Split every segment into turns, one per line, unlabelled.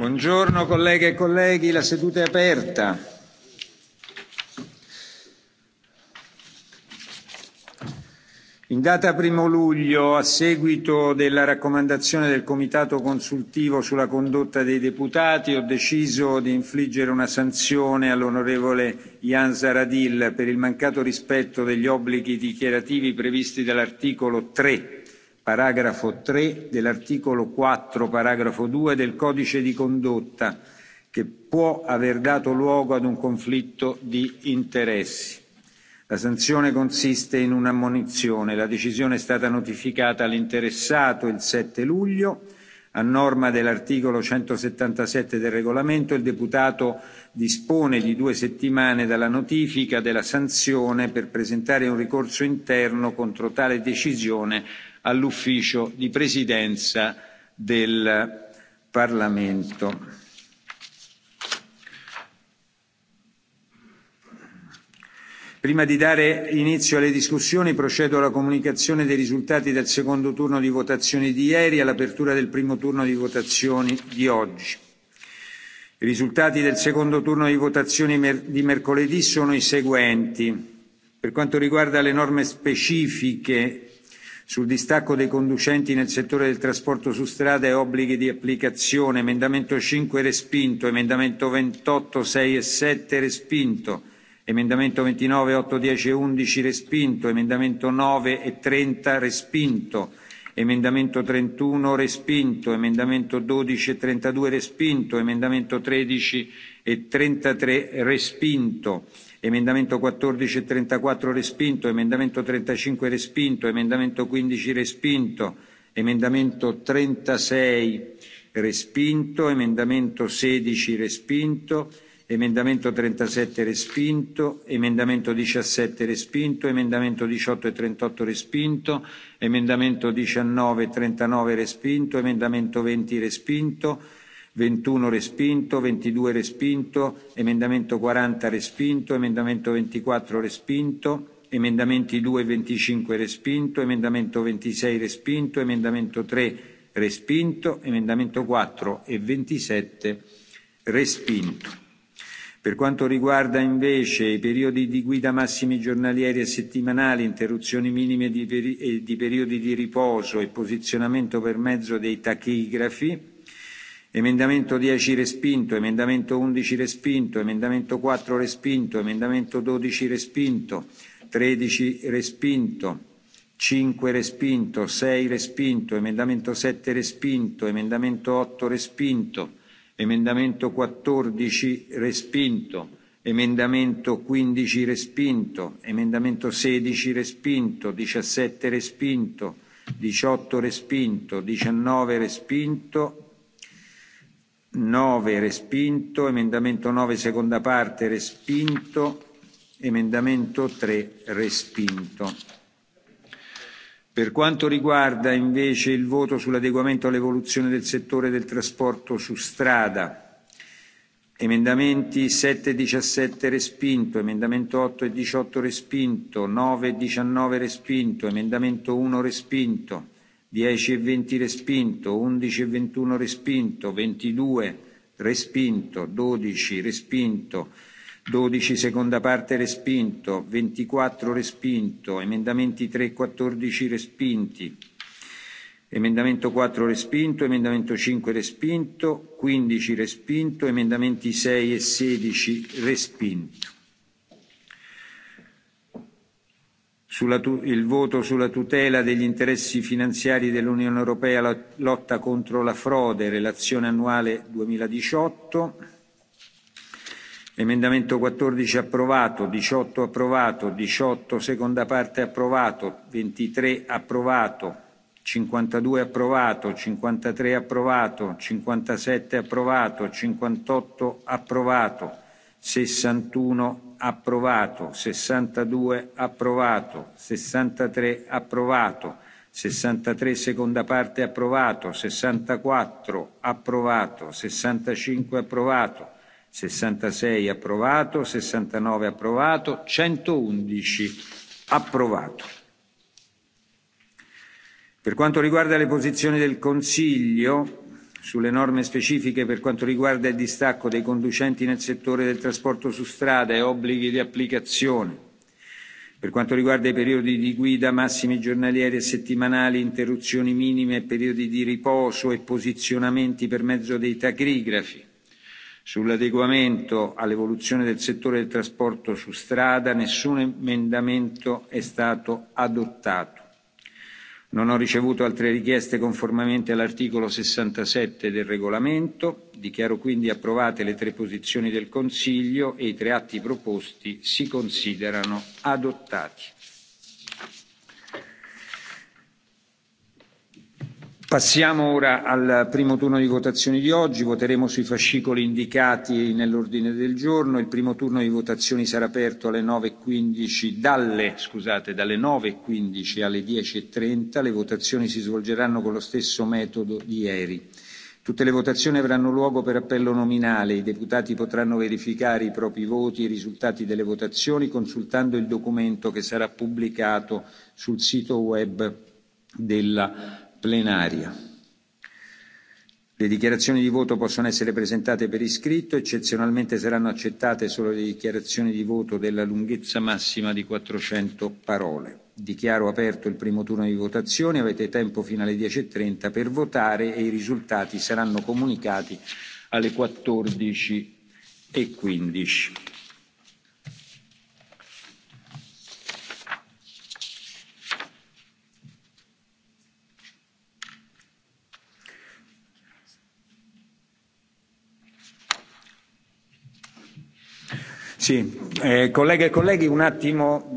Buongiorno colleghe e colleghi, la seduta è aperta. In data 1 luglio, a seguito della raccomandazione del Comitato consultivo sulla condotta dei deputati, ho deciso di infliggere una sanzione all'onorevole Jan Zaradil per il mancato rispetto degli obblighi dichiarativi previsti dall'articolo 3 paragrafo 3 dell'articolo 4, paragrafo 2 del codice di condotta che può aver dato luogo ad un conflitto di interessi. La sanzione consiste in un'ammonizione. La decisione è stata notificata all'interessato il 7 luglio. A norma dell'articolo 177 del regolamento, il deputato dispone di due settimane dalla notifica della sanzione per presentare un ricorso interno contro tale decisione all'ufficio di presidenza del Parlamento. Prima di dare inizio alle discussioni procedo alla comunicazione dei risultati del secondo turno di votazioni di ieri e all'apertura del primo turno di votazioni di oggi. I risultati del secondo turno di votazioni di mercoledì sono i seguenti. Per quanto riguarda le norme specifiche sul distacco dei conducenti nel settore del trasporto su strada e obblighi di applicazione, emendamento 5 respinto, emendamento 28, 6 e 7 respinto, emendamento 29, 8, 10 e 11 respinto, emendamento 9 e 30 respinto, emendamento 31 respinto, emendamento 12 e 32 respinto, emendamento 13 e 33 respinto emendamento quattordici e trentaquattro respinto, emendamento trentacinque respinto, emendamento quindici respinto, emendamento trentasei respinto, emendamento sedici respinto, emendamento trentasette respinto, emendamento diciassette respinto, emendamento diciotto e trentotto respinto, emendamento diciannove e trentanove respinto, emendamento venti respinto, 21 respinto, 22 respinto, emendamento 40 respinto, emendamento 24 respinto, emendamenti 2 e 25 respinto, emendamento 26 respinto, emendamento 3 respinto, emendamento 4 e 27 respinto. Per quanto riguarda invece i periodi di guida massimi giornalieri e settimanali, interruzioni minime di, peri- e di periodi di riposo e posizionamento per mezzo dei tachigrafi, Emendamento 10 respinto, emendamento 11 respinto, emendamento 4 respinto, emendamento 12 respinto, 13 respinto, 5 respinto, 6 respinto, emendamento 7 respinto, emendamento 8 respinto, emendamento 14 respinto, emendamento 15 respinto, emendamento 16 respinto, 17 respinto, 18 respinto, 19 respinto, 9 respinto, emendamento 9 seconda parte respinto, emendamento 3 respinto. Per quanto riguarda invece il voto sull'adeguamento all'evoluzione del settore del trasporto su strada, emendamenti 7 e 17 respinto, emendamento 8 e 18 respinto, 9 e 19 respinto, emendamento 1 respinto, 10 e 20 respinto, 11 e 21 respinto, 22 respinto, 12 respinto, 12 seconda parte respinto, 24 respinto, emendamenti 3 e 14 respinti, emendamento 4 respinto, emendamento 5 respinto, 15 respinto, emendamenti 6 e 16 respinto. sulla il voto sulla tutela degli interessi finanziari dell'Unione Europea, la lotta contro la frode, relazione annuale 2018. Emendamento 14 approvato, 18 approvato, 18 seconda parte approvato, 23 approvato, 52 approvato, 53 approvato, 57 approvato, 58 approvato, 61 approvato, 62 approvato, 63 approvato, 63 seconda parte approvato, 64 approvato, 65 approvato, 66 approvato, 69 approvato, 111 approvato. Per quanto riguarda le posizioni del Consiglio, sulle norme specifiche per quanto riguarda il distacco dei conducenti nel settore del trasporto su strada e obblighi di applicazione. Per quanto riguarda i periodi di guida massimi giornalieri e settimanali, interruzioni minime, e periodi di riposo e posizionamenti per mezzo dei tachigrafi, sull'adeguamento all'evoluzione del settore del trasporto su strada nessun emendamento è stato adottato. Non ho ricevuto altre richieste conformemente all'articolo 67 del regolamento. Dichiaro quindi approvate le tre posizioni del Consiglio e i tre atti proposti si considerano adottati. Passiamo ora al primo turno di votazioni di oggi, voteremo sui fascicoli indicati nell'ordine del giorno, il primo turno di votazioni sarà aperto alle 9.15, e dalle, scusate, dalle 9.15 e alle 10.30, e le votazioni si svolgeranno con lo stesso metodo di ieri. Tutte le votazioni avranno luogo per appello nominale, i deputati potranno verificare i propri voti e i risultati delle votazioni consultando il documento che sarà pubblicato sul sito web della plenaria. Le dichiarazioni di voto possono essere presentate per iscritto, eccezionalmente saranno accettate solo le dichiarazioni di voto della lunghezza massima di 400 parole. Dichiaro aperto il primo turno di votazione, avete tempo fino alle 10.30 e per votare e i risultati saranno comunicati alle 14.15. Sì, eh, colleghe e colleghi, un attimo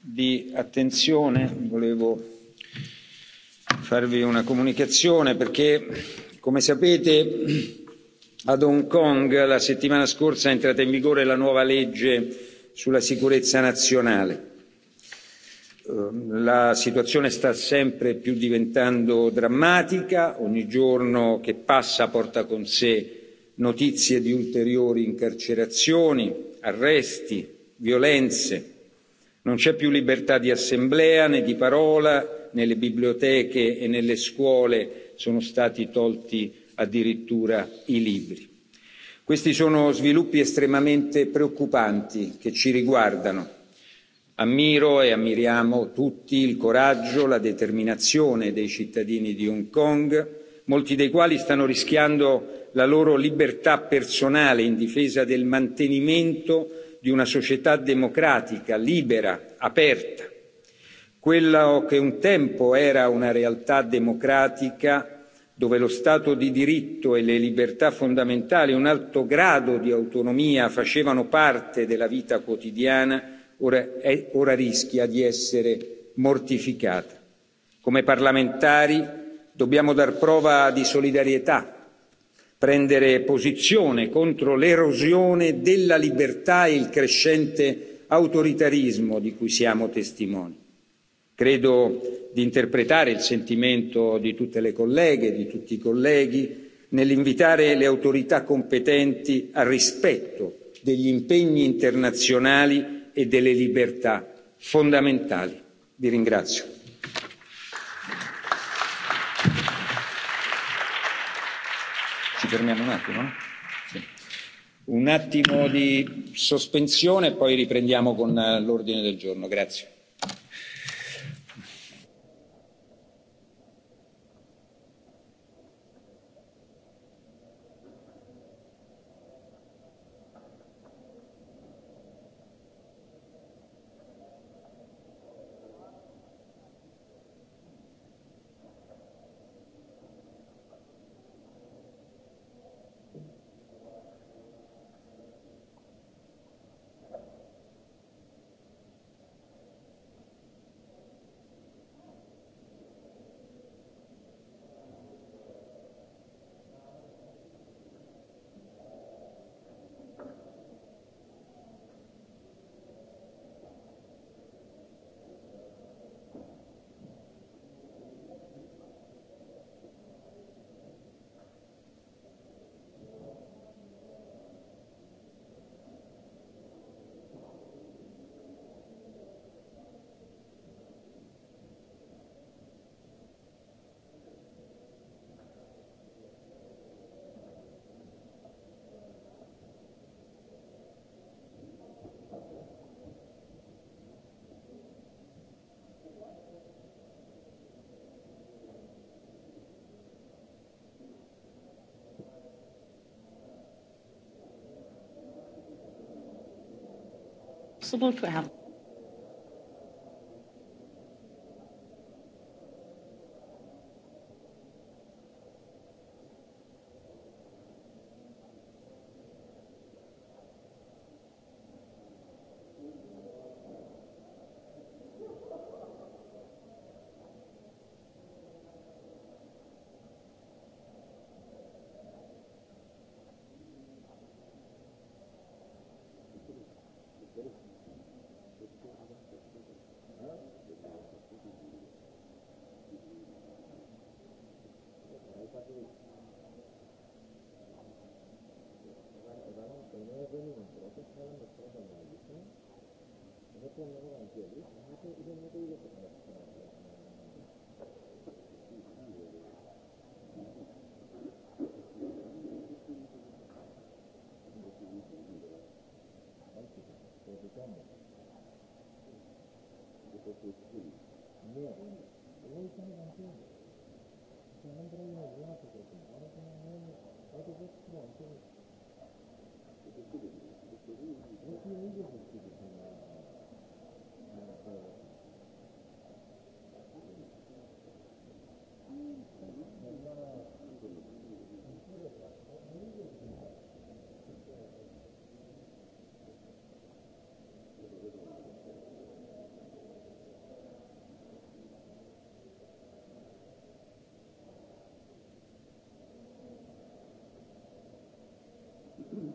di attenzione, volevo farvi una comunicazione perché, come sapete, ad Hong Kong la settimana scorsa è entrata in vigore la nuova legge sulla sicurezza nazionale. Eh, la situazione sta sempre più diventando drammatica, ogni giorno che passa porta con sé notizie di ulteriori incarcerazioni, arresti, violenze. Non c'è più libertà di assemblea né di parola, nelle biblioteche e nelle scuole sono stati tolti addirittura i libri. Questi sono sviluppi estremamente preoccupanti che ci riguardano. Ammiro e ammiriamo tutti il coraggio, la determinazione dei cittadini di Hong Kong, molti dei quali stanno rischiando la loro libertà personale in difesa del mantenimento di una società democratica, libera, aperta. Quello che un tempo era una realtà democratica dove lo Stato di diritto e le libertà fondamentali e un alto grado di autonomia facevano parte della vita quotidiana, ora, è, ora rischia di essere mortificata. Come parlamentari dobbiamo dar prova di solidarietà prendere posizione contro l'erosione della libertà e il crescente autoritarismo di cui siamo testimoni. Credo di interpretare il sentimento di tutte le colleghe e di tutti i colleghi nell'invitare le autorità competenti al rispetto degli impegni internazionali e delle libertà fondamentali. Vi ringrazio. ci fermiamo un attimo? No? Sì. Un attimo di sospensione e poi riprendiamo con eh, l'ordine del giorno. Grazie.
possible to have
Grazie.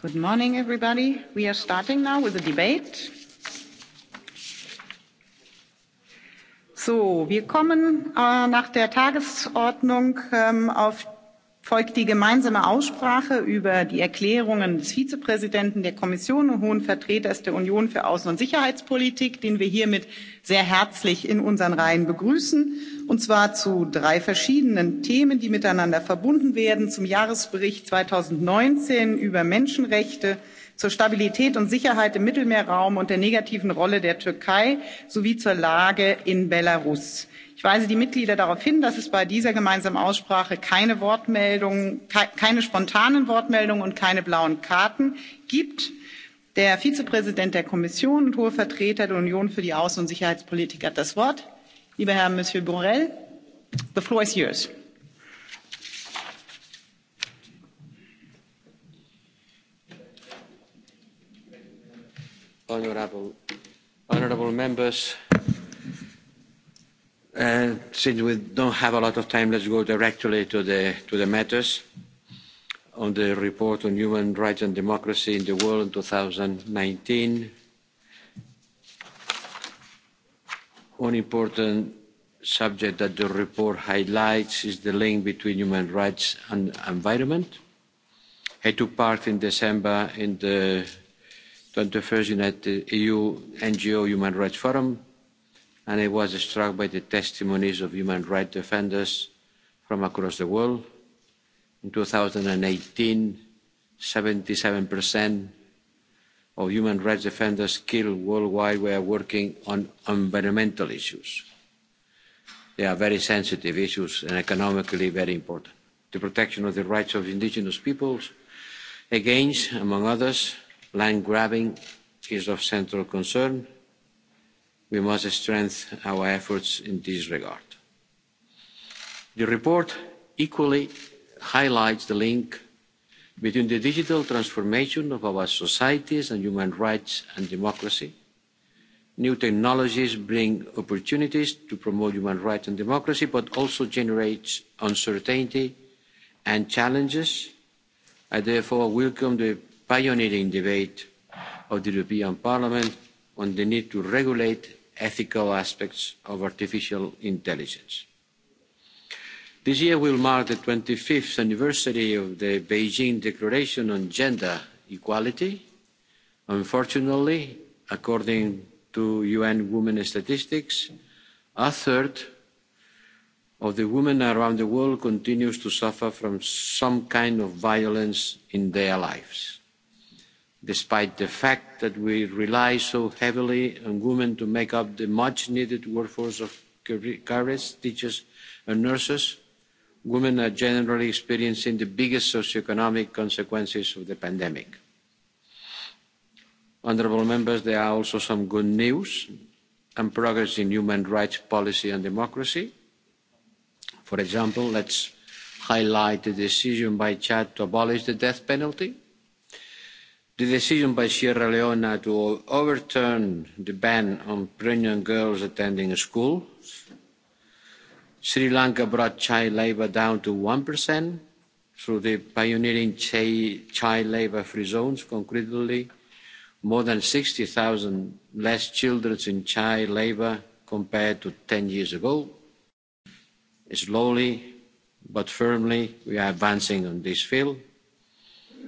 Good morning, everybody. We are starting now with the debate. So, wir kommen äh, nach der Tagesordnung ähm, auf folgt die gemeinsame Aussprache über die Erklärungen des Vizepräsidenten der Kommission und Hohen Vertreters der Union für Außen- und Sicherheitspolitik, den wir hiermit sehr herzlich in unseren Reihen begrüßen und zwar zu drei verschiedenen Themen, die miteinander verbunden werden. Zum Jahresbericht 2019 über Menschenrechte, zur Stabilität und Sicherheit im Mittelmeerraum und der negativen Rolle der Türkei sowie zur Lage in Belarus. Ich weise die Mitglieder darauf hin, dass es bei dieser gemeinsamen Aussprache keine Wortmeldungen, keine spontanen Wortmeldungen und keine blauen Karten gibt. Der Vizepräsident der Kommission und hohe Vertreter der Union für die Außen- und Sicherheitspolitik hat das Wort. Lieber Herr Monsieur Borrell, the floor is yours.
Honorable, honorable members, uh, since we don't have a lot of time, let's go directly to the, to the matters on the report on human rights and democracy in the world in 2019 One important subject that the report highlights is the link between human rights and environment. I took part in December in the 21st United EU NGO Human Rights Forum, and I was struck by the testimonies of human rights defenders from across the world. In 2018, 77% of human rights defenders killed worldwide were working on environmental issues. They are very sensitive issues and economically very important. The protection of the rights of indigenous peoples against, among others, land grabbing is of central concern. We must strengthen our efforts in this regard. The report equally highlights the link between the digital transformation of our societies and human rights and democracy. New technologies bring opportunities to promote human rights and democracy, but also generate uncertainty and challenges. I therefore welcome the pioneering debate of the European Parliament on the need to regulate ethical aspects of artificial intelligence. This year will mark the 25th anniversary of the Beijing Declaration on Gender Equality. Unfortunately, according to UN Women statistics, a third of the women around the world continues to suffer from some kind of violence in their lives. Despite the fact that we rely so heavily on women to make up the much needed workforce of careers, teachers and nurses, women are generally experiencing the biggest socioeconomic consequences of the pandemic. Honourable members, there are also some good news and progress in human rights policy and democracy. For example, let's highlight the decision by Chad to abolish the death penalty, the decision by Sierra Leone to overturn the ban on pregnant girls attending school, Sri Lanka brought child labour down to 1% through the pioneering child labour free zones concretely. More than 60,000 less children in child labour compared to 10 years ago. Slowly but firmly, we are advancing on this field.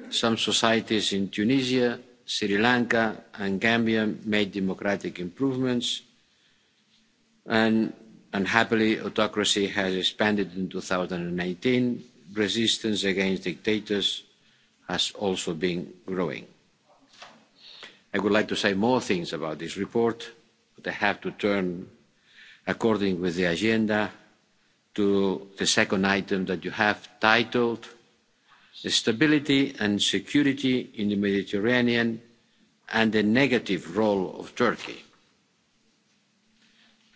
Some societies in Tunisia, Sri Lanka and Gambia made democratic improvements and Unhappily, autocracy has expanded in 2019. Resistance against dictators has also been growing. I would like to say more things about this report, but I have to turn, according with the agenda, to the second item that you have titled the Stability and Security in the Mediterranean and the Negative Role of Turkey.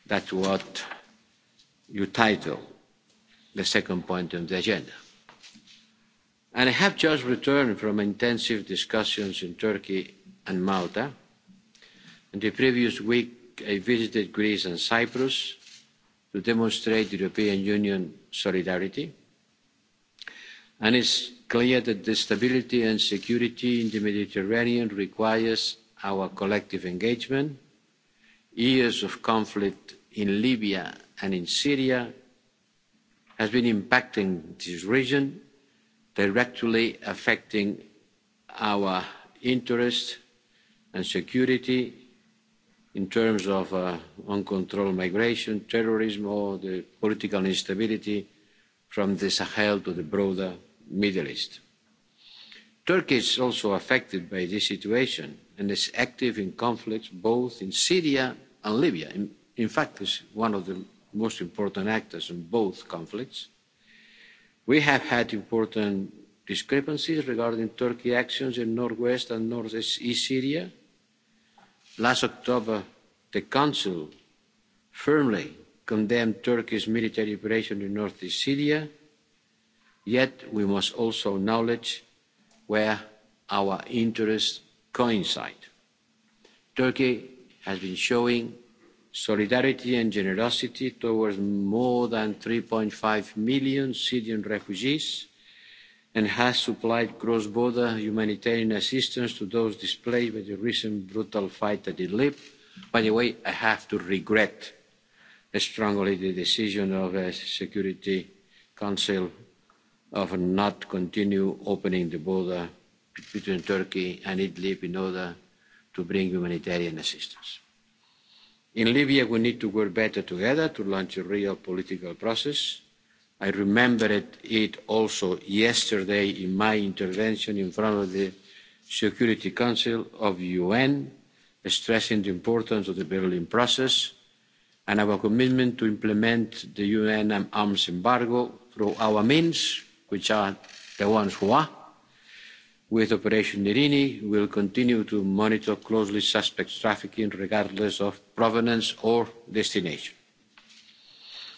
That's what you title the second point on the agenda. And I have just returned from intensive discussions in Turkey and Malta. In the previous week, I visited Greece and Cyprus to demonstrate European Union solidarity. And it's clear that the stability and security in the Mediterranean requires our collective engagement. Years of conflict in Libya and in Syria has been impacting this region, directly affecting our interest and security in terms of uh, uncontrolled migration, terrorism, or the political instability from the Sahel to the broader Middle East. Turkey is also affected by this situation and is active in conflicts both in Syria and Libya. In, in fact, it's one of the most important actors in both conflicts. We have had important discrepancies regarding Turkey actions in northwest and northeast East Syria. Last October, the Council firmly condemned Turkey's military operation in northeast Syria, yet we must also acknowledge where our interests coincide. Turkey has been showing solidarity and generosity towards more than 3.5 million Syrian refugees and has supplied cross-border humanitarian assistance to those displaced by the recent brutal fight at Idlib. By the way, I have to regret strongly the decision of the uh, Security Council of not continue opening the border between Turkey and Idlib in order to bring humanitarian assistance. In Libya, we need to work better together to launch a real political process. I remembered it also yesterday in my intervention in front of the Security Council of the UN, stressing the importance of the Berlin process and our commitment to implement the UN arms embargo through our means, which are the ones who are, With Operation Irini, we will continue to monitor closely suspect trafficking regardless of provenance or destination.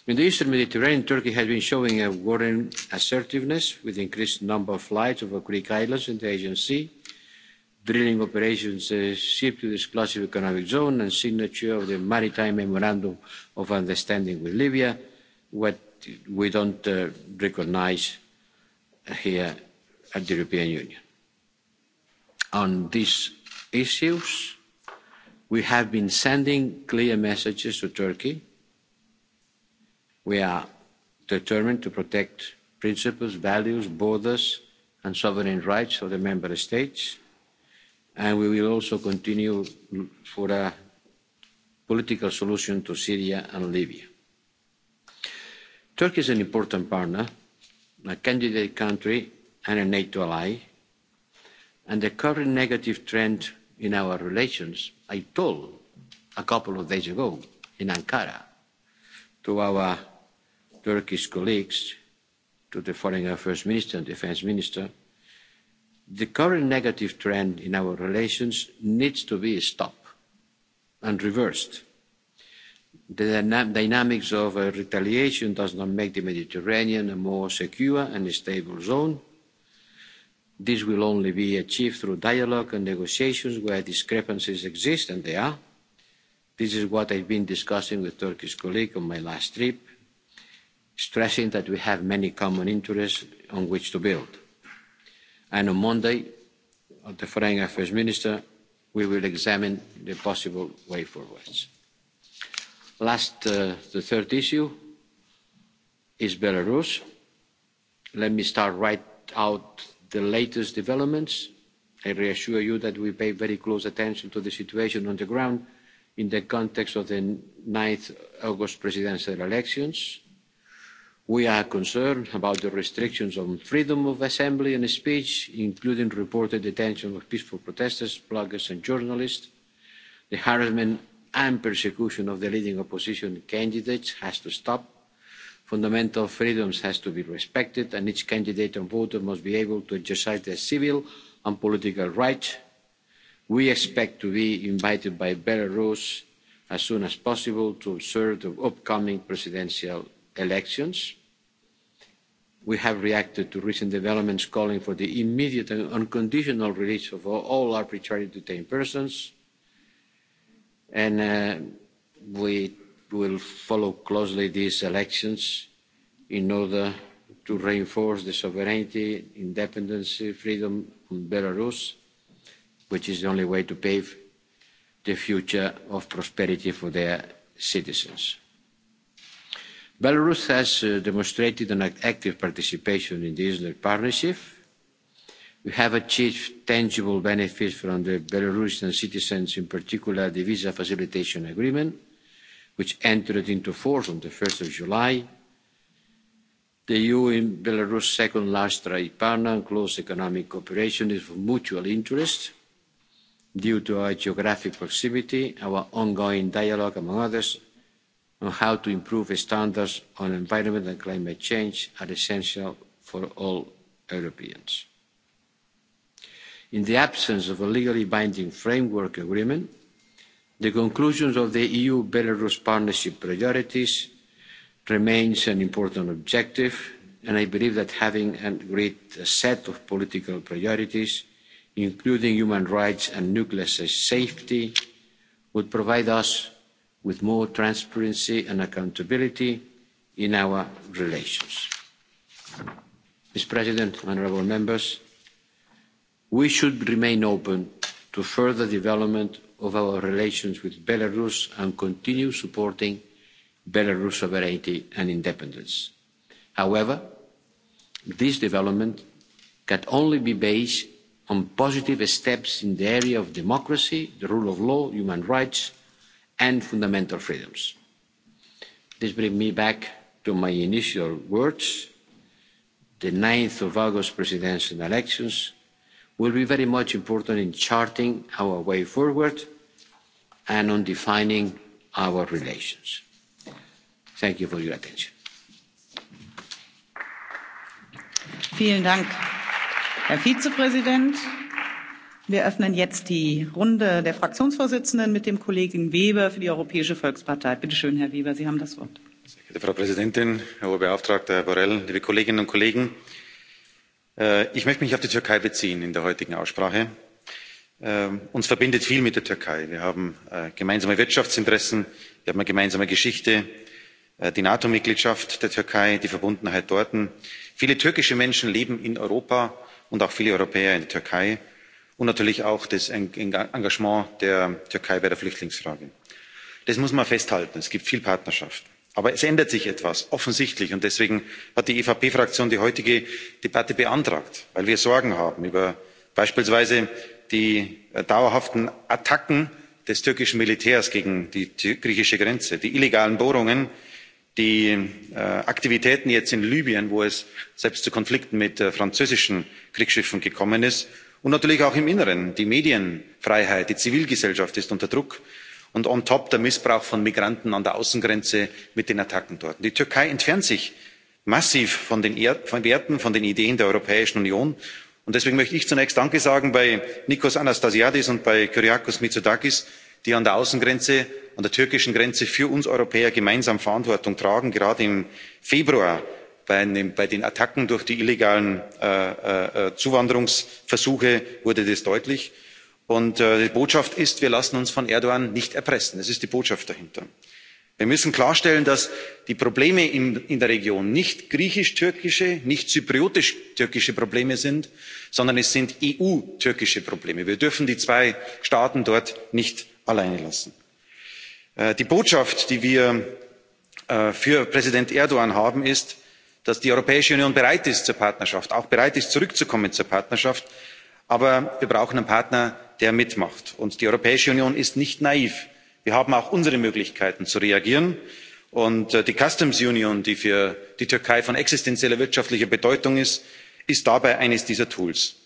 In the eastern Mediterranean, Turkey has been showing a worrying assertiveness with increased number of flights over Greek islands in the Aegean Sea, drilling operations uh, shipped to the exclusive economic zone and signature of the maritime memorandum of understanding with Libya, what we don't uh, recognize here at the European Union on these issues. We have been sending clear messages to Turkey. We are determined to protect principles, values, borders, and sovereign rights of the member states. And we will also continue for a political solution to Syria and Libya. Turkey is an important partner, a candidate country, and a NATO ally and the current negative trend in our relations, I told a couple of days ago in Ankara to our Turkish colleagues, to the Foreign Affairs Minister and Defense Minister, the current negative trend in our relations needs to be stopped and reversed. The dynamics of uh, retaliation does not make the Mediterranean a more secure and stable zone This will only be achieved through dialogue and negotiations where discrepancies exist, and they are. This is what I've been discussing with Turkish colleagues on my last trip, stressing that we have many common interests on which to build. And on Monday, at the Foreign Affairs Minister, we will examine the possible way forwards. Last, uh, the third issue is Belarus. Let me start right out the latest developments. I reassure you that we pay very close attention to the situation on the ground in the context of the 9th August presidential elections. We are concerned about the restrictions on freedom of assembly and speech, including reported detention of peaceful protesters, bloggers and journalists. The harassment and persecution of the leading opposition candidates has to stop Fundamental freedoms has to be respected and each candidate and voter must be able to exercise their civil and political rights. We expect to be invited by Belarus as soon as possible to observe the upcoming presidential elections. We have reacted to recent developments calling for the immediate and unconditional release of all arbitrarily detained persons. And uh, we will follow closely these elections in order to reinforce the sovereignty, independence, freedom of Belarus, which is the only way to pave the future of prosperity for their citizens. Belarus has uh, demonstrated an active participation in the Israel partnership. We have achieved tangible benefits from the Belarusian citizens, in particular the visa facilitation agreement, which entered into force on the 1st of July. The EU and Belarus second largest trade partner and close economic cooperation is of mutual interest due to our geographic proximity, our ongoing dialogue, among others, on how to improve standards on environment and climate change are essential for all Europeans. In the absence of a legally binding framework agreement, The conclusions of the EU-Belarus partnership priorities remains an important objective, and I believe that having a great set of political priorities, including human rights and nuclear safety, would provide us with more transparency and accountability in our relations. Mr. President, honourable members, we should remain open to further development of our relations with Belarus and continue supporting Belarus sovereignty and independence. However, this development can only be based on positive steps in the area of democracy, the rule of law, human rights, and fundamental freedoms. This brings me back to my initial words. The 9th of August presidential elections will be very much important in charting our way forward and on defining our relations. Thank you for your attention.
Vielen Dank, Herr Vizepräsident. Wir öffnen jetzt die Runde der Fraktionsvorsitzenden mit dem Kollegen Weber für die Europäische Volkspartei. Bitte schön, Herr Weber, Sie haben das Wort.
Sehr geehrte Frau Präsidentin, Herr Hohe Beauftragter, Herr Borrell, liebe Kolleginnen und Kollegen! Äh, ich möchte mich auf die Türkei beziehen in der heutigen Aussprache. Ähm, uns verbindet viel mit der Türkei. Wir haben äh, gemeinsame Wirtschaftsinteressen, wir haben eine gemeinsame Geschichte, äh, die NATO-Mitgliedschaft der Türkei, die Verbundenheit dort. Viele türkische Menschen leben in Europa und auch viele Europäer in der Türkei und natürlich auch das Engagement der Türkei bei der Flüchtlingsfrage. Das muss man festhalten. Es gibt viel Partnerschaft aber es ändert sich etwas offensichtlich und deswegen hat die evp fraktion die heutige debatte beantragt weil wir sorgen haben über beispielsweise die äh, dauerhaften attacken des türkischen militärs gegen die griechische grenze die illegalen bohrungen die äh, aktivitäten jetzt in libyen wo es selbst zu konflikten mit äh, französischen kriegsschiffen gekommen ist und natürlich auch im inneren die medienfreiheit die zivilgesellschaft ist unter druck und on top der missbrauch von migranten an der außengrenze mit den attacken dort. die türkei entfernt sich massiv von den werten von den ideen der europäischen union und deswegen möchte ich zunächst danke sagen bei nikos anastasiades und bei kyriakos mitsotakis die an der außengrenze an der türkischen grenze für uns europäer gemeinsam verantwortung tragen gerade im februar bei den attacken durch die illegalen äh, äh, äh, zuwanderungsversuche wurde das deutlich. Und äh, die Botschaft ist, wir lassen uns von Erdogan nicht erpressen. Das ist die Botschaft dahinter. Wir müssen klarstellen, dass die Probleme in, der Region nicht griechisch-türkische, nicht zypriotisch-türkische Probleme sind, sondern es sind EU-türkische Probleme. Wir dürfen die zwei Staaten dort nicht alleine lassen. Äh, die Botschaft, die wir äh, für Präsident Erdogan haben, ist, dass die Europäische Union bereit ist zur Partnerschaft, auch bereit ist, zurückzukommen zur Partnerschaft. Aber wir brauchen einen Partner, der mitmacht. und die europäische union ist nicht naiv. wir haben auch unsere möglichkeiten zu reagieren und äh, die customs union die für die türkei von existenzieller wirtschaftlicher bedeutung ist ist dabei eines dieser tools.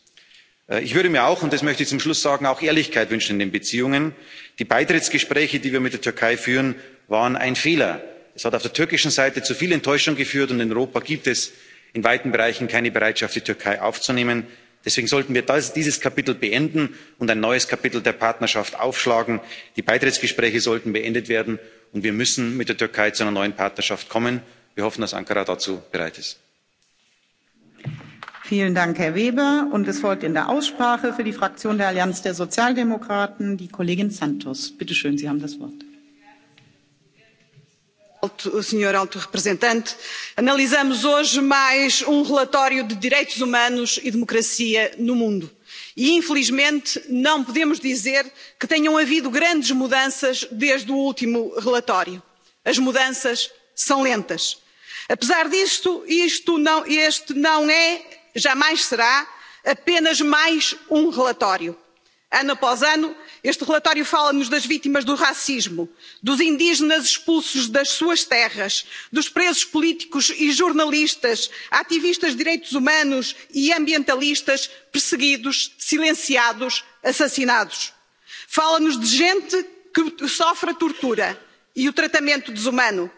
Äh, ich würde mir auch und das möchte ich zum schluss sagen auch ehrlichkeit wünschen in den beziehungen. die beitrittsgespräche die wir mit der türkei führen waren ein fehler. es hat auf der türkischen seite zu viel enttäuschung geführt und in europa gibt es in weiten bereichen keine bereitschaft die türkei aufzunehmen deswegen sollten wir dieses kapitel beenden und ein neues kapitel der partnerschaft aufschlagen. die beitrittsgespräche sollten beendet werden und wir müssen mit der türkei zu einer neuen partnerschaft kommen. wir hoffen dass ankara dazu bereit ist.
vielen dank herr weber. und es folgt in der aussprache für die fraktion der allianz der sozialdemokraten die kollegin
santos. bitte schön sie haben das wort. Senhor Alto Representante, analisamos hoje mais um relatório de direitos humanos e democracia no mundo. E, infelizmente, não podemos dizer que tenham havido grandes mudanças desde o último relatório. As mudanças são lentas. Apesar disto, isto não, este não é, jamais será, apenas mais um relatório. Ano após ano, este relatório fala nos das vítimas do racismo dos indígenas expulsos das suas terras dos presos políticos e jornalistas ativistas de direitos humanos e ambientalistas perseguidos silenciados assassinados. fala nos de gente que sofre a tortura e o tratamento desumano.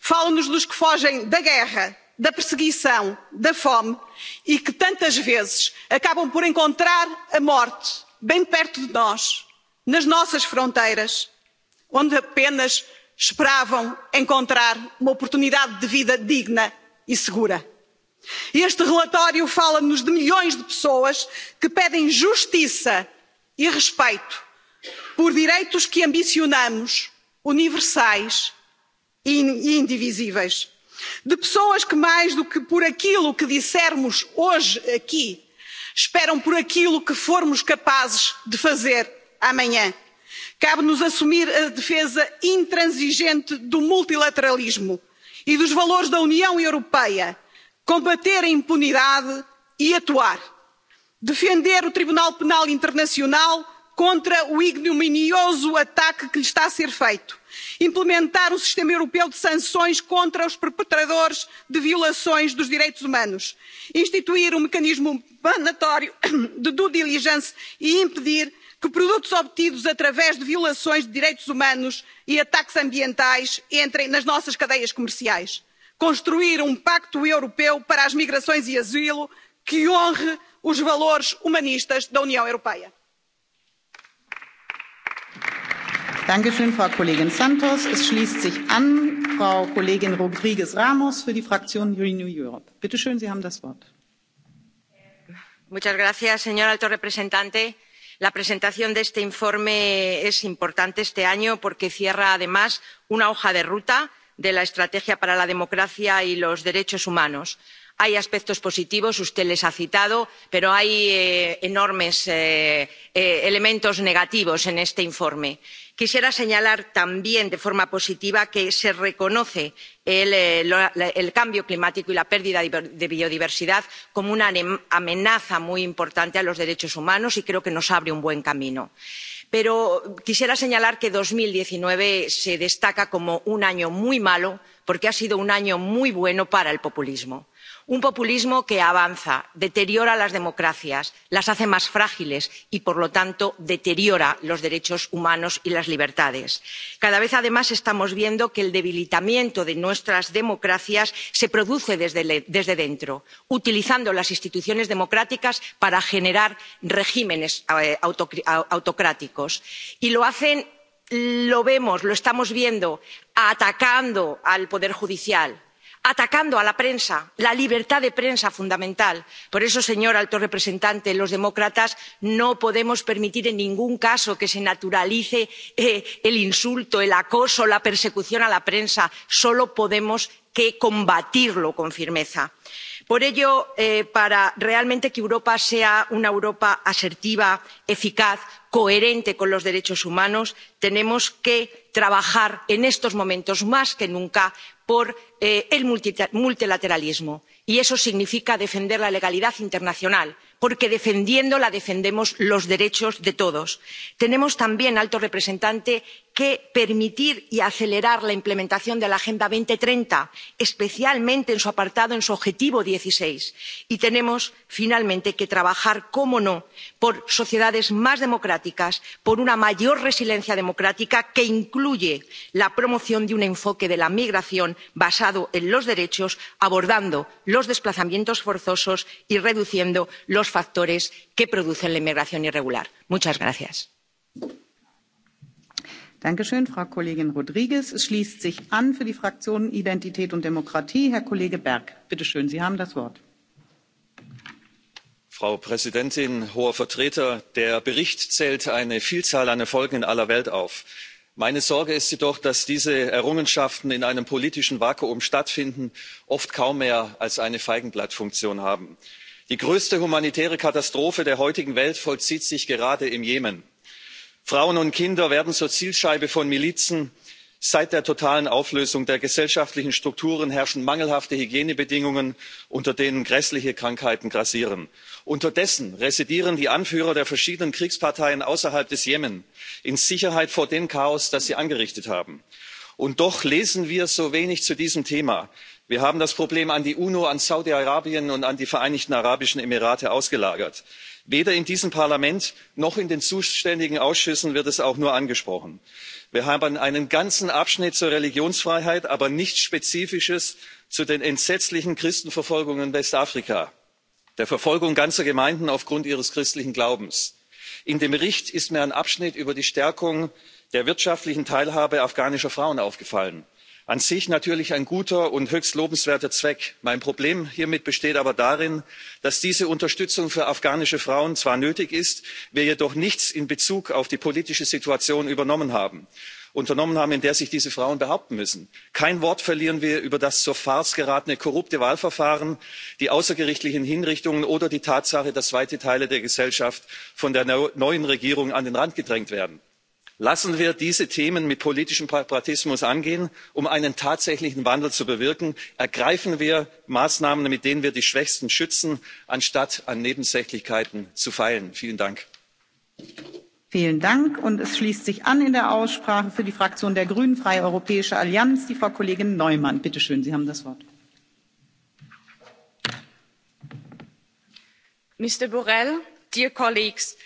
fala nos dos que fogem da guerra da perseguição, da fome e que tantas vezes acabam por encontrar a morte bem perto de nós nas nossas fronteiras, onde apenas esperavam encontrar uma oportunidade de vida digna e segura. E este relatório fala-nos de milhões de pessoas que pedem justiça e respeito por direitos que ambicionamos universais e, e indivisíveis. De pessoas que, mais do que por aquilo que dissermos hoje aqui, esperam por aquilo que formos capazes de fazer amanhã. Cabe nos assumir a defesa intransigente do multilateralismo e dos valores da União Europeia, combater a impunidade e atuar. Defender o Tribunal Penal Internacional contra o ignominioso ataque que lhe está a ser feito. Implementar um sistema europeu de sanções contra os perpetradores de violações dos direitos humanos. Instituir um mecanismo mandatório de due diligence e impedir que produtos obtidos através de violações de direitos humanos e ataques ambientais entrem nas nossas cadeias comerciais. Construir um pacto europeu para as migrações e asilo que honre os valores humanistas da União Europeia.
Dankeschön, Frau Kollegin Santos. Es schließt sich an Frau Kollegin Rodriguez Ramos für die Fraktion Renew Europe. Bitte schön, Sie haben das Wort.
Muchas gracias, señor alto representante la presentación de este informe es importante este año porque cierra además una hoja de ruta de la estrategia para la democracia y los derechos humanos hay aspectos positivos usted los ha citado pero hay eh, enormes eh, eh, elementos negativos en este informe. quisiera señalar también de forma positiva que se reconoce el cambio climático y la pérdida de biodiversidad como una amenaza muy importante a los derechos humanos y creo que nos abre un buen camino pero quisiera señalar que dos mil diecinueve se destaca como un año muy malo porque ha sido un año muy bueno para el populismo un populismo que avanza deteriora las democracias las hace más frágiles y por lo tanto deteriora los derechos humanos y las libertades. cada vez además estamos viendo que el debilitamiento de nuestras democracias se produce desde, dentro utilizando las instituciones democráticas para generar regímenes eh, autocráticos y lo hacen lo vemos lo estamos viendo atacando al poder judicial atacando a la prensa la libertad de prensa fundamental. por eso señor alto representante los demócratas no podemos permitir en ningún caso que se naturalice eh, el insulto el acoso la persecución a la prensa solo podemos combatirlo con firmeza. por ello para eh, para realmente que europa sea una europa asertiva eficaz coherente con los derechos humanos tenemos que trabajar en estos momentos más que nunca por eh, el multilateralismo y eso significa defender la legalidad internacional porque defendiéndola defendemos los derechos de todos. tenemos también alto representante que permitir y acelerar la implementación de la agenda dos mil treinta especialmente en su apartado en su objetivo dieciseis y tenemos finalmente que trabajar cómo no por sociedades más democráticas por una mayor resiliencia democrática que incluye la promoción de un enfoque de la migración basado en los derechos abordando los desplazamientos forzosos y reduciendo los factores que producen la inmigración irregular. muchas gracias.
Dankeschön, Frau Kollegin Rodriguez. Es schließt sich an für die Fraktion Identität und Demokratie Herr Kollege Berg. Bitte schön, Sie haben das Wort.
Frau Präsidentin, hoher Vertreter, der Bericht zählt eine Vielzahl an Erfolgen in aller Welt auf. Meine Sorge ist jedoch, dass diese Errungenschaften in einem politischen Vakuum stattfinden, oft kaum mehr als eine Feigenblattfunktion haben. Die größte humanitäre Katastrophe der heutigen Welt vollzieht sich gerade im Jemen frauen und kinder werden zur zielscheibe von milizen. seit der totalen auflösung der gesellschaftlichen strukturen herrschen mangelhafte hygienebedingungen unter denen grässliche krankheiten grassieren. unterdessen residieren die anführer der verschiedenen kriegsparteien außerhalb des jemen in sicherheit vor dem chaos das sie angerichtet haben. und doch lesen wir so wenig zu diesem thema. wir haben das problem an die uno an saudi arabien und an die vereinigten arabischen emirate ausgelagert weder in diesem parlament noch in den zuständigen ausschüssen wird es auch nur angesprochen. wir haben einen ganzen abschnitt zur religionsfreiheit aber nichts spezifisches zu den entsetzlichen christenverfolgungen in westafrika der verfolgung ganzer gemeinden aufgrund ihres christlichen glaubens. in dem bericht ist mir ein abschnitt über die stärkung der wirtschaftlichen teilhabe afghanischer frauen aufgefallen an sich natürlich ein guter und höchst lobenswerter zweck. mein problem hiermit besteht aber darin dass diese unterstützung für afghanische frauen zwar nötig ist wir jedoch nichts in bezug auf die politische situation unternommen haben in der sich diese frauen behaupten müssen. kein wort verlieren wir über das zur farce geratene korrupte wahlverfahren die außergerichtlichen hinrichtungen oder die tatsache dass weite teile der gesellschaft von der neuen regierung an den rand gedrängt werden lassen wir diese themen mit politischem pragmatismus angehen um einen tatsächlichen wandel zu bewirken ergreifen wir maßnahmen mit denen wir die schwächsten schützen anstatt an nebensächlichkeiten zu feilen. vielen dank!
vielen dank und es schließt sich an in der aussprache für die fraktion der grünen freie europäische allianz die frau kollegin neumann. bitte schön sie haben das
wort. mr borrell dear colleagues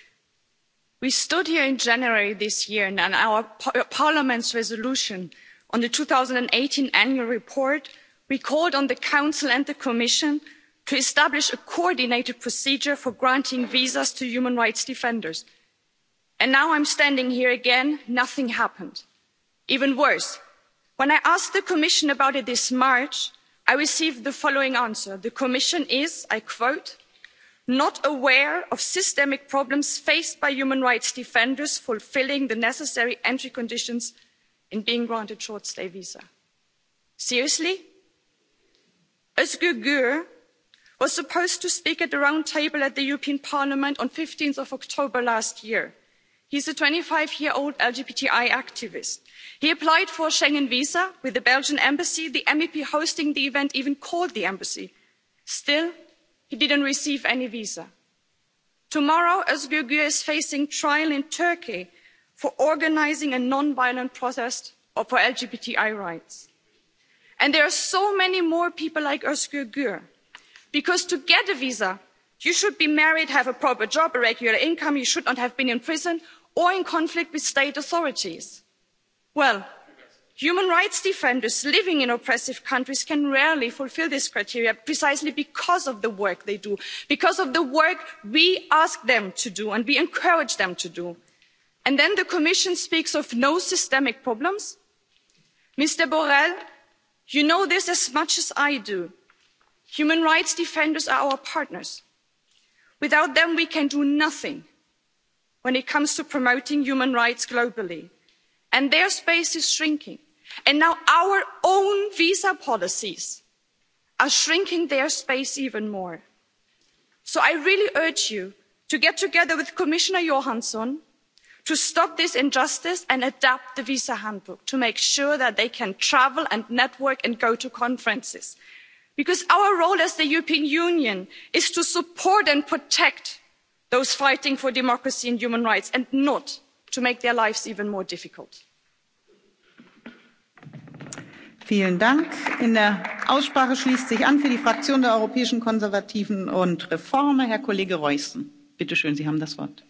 we stood here in january this year and our parliament's resolution on the two thousand and eighteen annual report we called on the council and the commission to establish a coordinated procedure for granting visas to human rights defenders and now i'm standing here again nothing happened. even worse when i asked the commission about it this march i received the following answer the commission is i quote not aware of systemic problems faced by human rights defenders fulfilling the necessary entry conditions in being granted short stay visa. seriously? zgr gr was supposed to speak at the round table at the european parliament on fifteen october last year. he's a twenty five year old lgbti activist. he applied for a schengen visa with the belgian embassy. the mep hosting the event even called the embassy. still He didn't receive any visa. Tomorrow, Özgürgü is facing trial in Turkey for organising a non-violent protest for LGBTI rights. And there are so many more people like Gur, Because to get a visa, you should be married, have a proper job, a regular income, you should not have been in prison or in conflict with state authorities. Well, human rights defenders living in oppressive countries can rarely fulfil this criteria precisely because of the work they do because of the work we ask them to do and we encourage them to do. and then the commission speaks of no systemic problems? mr borrell you know this as much as i do. human rights defenders are our partners. without them we can do nothing when it comes to promoting human rights globally and their space is shrinking and now our own visa policies are shrinking their space even more. so i really urge you to get together with commissioner johansson to stop this injustice and adapt the visa handbook to make sure that they can travel and network and go to conferences because our role as the european union is to support and protect those fighting for democracy and human rights and not to make their lives even more difficult.
Vielen Dank. In der Aussprache schließt sich an für die Fraktion der Europäischen Konservativen und Reformer Herr Kollege Reußen. Bitte schön, Sie haben das Wort.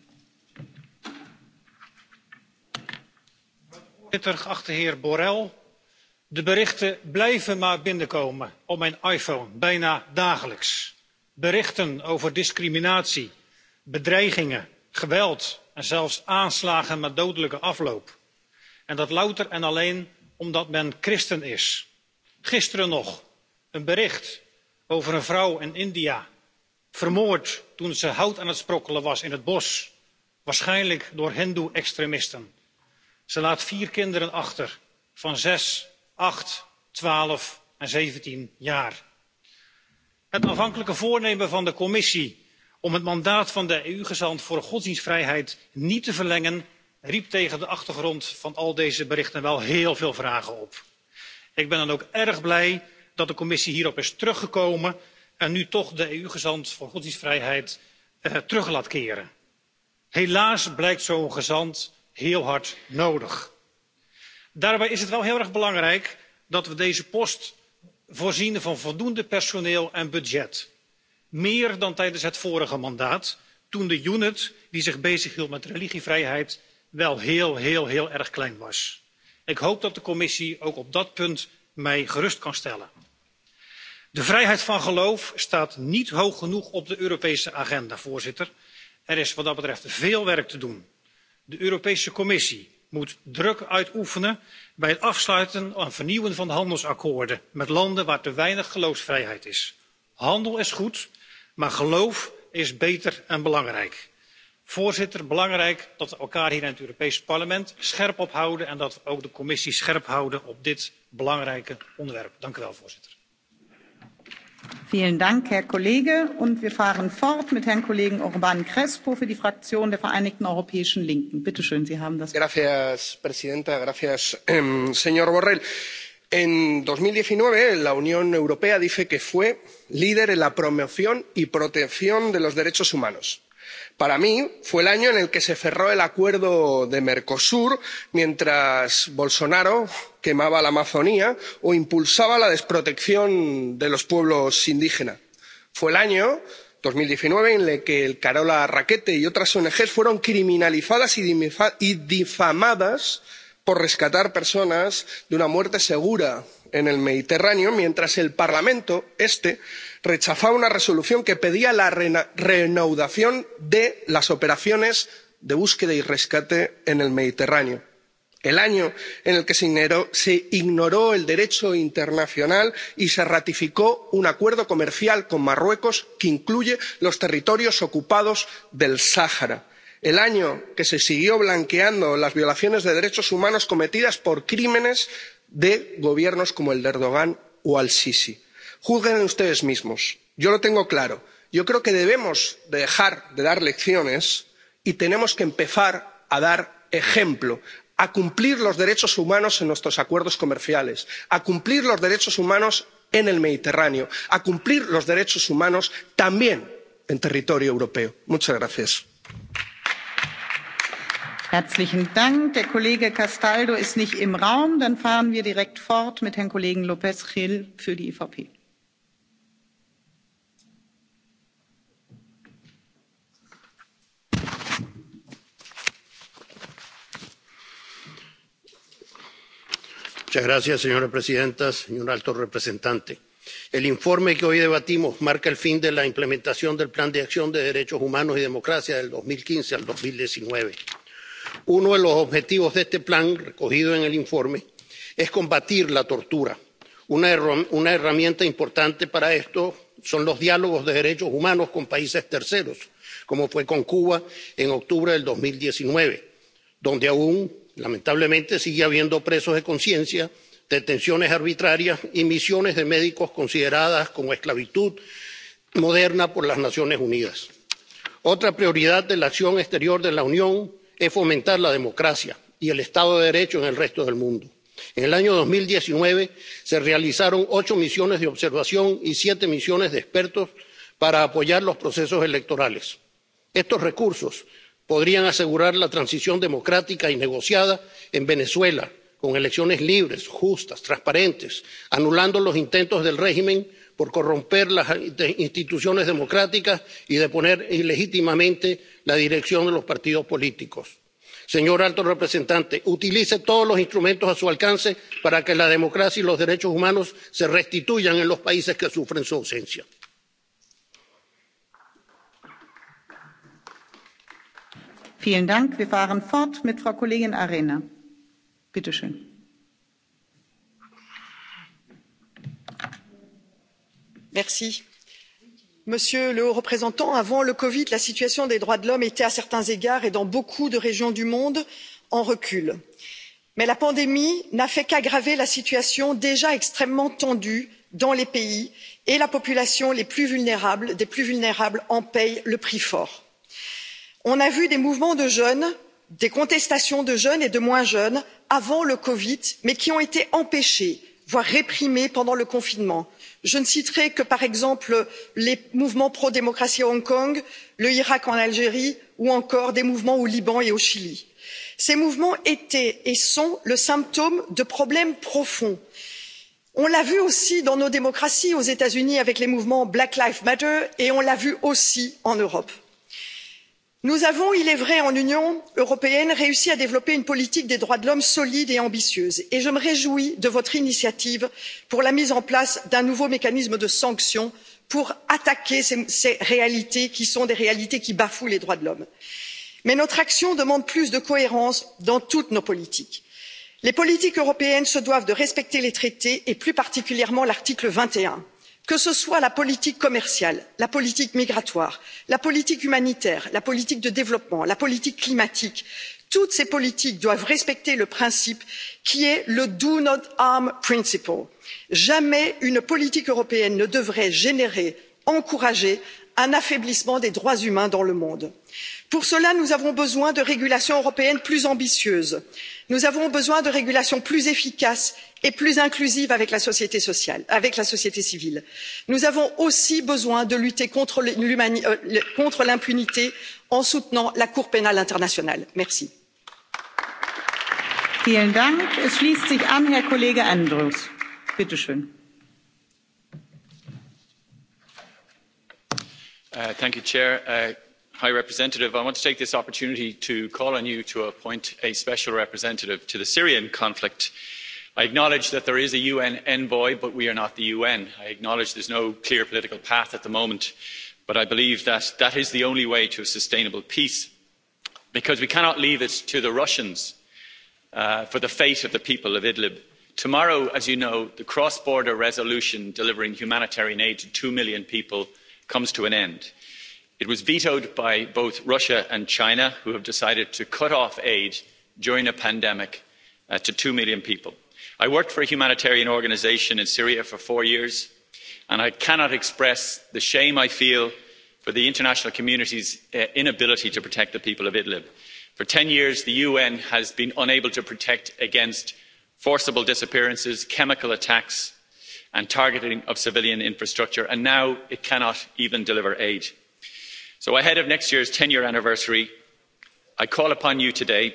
geachte heer Borrell, de berichten blijven maar binnenkomen op mijn iPhone, bijna dagelijks. Berichten over discriminatie, bedreigingen, geweld en zelfs aanslagen met dodelijke afloop. En dat louter en alleen omdat men christen is. Gisteren nog een bericht over een vrouw in India, vermoord toen ze hout aan het sprokkelen was in het bos, waarschijnlijk door hindoe-extremisten. Ze laat vier kinderen achter, van zes, acht, twaalf en zeventien jaar. Het aanvankelijke voornemen van de commissie om het mandaat van de EU gezant voor godsdienstvrijheid niet te verlengen riep tegen de achtergrond van al deze berichten wel heel veel vragen op. Ik ben dan ook erg blij dat de commissie hierop is teruggekomen en nu toch de EU gezant voor godsdienstvrijheid eh, terug laat keren. Helaas blijkt zo'n gezant heel hard nodig. Daarbij is het wel heel erg belangrijk dat we deze post voorzien van voldoende personeel en budget. Meer dan tijdens het vorige mandaat, toen de unit die zich bezighield met religievrijheid wel heel, heel, heel erg klein was. Ik hoop dat de commissie ook op dat punt mij gerust kan stellen. De vrijheid van geloof staat niet hoog genoeg op de Europese agenda, voorzitter. Er is wat dat betreft veel werk te doen. De Europese Commissie moet druk uitoefenen bij het afsluiten en vernieuwen van handelsakkoorden met landen waar te weinig geloofsvrijheid is. Handel is goed, maar geloof is beter en belangrijk. Voorzitter, belangrijk dat we elkaar hier in het Europees Parlement scherp op houden en dat we ook de commissie scherp houden op dit belangrijke onderwerp. Dank u wel, voorzitter.
Vielen Dank, Herr Kollege. Und wir fahren fort mit Herrn Kollegen Orban Crespo für die Fraktion der Vereinigten Europäischen Linken. Bitte schön, Sie haben das Wort.
Gracias, Presidenta. Gracias, eh, señor Borrell. En 2019, la Unión Europea dice que fue líder en la promoción y protección de los derechos humanos para mí fue el año en el que se cerró el acuerdo de mercosur mientras bolsonaro quemaba la Amazonía o impulsaba la desprotección de los pueblos indígenas. fue el año dos mil diecinueve en el que el carola rackete y otras ong fueron criminalizadas y difamadas por rescatar personas de una muerte segura en el mediterráneo mientras el parlamento este rechazaba una resolución que pedía la reanudación de las operaciones de búsqueda y rescate en el mediterráneo el año en el que se ignoró el derecho internacional y se ratificó un acuerdo comercial con marruecos que incluye los territorios ocupados del sáhara el año en que se siguieron blanqueando las violaciones de derechos humanos cometidas por crímenes de gobiernos como el de erdogan o al sisi. juzguen ustedes mismos yo lo tengo claro yo creo que debemos dejar de dar lecciones y tenemos que empezar a dar ejemplo a cumplir los derechos humanos en nuestros acuerdos comerciales a cumplir los derechos humanos en el mediterráneo a cumplir los derechos humanos también en territorio europeo. muchas gracias.
Herzlichen Dank. Der Kollege Castaldo ist nicht im Raum. Dann fahren wir direkt fort mit Herrn Kollegen López Gil für die EVP.
Muchas gracias, señora presidenta, señor alto representante. El informe que hoy debatimos marca el fin de la implementación del Plan de Acción de Derechos Humanos y Democracia del 2015 al 2019 uno de los objetivos de este plan recogido en el informe es combatir la tortura. una, her una herramienta importante para esto son los diálogos de derechos humanos con países terceros como fue con cuba en octubre de dos mil diecinueve donde aún lamentablemente sigue habiendo presos de conciencia detenciones arbitrarias y misiones de médicos consideradas como esclavitud moderna por las naciones unidas. otra prioridad de la acción exterior de la unión es fomentar la democracia y el estado de derecho en el resto del mundo. en el año dos mil diecinueve se realizaron ocho misiones de observación y siete misiones de expertos para apoyar los procesos electorales. estos recursos podrían asegurar la transición democrática y negociada en venezuela con elecciones libres justas transparentes anulando los intentos del régimen por corromper las instituciones democráticas y de poner ilegítimamente la dirección de los partidos políticos. Señor alto representante, utilice todos los instrumentos a su alcance para que la democracia y los derechos humanos se restituyan en los países que sufren su ausencia.
Vielen Dank. Wir fahren fort mit Frau Kollegin Arena. Bitte schön.
Merci. Monsieur le haut représentant, avant le Covid, la situation des droits de l'homme était à certains égards et dans beaucoup de régions du monde en recul. Mais la pandémie n'a fait qu'aggraver la situation déjà extrêmement tendue dans les pays et la population les plus vulnérables des plus vulnérables en paye le prix fort. On a vu des mouvements de jeunes, des contestations de jeunes et de moins jeunes avant le Covid, mais qui ont été empêchés, voire réprimés pendant le confinement je ne citerai que par exemple les mouvements pro démocratie à hong kong le hirak en algérie ou encore des mouvements au liban et au chili. ces mouvements étaient et sont le symptôme de problèmes profonds. on l'a vu aussi dans nos démocraties aux états unis avec les mouvements black lives matter et on l'a vu aussi en europe nous avons il est vrai en union européenne réussi à développer une politique des droits de l'homme solide et ambitieuse et je me réjouis de votre initiative pour la mise en place d'un nouveau mécanisme de sanctions pour attaquer ces réalités qui sont des réalités qui bafouent les droits de l'homme. mais notre action demande plus de cohérence dans toutes nos politiques. les politiques européennes se doivent de respecter les traités et plus particulièrement l'article vingt et un que ce soit la politique commerciale la politique migratoire la politique humanitaire la politique de développement la politique climatique toutes ces politiques doivent respecter le principe qui est le do no harm principle jamais une politique européenne ne devrait générer encourager un affaiblissement des droits humains dans le monde. pour cela nous avons besoin de régulations européennes plus ambitieuses nous avons besoin de régulations plus efficaces et plus inclusive avec la société sociale avec la société civile. nous avons aussi besoin de lutter contre euh, l'impunité en soutenant la cour pénale internationale. merci.
Uh,
uh, High Representative, I want to take this opportunity to call on you to appoint a special representative to the Syrian conflict. I acknowledge that there is a UN envoy, but we are not the UN. I acknowledge there's no clear political path at the moment, but I believe that that is the only way to a sustainable peace, because we cannot leave it to the Russians uh, for the fate of the people of Idlib. Tomorrow, as you know, the cross-border resolution delivering humanitarian aid to two million people comes to an end. It was vetoed by both Russia and China, who have decided to cut off aid during a pandemic uh, to two million people i worked for a humanitarian organisation in syria for four years and i cannot express the shame i feel for the international community's uh, inability to protect the people of idlib. for ten years the un has been unable to protect against forcible disappearances chemical attacks and targeting of civilian infrastructure and now it cannot even deliver aid. so ahead of next year's ten year anniversary i call upon you today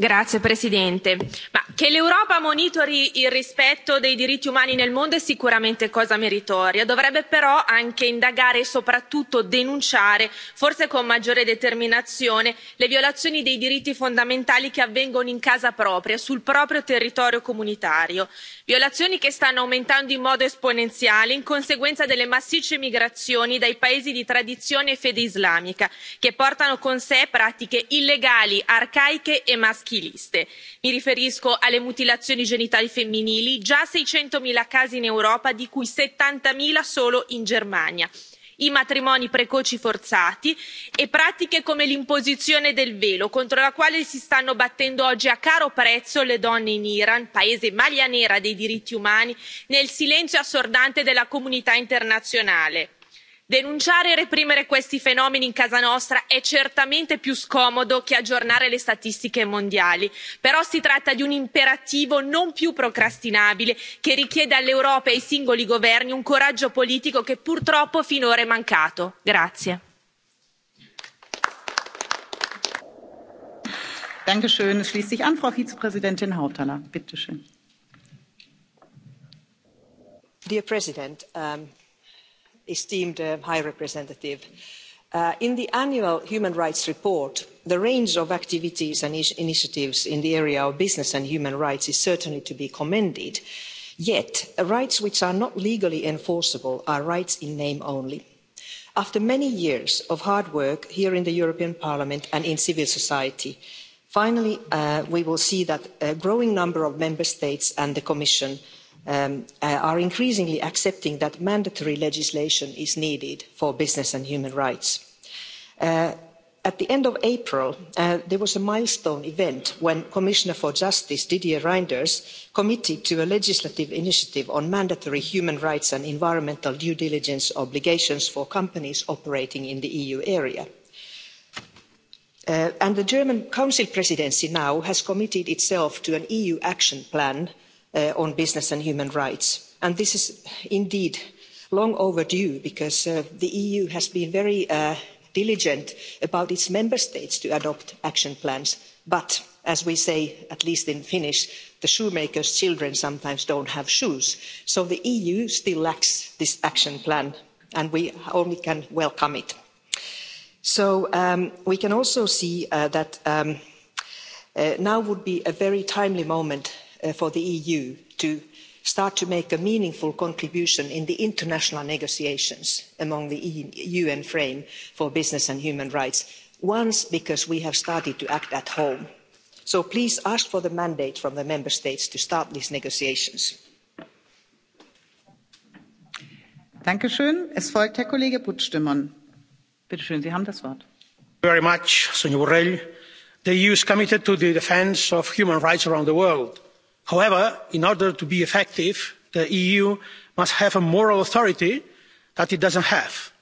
Grazie Presidente. Ma che l'Europa monitori il rispetto dei diritti umani nel mondo è sicuramente cosa meritoria, dovrebbe però anche indagare e soprattutto denunciare, forse con maggiore determinazione, le violazioni dei diritti fondamentali che avvengono in casa propria, sul proprio territorio comunitario, violazioni che stanno aumentando in modo esponenziale in conseguenza delle massicce migrazioni dai paesi di tradizione e fede islamica, che portano con sé pratiche illegali, arcaiche e maschili maschiliste mi riferisco alle mutilazioni genitali femminili già seicento zero casi in europa di cui settanta zero solo in germania i matrimoni precoci forzati e pratiche come l'imposizione del velo contro la quale si stanno battendo oggi a caro prezzo le donne in iran paese maglia nera dei diritti umani nel silenzio assordante della comunità internazionale denunciare e reprimere questi fenomeni in casa nostra è certamente più scomodo che aggiornare le statistiche mondiali però si tratta di un imperativo non più procrastinabile che richiede all'europa e ai singoli governi un coraggio politico che purtroppo finora è mancato
esteemed uh, High Representative. Uh, in the annual human rights report, the range of activities and initiatives in the area of business and human rights is certainly to be commended. Yet, rights which are not legally enforceable are rights in name only. After many years of hard work here in the European Parliament and in civil society, finally uh, we will see that a growing number of member states and the Commission Um, uh, are increasingly accepting that mandatory legislation is needed for business and human rights. Uh, at the end of April, uh, there was a milestone event when Commissioner for Justice Didier Reinders committed to a legislative initiative on mandatory human rights and environmental due diligence obligations for companies operating in the EU area. and the German Council presidency now has committed itself to an EU action plan uh, on business and human rights. And this is indeed long overdue because uh, the EU has been very uh, diligent about its member states to adopt action plans. But as we say, at least in Finnish, the shoemaker's children sometimes don't have shoes. So the EU still lacks this action plan and we only can welcome it. So um, we can also see uh, that um, uh, now would be a very timely moment Uh, for the eu to start to make a meaningful contribution in the international negotiations among the e un frame for business and human rights once because we have started to act at home so please ask for the mandate from the member states to start these negotiations.
Much, the eu is committed to the defence of human rights around the world however in order to be effective the eu must have a moral authority that it doesn't have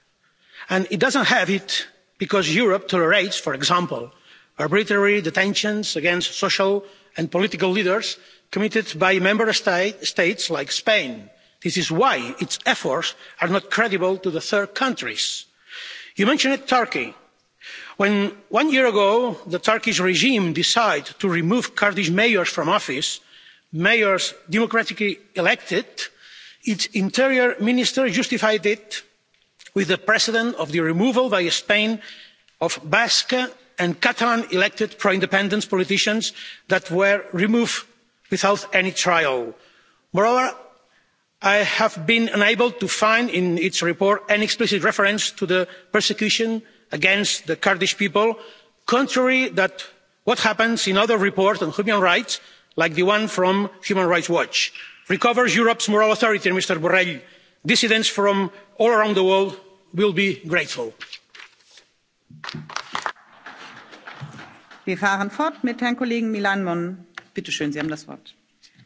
and it doesn't have it because europe tolerates for example arbitrary detentions against social and political leaders committed by member states like spain. this is why its efforts are not credible to the third countries. you mentioned turkey. when one year ago the turkish regime decided to remove kurdish mayors from office mayors democratically elected its interior minister justified it with the precedent of the removal by spain of basque and catalan elected pro independence politicians that were removed without any trial. moreover i have been unable to find in its report any explicit reference to the persecution against the kurdish people contrary to what happens in other reports on human rights like the one from human rights watch recovers europe's moral authority and mr borrell dissidents from all around the world will be grateful.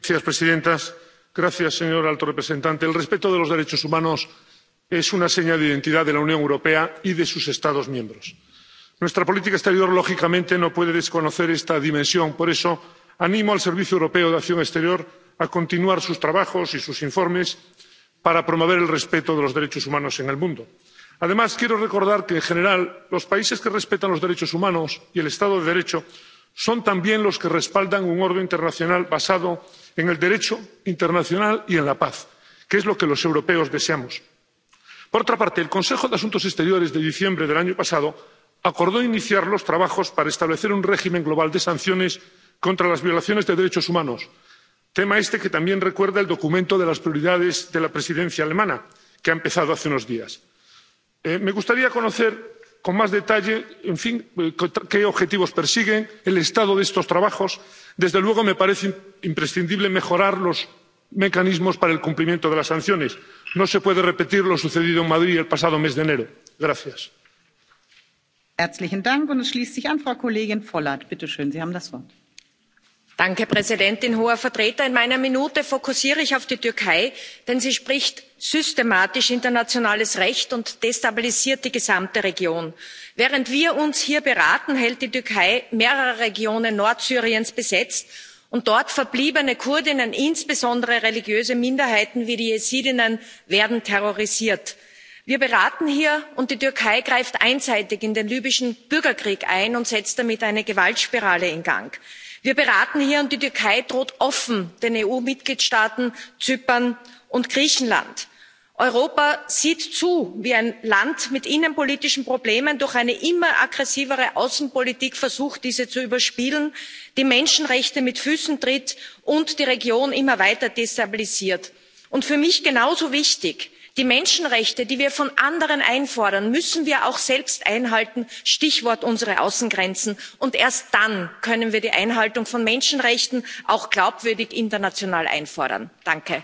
señora presidenta gracias señor alto representante. el respeto de los derechos humanos es una seña de identidad de la unión europea y de sus estados miembros. nuestra política exterior lógicamente no puede desconocer esta dimensión. por eso animo al servicio europeo de acción exterior a continuar sus trabajos y sus informes para promover el respeto de los derechos humanos en el mundo. además quiero recordar que en general los países que respetan los derechos humanos y el estado de derecho son también los que respaldan un orden internacional basado en el derecho internacional y en la paz que es lo que los europeos deseamos. por otra parte el consejo de asuntos exteriores de diciembre del año pasado acordó iniciar los trabajos para establecer un régimen global de sanciones contra las violaciones de derechos humanos tema este que también recuerda el documento de las prioridades de la presidencia alemana que ha empezado hace unos días. Eh, me gustaría conocer con más detalle en fin, eh, qué objetivos persiguen el estado de estos trabajos. desde luego me parece imprescindible mejorar los mecanismos para el cumplimiento de las sanciones. no se puede repetir lo sucedido en madrid el pasado mes de enero. gracias.
Herzlichen
Dank und es schließt sich an Frau Kollegin Vollert. Bitte schön, Sie haben das Wort
frau präsidentin hoher vertreter! in meiner minute fokussiere ich auf die türkei denn sie bricht systematisch internationales recht und destabilisiert die gesamte region. während wir uns hier beraten hält die türkei mehrere regionen nordsyriens besetzt und dort verbliebene kurdinnen insbesondere religiöse minderheiten wie die jesidinnen werden terrorisiert. wir beraten hier und die türkei greift einseitig in den libyschen bürgerkrieg ein und setzt damit eine gewaltspirale in gang wir beraten hier und die türkei droht offen den eu mitgliedstaaten zypern und griechenland. europa sieht zu wie ein land mit innenpolitischen problemen durch eine immer aggressivere außenpolitik versucht diese zu überspielen die menschenrechte mit füßen tritt und die region immer weiter destabilisiert. und für mich genauso wichtig die menschenrechte die wir von anderen einfordern müssen wir auch selbst einhalten stichwort unsere außengrenzen und erst dann können wir die einhaltung von menschenrechten auch glaubwürdig international einfordern. danke!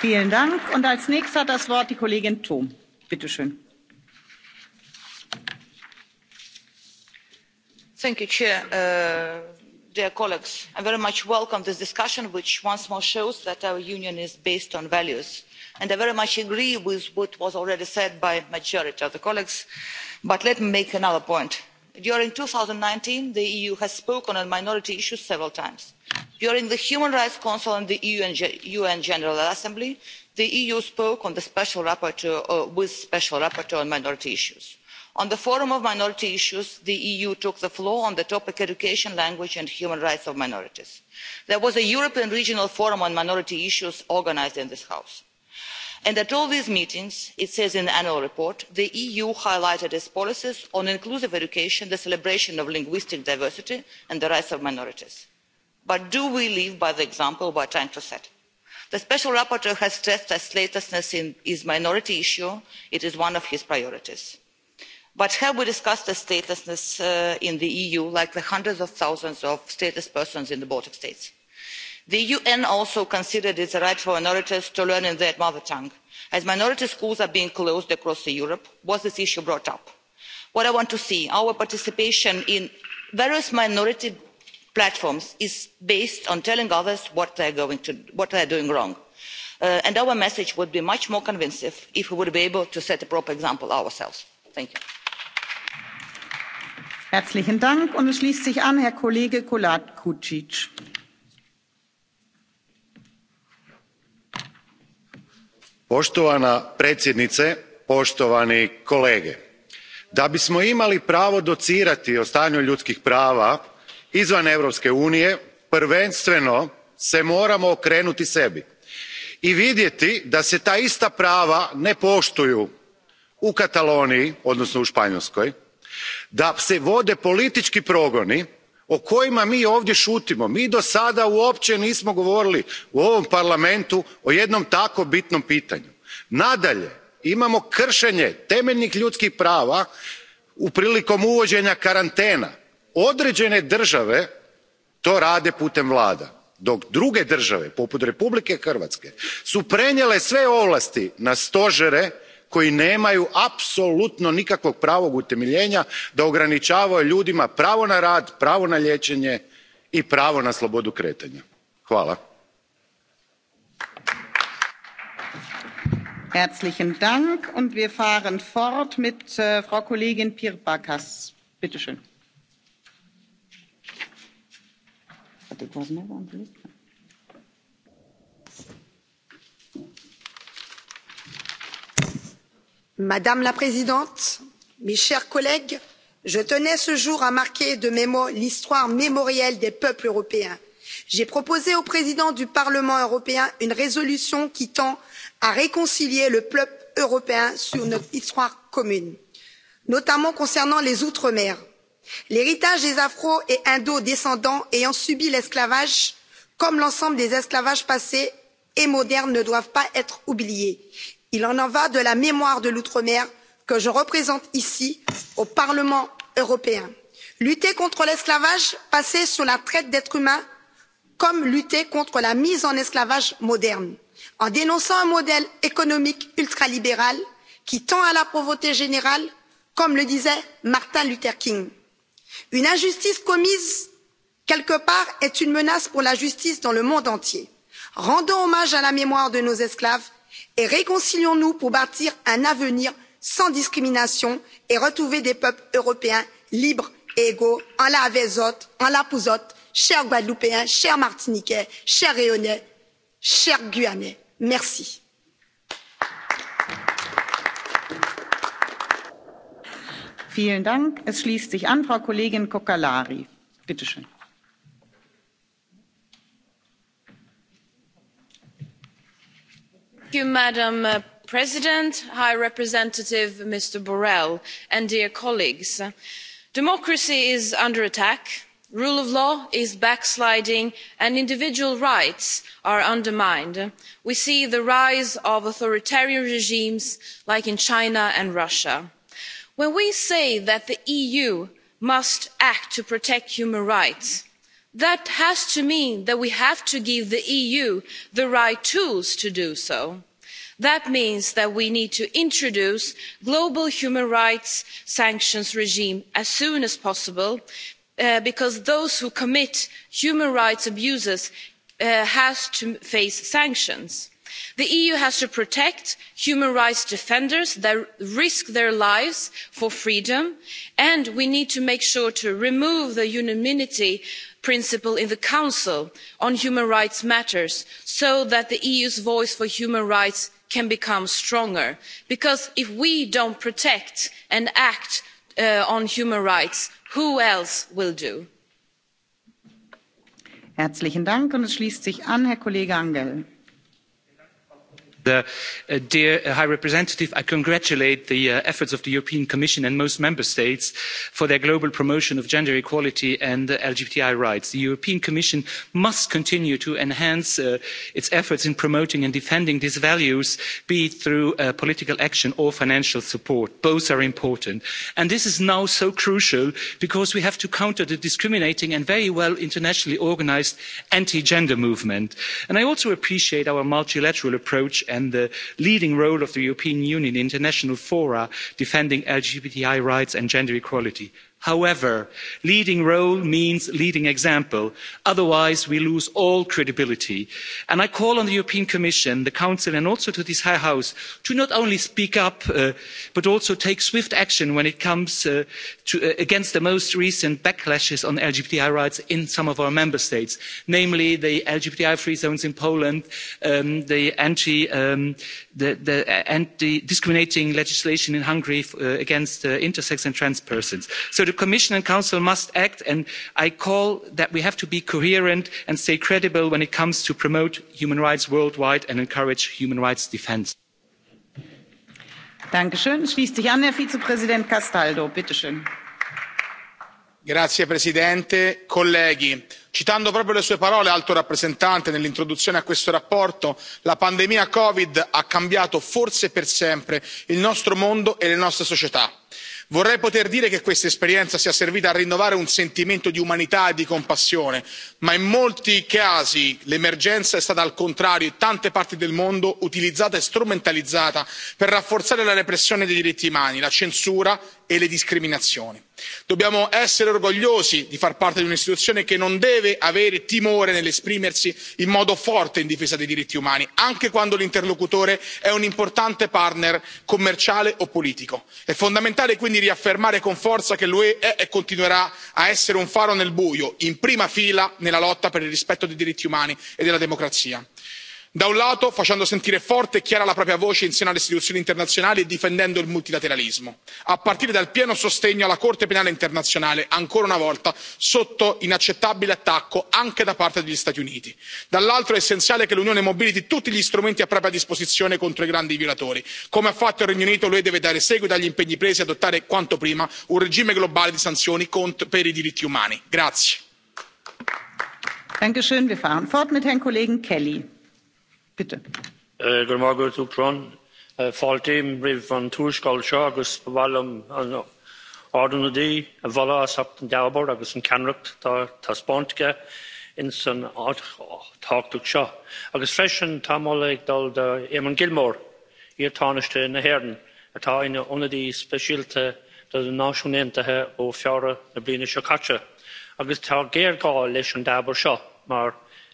vielen dank und als nächste hat das wort die kollegin thom bitte schön
dear colleagues i very much welcome this discussion which once more shows that our union is based on values and i very much agree with what was already said by the majority of the colleagues but let me make another point. during two thousand and nineteen the eu has spoken on minority issues several times. during the human rights council and the un general assembly the eu spoke on the special rapporteur uh, with special rapporteur on minority issues on the forum on minority issues the eu took the floor on the topic of education language and human rights of minorities. there was a european regional forum on minority issues organised in this house and at all these meetings it says in the annual report the eu highlighted its policies on inclusive education the celebration of linguistic diversity and the rights of minorities. but do we live by the example we are trying to set? the special rapporteur has stressed that statelessness in, is a minority issue it is one of his priorities But have we discussed the statelessness uh, in the EU, like the hundreds of thousands of stateless persons in the Baltic states? The UN also considered it a right for minorities to learn in their mother tongue. As minority schools are being closed across Europe, was this issue brought up? What I want to see, our participation in various minority platforms is based on telling others what they're, going to, what they're doing wrong. Uh, and our message would be much more convincing if we would be able to set a proper example ourselves. Thank you.
Herzlichen Dank. Und es schließt sich an Herr Kollege
Poštovana predsjednice, poštovani kolege. Da bismo imali pravo docirati o stanju ljudskih prava izvan Europske unije, prvenstveno se moramo okrenuti sebi i vidjeti da se ta ista prava ne poštuju u Kataloniji, odnosno u Španjolskoj, da se vode politički progoni o kojima mi ovdje šutimo. mi do sada uopće nismo govorili u ovom parlamentu o jednom tako bitnom pitanju. nadalje imamo kršenje temeljnih ljudskih prava prilikom uvođenja karantena. određene države to rade putem vlada dok druge države poput republike hrvatske su prenijele sve ovlasti na stožere koji nemaju apsolutno nikakvog pravog utemeljenja da ograničavaju ljudima pravo na rad pravo na liječenje i pravo na slobodu kretanja. hvala.
Madame la Présidente, mes chers collègues, je tenais ce jour à marquer de mes mots l'histoire mémorielle des peuples européens. J'ai proposé au président du Parlement européen une résolution qui tend à réconcilier le peuple européen sur notre histoire commune, notamment concernant les Outre-mer. L'héritage des Afro et Indo-descendants ayant subi l'esclavage, comme l'ensemble des esclavages passés et modernes, ne doivent pas être oubliés il en va de la mémoire de l'outre mer que je représente ici au parlement européen. lutter contre l'esclavage passé sur la traite d'êtres humains comme lutter contre la mise en esclavage moderne en dénonçant un modèle économique ultralibéral qui tend à la pauvreté générale comme le disait martin luther king. une injustice commise quelque part est une menace pour la justice dans le monde entier. rendons hommage à la mémoire de nos esclaves et réconcilions nous pour bâtir un avenir sans discrimination et retrouver des peuples européens libres et égaux en la avec en la pouzot, chers Guadeloupéens, chers Martiniquais, chers Réunionnais, chers Guyanais. Merci.
Vielen Dank. Es schließt sich an Frau Kollegin Kokalari. Bitte schön.
madam uh, president high representative mr borrell and dear colleagues democracy is under attack the rule of law is backsliding and individual rights are undermined. we see the rise of authoritarian regimes like in china and russia. when we say that the eu must act to protect human rights that has to mean that we have to give the eu the right tools to do so. that means that we need to introduce a global human rights sanctions regime as soon as possible uh, because those who commit human rights abuses uh, have to face sanctions. the eu has to protect human rights defenders that risk their lives for freedom and we need to make sure to remove the unanimity principle in the council on human rights matters so that the eu's voice for human rights can become stronger because if we don't protect and act uh, on human rights who else will do?
Herzlichen Dank und es schließt sich an Herr Kollege
Uh, dear uh, High Representative, I congratulate the uh, efforts of the European Commission and most member states for their global promotion of gender equality and LGBTI rights. The European Commission must continue to enhance uh, its efforts in promoting and defending these values, be it through political action or financial support. Both are important. And this is now so crucial because we have to counter the discriminating and very well internationally organised anti-gender movement. And I also appreciate our multilateral approach and the leading role of the european union in international fora defending lgbti rights and gender equality however leading role means leading example otherwise we lose all credibility and i call on the european commission the council and also to this house to not only speak up uh, but also take swift action when it comes uh, uh, against the most recent backlashes on lgbti rights in some of our member states namely the lgbti free zones in poland um, the anti um, discriminating legislation in hungary against intersex and trans persons the commission and council must act and i call that we have to be coherent and stay credible when it comes to promoting human rights worldwide and encourage human rights defence.
signor
presidente onorevoli colleghi citando proprio le sue parole alto rappresentante nell'introduzione a questa relazione la pandemia covid ha cambiato forse per sempre il nostro mondo e le nostre società vorrei poter dire che questa esperienza sia servita a rinnovare un sentimento di umanità e di compassione ma in molti casi l'emergenza è stata al contrario in tante parti del mondo utilizzata e strumentalizzata per rafforzare la repressione dei diritti umani la censura e le discriminazioni dobbiamo essere orgogliosi di far parte di un'istituzione che non deve avere timore nell'esprimersi in modo forte in difesa dei diritti umani anche quando l'interlocutore è un importante partner commerciale o politico. è fondamentale quindi riaffermare con forza che l'ue è e continuerà a essere un faro nel buio in prima fila nella lotta per il rispetto dei diritti umani e della democrazia da un lato facendo sentire forte e chiara la propria voce in seno alle istituzioni internazionali e difendendo il multilateralismo a partire dal pieno sostegno alla corte penale internazionale ancora una volta sotto inaccettabile attacco anche da parte degli stati uniti dall'altro è essenziale che l'unione mobiliti tutti gli strumenti a propria disposizione contro i grandi violatori come ha fatto il regno unito l'ue deve dare seguito agli impegni presi e adottare quanto prima un regime globale di sanzioni per i diritti umani.
Bitte.
Äh, Gurmagur tu kron. Äh, Faltim brief van tuxkol xo agus valum an ordinu di vala saptan dawbor agus an canrukt ta spontke in san táchtach oh, seo. Agus freisin tamálaigh dal de Éman Gilmór í táneiste na hhéan the ina onadí speisialte do náisiúnéantathe ó fiara na bliana seo caite. agus tá géirá leis an dabair seo mar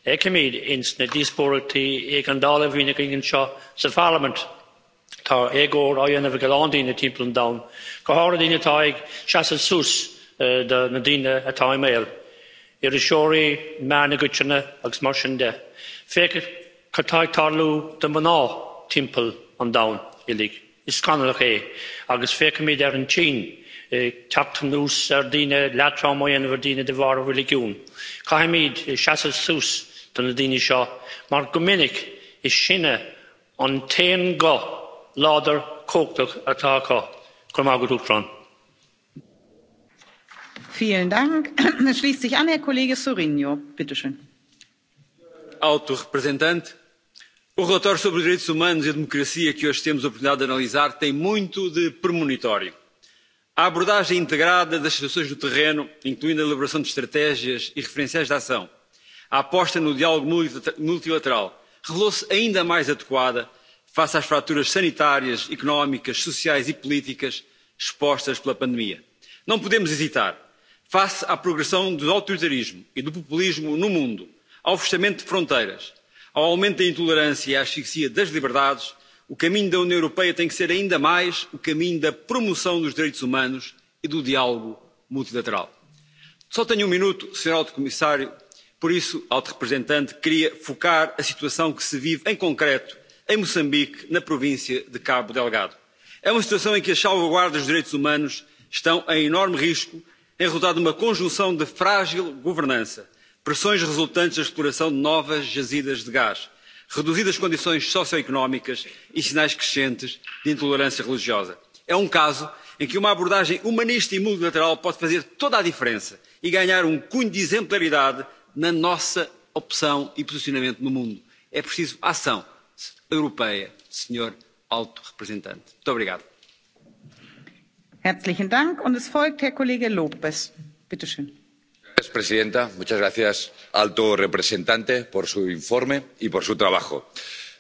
Ekimid insna disporti ekandal vinik ingin sha sa parliament. Tar egor ayan of galandi in eh, a timplum down. Kaharadina taig shasal sus da nadina a taimail. Irishori managuchana ags marshinde. Fek katai tarlu da mana timple on down ilig. Iskanalach e agus fekimid erin chin taptanús eh, Sardine, dine leatrámóin bhar dine de bhar religiún. Caimid eh, seaas sús dan id daoine seo mar go minic is sinne an téan go láidir cógtach atá acu chun maith go
Vielen Dank. Schließt sich an Herr Kollege Sorinho. Bitte schön.
Autor Präsident. o relatório sobre direitos humanos e a democracia que hoje temos a oportunidade de analisar tem muito de premonitório. A abordagem integrada das situações do terreno, incluindo a elaboração de estratégias e referenciais de ação, A aposta no diálogo multilateral revelou-se ainda mais adequada face às fraturas sanitárias, económicas, sociais e políticas expostas pela pandemia. Não podemos hesitar. Face à progressão do autoritarismo e do populismo no mundo, ao fechamento de fronteiras, ao aumento da intolerância e à asfixia das liberdades, o caminho da União Europeia tem que ser ainda mais o caminho da promoção dos direitos humanos e do diálogo multilateral. Só tenho um minuto, Sr. Alto Comissário, Por isso, alto representante, queria focar a situação que se vive em concreto em Moçambique, na província de Cabo Delgado. É uma situação em que as salvaguardas dos direitos humanos estão em enorme risco, em de uma conjunção de frágil governança, pressões resultantes da exploração de novas jazidas de gás, reduzidas condições socioeconómicas e sinais crescentes de intolerância religiosa. É um caso em que uma abordagem humanista e multilateral pode fazer toda a diferença e ganhar um cunho de exemplaridade na nossa opção e posicionamento no mundo. É preciso ação europeia,
senhor alto representante. Muito obrigado.
Herzlichen Dank und es folgt Herr Kollege Lopez. Bitte schön.
Gracias, Presidenta. Muchas gracias, alto representante, por su informe y por su trabajo.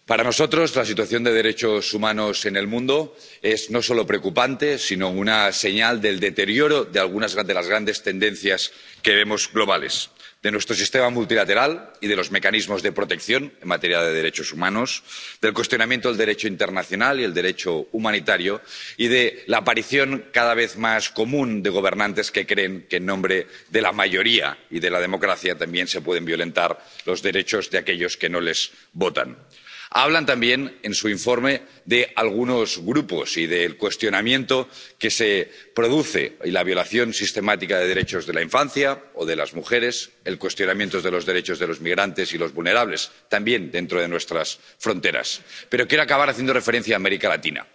Para nosotros, la situación de derechos humanos en el mundo es no solo preocupante, sino una señal del deterioro de algunas de las grandes tendencias que vemos globales de nuestro sistema multilateral y de los mecanismos de protección en materia de derechos humanos del cuestionamiento del derecho internacional y el derecho humanitario y de la aparición cada vez más común de gobernantes que creen que en nombre de la mayoría y de la democracia también se pueden violentar los derechos de aquellos que no les votan hablan también en su informe de algunos grupos y del cuestionamiento que se produce y la violación sistemática de derechos de la infancia o de las mujeres el cuestionamiento de los derechos de los migrantes y los vulnerables también dentro de nuestras fronteras. pero quiero acabar haciendo referencia a américa latina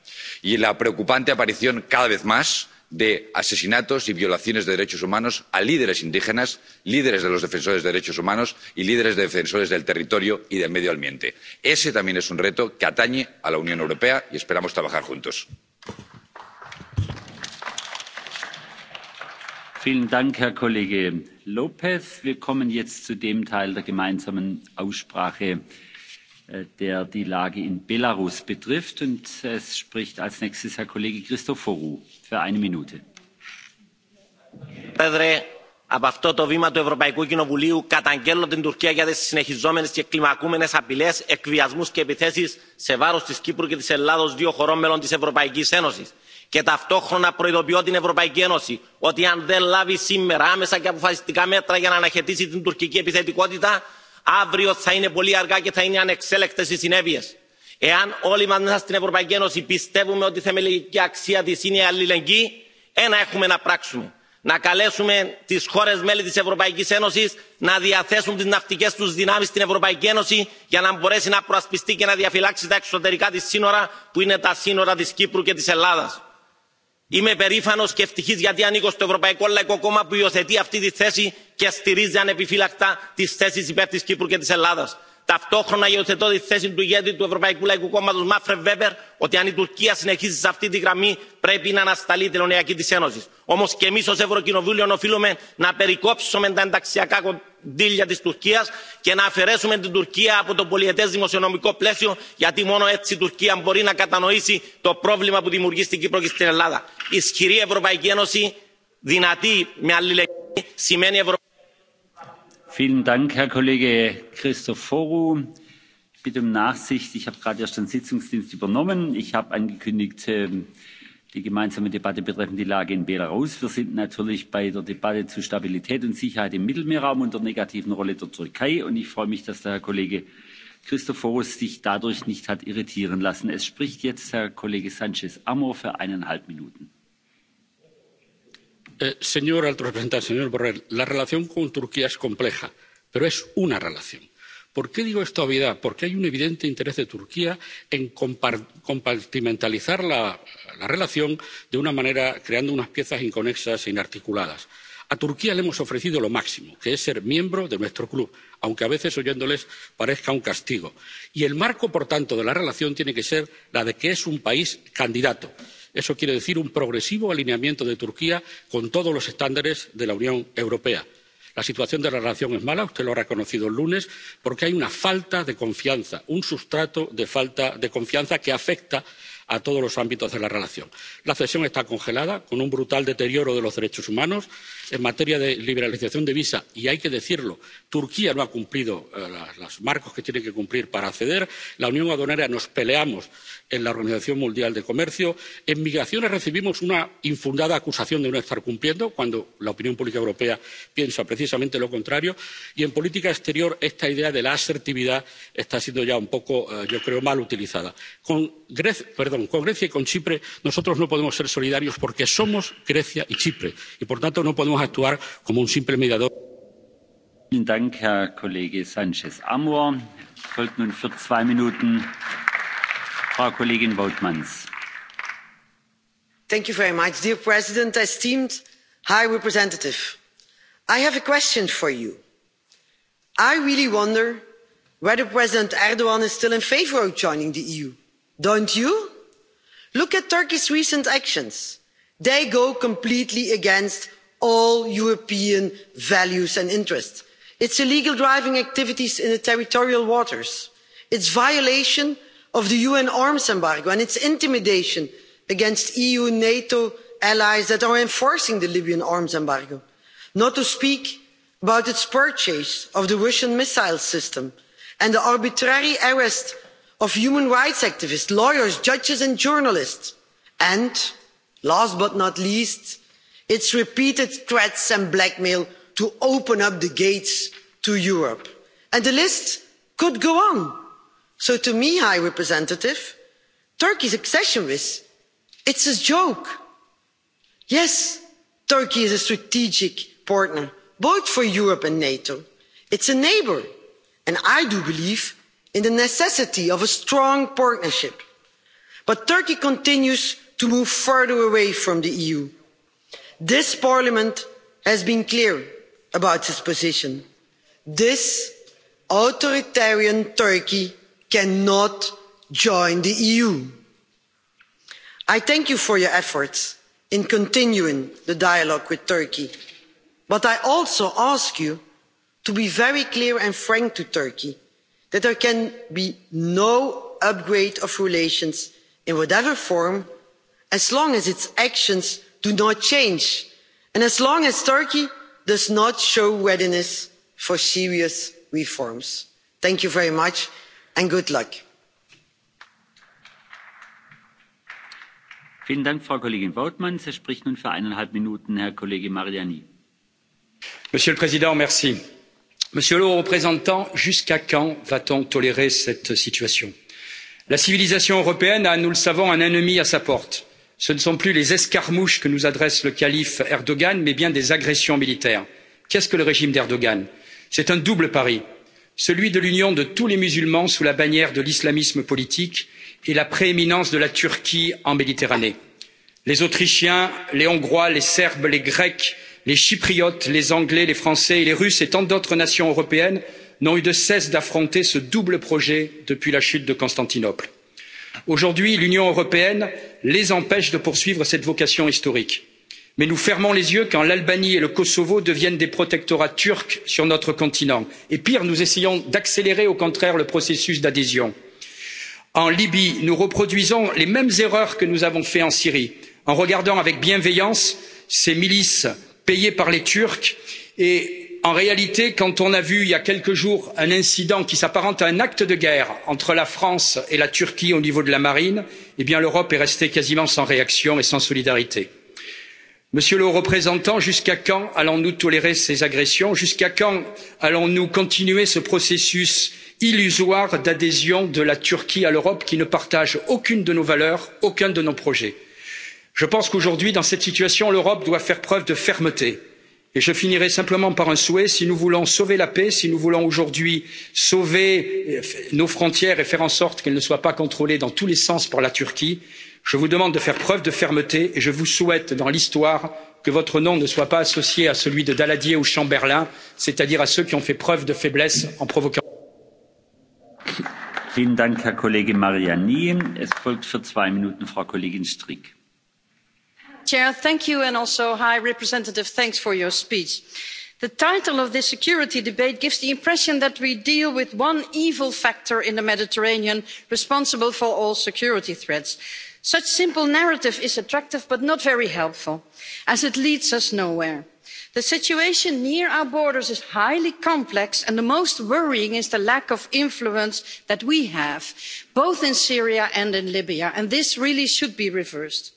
y la preocupante aparición cada vez más de asesinatos y violaciones de derechos humanos a líderes indígenas líderes de los defensores de derechos humanos y líderes de defensores del territorio y del medio ambiente. ese también es un reto que atañe a la unión europea y esperamos trabajar juntos.
Vielen Dank, Herr Kollege Wir kommen jetzt zu dem Teil der gemeinsamen Aussprache Äh, der die Lage in Belarus betrifft. Und es spricht als nächstes Herr Kollege Christophorou für eine Minute.
Πρόεδρε, από αυτό το βήμα του Ευρωπαϊκού Κοινοβουλίου καταγγέλλω την Τουρκία για τις συνεχιζόμενες και κλιμακούμενες απειλές, εκβιασμούς και επιθέσεις σε βάρος της Κύπρου και της Ελλάδος, δύο χωρών μελών της Ευρωπαϊκής Ένωσης. Και ταυτόχρονα προειδοποιώ την Ευρωπαϊκή Ένωση ότι αν δεν λάβει σήμερα άμεσα και αποφασιστικά μέτρα για να αναχαιτήσει την τουρκική επιθετικότητα, αύριο θα είναι πολύ αργά και θα είναι ανεξέλεκτε οι συνέπειες. Εάν όλοι μα μέσα στην Ευρωπαϊκή Ένωση πιστεύουμε ότι η θεμελιακή αξία της είναι η αλληλεγγύη, ένα έχουμε να πράξουμε. Να καλέσουμε τι χώρε μέλη τη Ευρωπαϊκή Ένωση να διαθέσουν τι ναυτικέ του δυνάμει στην Ευρωπαϊκή Ένωση για να μπορέσει να προασπιστεί και να διαφυλάξει τα εξωτερικά τη σύνορα που είναι τα σύνορα τη Κύπρου και τη Ελλάδα. Είμαι περήφανος και ευτυχής γιατί ανήκω στο Ευρωπαϊκό Λαϊκό Κόμμα που υιοθετεί αυτή τη θέση και στηρίζει ανεπιφύλακτα τις θέσεις υπέρ της Κύπρου και της Ελλάδας. Ταυτόχρονα υιοθετώ τη θέση του ηγέτη του Ευρωπαϊκού Λαϊκού Κόμματο Μάφρε Βέμπερ ότι αν η Τουρκία συνεχίσει σε αυτή τη γραμμή πρέπει να ανασταλεί την τελωνιακή τη Ένωση. Όμω και εμεί ω Ευρωκοινοβούλιο οφείλουμε να περικόψουμε τα ενταξιακά κονδύλια τη Τουρκία και να αφαιρέσουμε την Τουρκία από το πολιετέ δημοσιονομικό πλαίσιο γιατί μόνο έτσι η Τουρκία μπορεί να κατανοήσει το πρόβλημα που δημιουργεί στην Κύπρο και στην Ελλάδα ισχυρή Ευρωπαϊκή Ένωση, δυνατή με αλληλεγγύη, σημαίνει Ευρωπαϊκή.
Vielen Dank, Herr Kollege Christoforu. Bitte um Nachsicht. Ich habe gerade erst den Sitzungsdienst übernommen. Ich habe angekündigt, ähm, die gemeinsame Debatte betreffend die Lage in Belarus. Wir sind natürlich bei der Debatte zu Stabilität und Sicherheit im Mittelmeerraum und der negativen Rolle der Türkei. Und ich freue mich, dass der Herr Kollege christoforos sich dadurch nicht hat irritieren lassen. es spricht jetzt herr kollege Sanchez amor für eineinhalb minuten.
Eh, señor alto representante señor borrell la relación con turquía es compleja pero es una relación. por qué digo esto obviedad? porque hay un evidente interés de turquía en compartimentalizar la, la relación de una manera creando unas piezas inconexas e inarticuladas A Turquía le hemos ofrecido lo máximo, que es ser miembro de nuestro club, aunque a veces oyéndoles parezca un castigo. Y el marco, por tanto, de la relación tiene que ser la de que es un país candidato. Eso quiere decir un progresivo alineamiento de Turquía con todos los estándares de la Unión Europea. La situación de la relación es mala, usted lo ha reconocido el lunes, porque hay una falta de confianza, un sustrato de falta de confianza que afecta a todos los ámbitos de la relación. La cesión está congelada, con un brutal deterioro de los derechos humanos, en materia de liberalización de visa y hay que decirlo turquía no ha cumplido eh, los marcos que tiene que cumplir para acceder la unión aduanera nos peleamos en la Organización Mundial de Comercio. En migraciones recibimos una infundada acusación de no estar cumpliendo, cuando la opinión pública europea piensa precisamente lo contrario. Y en política exterior, esta idea de la asertividad está siendo ya un poco, eh, yo creo, mal utilizada. Con, Grecia, perdón, con Grecia y con Chipre nosotros no podemos ser solidarios porque somos Grecia y Chipre. Y por tanto no podemos actuar como un simple mediador.
Vielen Dank, Herr Kollege Sanchez Amor. Folgt nun für zwei Minuten Thank
you very much, dear President, esteemed High Representative. I have a question for you. I really wonder whether President Erdogan is still in favour of joining the EU. Don't you? Look at Turkey's recent actions. They go completely against all European values and interests. It's illegal driving activities in the territorial waters. It's violation of the un arms embargo and its intimidation against eu nato allies that are enforcing the libyan arms embargo not to speak about its purchase of the russian missile system and the arbitrary arrest of human rights activists lawyers judges and journalists and last but not least its repeated threats and blackmail to open up the gates to europe and the list could go on so to me high representative turkey's accession risk it's a joke. yes turkey is a strategic partner both for europe and nato. it's a neighbour and i do believe in the necessity of a strong partnership but turkey continues to move further away from the eu. this parliament has been clear about its position. this authoritarian turkey cannot join the eu. i thank you for your efforts in continuing the dialogue with turkey but i also ask you to be very clear and frank to turkey that there can be no upgrade of relations in whatever form as long as its actions do not change and as long as turkey does not show readiness for serious reforms. thank you very much and good luck.
Vielen Dank, Frau Kollegin Wortmann. Sie spricht nun für eineinhalb
Minuten Herr Kollege Mariani. Monsieur le Président, merci. Monsieur le Haut Représentant, jusqu'à quand va-t-on tolérer cette situation La civilisation européenne a, nous le savons, un ennemi à sa porte. Ce ne sont plus les escarmouches que nous adresse le calife Erdogan, mais bien des agressions militaires. Qu'est-ce que le régime d'Erdogan C'est un double pari celui de l'union de tous les musulmans sous la bannière de l'islamisme politique et la prééminence de la turquie en méditerranée. les autrichiens les hongrois les serbes les grecs les chypriotes les anglais les français et les russes et tant d'autres nations européennes n'ont eu de cesse d'affronter ce double projet depuis la chute de constantinople. aujourd'hui l'union européenne les empêche de poursuivre cette vocation historique mais nous fermons les yeux quand l'albanie et le kosovo deviennent des protectorats turcs sur notre continent et pire nous essayons d'accélérer au contraire le processus d'adhésion. en libye nous reproduisons les mêmes erreurs que nous avons faites en syrie en regardant avec bienveillance ces milices payées par les turcs et en réalité quand on a vu il y a quelques jours un incident qui s'apparente à un acte de guerre entre la france et la turquie au niveau de la marine eh bien l'europe est restée quasiment sans réaction et sans solidarité monsieur le haut représentant jusqu'à quand allons nous tolérer ces agressions? jusqu'à quand allons nous continuer ce processus illusoire d'adhésion de la turquie à l'europe qui ne partage aucune de nos valeurs aucun de nos projets? je pense qu'aujourd'hui dans cette situation l'europe doit faire preuve de fermeté et je finirai simplement par un souhait si nous voulons sauver la paix si nous voulons aujourd'hui sauver euh, nos frontières et faire en sorte qu'elles ne soient pas contrôlées dans tous les sens par la turquie je vous demande de faire preuve de fermeté et je vous souhaite dans l'histoire que votre nom ne soit pas associé à celui de daladier ou chamberlain c'est à dire à ceux qui ont fait preuve de faiblesse en provoquant
chair thank you and also high representative thanks for your speech. the title of this security debate gives the impression that we deal with one evil factor in the mediterranean responsible for all security threats such a simple narrative is attractive but not very helpful as it leads us nowhere. the situation near our borders is highly complex and the most worrying is the lack of influence that we have both in syria and in libya and this really should be reversed.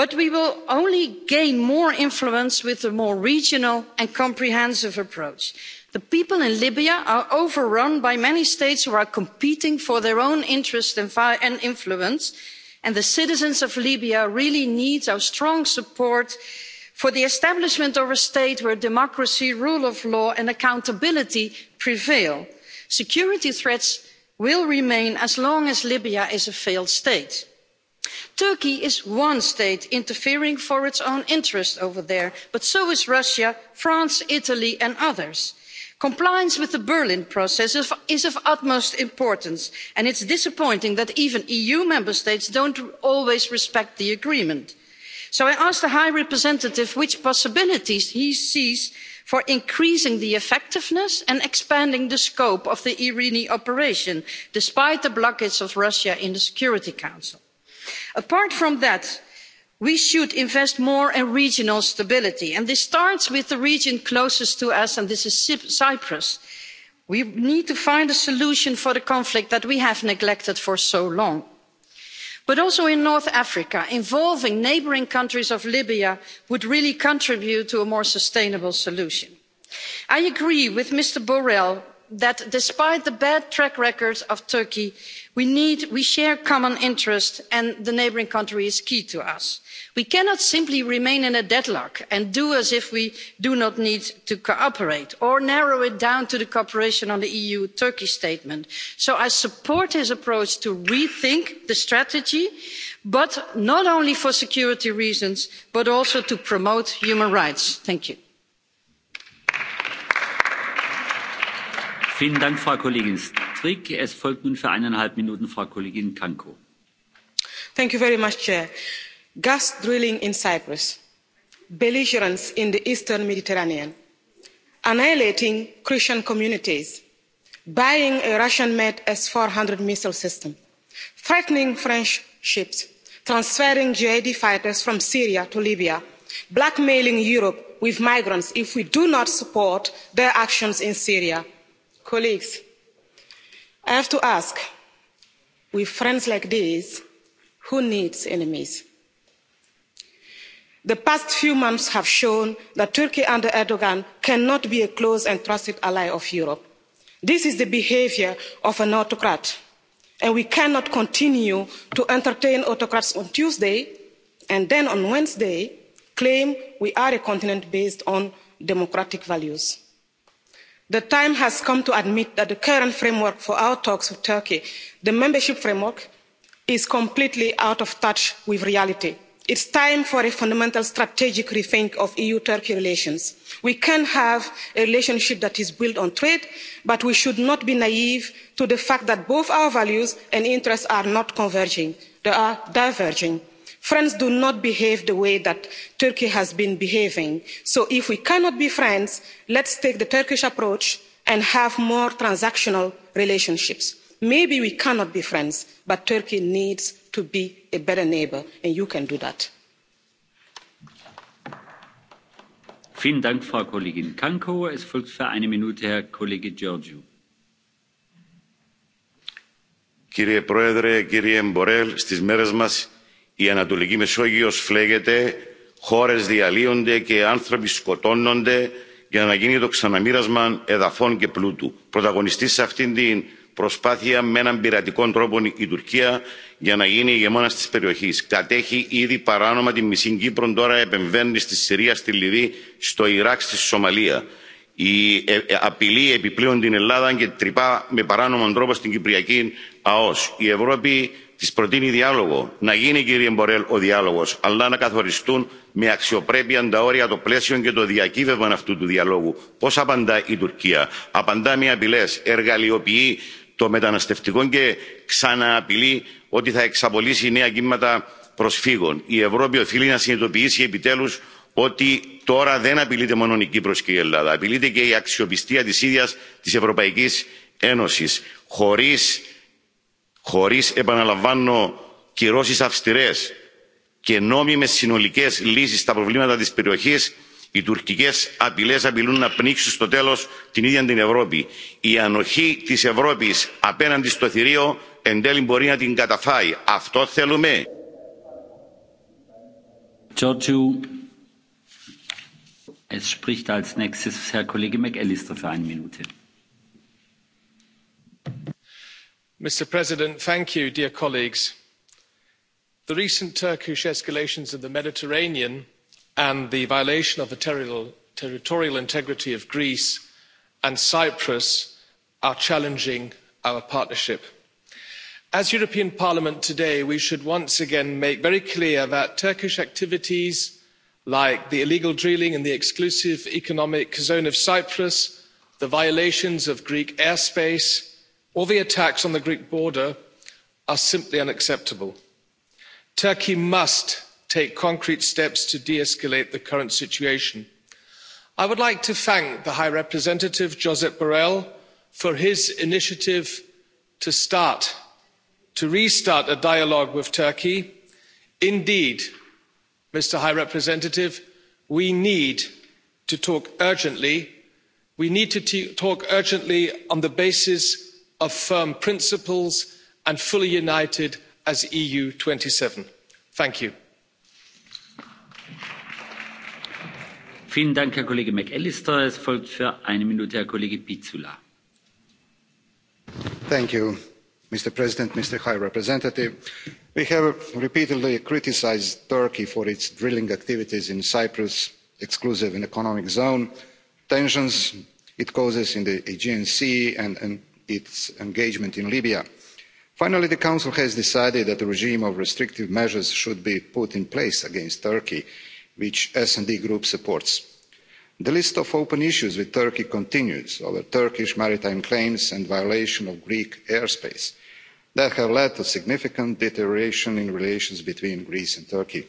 but we will only gain more influence with a more regional and comprehensive approach. the people in libya are overrun by many states who are competing for their own interests and influence and the citizens of libya really need our strong support for the establishment of a state where democracy rule of law and accountability prevail. security threats will remain as long as libya is a failed state. turkey is one state interfering for its own interests over there but so is russia france italy and others compliance with the berlin process is of utmost importance and it's disappointing that even eu member states don't always respect the agreement. so i asked the high representative which possibilities he sees for increasing the effectiveness and expanding the scope of the irini operation despite the blockage of russia in the security council. apart from that we should invest more in regional stability and this starts with the region closest to us and this is cyprus. we need to find a solution for the conflict that we have neglected for so long but also in north africa involving neighbouring countries of libya would really contribute to a more sustainable solution. i agree with mr borrell that despite the bad track record of turkey we, need, we share common interests and the neighbouring country is key to us we cannot simply remain in a deadlock and do as if we do not need to cooperate or narrow it down to the cooperation on the eu turkey statement so i support his approach to rethink the strategy but not only for security reasons but also to promote human rights. thank you
gas drilling in cyprus belligerence in the eastern mediterranean annihilating christian communities buying a russian made s four hundred missile system threatening french ships transferring jihadi fighters from syria to libya blackmailing europe with migrants if we do not support their actions in syria. colleagues i have to ask with friends like these who needs enemies? the past few months have shown that turkey under Erdogan cannot be a close and trusted ally of europe. this is the behaviour of an autocrat and we cannot continue to entertain autocrats on tuesday and then on wednesday claim we are a continent based on democratic values. the time has come to admit that the current framework for our talks with turkey the membership framework is completely out of touch with reality It's time for a fundamental strategic rethink of EU-Turkey relations. We can have a relationship that is built on trade, but we should not be naive to the fact that both our values and interests are not converging. They are diverging. Friends do not behave the way that Turkey has been behaving. So if we cannot be friends, let's take the Turkish approach and have more transactional relationships. Maybe we cannot be friends, but Turkey needs to be a better neighbour and you can do that.
Vielen Dank, Frau Kollegin Kanko. Es folgt für eine Minute Herr Kollege Georgiou.
Κύριε Πρόεδρε, κύριε Μπορέλ, στις μέρες μας η Ανατολική Μεσόγειος φλέγεται, χώρες διαλύονται και άνθρωποι σκοτώνονται για να γίνει το ξαναμοίρασμα εδαφών και πλούτου. Πρωταγωνιστής σε αυτήν την προσπάθεια με έναν πειρατικό τρόπο η Τουρκία για να γίνει ηγεμόνας της περιοχής. Κατέχει ήδη παράνομα τη μισή Κύπρο, τώρα επεμβαίνει στη Συρία, στη Λιβύη, στο Ιράκ, στη Σομαλία. Η απειλή επιπλέον την Ελλάδα και τρυπά με παράνομον τρόπο στην Κυπριακή ΑΟΣ. Η Ευρώπη της προτείνει διάλογο. Να γίνει κύριε Μπορέλ ο διάλογος, αλλά να καθοριστούν με αξιοπρέπεια τα όρια, το πλαίσιο και το διακύβευμα αυτού του διαλόγου. Πώς απαντά η Τουρκία. Απαντά με απειλές, εργαλειοποιεί το μεταναστευτικό και ξανααπειλεί ότι θα εξαπολύσει νέα κύματα προσφύγων. Η Ευρώπη οφείλει να συνειδητοποιήσει επιτέλους ότι τώρα δεν απειλείται μόνο η Κύπρος και η Ελλάδα, απειλείται και η αξιοπιστία της ίδιας της Ευρωπαϊκής Ένωσης. Χωρίς, χωρίς επαναλαμβάνω, κυρώσεις αυστηρές και νόμιμες συνολικές λύσεις στα προβλήματα της περιοχής, Οι τουρκικέ απειλέ απειλούν να πνίξουν στο τέλο την ίδια την Ευρώπη. Η ανοχή τη Ευρώπη απέναντι στο θηρίο εν τέλει μπορεί να την καταφάει.
Αυτό θέλουμε. Giorgio, es spricht als nächstes Herr Kollege McAllister für eine Minute.
Mr. President, thank you, dear colleagues. The recent Turkish escalations in the Mediterranean and the violation of the territorial, territorial integrity of Greece and Cyprus are challenging our partnership. As European Parliament today, we should once again make very clear that Turkish activities like the illegal drilling in the exclusive economic zone of Cyprus, the violations of Greek airspace, or the attacks on the Greek border are simply unacceptable. Turkey must take concrete steps to de escalate the current situation. i would like to thank the high representative josep borrell for his initiative to start to restart a dialogue with turkey. indeed mr high representative we need to talk urgently. we need to talk urgently on the basis of firm principles and fully united as eu twenty seven thank you.
Vielen Dank, Herr Kollege McAllister. Es folgt für eine Minute Herr Kollege Pizzula.
Thank you, Mr. President, Mr. High Representative. We have repeatedly criticized Turkey for its drilling activities in Cyprus, exclusive and economic zone, tensions it causes in the Aegean Sea and, and its engagement in Libya. Finally, the Council has decided that a regime of restrictive measures should be put in place against Turkey which the sd group supports. the list of open issues with turkey continues over turkish maritime claims and violation of greek airspace that have led to significant deterioration in relations between greece and turkey.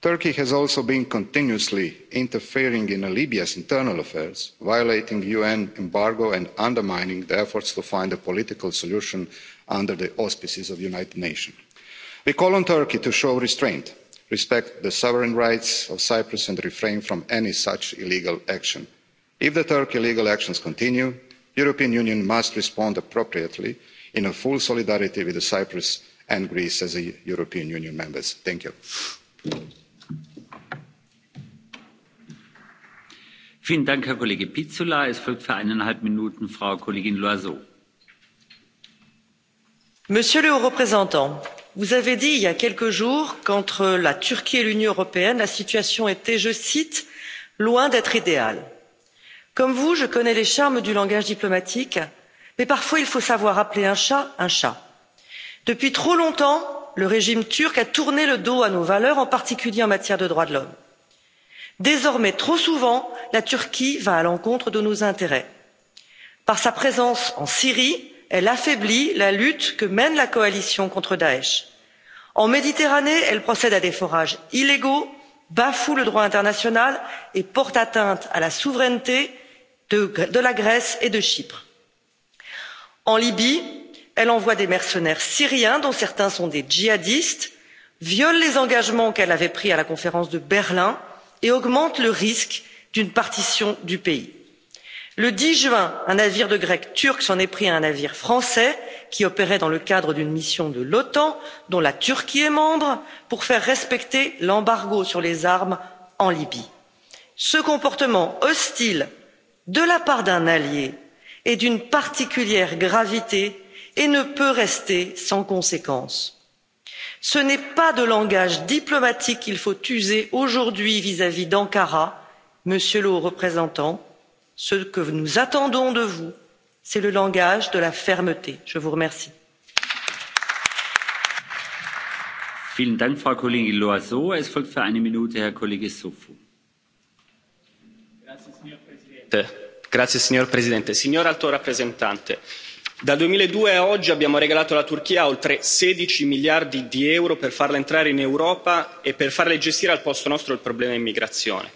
turkey has also been continuously interfering in libya's internal affairs violating the un embargo and undermining the efforts to find a political solution under the auspices of the united nations. we call on turkey to show restraint respect the sovereign rights of cyprus and refrain from any such illegal action. if the turkish illegal actions continue the european union must respond appropriately in full solidarity with cyprus and greece as european union members. thank you.
Monsieur le Haut représentant, Vous avez dit il y a quelques jours qu'entre la Turquie et l'Union européenne, la situation était, je cite, loin d'être idéale. Comme vous, je connais les charmes du langage diplomatique, mais parfois il faut savoir appeler un chat un chat. Depuis trop longtemps, le régime turc a tourné le dos à nos valeurs, en particulier en matière de droits de l'homme. Désormais, trop souvent, la Turquie va à l'encontre de nos intérêts. Par sa présence en Syrie, elle affaiblit la lutte que mène la coalition contre daech. en méditerranée elle procède à des forages illégaux bafoue le droit international et porte atteinte à la souveraineté de, la grèce et de chypre. en libye elle envoie des mercenaires syriens dont certains sont des djihadistes viole les engagements qu'elle avait pris à la conférence de berlin et augmente le risque d'une partition du pays le dix juin un navire de Grecs turc s'en est pris à un navire français qui opérait dans le cadre d'une mission de l'otan dont la turquie est membre pour faire respecter l'embargo sur les armes en libye. ce comportement hostile de la part d'un allié est d'une particulière gravité et ne peut rester sans conséquence. ce n'est pas de langage diplomatique qu'il faut user aujourd'hui vis à vis d'ankara monsieur le haut représentant ce que nous attendons de vous c'est le langage de la fermeté. je vous remercie.
Presidente.
Eh, grazie, signor Presidente. Signor Alto Rappresentante, dal duemiladue a oggi abbiamo regalato alla Turchia oltre sedici miliardi di euro per farla entrare in Europa e per farle gestire al posto nostro il problema immigrazione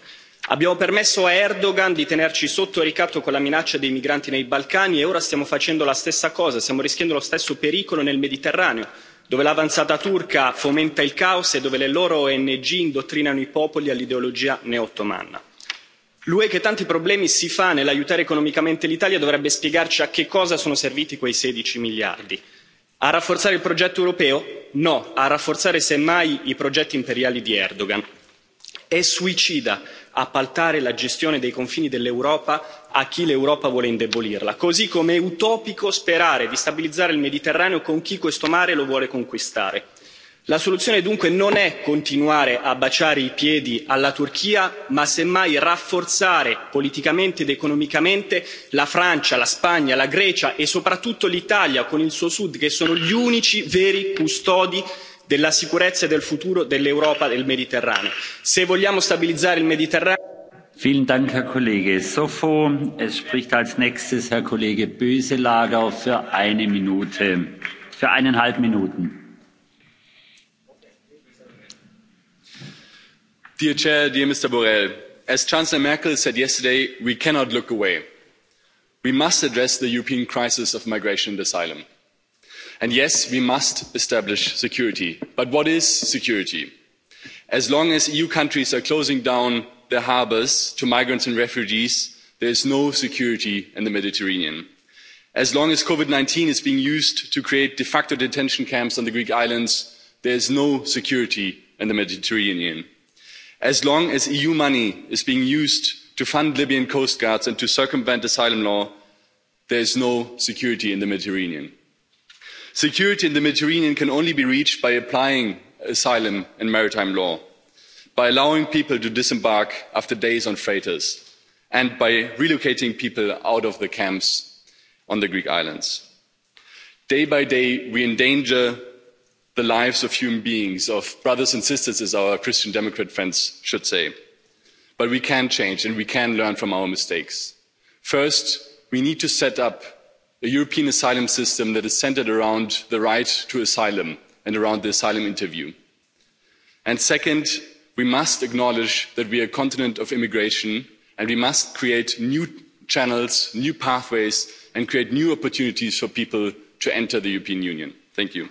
abbiamo permesso a erdogan di tenerci sotto ricatto con la minaccia dei migranti nei balcani e ora stiamo facendo la stessa cosa stiamo rischiando lo stesso pericolo nel mediterraneo dove l'avanzata turca fomenta il caos e dove le loro ong indottrinano i popoli all'ideologia neottomana. l'ue che tanti problemi si fa nell'aiutare economicamente l'italia dovrebbe spiegarci a che cosa sono serviti quei sedici miliardi. a rafforzare il progetto europeo? no a rafforzare semmai i progetti imperiali di erdogan. è suicida appaltare la gestione dei confini dell'Europa a chi l'Europa vuole indebolirla, così come è utopico sperare di stabilizzare il Mediterraneo con chi questo mare lo vuole conquistare. La soluzione dunque non è continuare a baciare i piedi alla Turchia, ma semmai rafforzare politicamente ed economicamente la Francia, la Spagna, la Grecia e soprattutto l'Italia con il suo Sud, che sono gli unici veri custodi della sicurezza e del futuro dell'Europa del Mediterraneo. Se vogliamo stabilizzare il Mediterraneo
Vielen Dank, Herr Kollege Soffo. Es spricht als nächstes Herr Kollege Böselager für eine Minute, für eineinhalb Minuten.
Dear Chair, dear Mr. Borrell, as Chancellor Merkel said yesterday, we cannot look away. We must address the European crisis of migration and asylum And yes, we must establish security. But what is security? As long as EU countries are closing down their harbours to migrants and refugees, there is no security in the Mediterranean. As long as covid nineteen is being used to create de facto detention camps on the Greek islands, there is no security in the Mediterranean. As long as EU money is being used to fund Libyan coastguards and to circumvent asylum law, there is no security in the Mediterranean security in the mediterranean can only be reached by applying asylum and maritime law by allowing people to disembark after days on freighters and by relocating people out of the camps on the greek islands. day by day we endanger the lives of human beings of brothers and sisters as our christian democrat friends should say but we can change and we can learn from our mistakes. first we need to set up a european asylum system that is centred around the right to asylum and around the asylum interview. and second we must acknowledge that we are a continent of immigration and we must create new channels new pathways and create new opportunities for people to enter the european union. thank you.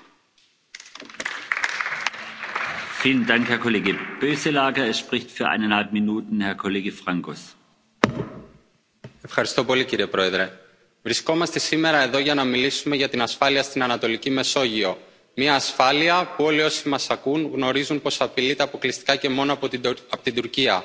Βρισκόμαστε
σήμερα εδώ για να μιλήσουμε για την ασφάλεια στην Ανατολική Μεσόγειο. Μια ασφάλεια που όλοι όσοι μας ακούν γνωρίζουν πως απειλείται αποκλειστικά και μόνο από την, από την Τουρκία.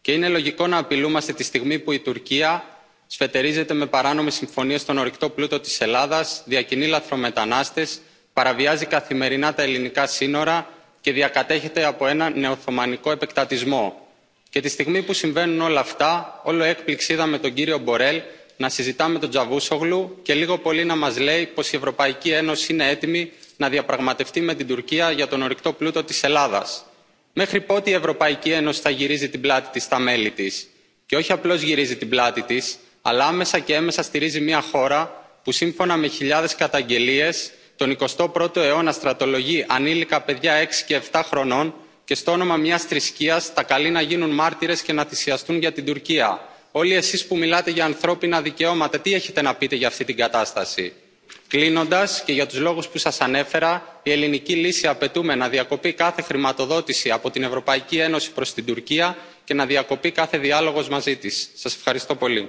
Και είναι λογικό να απειλούμαστε τη στιγμή που η Τουρκία σφετερίζεται με παράνομες συμφωνίες στον ορυκτό πλούτο της Ελλάδας, διακινεί λαθρομετανάστες, παραβιάζει καθημερινά τα ελληνικά σύνορα και διακατέχεται από ένα νεοθωμανικό επεκτατισμό. Και τη στιγμή που συμβαίνουν όλα αυτά, όλο έκπληξη είδαμε τον κύριο Μπορέλ να συζητάμε με τον Τζαβούσογλου και λίγο πολύ να μας λέει πως η Ευρωπαϊκή Ένωση είναι έτοιμη να διαπραγματευτεί με την Τουρκία για τον ορυκτό πλούτο της Ελλάδας. Μέχρι πότε η Ευρωπαϊκή Ένωση θα γυρίζει την πλάτη της στα μέλη της. Και όχι απλώς γυρίζει την πλάτη της, αλλά άμεσα και έμεσα στηρίζει μια χώρα που σύμφωνα με χιλιάδες καταγγελίες τον 21ο αιώνα στρατολογεί ανήλικα παιδιά 6 και 7 χρονών και στο όνομα μιας θρησκείας τα καλεί να γίνουν μάρτυρες και να θυσιαστούν για την Τουρκία Όλοι εσείς που μιλάτε για ανθρώπινα δικαιώματα, τι έχετε να πείτε για αυτή την κατάσταση. Κλείνοντας και για τους λόγους που σας ανέφερα, η ελληνική λύση απαιτούμε να διακοπεί κάθε χρηματοδότηση από την Ευρωπαϊκή Ένωση προς την Τουρκία και να διακοπεί κάθε διάλογος μαζί της. Σας ευχαριστώ πολύ.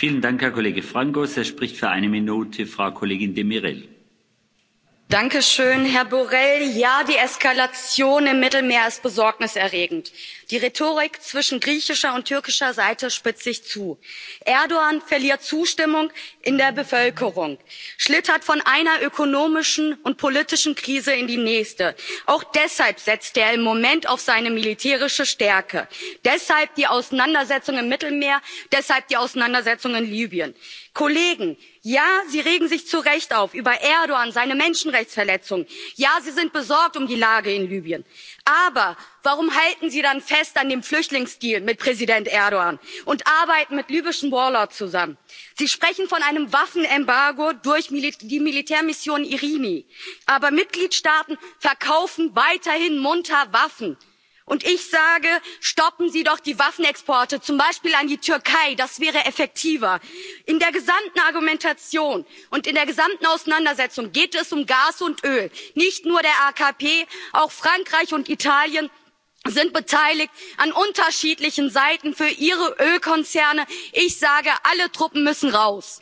Vielen Dank, Herr Kollege Es er spricht für eine Minute Frau Kollegin Demirel.
Danke schön, Herr Borrell. Ja, die Eskalation im Mittelmeer ist besorgniserregend. Die Rhetorik zwischen griechischer und türkischer Seite spitzt sich zu. Erdogan verliert Zustimmung in der Bevölkerung, schlittert von einer ökonomischen und politischen Krise in die nächste. Auch deshalb setzt er im Moment auf seine militärische Stärke. Deshalb die Auseinandersetzung im Mittelmeer, deshalb die Auseinandersetzung in Libyen. Kollegen, ja sie regen sich zu recht auf über erdoan seine menschenrechtsverletzungen ja sie sind besorgt um die lage in libyen aber warum halten sie dann fest an dem flüchtlingsdeal mit präsident erdoan und arbeiten mit libyschen warlords zusammen? sie sprechen von einem waffenembargo durch die militärmission irini aber mitgliedstaaten verkaufen weiterhin munter waffen und ich sage stoppen sie doch die waffenexporte zum beispiel an die türkei das wäre effektiver. in der gesamten argumentation und in der gesamten auseinandersetzung geht es um gas und öl nicht nur der akp auch frankreich und italien sind beteiligt an unterschiedlichen seiten für ihre ölkonzerne. ich sage alle truppen müssen raus!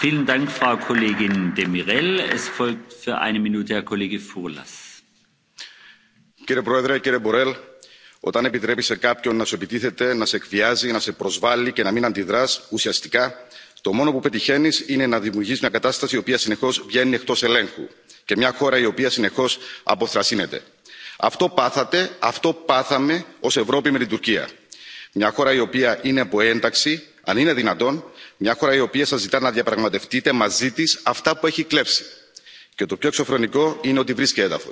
Vielen Dank, Frau Kollegin de Mirel. Es folgt für eine Minute Herr Kollege Furlas. Κύριε
Πρόεδρε, κύριε Μπορέλ, όταν επιτρέπει σε κάποιον να σου επιτίθεται, να σε εκβιάζει, να σε προσβάλλει και να μην αντιδρά ουσιαστικά, το μόνο που πετυχαίνει είναι να δημιουργεί μια κατάσταση η οποία συνεχώ βγαίνει εκτό ελέγχου και μια χώρα η οποία συνεχώ αποθρασύνεται. Αυτό πάθατε, αυτό πάθαμε ω Ευρώπη με την Τουρκία. Μια χώρα η οποία είναι από ένταξη, αν είναι δυνατόν, μια χώρα η οποία σα ζητά να διαπραγματευτείτε μαζί τη αυτά που έχει κλέψει. Και το πιο εξωφρενικό είναι ότι βρίσκει έδαφο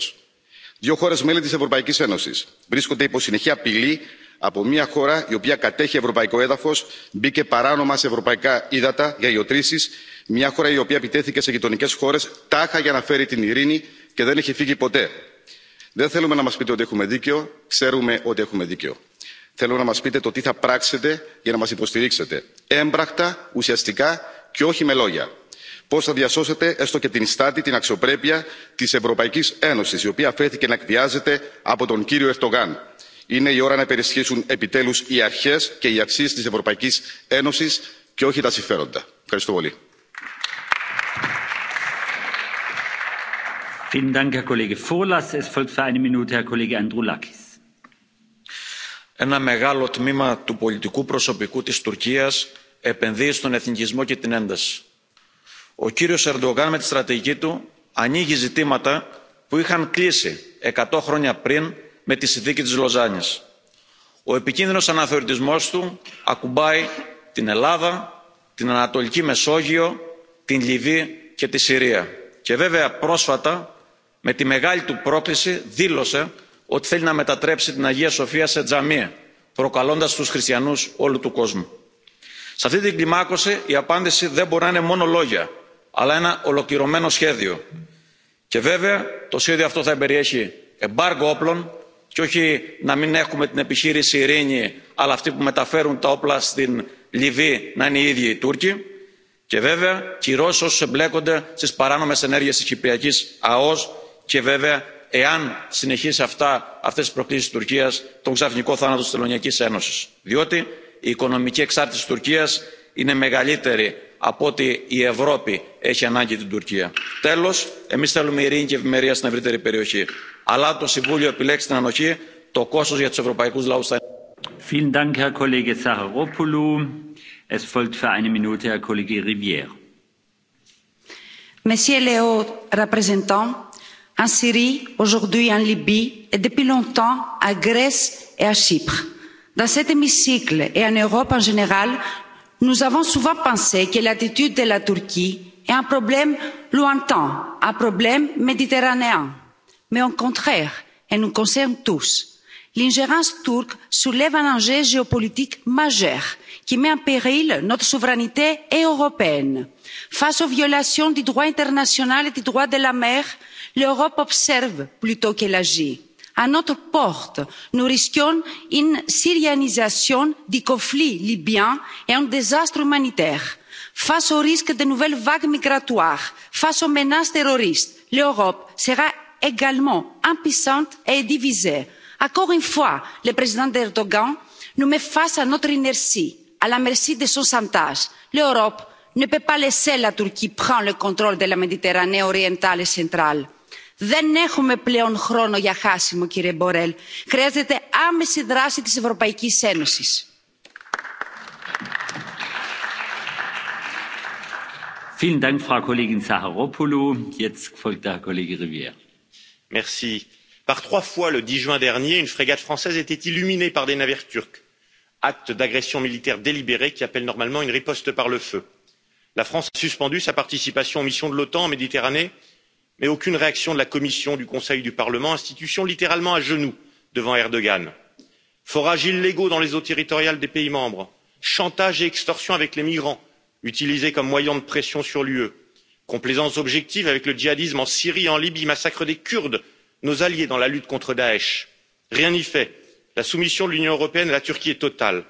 δύο χώρε μέλη τη ευρωπαϊκή ένωση βρίσκονται υπό συνεχή απειλή από μια χώρα η οποία κατέχει ευρωπαϊκό έδαφο μπήκε παράνομα σε ευρωπαϊκά ύδατα για γεωτρήσει μια χώρα η οποία επιτέθηκε σε γειτονικέ χώρε τάχα για να φέρει την ειρήνη και δεν έχει φύγει ποτέ. Δεν θέλουμε να μα πείτε ότι έχουμε δίκιο, ξέρουμε ότι έχουμε δίκιο. Θέλουμε να μα πείτε το τι θα πράξετε για να μα υποστηρίξετε. Έμπρακτα, ουσιαστικά και όχι με λόγια πώ θα διασώσετε έστω και την στάτη την αξιοπρέπεια τη ευρωπαϊκή ένωση η οποία φέρθηκε να εκβιάζεται από τον κύριο ερντογάν. είναι η ώρα να υπερισχύσουν επιτέλου οι αρχέ και οι αξίε τη ευρωπαϊκή ένωση και όχι τα συμφέροντα. ευχαριστώ πολύ.
Vielen Dank, Herr Kollege Es folgt für eine Minute Herr Kollege Ένα μεγάλο τμήμα του πολιτικού προσωπικού της
Τουρκίας επενδύει στον εθνικισμό και την ένταση Ο κύριος Ερντογάν με τη στρατηγική του ανοίγει ζητήματα που είχαν κλείσει 100 χρόνια πριν με τη συνθήκη της Λοζάνης. Ο επικίνδυνος αναθεωρητισμός του ακουμπάει την Ελλάδα, την Ανατολική Μεσόγειο, την Λιβύη και τη Συρία. Και βέβαια πρόσφατα με τη μεγάλη του πρόκληση δήλωσε ότι θέλει να μετατρέψει την Αγία Σοφία σε τζαμί, προκαλώντας τους χριστιανούς όλου του κόσμου. Σε αυτή την κλιμάκωση η απάντηση δεν μπορεί να είναι μόνο λόγια, αλλά ένα ολοκληρωμένο σχέδιο. Και βέβαια το σχέδιο αυτό θα περιέχει εμπάργο όπλων και όχι να μην έχουμε την επιχείρηση ειρήνη αλλά αυτοί που μεταφέρουν τα όπλα στην Λιβύη να είναι οι ίδιοι οι Τούρκοι και βέβαια κυρώσει όσους εμπλέκονται στις παράνομες ενέργειες της Κυπριακής ΑΟΣ και βέβαια εάν συνεχίσει αυτά, αυτές τις προκλήσεις της Τουρκίας τον ξαφνικό θάνατο της Τελωνιακής Ένωσης. Διότι η οικονομική εξάρτηση της Τουρκίας είναι μεγαλύτερη από ότι η Ευρώπη έχει ανάγκη την Τουρκία. Τέλος, εμείς θέλουμε ειρήνη και ευημερία στην ευρύτερη περιοχή. Αλλά το Συμβούλιο επιλέξει την ανοχή,
το κόστος για τους ευρωπαϊκούς λαούς θα είναι. Vielen Dank, Herr Kollege Saharopoulou. Es folgt für eine Minute Herr Kollege Rivière.
Monsieur le haut représentant, en Syrie, aujourd'hui en Libye et depuis longtemps à Grèce et à Chypre. Dans cet hémicycle et en Europe en général, nous avons souvent pensé que l'attitude de la turquie est un problème lointain un problème méditerranéen mais au contraire elle nous concerne tous. l'ingérence turque soulève un enjeu géopolitique majeur qui met en péril notre souveraineté européenne. face aux violations du droit international et du droit de la mer l'europe observe plutôt qu'elle agit à notre porte. Nous risquons une syrianisation du conflit libyen et un désastre humanitaire. Face au risque de nouvelles vagues migratoires, face aux menaces terroristes, l'Europe sera également impuissante et divisée. Encore une fois, le président erdoan nous met face à notre inertie, à la merci de son chantage. L'Europe ne peut pas laisser la Turquie prendre le contrôle de la Méditerranée orientale et centrale Δεν έχουμε πλέον χρόνο για χάσιμο, κύριε Μπορέλ. Χρειάζεται άμεση δράση της Ευρωπαϊκής Ένωσης.
Vielen Dank, Frau Kollegin Saharopoulou. Jetzt folgt der Kollege Rivière.
Merci. Par trois fois le 10 juin dernier, une frégate française était illuminée par des navires turcs. Acte d'agression militaire délibérée qui appelle normalement une riposte par le feu. La France a suspendu sa participation aux missions de l'OTAN en Méditerranée mais aucune réaction de la commission du conseil du parlement institutions littéralement à genoux devant erdoan forages illégaux dans les eaux territoriales des pays membres chantage et extorsion avec les migrants utilisés comme moyen de pression sur l'ue complaisance objective avec le djihadisme en syrie et en libye massacre des kurdes nos alliés dans la lutte contre daech rien n'y fait la soumission de l'union européenne à la turquie est totale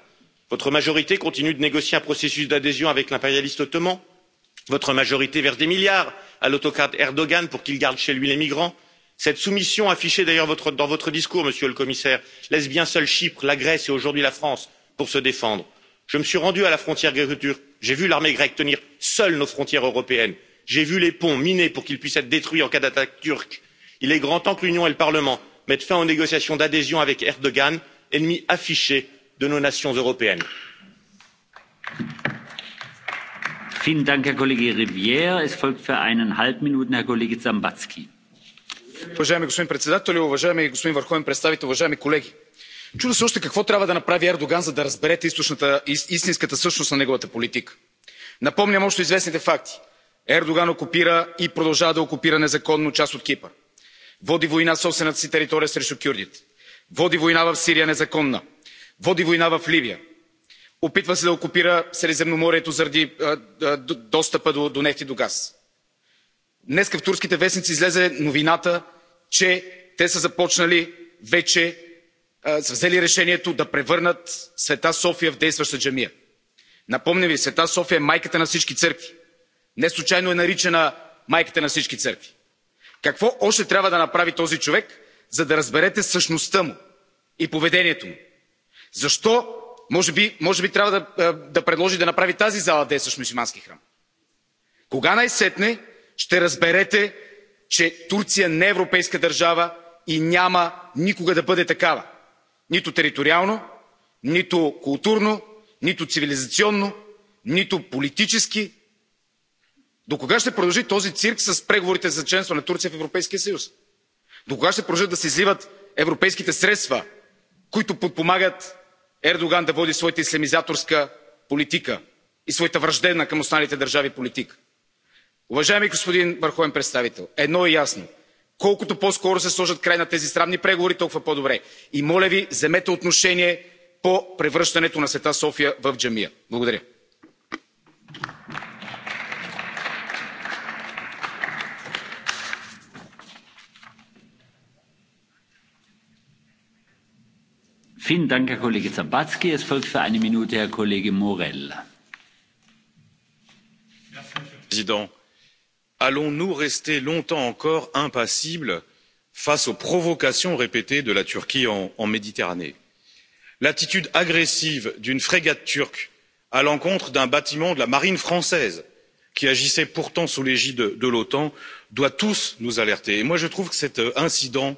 votre majorité continue de négocier un processus d'adhésion avec l'impérialiste ottoman votre majorité verse des milliards à l'autocrate erdoan pour qu'il garde chez lui les migrants? cette soumission affichée d'ailleurs dans votre discours monsieur le commissaire laisse bien seules chypre la grèce et aujourd'hui la france pour se défendre. je me suis rendu à la frontière grecque turque j'ai vu l'armée grecque tenir seule nos frontières européennes j'ai vu les ponts minés pour qu'ils puissent être détruits en cas d'attaque turque. il est grand temps que l'union et le parlement mettent fin aux négociations d'adhésion avec erdoan ennemi affiché de nos nations européennes.
Vielen Dank, Herr Kollege Rivière. Es folgt für eineinhalb Minuten Herr Kollege Zambatski.
Уважаеми господин председател, уважаеми господин върховен представител, уважаеми колеги! Чудо се още какво трябва да направи Ердоган, за да разберете източната, истинската същност на неговата политика. Напомням още известните факти. Ердоган окупира и продължава да окупира незаконно част от Кипър. Води война в собствената си територия срещу кюрдите. Води война в Сирия незаконна. Води война в Ливия опитва се да окупира Средиземноморието заради достъпа до, до нефт и до газ. Днес в турските вестници излезе новината, че те са започнали вече, са взели решението да превърнат Света София в действаща джамия. Напомням ви, Света София е майката на всички църкви. Неслучайно е наричана майката на всички църкви. Какво още трябва да направи този човек, за да разберете същността му и поведението му? Защо Може би, може би трябва да, да предложи да направи тази зала действащ мусулмански храм. Кога най-сетне ще разберете, че Турция не е европейска държава и няма никога да бъде такава. Нито териториално, нито културно, нито цивилизационно, нито политически. До кога ще продължи този цирк с преговорите за членство на Турция в Европейския съюз? До кога ще продължат да се изливат европейските средства, които подпомагат Ердоган да води своята ислямизаторска политика и своята враждебна към останалите държави политика. Уважаеми господин върховен представител, едно е ясно. Колкото по-скоро се сложат край на тези срамни преговори, толкова по-добре. И моля ви, вземете отношение по превръщането на Света София в джамия. Благодаря.
Vielen Dank, Herr Kollege Es folgt für eine Minute Herr Kollege Morel.
Allons-nous rester longtemps encore impassibles face aux provocations répétées de la Turquie en, en Méditerranée L'attitude agressive d'une frégate turque à l'encontre d'un bâtiment de la marine française qui agissait pourtant sous l'égide de l'OTAN doit tous nous alerter. Et moi, je trouve que cet euh, incident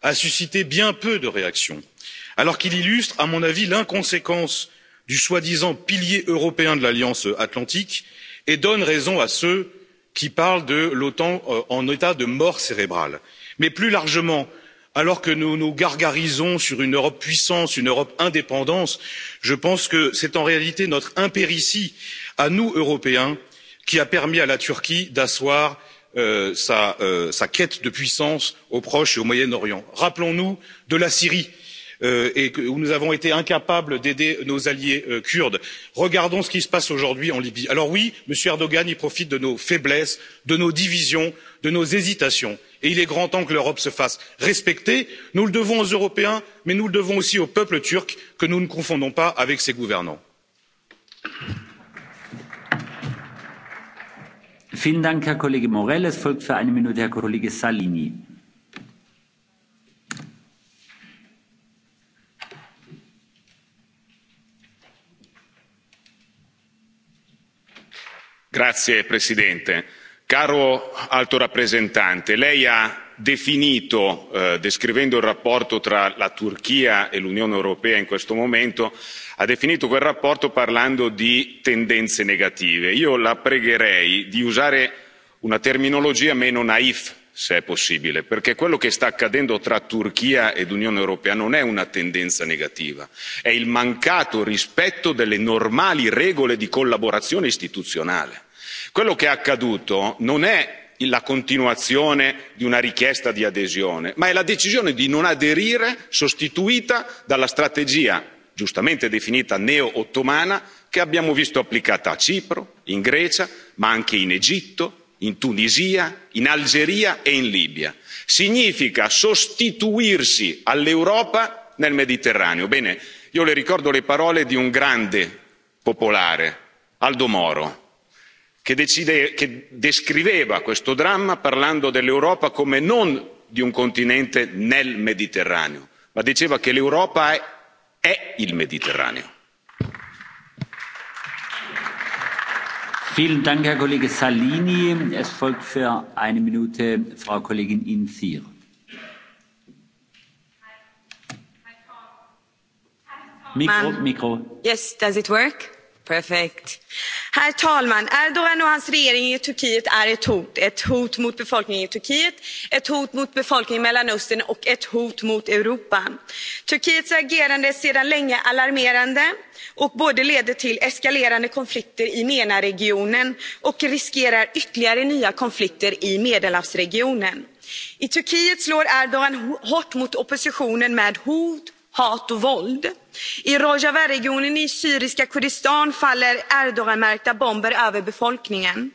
a suscité bien peu de réactions alors qu'il illustre à mon avis l'inconséquence du soi disant pilier européen de l'alliance atlantique et donne raison à ceux qui parlent de l'otan euh, en état de mort cérébrale. mais plus largement alors que nous nous gargarisons sur une europe puissance une europe indépendance je pense que c'est en réalité notre impéritie à nous européens qui a permis à la turquie d'asseoir euh, euh, sa quête de puissance au proche et au moyen orient. rappelons nous de la syrie Euh, et où nous avons été incapables d'aider nos alliés euh, kurdes. regardons ce qui se passe aujourd'hui en libye. alors oui m. erdogan profite de nos faiblesses de nos divisions de nos hésitations et il est grand temps que l'europe se fasse respecter. nous le devons aux européens mais nous le devons aussi au peuple turc que nous ne confondons pas avec ses gouvernants.
signor presidente onorevoli colleghi caro alto rappresentante lei ha definito eh, descrivendo il rapporto tra la turchia e l'unione europea in questo momento ha definito quel rapporto parlando di tendenze negative. io la pregherei di usare una terminologia meno naif se è possibile perché quello che sta accadendo tra turchia ed unione europea non è una tendenza negativa è il mancato rispetto delle normali regole di collaborazione istituzionale. quello che è accaduto non è la continuazione di una richiesta di adesione ma è la decisione di non aderire sostituita dalla strategia giustamente definita neo ottomana che abbiamo visto applicata a cipro in grecia ma anche in egitto in Tunisia, in Algeria e in Libia. Significa sostituirsi all'Europa nel Mediterraneo. Bene, io le ricordo le parole di un grande popolare, Aldo Moro, che, descriveva questo dramma parlando dell'Europa come non di un continente nel Mediterraneo, ma
diceva che l'Europa è il Mediterraneo. Vielen Dank, Herr Kollege Salini. Es folgt für eine Minute Frau Kollegin Inzir.
Mikro, Mikro. Yes, does it work? Herr talman! Erdogan och hans regering i Turkiet är ett hot. Ett hot mot befolkningen i Turkiet, ett hot mot befolkningen i Mellanöstern och ett hot mot Europa. Turkiets agerande är sedan länge alarmerande och både leder till eskalerande konflikter i MENA-regionen och riskerar ytterligare nya konflikter i Medelhavsregionen. I Turkiet slår Erdogan hårt mot oppositionen med hot hat och våld. I Rojava-regionen i syriska Kurdistan faller Erdogan-märkta bomber över befolkningen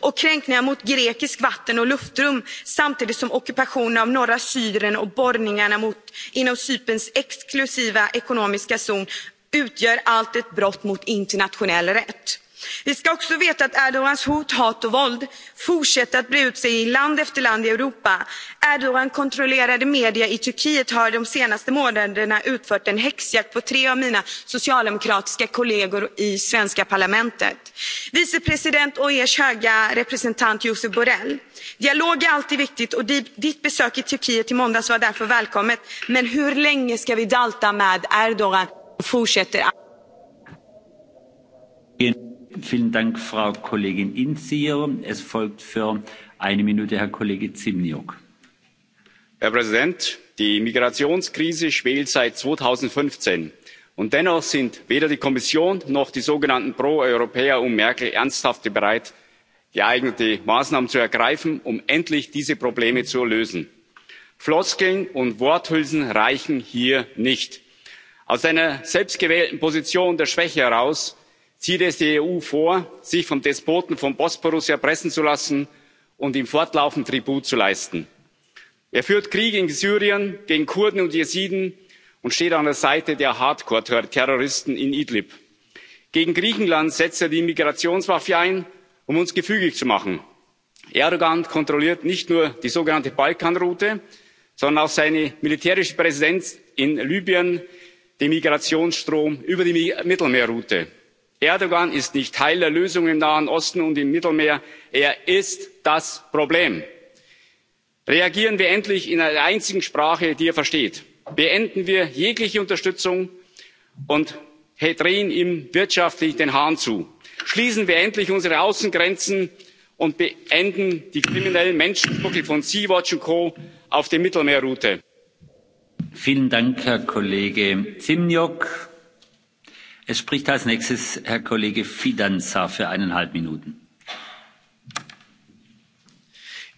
och kränkningar mot grekiskt vatten och luftrum samtidigt som ockupationen av norra Syrien och borrningarna mot, inom Cyperns exklusiva ekonomiska zon utgör allt ett brott mot internationell rätt. Vi ska också veta att Erdogans hot, hat och våld fortsätter att breda ut sig i land efter land i Europa. Erdogan-kontrollerade medier i Turkiet har de senaste månaderna utfört en häxjakt på tre av mina socialdemokratiska kollegor i svenska parlamentet. Vicepresident och ers höga representant Josep Borrell. Dialog är alltid viktigt och ditt besök i Turkiet i måndags var därför välkommet. Men hur länge ska vi dalta med Erdogan? Fortsätter.
In Vielen Dank, Frau Kollegin Inzier. Es folgt für eine Minute Herr Kollege Zimniuk.
Herr Präsident, die Migrationskrise schwelt seit 2015. Und dennoch sind weder die Kommission noch die sogenannten Pro-Europäer um Merkel ernsthaft bereit, geeignete Maßnahmen zu ergreifen, um endlich diese Probleme zu lösen. Floskeln und Worthülsen reichen hier nicht. Aus einer selbstgewählten Position der Schwäche heraus Zieht es die eu vor sich vom despoten vom bosporus erpressen zu lassen und ihm fortlaufend tribut zu leisten. er führt krieg in syrien gegen kurden und jesiden und steht an der seite der hardcore terroristen in idlib. gegen griechenland setzt er die migrationsmafia ein um uns gefügig zu machen. erdoan kontrolliert nicht nur die sogenannte balkanroute sondern auch seine militärische präsenz in libyen den migrationsstrom über die mittelmeerroute erdoan ist nicht teil der lösung im nahen osten und im mittelmeer er ist das problem. reagieren wir endlich in einer einzigen sprache die er versteht beenden wir jegliche unterstützung und drehen ihm wirtschaftlich den hahn zu schließen wir endlich unsere außengrenzen und beenden die kriminellen menschenschmuggel von sea watch und co. auf der mittelmeerroute. vielen dank
herr kollege zimnok es spricht als nächstes herr kollege fidanza für eineinhalb minuten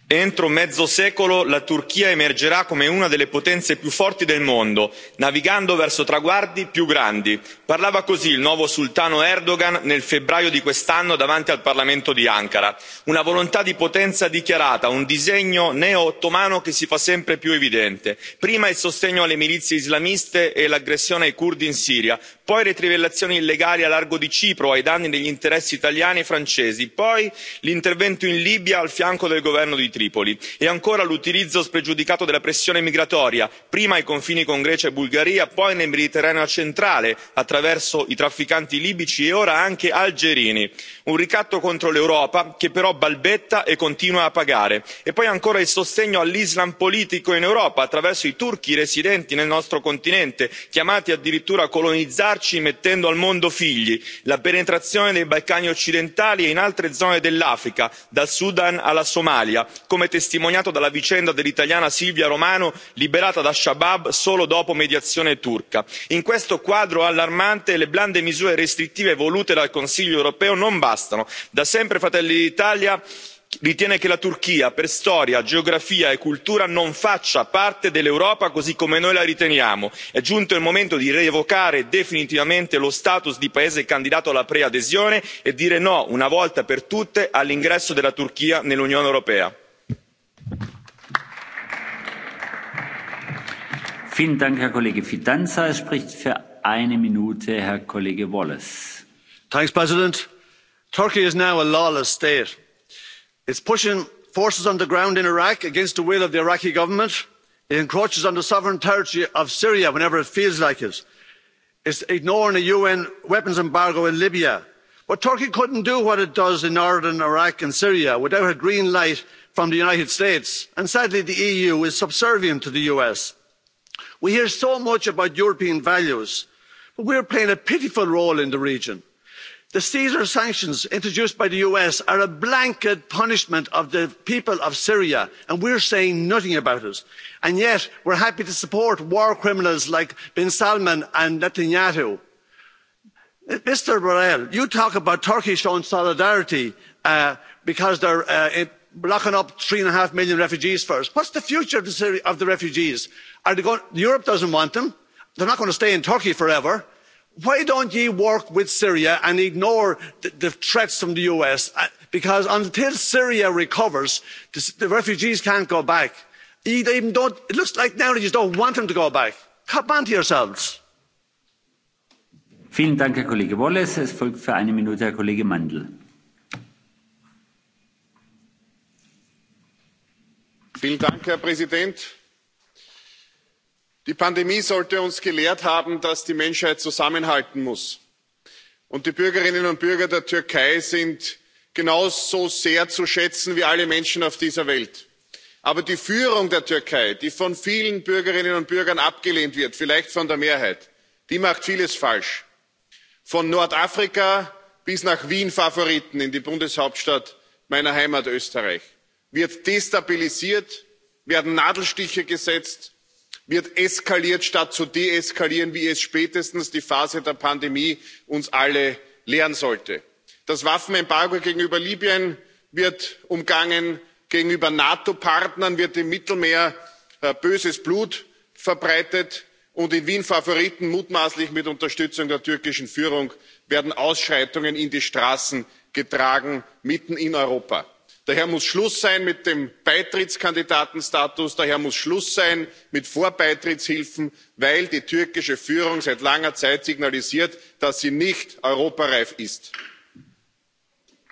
entro mezzo secolo la turchia emergerà come una delle potenze più forti del mondo navigando verso traguardi più grandi parlava così il nuovo sultano erdogan nel febbraio di quest'anno davanti al parlamento di ankara una volontà di potenza dichiarata un disegno neo ottomano che si fa sempre più evidente prima il sostegno alle milizie islamiste e l'aggressione ai curdi in siria poi le trivellazioni illegali a largo di cipro ai danni degli interessi italiani e francesi poi l'intervento in libia al fianco del governo di tripoli e ancora l'utilizzo spregiudicato della pressione migratoria prima ai confini con grecia e bulgaria poi nel mediterraneo centrale attraverso i trafficanti libici e ora anche algerini un ricatto contro l'europa che però balbetta e continua a pagare e poi ancora il sostegno all'islam politico in europa attraverso i turchi residenti nel nostro continente chiamati addirittura a colonizzarci mettendo al mondo figli la penetrazione nei balcani occidentali e in altre zone dell'africa dal sudan alla somalia come testimoniato dalla vicenda dell'italiana silvia romano liberata da shabab solo dopo mediazione turca. in questo quadro allarmante le blande misure restrittive volute dal consiglio europeo non contrastano. da sempre fratelli d'italia ritiene che la turchia per storia geografia e cultura non faccia parte dell'europa così come noi la riteniamo. è giunto il momento di revocare definitivamente lo status di paese candidato alla preadesione e dire no una volta per tutte all'ingresso della turchia nell'unione europea.
Er
Thanks, president turkey is now a lawless state. It's pushing forces on the ground in iraq against the will of the iraqi government. it encroaches on the sovereign territory of syria whenever it feels like it. It's ignoring a un weapons embargo in libya. but turkey couldn't do what it does in northern iraq and syria without a green light from the united states and sadly the eu is subservient to the us. we hear so much about european values but we are playing a pitiful role in the region The Caesar sanctions introduced by the US are a blanket punishment of the people of Syria, and we're saying nothing about it. And yet, we're happy to support war criminals like bin Salman and Netanyahu. Uh, Mr. Borrell, you talk about Turkey showing solidarity uh, because they're uh, blocking up three and a half million refugees first. What's the future of the, Syri- of the refugees? Are they going- Europe doesn't want them. They're not going to stay in Turkey forever why don't you work with syria and ignore the, the threats from the us uh, because until syria recovers the, the refugees can't go back. E, you, even don't, it looks like now you just don't want them to go back. Come on to yourselves.
Vielen Dank, Herr Kollege Wallace. Es folgt für eine Minute Herr Kollege Mandl.
Vielen Dank, Herr Präsident die pandemie sollte uns gelehrt haben dass die menschheit zusammenhalten muss und die bürgerinnen und bürger der türkei sind genauso sehr zu schätzen wie alle menschen auf dieser welt. aber die führung der türkei die von vielen bürgerinnen und bürgern abgelehnt wird vielleicht von der mehrheit die macht vieles falsch von nordafrika bis nach wien favoriten in die bundeshauptstadt meiner heimat österreich wird destabilisiert werden nadelstiche gesetzt wird eskaliert statt zu deeskalieren wie es spätestens die phase der pandemie uns alle lehren sollte. das waffenembargo gegenüber libyen wird umgangen gegenüber nato partnern wird im mittelmeer äh, böses blut verbreitet und in wien favoriten mutmaßlich mit unterstützung der türkischen führung werden ausschreitungen in die straßen getragen mitten in europa daher muss schluss sein mit dem beitrittskandidatenstatus daher muss schluss sein mit vorbeitrittshilfen weil die türkische führung seit langer zeit signalisiert dass sie nicht europareif ist.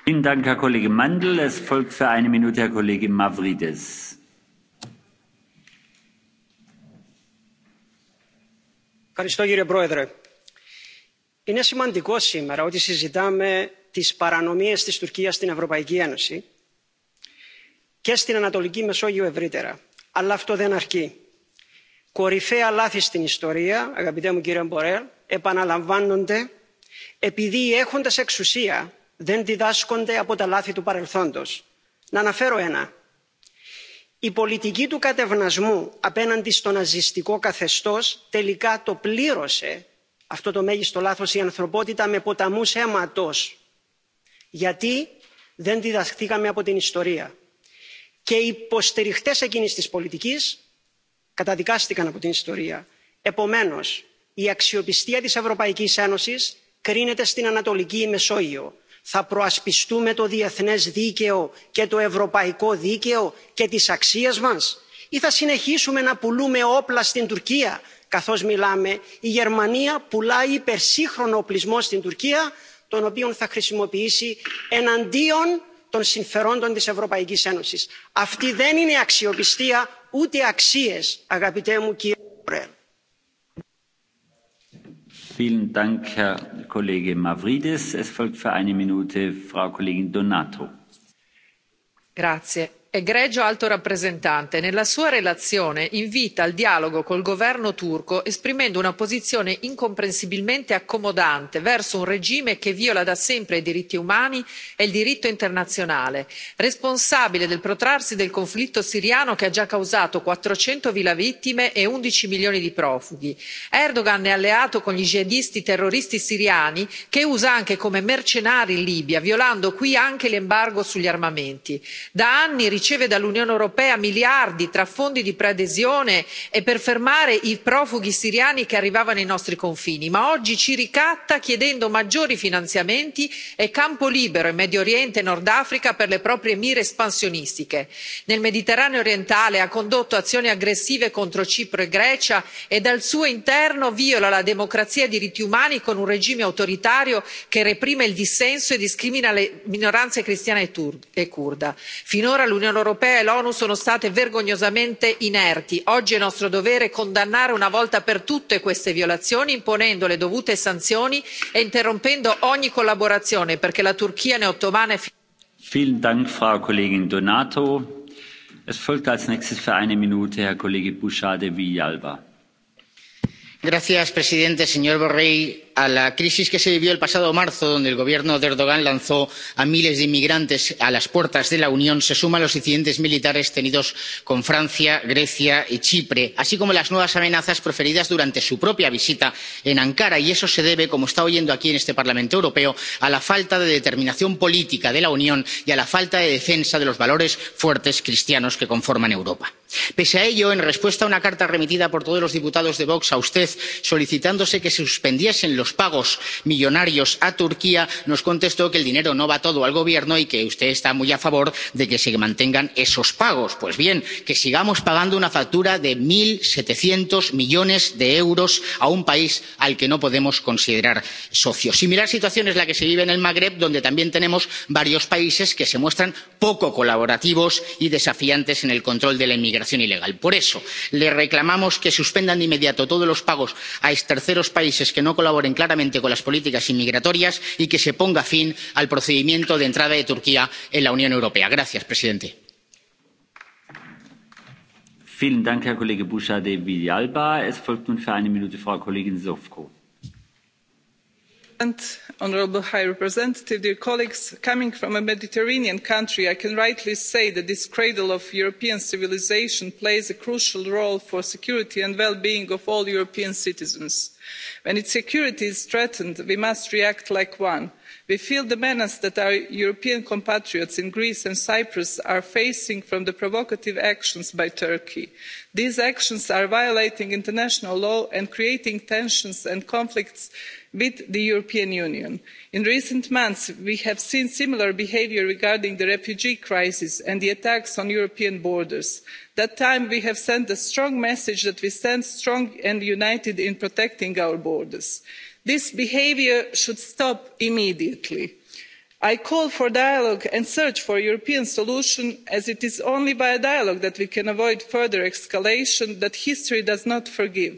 herr kollege mandl! es folgt für eine minute herr kollege mavrides.
κύριε πρόεδρε είναι σημαντικό σήμερα ότι συζητάμε τις παρανομίες της τουρκίας στην ευρωπαϊκή ένωση και στην Ανατολική Μεσόγειο ευρύτερα. Αλλά αυτό δεν αρκεί. Κορυφαία λάθη στην ιστορία, αγαπητέ μου κύριε Μπορέλ, επαναλαμβάνονται επειδή οι έχοντες εξουσία δεν διδάσκονται από τα λάθη του παρελθόντος. Να αναφέρω ένα. Η πολιτική του κατευνασμού απέναντι στο ναζιστικό καθεστώς τελικά το πλήρωσε αυτό το μέγιστο λάθος η ανθρωπότητα με ποταμούς αίματος. Γιατί δεν διδαχθήκαμε από την ιστορία και οι υποστηριχτές εκείνης της πολιτικής καταδικάστηκαν από την ιστορία. Επομένως, η αξιοπιστία της Ευρωπαϊκής Ένωσης κρίνεται στην Ανατολική Μεσόγειο. Θα προασπιστούμε το διεθνές δίκαιο και το ευρωπαϊκό δίκαιο και τις αξίες μας ή θα συνεχίσουμε να πουλούμε όπλα στην Τουρκία καθώς μιλάμε. Η Γερμανία πουλάει υπερσύγχρονο οπλισμό στην Τουρκία τον οποίο θα χρησιμοποιήσει εναντίον των συμφερόντων της Ευρωπαϊκής Ένωσης. Αυτή δεν είναι αξιοπιστία ούτε αξίες, αγαπητέ μου κύριε Πρόεδρε.
Vielen Dank, Herr Kollege Mavridis. Es folgt für eine Minute Frau Kollegin Donato.
Grazie egregio alto rappresentante nella sua relazione invita al dialogo col governo turco esprimendo una posizione incomprensibilmente accomodante verso un regime che viola da sempre i diritti umani e il diritto internazionale responsabile del protrarsi del conflitto siriano che ha già causato quattrocento zero vittime e undici milioni di profughi. erdogan è alleato con gli jihadisti terroristi siriani che usa anche come mercenari in libia violando qui anche l'embargo sugli armamenti. da anni riceve dall'unione europea miliardi tra fondi di preadesione e per fermare i profughi siriani che arrivavano ai nostri confini ma oggi ci ricatta chiedendo maggiori finanziamenti e campo libero in medio oriente e nord africa per le proprie mire espansionistiche. nel mediterraneo orientale ha condotto azioni aggressive contro cipro e grecia e al suo interno viola la democrazia e i diritti umani con un regime autoritario che reprime il dissenso e discrimina le minoranze cristiane e curda. E finora l'unione europea l'unione europea e l'onu sono state vergognosamente inerti oggi è nostro dovere condannare una volta per tutte queste violazioni imponendo le dovute sanzioni e interrompendo ogni collaborazione perché la turchia ne ottomane.
vielen dank frau kollegin donato. es folgt als nächstes für eine minute herr kollege villalba.
gracias presidente señor borrell a la crisis que se vivió el pasado marzo donde el gobierno de erdogan lanzó a miles de inmigrantes a las puertas de la unión se suman los incidentes militares tenidos con francia grecia y chipre así como las nuevas amenazas proferidas durante su propia visita en ankara y eso se debe como está oyendo aquí en este parlamento europeo a la falta de determinación política de la unión y a la falta de defensa de los valores fuertes cristianos que conforman europa. pese a ello en respuesta a una carta remitida por todos los diputados de vox a usted solicitándose que se suspendiesen los pagos millonarios a turquía nos contestó que el dinero no va todo al gobierno y que usted está muy a favor de que se mantengan esos pagos. pues bien que sigamos pagando una factura de uno setecientos millones de euros a un país al que no podemos considerar socio. similar situación es la que se vive en el magreb donde también tenemos varios países que se muestran poco colaborativos y desafiantes en el control de la inmigración ilegal. por eso le reclamamos que suspendan de inmediato todos los pagos a terceros países que no colaboren claramente con las políticas inmigratorias y que se ponga fin al procedimiento de entrada de turquía en la unión europea. gracias presidente.
Vielen Dank, Herr Kollege Buscha de Villalba. Es folgt nun für eine Minute Frau Kollegin Sofko.
President, Honourable High Representative, dear colleagues, coming from a Mediterranean country, I can rightly say that this cradle of European civilisation plays a crucial role for security and well-being of all European citizens when its security is threatened we must react like one. we feel the menace that our european compatriots in greece and cyprus are facing from the provocative actions by turkey. these actions are violating international law and creating tensions and conflicts with the european union. in recent months we have seen similar behaviour regarding the refugee crisis and the attacks on european borders. that time we have sent a strong message that we stand strong and united in protecting our borders. this behaviour should stop immediately i call for dialogue and search for a european solution as it is only by dialogue that we can avoid further escalation that history does not forgive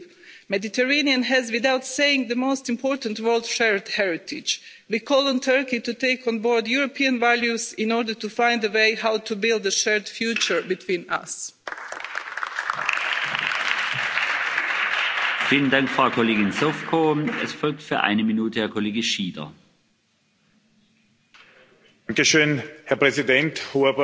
mediterranean has without saying the most important world shared heritage. we call on turkey to take on board european values in order to find a way how to build a shared future between us
herr präsident hoher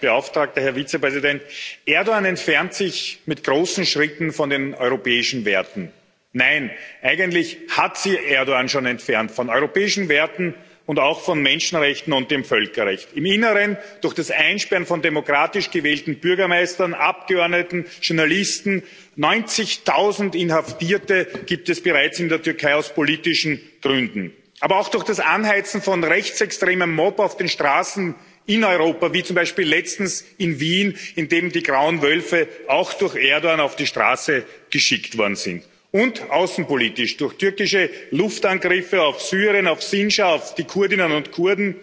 beauftragter herr vizepräsident! erdoan entfernt sich mit großen schritten von den europäischen werten. nein eigentlich hat sich erdoan schon entfernt von europäischen werten und auch von menschenrechten und dem völkerrecht. im inneren durch das einsperren von demokratisch gewählten bürgermeistern abgeordneten journalisten neunzig null inhaftierte gibt es bereits in der türkei aus politischen gründen aber auch durch das anheizen von rechtsextremem mob auf den straßen in europa wie zum beispiel letztens in wien in dem die grauen wölfe auch durch erdoan auf die straße geschickt worden sind und außenpolitisch durch türkische luftangriffe auf syrien auf sindschar auf die kurdinnen und kurden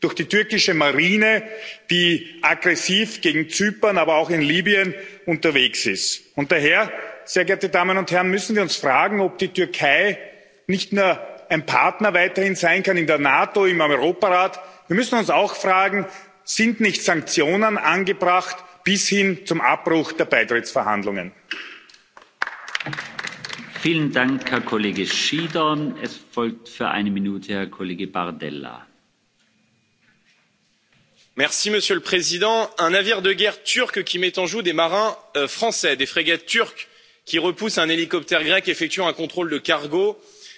durch die türkische marine die aggressiv gegen zypern aber auch in libyen unterwegs ist. und daher sehr geehrte damen und herren müssen wir uns fragen ob die türkei nicht nur ein partner weiterhin sein kann in der nato im europarat wir müssen uns auch fragen sind nicht sanktionen angebracht bis hin zum abbruch der beitrittsverhandlungen?
Vielen Dank, Herr Kollege Es folgt für eine Minute Herr Kollege Bardella.
Merci, Monsieur le Président. Un navire de guerre turc qui met en joue des marins euh, français, des frégates turques qui repoussent un hélicoptère grec effectuant un contrôle de cargo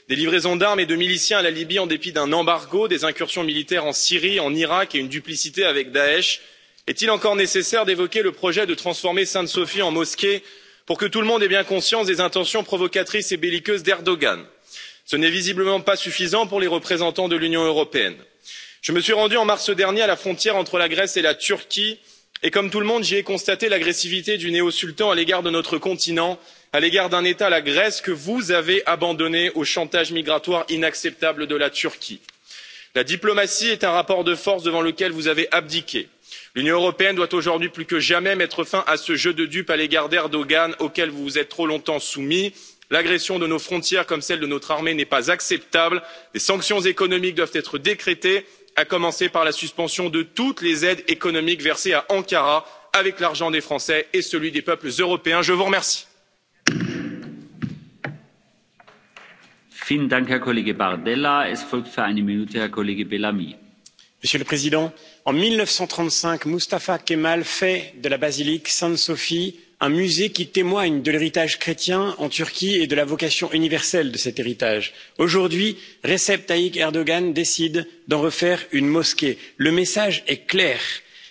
des livraisons d'armes et de miliciens à la libye en dépit d'un embargo des incursions militaires en syrie en irak et une duplicité avec daech est il encore nécessaire d'évoquer le projet de transformer sainte sophie en mosquée pour que tout le monde ait bien conscience des intentions provocatrices et belliqueuses d'erdoan? ce n'est visiblement pas suffisant pour les représentants de l'union européenne. je me suis rendu en mars dernier à la frontière entre la grèce et la turquie et comme tout le monde j'y ai constaté l'agressivité du néo sultan à l'égard de notre continent à l'égard d'un état la grèce que vous avez abandonné au chantage migratoire inacceptable de la turquie. la diplomatie est un rapport de force devant lequel vous avez abdiqué. l'union européenne doit aujourd'hui plus que jamais mettre fin à ce jeu de dupes à l'égard d'erdoan auquel vous vous êtes trop longtemps soumis. l'agression de nos frontières comme celle de notre armée n'est pas acceptable. des sanctions économiques doivent être décrétées à commencer par la suspension de toutes les aides économiques versées à ankara avec l'argent des français et celui des peuples européens. je vous remercie.
Monsieur le Président, en mille neuf cent trente cinq, Monsieur le Président, en 1935, Mustapha Kemal fait de la basilique Sainte-Sophie un musée qui témoigne de l'héritage chrétien en Turquie et de la vocation universelle de cet héritage. Aujourd'hui, Recep Tayyip Erdogan décide d'en refaire une mosquée. Le message est clair.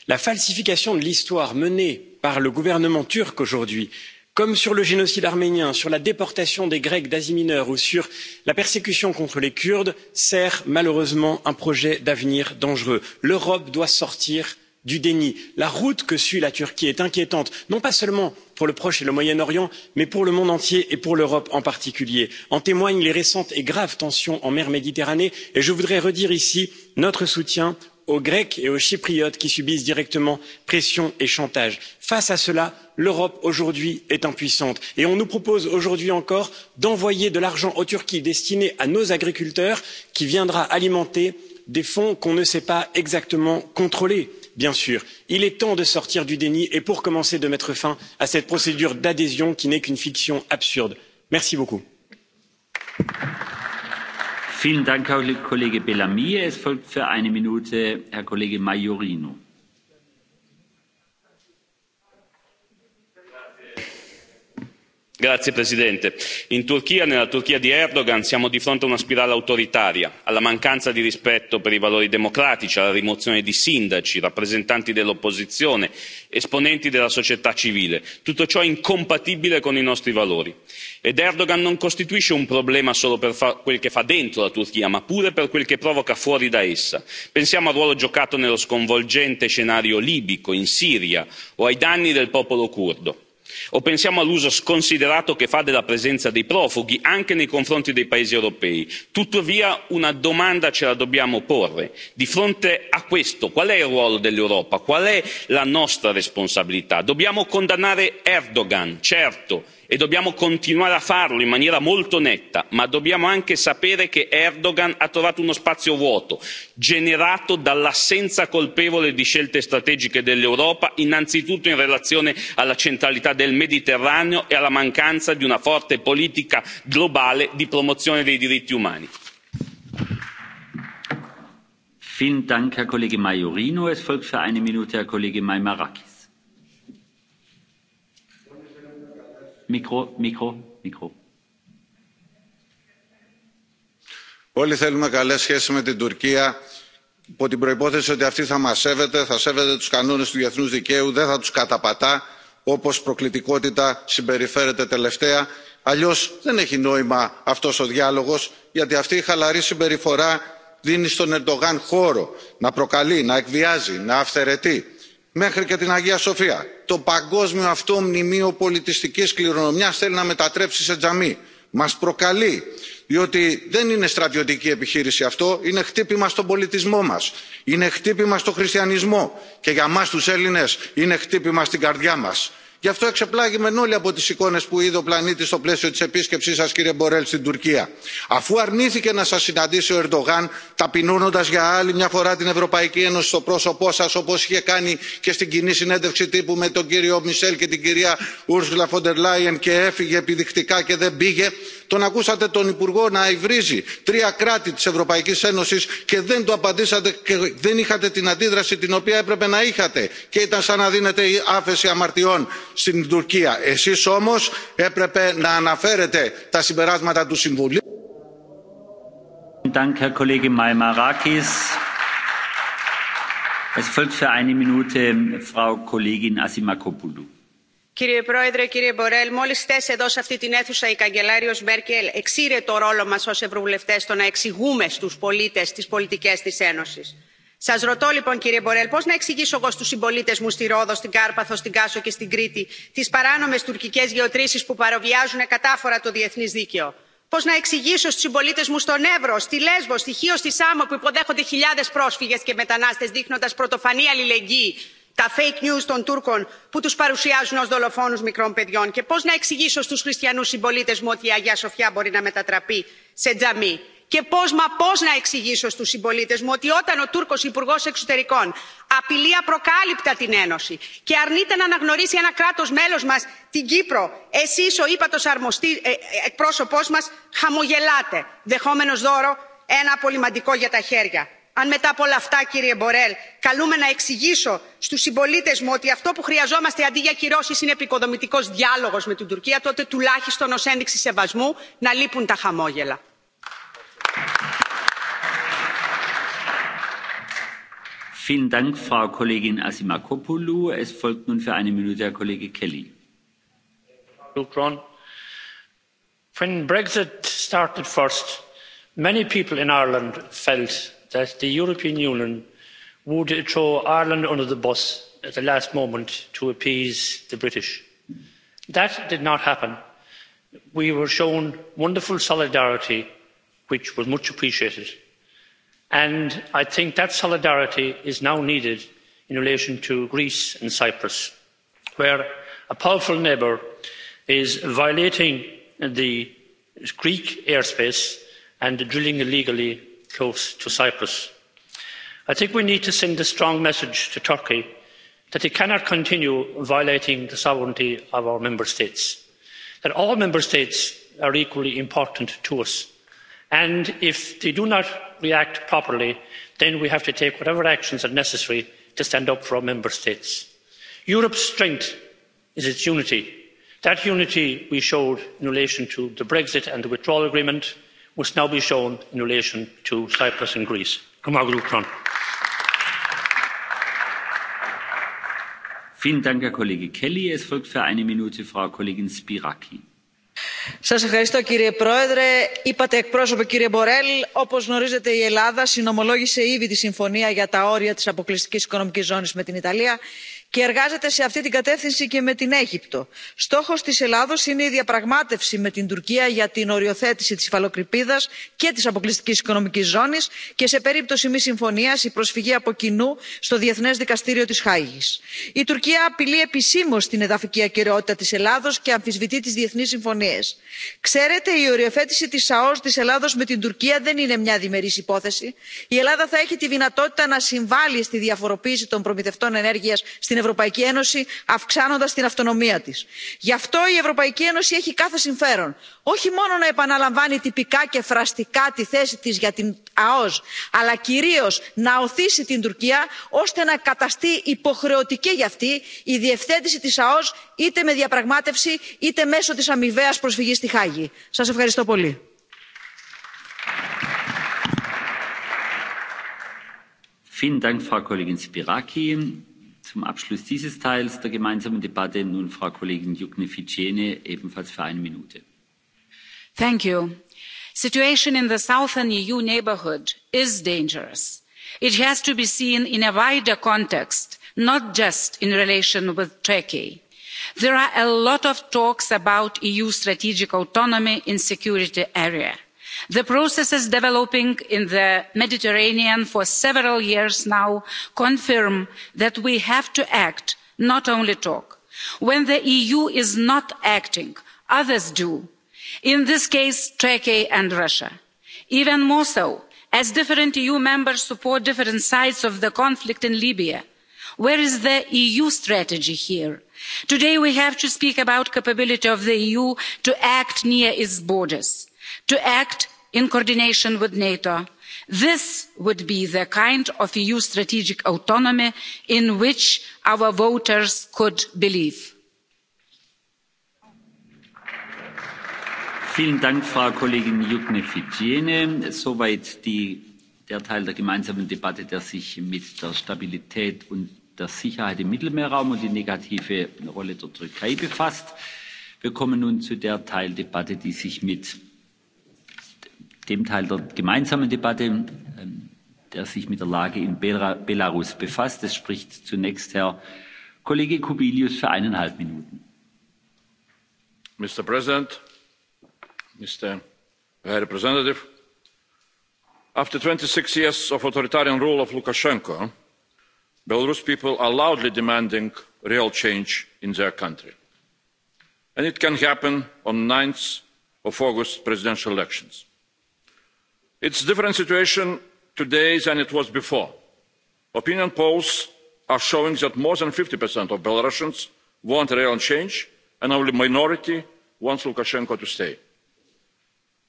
La falsification de l'histoire menée par le gouvernement turc aujourd'hui comme sur le génocide arménien sur la déportation des grecs d'asie mineure ou sur la persécution contre les kurdes sert malheureusement un projet d'avenir dangereux. l'europe doit sortir du déni. la route que suit la turquie est inquiétante non pas seulement pour le proche et le moyen orient mais pour le monde entier et pour l'europe en particulier. en témoignent les récentes et graves tensions en mer méditerranée et je voudrais redire ici notre soutien aux grecs et aux chypriotes qui subissent directement pression et chantage. face à cela l'europe aujourd'hui est impuissante et on nous propose aujourd'hui encore d'envoyer de l'argent en turquie destiné à nos agriculteurs qui viendra alimenter des fonds qu'on ne sait pas exactement contrôler bien sûr. il est temps de sortir du déni et pour commencer de mettre fin à cette procédure d'adhésion qui n'est qu'une fiction absurde. merci beaucoup. Vielen Dank, Herr Kollege Bellamy. Es folgt für eine
Minute Herr Kollege Majorino.
signor presidente onorevoli colleghi in turchia nella turchia di erdogan siamo di fronte a una spirale autoritaria alla mancanza di rispetto per i valori democratici alla rimozione di sindaci rappresentanti dell'opposizione esponenti della società civile tutto ciò incompatibile con i nostri valori. ed erdogan non costituisce un problema solo per quel che fa dentro la turchia ma pure per quel che provoca fuori da essa pensiamo al ruolo giocato nello sconvolgente scenario libico in siria o ai danni del popolo curdo o pensiamo all'uso sconsiderato che fa della presenza dei profughi anche nei confronti dei paesi europei. tuttavia una domanda ce la dobbiamo porre di fronte a questo qual è il ruolo dell'europa qual è la nostra responsabilità? dobbiamo condannare erdogan certo e dobbiamo continuare a farlo in maniera molto netta ma dobbiamo anche sapere che erdogan ha trovato uno spazio vuoto generato dall'assenza colpevole di scelte strategiche dell'europa innanzitutto in relazione alla centralità del mediterraneo e alla mancanza di una forte politica globale di
promozione dei diritti umani. Mikro, mikro, mikro.
Όλοι θέλουμε καλέ σχέσει με την Τουρκία υπό την προπόθεση ότι αυτή θα μα σέβεται, θα σέβεται του κανόνε του διεθνού δικαίου, δεν θα του καταπατά όπω προκλητικότητα συμπεριφέρεται τελευταία. Αλλιώ δεν έχει νόημα αυτό ο διάλογο, γιατί αυτή η χαλαρή συμπεριφορά δίνει στον Ερντογάν χώρο να προκαλεί, να εκβιάζει, να αυθαιρετεί μέχρι και την Αγία Σοφία. Το παγκόσμιο αυτό μνημείο πολιτιστικής κληρονομιάς θέλει να μετατρέψει σε τζαμί. Μας προκαλεί, διότι δεν είναι στρατιωτική επιχείρηση αυτό, είναι χτύπημα στον πολιτισμό μας, είναι χτύπημα στον χριστιανισμό και για μας τους Έλληνες είναι χτύπημα στην καρδιά μας. Γι' αυτό εξεπλάγημεν όλοι από τις εικόνες που είδε ο πλανήτης στο πλαίσιο της επίσκεψής σας κύριε Μπορέλ στην Τουρκία. Αφού αρνήθηκε να σας συναντήσει ο Ερντογάν ταπεινώνοντας για άλλη μια φορά την Ευρωπαϊκή Ένωση στο πρόσωπό σας όπως είχε κάνει και στην κοινή συνέντευξη τύπου με τον κύριο Μισελ και την κυρία Ούρσουλα Φοντερ Λάιεν και έφυγε επιδεικτικά και δεν πήγε τον ακούσατε τον Υπουργό να υβρίζει τρία κράτη της Ευρωπαϊκής Ένωσης και δεν του απαντήσατε και δεν είχατε την αντίδραση την οποία έπρεπε να είχατε και ήταν σαν να δίνετε άφεση αμαρτιών στην Τουρκία. Εσείς όμως έπρεπε να αναφέρετε τα συμπεράσματα του Συμβουλίου.
Dank, Herr Kollege Maimarakis. Es folgt für eine Minute Frau Kollegin Asimakopoulou.
Κύριε Πρόεδρε, κύριε Μπορέλ, μόλι χθε εδώ σε αυτή την αίθουσα η καγκελάριο Μέρκελ εξήρε το ρόλο μα ω Ευρωβουλευτέ στο να εξηγούμε στου πολίτε τι πολιτικέ τη Ένωση. Σα ρωτώ λοιπόν, κύριε Μπορέλ, πώ να εξηγήσω εγώ στου συμπολίτε μου στη Ρόδο, στην Κάρπαθο, στην Κάσο και στην Κρήτη τι παράνομε τουρκικέ γεωτρήσει που παροβιάζουν κατάφορα το διεθνέ δίκαιο. Πώ να εξηγήσω στου συμπολίτε μου στον Εύρο, στη Λέσβο, στη Χίο, στη Σάμο που υποδέχονται χιλιάδε πρόσφυγε και μετανάστε δείχνοντα πρωτοφανή αλληλεγγύη τα fake news των Τούρκων που τους παρουσιάζουν ως δολοφόνους μικρών παιδιών και πώς να εξηγήσω στους χριστιανούς συμπολίτες μου ότι η Αγία Σοφιά μπορεί να μετατραπεί σε τζαμί και πώς μα πώς να εξηγήσω στους συμπολίτες μου ότι όταν ο Τούρκος Υπουργός Εξωτερικών απειλεί απροκάλυπτα την Ένωση και αρνείται να αναγνωρίσει ένα κράτος μέλος μας την Κύπρο, εσείς ο ύπατος αρμοστή, ε, εκπρόσωπός μας χαμογελάτε, δεχόμενος δώρο ένα απολυμαντικό για τα χέρια αν μετά από όλα αυτά κύριε μπορέλ καλούμε να εξηγήσω στους συμπολίτες μου ότι αυτό που χρειαζόμαστε αντί για κυρώσεις είναι επικοδομητικός διάλογος με την τουρκία τότε τουλάχιστον ως ένδειξη σεβασμού να λείπουν τα χαμόγελα.
Vielen Dank, Frau Kollegin Asimakopoulou. Es folgt nun für eine Minute Herr Kollege Kelly.
When Brexit started first, many people in Ireland felt that the european union would throw ireland under the bus at the last moment to appease the british. that did not happen. we were shown wonderful solidarity which was much appreciated and i think that solidarity is now needed in relation to greece and cyprus where a powerful neighbour is violating the greek airspace and drilling illegally close to cyprus. i think we need to send a strong message to turkey that it cannot continue violating the sovereignty of our member states that all member states are equally important to us and if they do not react properly then we have to take whatever actions are necessary to stand up for our member states. europe's strength is its unity that unity we showed in relation to the brexit and the withdrawal agreement must now be shown in relation to Cyprus and Greece.
Vielen Dank, Herr Kollege Kelly. Es folgt für eine Minute Frau Kollegin Spiraki.
Σας ευχαριστώ κύριε Πρόεδρε. Είπατε εκπρόσωπε κύριε Μπορέλ, όπως γνωρίζετε η Ελλάδα συνομολόγησε ήδη τη συμφωνία για τα όρια της αποκλειστικής οικονομικής ζώνης με την Ιταλία και εργάζεται σε αυτή την κατεύθυνση και με την Αίγυπτο. Στόχο τη Ελλάδο είναι η διαπραγμάτευση με την Τουρκία για την οριοθέτηση τη υφαλοκρηπίδα και τη αποκλειστική οικονομική ζώνη και σε περίπτωση μη συμφωνία η προσφυγή από κοινού στο διεθνέ Δικαστήριο τη χάγη. Η Τουρκία απειλεί επισήμω την εδαφική ακυρεότητα τη Ελλάδο και αμφισβητεί τι διεθνεί συμφωνίε. Ξέρετε, η οριοθέτηση τη σαό τη Ελλάδο με την Τουρκία δεν είναι μια διμερή υπόθεση. Η Ελλάδα θα έχει τη δυνατότητα να συμβάλλει στη διαφοροποίηση των προμηθευτών ενέργεια. στην στην Ευρωπαϊκή Ένωση αυξάνοντας την αυτονομία της. Γι' αυτό η Ευρωπαϊκή Ένωση έχει κάθε συμφέρον όχι μόνο να επαναλαμβάνει τυπικά και φραστικά τη θέση της για την ΑΟΣ αλλά κυρίως να οθήσει την Τουρκία ώστε να καταστεί υποχρεωτική για αυτή η διευθέτηση της ΑΟΣ είτε με διαπραγμάτευση είτε μέσω της αμοιβαίας προσφυγής στη Χάγη. Σας ευχαριστώ πολύ.
Zum Abschluss dieses Teils der gemeinsamen Debatte nun Frau Kollegin Jukne Jukneficiene ebenfalls für eine Minute.
Thank you. Situation in the southern EU neighborhood is dangerous. It has to be seen in a wider context, not just in relation with Turkey. There are a lot of talks about EU strategic autonomy in security area the processes developing in the mediterranean for several years now confirm that we have to act not only talk. when the eu is not acting others do in this case turkey and russia. even more so as different eu members support different sides of the conflict in libya where is the eu strategy here? today we have to speak about the capability of the eu to act near its borders to act in coordination with nato this would be the kind of eu strategic autonomy in which our voters could believe.
Vielen Dank, Frau Kollegin Jukne-Fitjene. Soweit die, der Teil der gemeinsamen Debatte, der sich mit der Stabilität und der Sicherheit im Mittelmeerraum und die negative Rolle der Türkei befasst. Wir kommen nun zu der Teildebatte, die sich mit dem Teil der gemeinsamen Debatte, ähm, der sich mit der Lage in Belarus befasst. Es spricht zunächst Herr Kollege Kubilius für eineinhalb Minuten.
Mr. President, Mr. High Representative, after 26 years of authoritarian rule of Lukashenko, Belarus people are loudly demanding real change in their country. And it can happen on 9th of August presidential elections It's a different situation today than it was before. Opinion polls are showing that more than fifty of Belarusians want real change and only a minority wants Lukashenko to stay.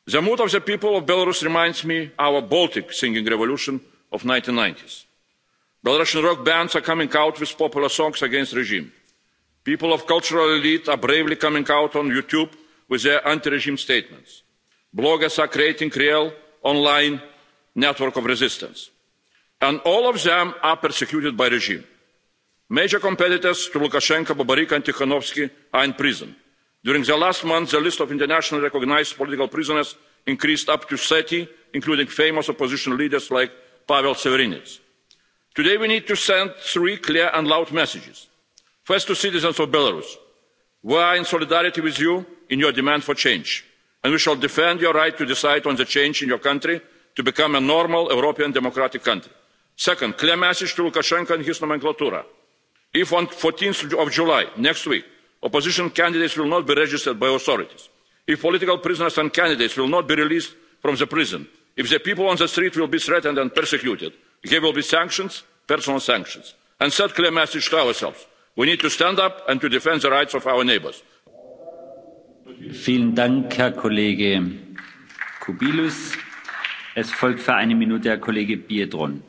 The mood of the people of Belarus reminds me of our Baltic singing revolution of the ninety s Belarusian rock bands are coming out with popular songs against the regime. People of cultural elite are bravely coming out on YouTube with their anti-regime statements. Bloggers are creating real online network of resistance. And all of them are persecuted by regime. Major competitors to Lukashenko, Babaryka and Tikhanovsky are in prison. During the last month, the list of internationally recognized political prisoners increased up to 30, including famous opposition leaders like Pavel Severinets. Today we need to send three clear and loud messages. First to citizens of Belarus, we are in solidarity with you in your demand for change and we shall defend your right to decide on the change in your country to become a normal european democratic country. second clear message to lukashenko and his nomenclatura if on fourteen july next week opposition candidates will not be registered by authorities if political prisoners and candidates will not be released from the prison if the people on the street will be threatened and persecuted there will be sanctions personal sanctions. and third clear message to ourselves we need to stand up and to defend the rights of our neighbours.
Vielen Dank, Herr Kollege Kubilus. Es folgt für eine Minute Herr Kollege Biedron.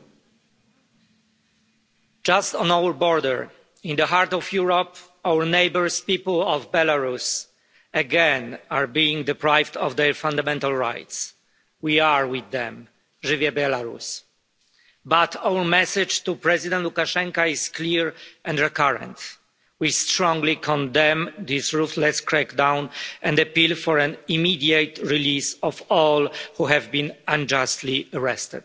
Just on our border, in the heart of Europe, our neighbours, people of Belarus, again are being deprived of their fundamental rights. We are with them. Żywie Belarus. But our message to President Lukashenko is clear and recurrent we strongly condemn this ruthless crackdown and appeal for an immediate release of all who have been unjustly arrested.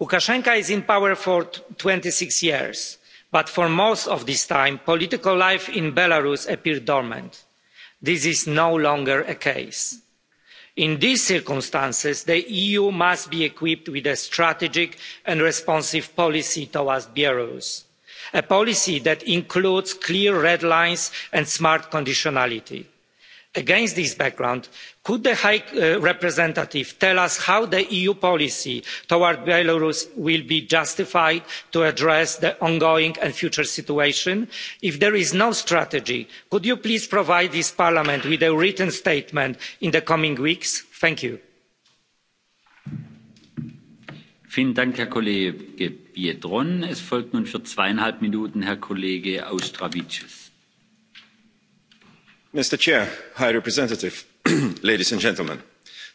lukashenko is in power for twenty six years but for most of this time political life in belarus appeared dormant. this is no longer the case. in these circumstances the eu must be equipped with a strategic and responsive policy towards belarus a policy that includes clear red lines and smart conditionality. against this background could the high uh, representative tell us how the eu policy toward belarus will be justified to address the ongoing and future situation? if there is no strategy could you please provide this parliament with a written statement in the coming weeks? thank you.
Vielen Dank, Herr Kollege Biedron. Es folgt nun für zweieinhalb Minuten Herr Kollege Austravicius.
Mr. Chair, High Representative, ladies and gentlemen.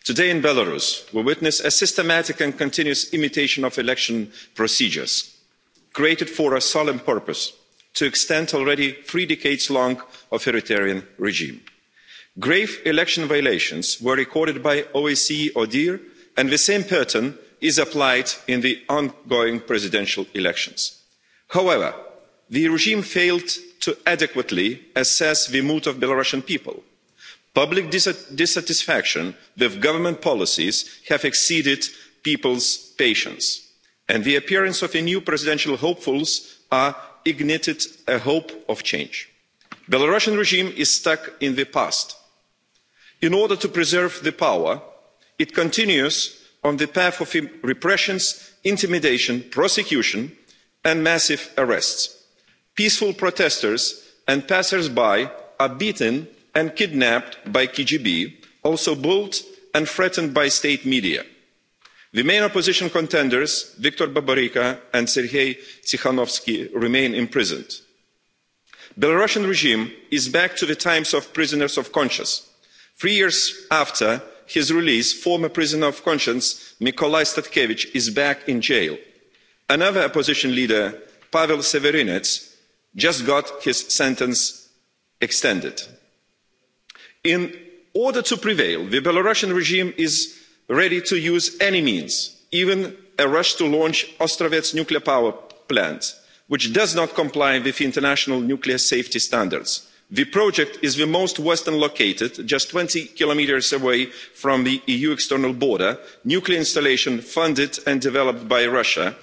Today in Belarus, we witness a systematic and continuous imitation of election procedures created for a solemn purpose to extend already three decades long authoritarian regime. Grave election violations were recorded by OSCE ODIHR and the same pattern is applied in the ongoing presidential elections. however the regime failed to adequately assess the mood of the belarusian people. public dissatisfaction with government policies has exceeded people's patience and the appearance of new presidential hopefuls has ignited a hope of change. the belarusian regime is stuck in the past. in order to preserve the power it continues on the path of repression intimidation prosecution and massive arrests. peaceful protesters and passers by are beaten and kidnapped by the kgb also bullied and threatened by state media. the main opposition contenders viktor babaryka and sergei tsikhanovsky remain imprisoned. the belarusian regime is back to the times of prisoners of conscience. three years after his release former prisoner of conscience Mikolai statkevich is back in jail. another opposition leader pavel severinets just got his sentence extended. in order to prevail the belarusian regime is ready to use any means even a rush to launch ostrovets nuclear power plant which does not comply with international nuclear safety standards the project is the most western located just twenty kilometres away from the eu external border nuclear installation funded and developed by russia.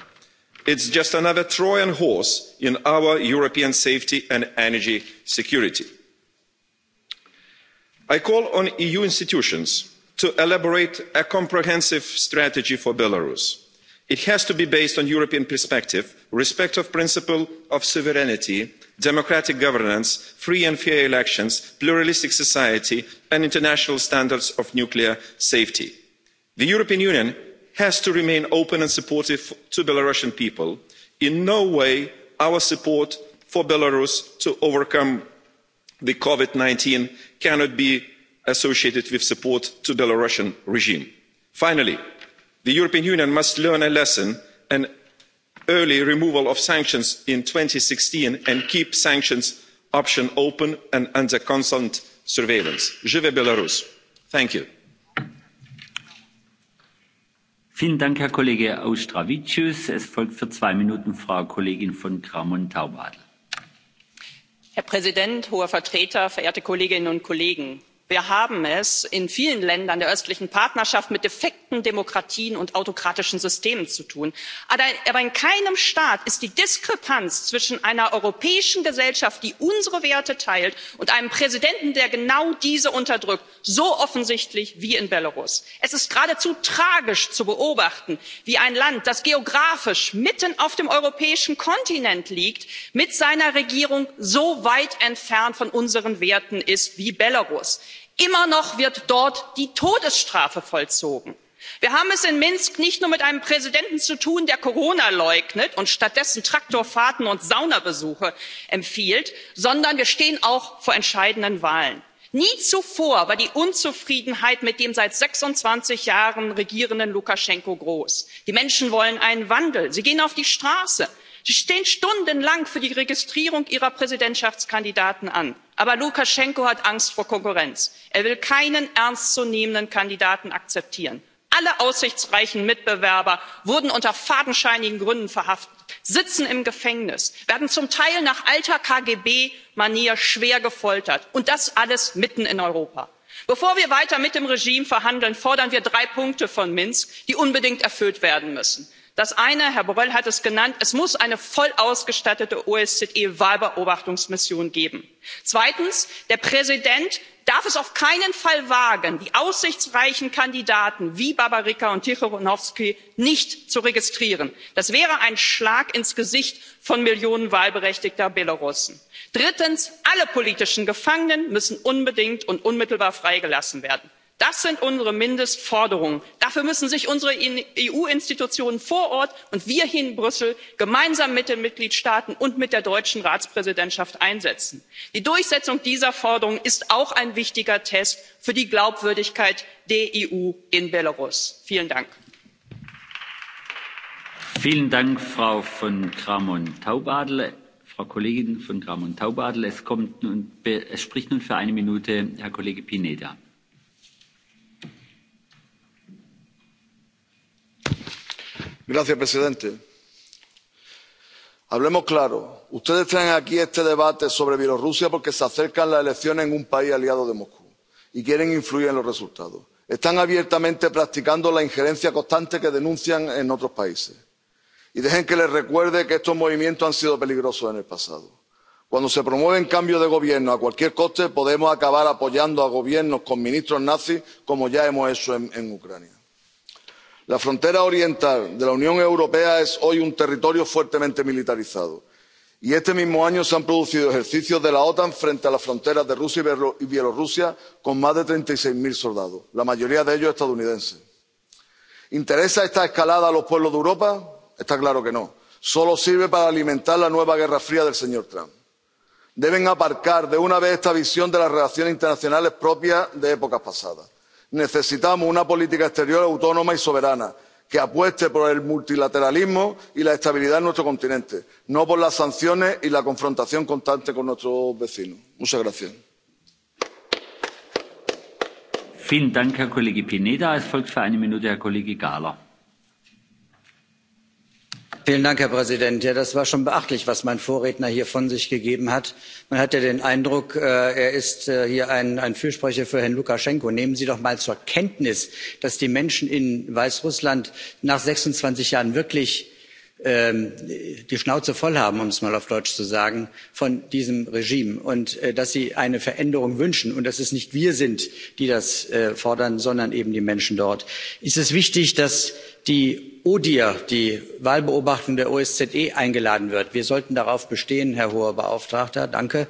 it's just another trojan horse in our european safety and energy security. i call on eu institutions to elaborate a comprehensive strategy for belarus it has to be based on a european perspective respect of the principle of sovereignty democratic governance free and fair elections pluralistic society and international standards of nuclear safety. the european union has to remain open and supportive to the belarusian people. in no way our support for belarus to overcome the covid nineteen cannot be associated with support to the belarusian regime. finally the european union must learn a lesson and early removal of sanctions in two thousand and sixteen and keep sanctions option open and under constant surveillance. vive belarus! thank you.
Vielen Es folgt für zwei Minuten Frau Kollegin von Kramon Taubadel.
Herr Präsident, hoher Vertreter, verehrte Kolleginnen und Kollegen! wir haben es in vielen ländern der östlichen partnerschaft mit defekten demokratien und autokratischen systemen zu tun aber in keinem staat ist die diskrepanz zwischen einer europäischen gesellschaft die unsere werte teilt und einem präsidenten der genau diese unterdrückt so offensichtlich wie in belarus. es ist geradezu tragisch zu beobachten wie ein land das geografisch mitten auf dem europäischen kontinent liegt mit seiner regierung so weit entfernt von unseren werten ist wie belarus immer noch wird dort die todesstrafe vollzogen. wir haben es in minsk nicht nur mit einem präsidenten zu tun der corona leugnet und stattdessen traktorfahrten und saunabesuche empfiehlt sondern wir stehen auch vor entscheidenden wahlen. nie zuvor war die unzufriedenheit mit dem seit sechsundzwanzig jahren regierenden lukaschenko groß. die menschen wollen einen wandel sie gehen auf die straße sie stehen stundenlang für die registrierung ihrer präsidentschaftskandidaten an aber lukaschenko hat angst vor konkurrenz. er will keinen ernstzunehmenden kandidaten akzeptieren. alle aussichtsreichen mitbewerber wurden unter fadenscheinigen gründen verhaftet sitzen im gefängnis werden zum teil nach alter kgb manier schwer gefoltert und das alles mitten in europa. bevor wir weiter mit dem regime verhandeln fordern wir drei punkte von minsk die unbedingt erfüllt werden müssen das eine herr borrell hat es genannt es muss eine voll ausgestattete osze wahlbeobachtungsmission geben. zweitens der präsident darf es auf keinen fall wagen die aussichtsreichen kandidaten wie babaryka und tichonowski nicht zu registrieren. das wäre ein schlag ins gesicht von millionen wahlberechtigter belarussen. drittens alle politischen gefangenen müssen unbedingt und unmittelbar freigelassen werden das sind unsere mindestforderungen. dafür müssen sich unsere eu institutionen vor ort und wir hier in brüssel gemeinsam mit den mitgliedstaaten und mit der deutschen ratspräsidentschaft einsetzen. die durchsetzung dieser forderungen ist auch ein wichtiger test für die glaubwürdigkeit der eu in belarus. vielen dank!
Vielen Dank, Frau von Kramon-Taubadel. Frau Kollegin von Kramon-Taubadel, es, kommt nun, spricht nun für eine Minute Herr Kollege Pineda
señor presidente hablemos claro ustedes traen aquí este debate sobre bielorrusia porque se acercan las elecciones en un país aliado de moscú y quieren influir en los resultados. están abiertamente practicando la injerencia constante que denuncian en otros países. y dejen que les recuerde que estos movimientos han sido peligrosos en el pasado. cuando se promueven cambios de gobierno a cualquier coste podemos acabar apoyando a gobiernos con ministros nazis como ya hemos hecho en, en ucrania la frontera oriental de la unión europea es hoy un territorio fuertemente militarizado y este mismo año se han producido ejercicios de la otan frente a las fronteras de rusia y bielorrusia con más de treinta y seis cero soldados la mayoría de ellos estadounidenses. interesa esta escalada a los pueblos de europa? está claro que no. solo sirve para alimentar la nueva guerra fría del señor trump. deben aparcar de una vez esta visión de las relaciones internacionales propia de épocas pasadas necesitamos una política exterior autónoma y soberana que apueste por el multilateralismo y la estabilidad en nuestro continente no por las sanciones y la confrontación constante con nuestros vecinos. muchas gracias.
Dank, Pineda
herr präsident! ja das war schon beachtlich was mein vorredner hier von sich gegeben hat. man hat ja den eindruck äh, er ist äh, hier ein fürsprecher für herrn lukaschenko. nehmen sie doch mal zur kenntnis dass die menschen in weißrussland nach sechsundzwanzig jahren wirklich ähm, die schnauze voll haben um es mal auf deutsch zu sagen von diesem regime und äh, dass sie eine veränderung wünschen und dass es nicht wir sind die das fordern sondern eben die menschen dort. ist es wichtig dass die ODIHR, die Wahlbeobachtung der OSZE, eingeladen wird. Wir sollten darauf bestehen, Herr hoher Beauftragter, danke.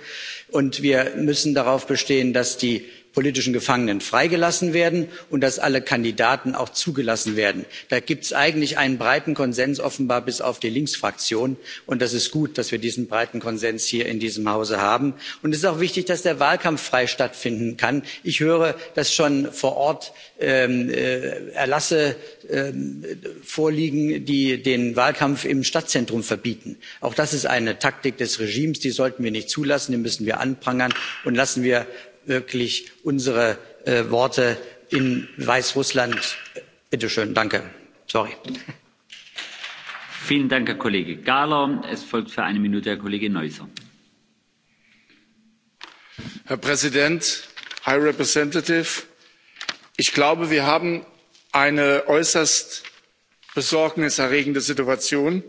Und wir müssen darauf bestehen, dass die politischen gefangenen freigelassen werden und dass alle kandidaten auch zugelassen werden. da gibt es eigentlich einen breiten konsens offenbar bis auf die linksfraktion und es ist gut dass wir diesen breiten konsens hier in diesem hause haben. und es ist auch wichtig dass der wahlkampf frei stattfinden kann. ich höre dass schon vor ort ähm, äh, erlasse ähm, vorliegen die den wahlkampf im stadtzentrum verbieten. auch das ist eine taktik des regimes die sollten wir nicht zulassen die müssen wir anprangern und lassen wir wirklich unsere äh, Worte in Weißrussland.
Bitte schön, danke. Sorry. Vielen Dank, Herr Kollege Gahler.
Es folgt für eine Minute Herr Kollege Neuser. Herr Präsident, High Representative, ich glaube, wir haben eine äußerst besorgniserregende Situation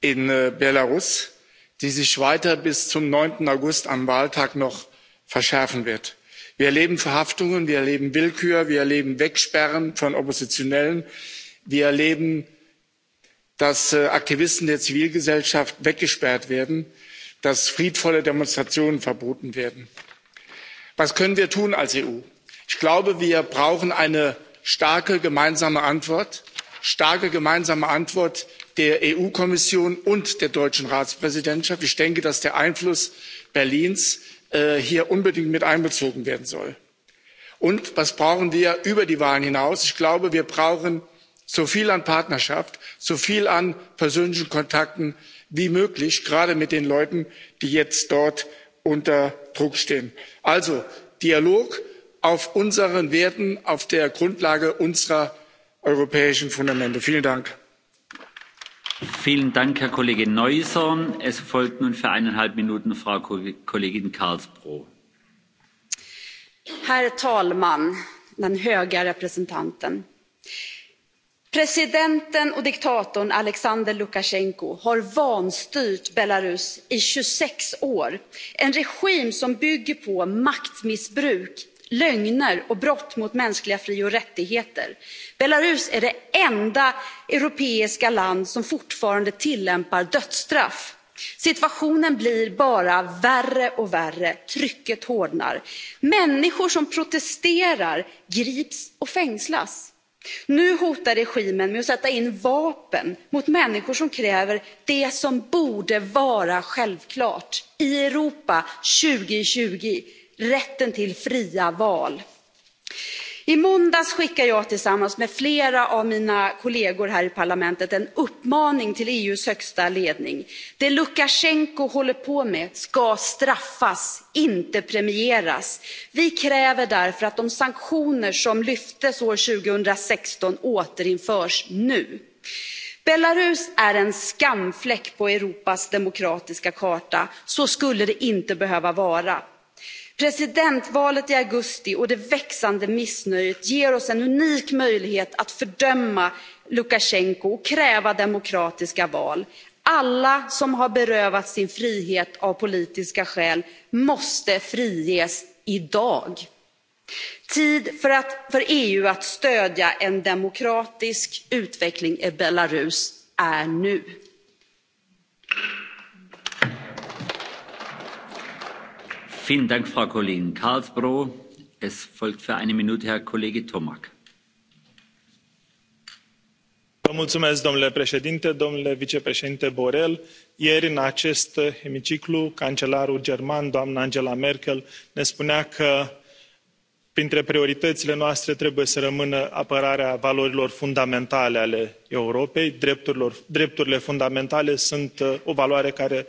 in äh, Belarus, die sich weiter bis zum 9. August am Wahltag noch verschärfen wird. wir erleben verhaftungen wir erleben willkür wir erleben wegsperren von oppositionellen wir erleben dass äh, aktivisten der zivilgesellschaft weggesperrt werden dass friedvolle demonstrationen verboten werden. was können wir tun als eu? ich glaube wir brauchen eine starke gemeinsame antwort starke gemeinsame antwort der eu kommission und der deutschen ratspräsidentschaft. ich denke dass der einfluss berlins Äh, hier unbedingt mit einbezogen werden soll. Und was brauchen wir über die Wahlen hinaus? Ich glaube, wir brauchen so viel an Partnerschaft, so viel an persönlichen Kontakten wie möglich, gerade mit den Leuten, die jetzt dort unter Druck stehen. Also Dialog auf unseren Werten, auf der Grundlage unserer europäischen Fundamente. Vielen Dank.
Vielen Dank, Herr Kollege Neuson. Es folgt nun für eineinhalb Minuten Frau Kollegin Karlsbro.
Herr talman, den höga representanten. Presidenten och diktatorn Alexander Lukasjenko har vanstyrt Belarus i 26 år. En regim som bygger på maktmissbruk, lögner och brott mot mänskliga fri och rättigheter. belarus är det enda europeiska land som fortfarande tillämpar dödsstraff. Situationen blir bara värre och värre. Trycket hårdnar. Människor som protesterar grips och fängslas. Nu hotar regimen med att sätta in vapen mot människor som kräver det som borde vara självklart i Europa 2020 rätten till fria val. I måndags skickade jag tillsammans med flera av mina kollegor här i parlamentet en uppmaning till EUs högsta ledning. Det Lukasjenko håller på med ska straffas, inte premieras. Vi kräver därför att de sanktioner som lyftes år 2016 återinförs nu. Belarus är en skamfläck på Europas demokratiska karta. Så skulle det inte behöva vara presidentvalet i augusti och det växande missnöjet ger oss en unik möjlighet att fördöma lukasjenko och kräva demokratiska val. alla som har berövats sin frihet av politiska skäl måste friges i dag. tid för, att, för eu att stödja en demokratisk utveckling i belarus är nu.
Vielen Dank, Frau Kollegin Es folgt für eine Minute Herr Kollege
Vă mulțumesc, domnule președinte, domnule vicepreședinte Borel. Ieri, în acest hemiciclu, cancelarul german, doamna Angela Merkel, ne spunea că printre prioritățile noastre trebuie să rămână apărarea valorilor fundamentale ale Europei. drepturile fundamentale sunt o valoare care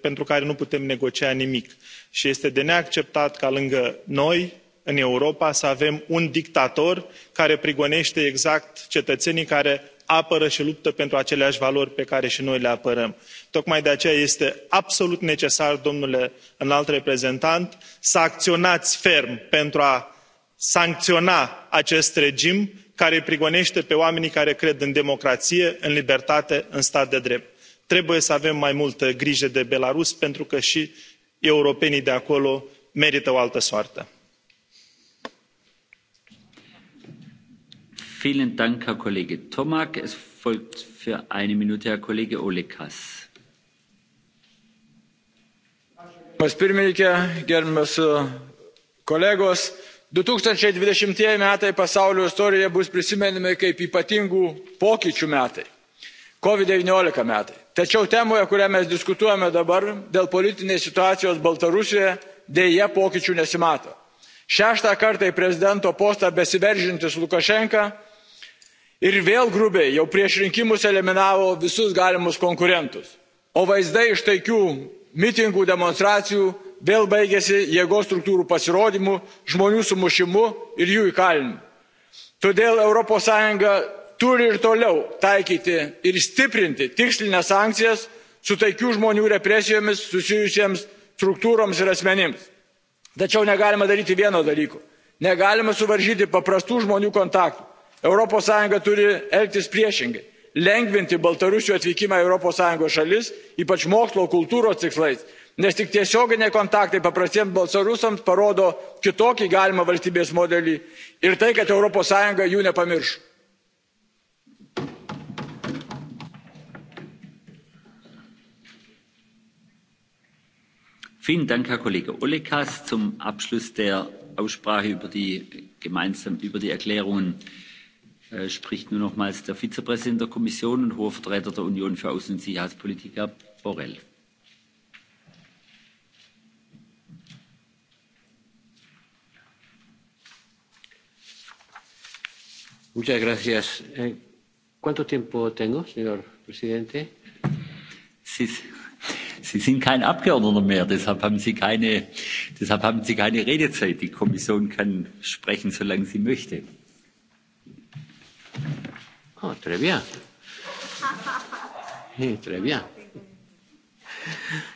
pentru care nu putem negocia nimic și este de neacceptat ca lângă noi în europa să avem un dictator care prigonește exact cetățenii care apără și luptă pentru aceleași valori pe care și noi le apărăm. tocmai de aceea este absolut necesar domnule înalt reprezentant să acționați ferm pentru a sancționa acest regim care îi prigonește pe oamenii care cred în democrație în libertate în stat de drept trebuie să avem mai multă grijă de belarus pentru că și europenii de acolo merită o altă soartă.
Gerbiamas
pirmininke, gerbiamas kolegos, 2020 metai pasaulio istorijoje bus prisimenami kaip ypatingų pokyčių metai covid metai tačiau temoje kurią mes diskutuojame dabar dėl politinės situacijos baltarusijoje deja pokyčių nesimato. šeštą kartą į prezidento postą besiveržiantis lukašenka ir vėl grubiai jau prieš rinkimus eliminavo visus galimus konkurentus o vaizdai iš taikių mitingų demonstracijų vėl baigėsi jėgos struktūrų pasirodymu žmonių sumušimu ir jų įkalinimu. todėl europos sąjunga turi ir toliau taikyti e ir stiprinti tikslinės e sankcijas su taikių žmonių represijomis susijusiems struktūroms ir asmenims. Tačiau negalima daryti vieno dalyko. Negalima e suvaržyti paprastų žmonių kontaktų. Europos Sąjunga turi elgtis priešingai. Lengvinti Baltarusių atvykimą į Europos Sąjungos šalis, ypač mokslo kultūros tikslais, nes tik tiesioginiai kontaktai paprastiems balsarusams parodo kitokį galimą valstybės modelį ir tai, kad Europos Sąjunga jų nepamirš.
Vielen Dank, Herr Kollege Olekas. Zum Abschluss der Aussprache über die, gemeinsam über die Erklärungen äh, spricht nun nochmals der Vizepräsident der Kommission und hoher Vertreter der Union für Außen- und Sicherheitspolitik, Herr Borrell.
Muchas gracias. Eh, ¿Cuánto tiempo tengo, señor presidente?
Sí. Sie sind kein Abgeordneter mehr, deshalb haben Sie keine, deshalb haben Sie keine Redezeit. Die Kommission kann sprechen, solange sie möchte. Oh, très bien. Eh, très bien.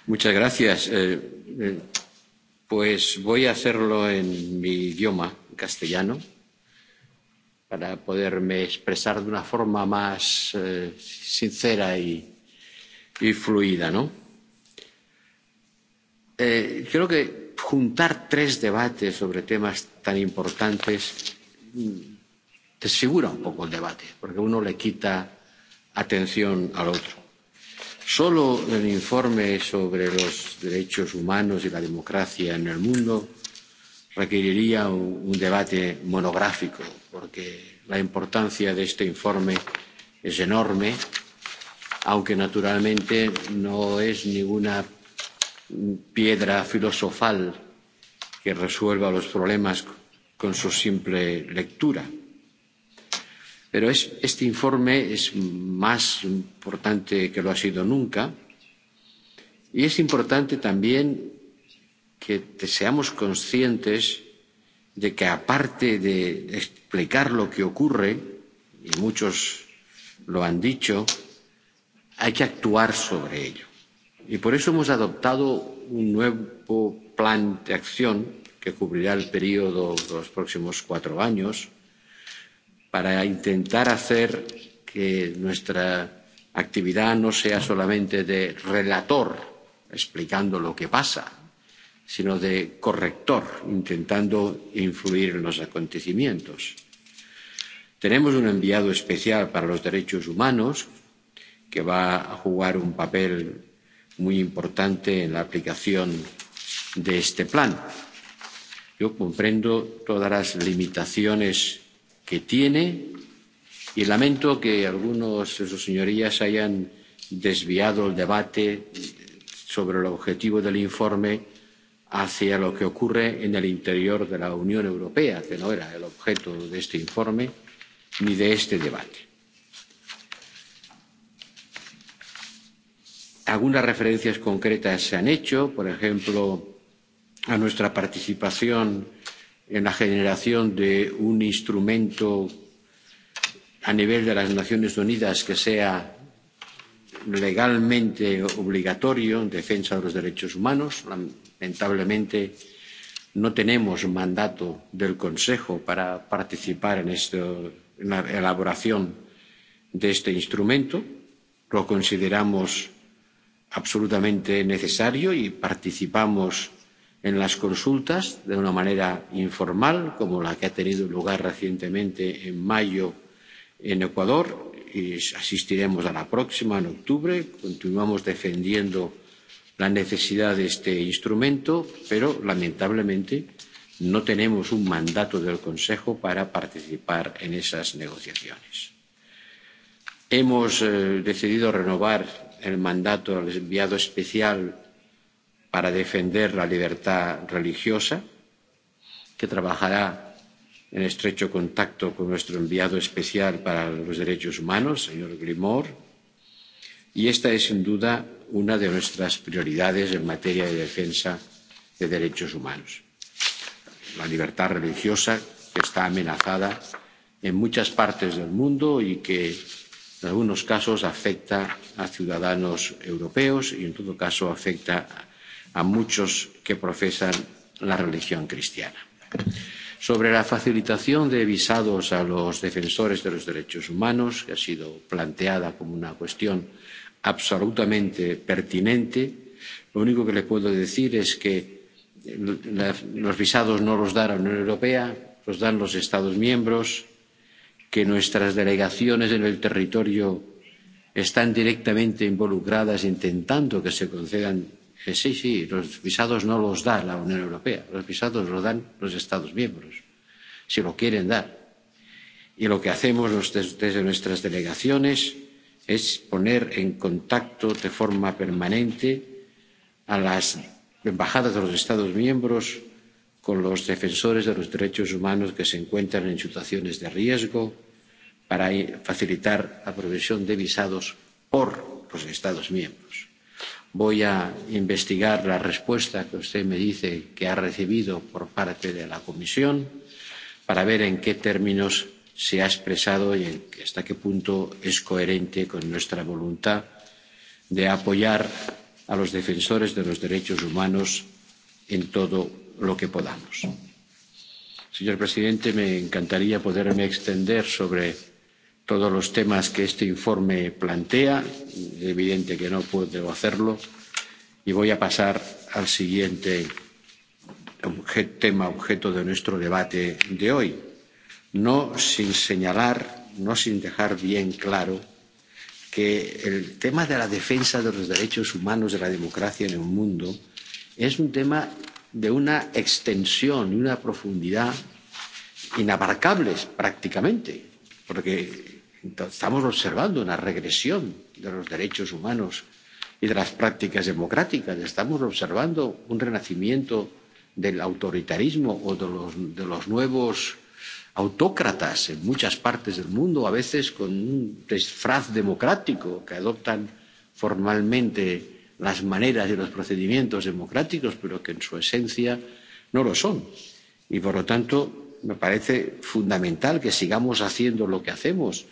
Muchas gracias. Eh, eh, pues voy a hacerlo en mi idioma, en castellano, para poderme expresar de una forma más eh, sincera y, y fluida, ¿no? Eh, creo que juntar tres debates sobre temas tan importantes
mm,
desfigura un poco el debate, porque uno le quita atención al otro. Solo el informe sobre los derechos humanos y la democracia en el mundo requeriría un, un debate monográfico, porque la importancia de este informe es enorme, aunque naturalmente no es ninguna piedra filosofal que resuelva los problemas con su simple lectura. Pero es, este informe es más importante que lo ha sido nunca y es importante también que seamos conscientes de que aparte de explicar lo que ocurre, y muchos lo han dicho, hay que actuar sobre ello. Y por eso hemos adoptado un nuevo plan de acción que cubrirá el periodo de los próximos cuatro años para intentar hacer que nuestra actividad no sea solamente de relator explicando lo que pasa, sino de corrector intentando influir en los acontecimientos. Tenemos un enviado especial para los derechos humanos que va a jugar un papel muy importante en la aplicación de este plan. Yo comprendo todas las limitaciones que tiene y lamento que algunos de sus señorías hayan desviado el debate sobre el objetivo del informe hacia lo que ocurre en el interior de la Unión Europea, que no era el objeto de este informe ni de este debate. Algunas referencias concretas se han hecho, por ejemplo, a nuestra participación en la generación de un instrumento a nivel de las Naciones Unidas que sea legalmente obligatorio en defensa de los derechos humanos. Lamentablemente no tenemos mandato del Consejo para participar en, esto, en la elaboración de este instrumento. Lo consideramos absolutamente necesario y participamos en las consultas de una manera informal, como la que ha tenido lugar recientemente en mayo en Ecuador, y asistiremos a la próxima en octubre. Continuamos defendiendo la necesidad de este instrumento, pero lamentablemente no tenemos un mandato del Consejo para participar en esas negociaciones. Hemos eh, decidido renovar el mandato al enviado especial para defender la libertad religiosa, que trabajará en estrecho contacto con nuestro enviado especial para los derechos humanos, señor Grimor, y esta es sin duda una de nuestras prioridades en materia de defensa de derechos humanos. La libertad religiosa que está amenazada en muchas partes del mundo y que en algunos casos afecta a ciudadanos europeos y en todo caso afecta a muchos que profesan la religión cristiana. Sobre la facilitación de visados a los defensores de los derechos humanos, que ha sido planteada como una cuestión absolutamente pertinente, lo único que le puedo decir es que los visados no los da la Unión Europea, los dan los Estados miembros, que nuestras delegaciones en el territorio están directamente involucradas intentando que se concedan. Eh, sí, sí, los visados no los da la Unión Europea, los visados los dan los Estados miembros, si lo quieren dar. Y lo que hacemos desde nuestras delegaciones es poner en contacto de forma permanente a las embajadas de los Estados miembros con los defensores de los derechos humanos que se encuentran en situaciones de riesgo para facilitar la provisión de visados por los Estados miembros. Voy a investigar la respuesta que usted me dice que ha recibido por parte de la Comisión para ver en qué términos se ha expresado y en hasta qué punto es coherente con nuestra voluntad de apoyar a los defensores de los derechos humanos en todo lo que podamos. Señor presidente, me encantaría poderme extender sobre todos los temas que este informe plantea. Es evidente que no puedo hacerlo y voy a pasar al siguiente tema objeto de nuestro debate de hoy. No sin señalar, no sin dejar bien claro que el tema de la defensa de los derechos humanos de la democracia en el mundo es un tema de una extensión y una profundidad inabarcables prácticamente, porque estamos observando una regresión de los derechos humanos y de las prácticas democráticas, estamos observando un renacimiento del autoritarismo o de los, de los nuevos autócratas en muchas partes del mundo, a veces con un disfraz democrático que adoptan formalmente las maneras y los procedimientos democráticos, pero que en su esencia no lo son. Y por lo tanto, me parece fundamental que sigamos haciendo lo que hacemos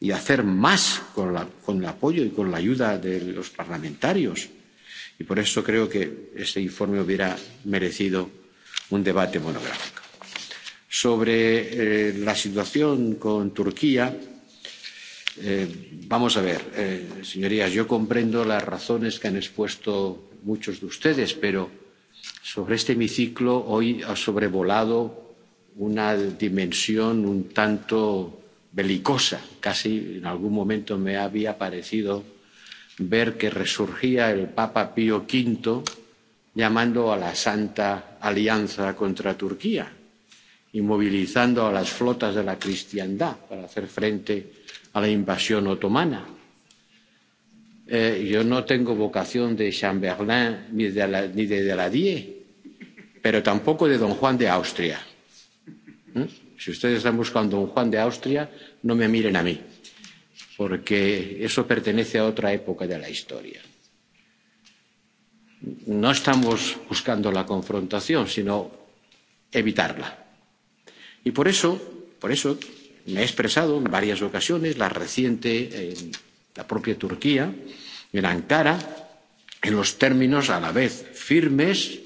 y hacer más con, la, con el apoyo y con la ayuda de los parlamentarios. Y por eso creo que este informe hubiera merecido un debate monográfico. Sobre eh, la situación con Turquía, Eh, vamos a ver, eh, señorías, yo comprendo las razones que han expuesto muchos de ustedes, pero sobre este hemiciclo hoy ha sobrevolado una dimensión un tanto belicosa. Casi en algún momento me había parecido ver que resurgía el Papa Pío V llamando a la Santa Alianza contra Turquía y movilizando a las flotas de la cristiandad para hacer frente a la invasión otomana. Eh, yo no tengo vocación de Chamberlain ni de, la, ni de Deladier, pero tampoco de Don Juan de Austria. ¿Eh? Si ustedes están buscando Don Juan de Austria, no me miren a mí, porque eso pertenece a otra época de la historia. No estamos buscando la confrontación, sino evitarla. Y por eso, por eso me he expresado en varias ocasiones, la reciente en la propia Turquía, en Ankara, en los términos a la vez firmes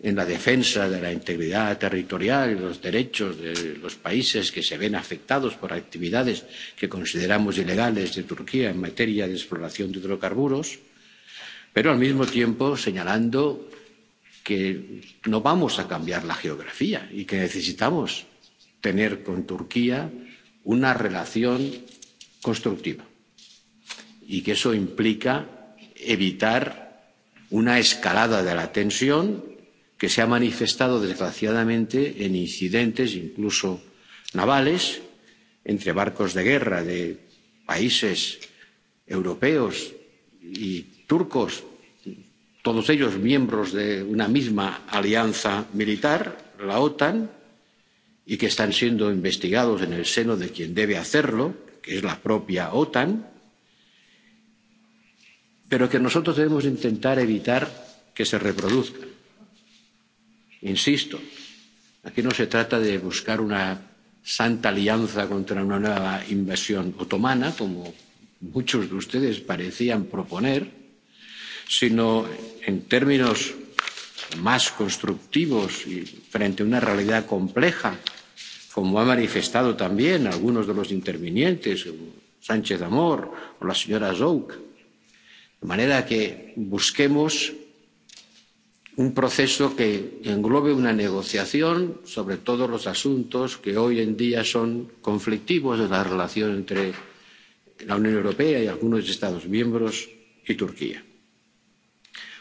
en la defensa de la integridad territorial y los derechos de los países que se ven afectados por actividades que consideramos ilegales de Turquía en materia de exploración de hidrocarburos, pero al mismo tiempo señalando que no vamos a cambiar la geografía y que necesitamos tener con Turquía una relación constructiva y que eso implica evitar una escalada de la tensión que se ha manifestado desgraciadamente en incidentes incluso navales entre barcos de guerra de países europeos y turcos, todos ellos miembros de una misma alianza militar, la OTAN, y que están siendo investigados en el seno de quien debe hacerlo, que es la propia OTAN, pero que nosotros debemos intentar evitar que se reproduzcan. Insisto, aquí no se trata de buscar una santa alianza contra una nueva invasión otomana, como muchos de ustedes parecían proponer, sino en términos más constructivos y frente a una realidad compleja como ha manifestado también algunos de los intervinientes, Sánchez Amor o la señora Zouk. De manera que busquemos un proceso que englobe una negociación sobre todos los asuntos que hoy en día son conflictivos en la relación entre la Unión Europea y algunos Estados miembros y Turquía.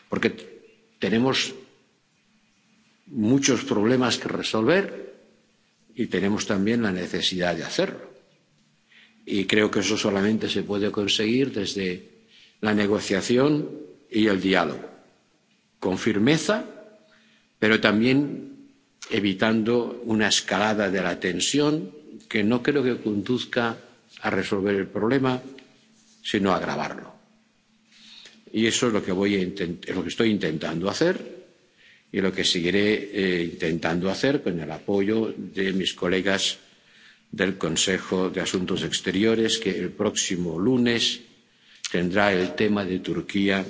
Porque tenemos muchos problemas que resolver y tenemos también la necesidad de hacerlo. Y creo que eso solamente se puede conseguir desde la negociación y el diálogo, con firmeza, pero también evitando una escalada de la tensión que no creo que conduzca a resolver el problema, sino a agravarlo. Y eso es lo que, voy a intent es lo que estoy intentando hacer y lo que seguiré eh, intentando hacer con el apoyo de mis colegas del Consejo de Asuntos Exteriores, que el próximo lunes tendrá el tema de Turquía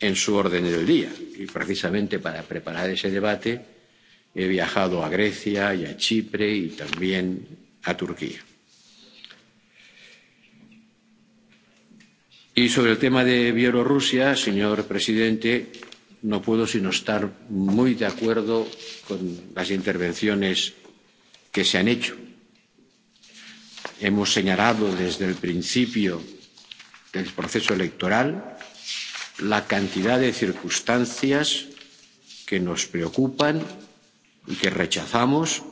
en su orden del día. Y precisamente para preparar ese debate he viajado a Grecia y a Chipre y también a Turquía. Y sobre el tema de Bielorrusia, señor presidente, no puedo sino estar muy de acuerdo con las intervenciones que se han hecho. Hemos señalado desde el principio del proceso electoral la cantidad de circunstancias que nos preocupan y que rechazamos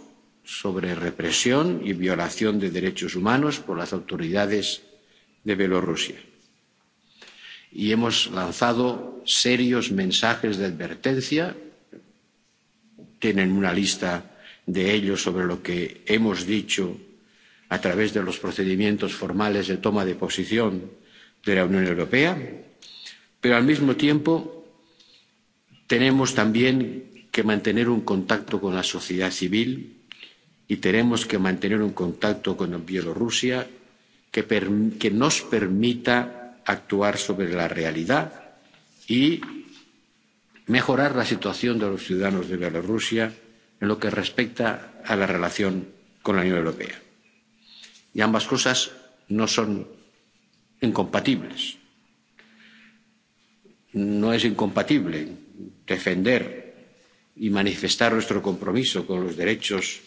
sobre represión y violación de derechos humanos por las autoridades de Bielorrusia y hemos lanzado serios mensajes de advertencia. Tienen una lista de ellos sobre lo que hemos dicho a través de los procedimientos formales de toma de posición de la Unión Europea, pero al mismo tiempo tenemos también que mantener un contacto con la sociedad civil y tenemos que mantener un contacto con Bielorrusia que, per que nos permita actuar sobre la realidad y mejorar la situación de los ciudadanos de Bielorrusia en lo que
respecta
a la relación con la Unión Europea. Y ambas cosas no son incompatibles. No es incompatible defender y manifestar nuestro compromiso con los derechos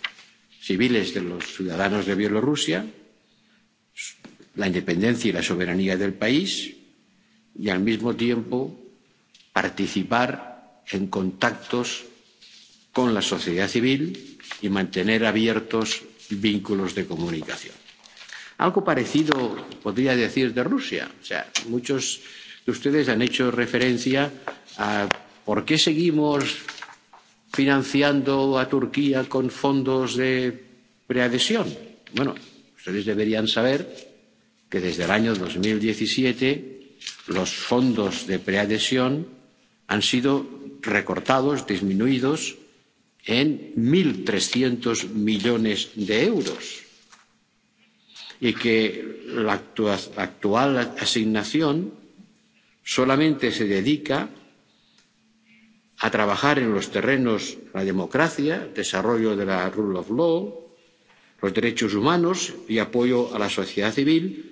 civiles de los ciudadanos de Bielorrusia, la independencia y la soberanía del país y al mismo tiempo participar en contactos con la sociedad civil y mantener abiertos vínculos de comunicación. Algo parecido podría decir de Rusia. O sea, muchos de ustedes han hecho referencia a por qué seguimos financiando a Turquía con fondos de preadhesión. Bueno, ustedes deberían saber que desde el año dos mil diecisiete los fondos de preadhesión han sido recortados, disminuidos en uno trescientos millones de euros y que la actual asignación solamente se dedica a trabajar en los terrenos de la democracia, desarrollo de la rule of law, los derechos humanos y apoyo a la sociedad civil,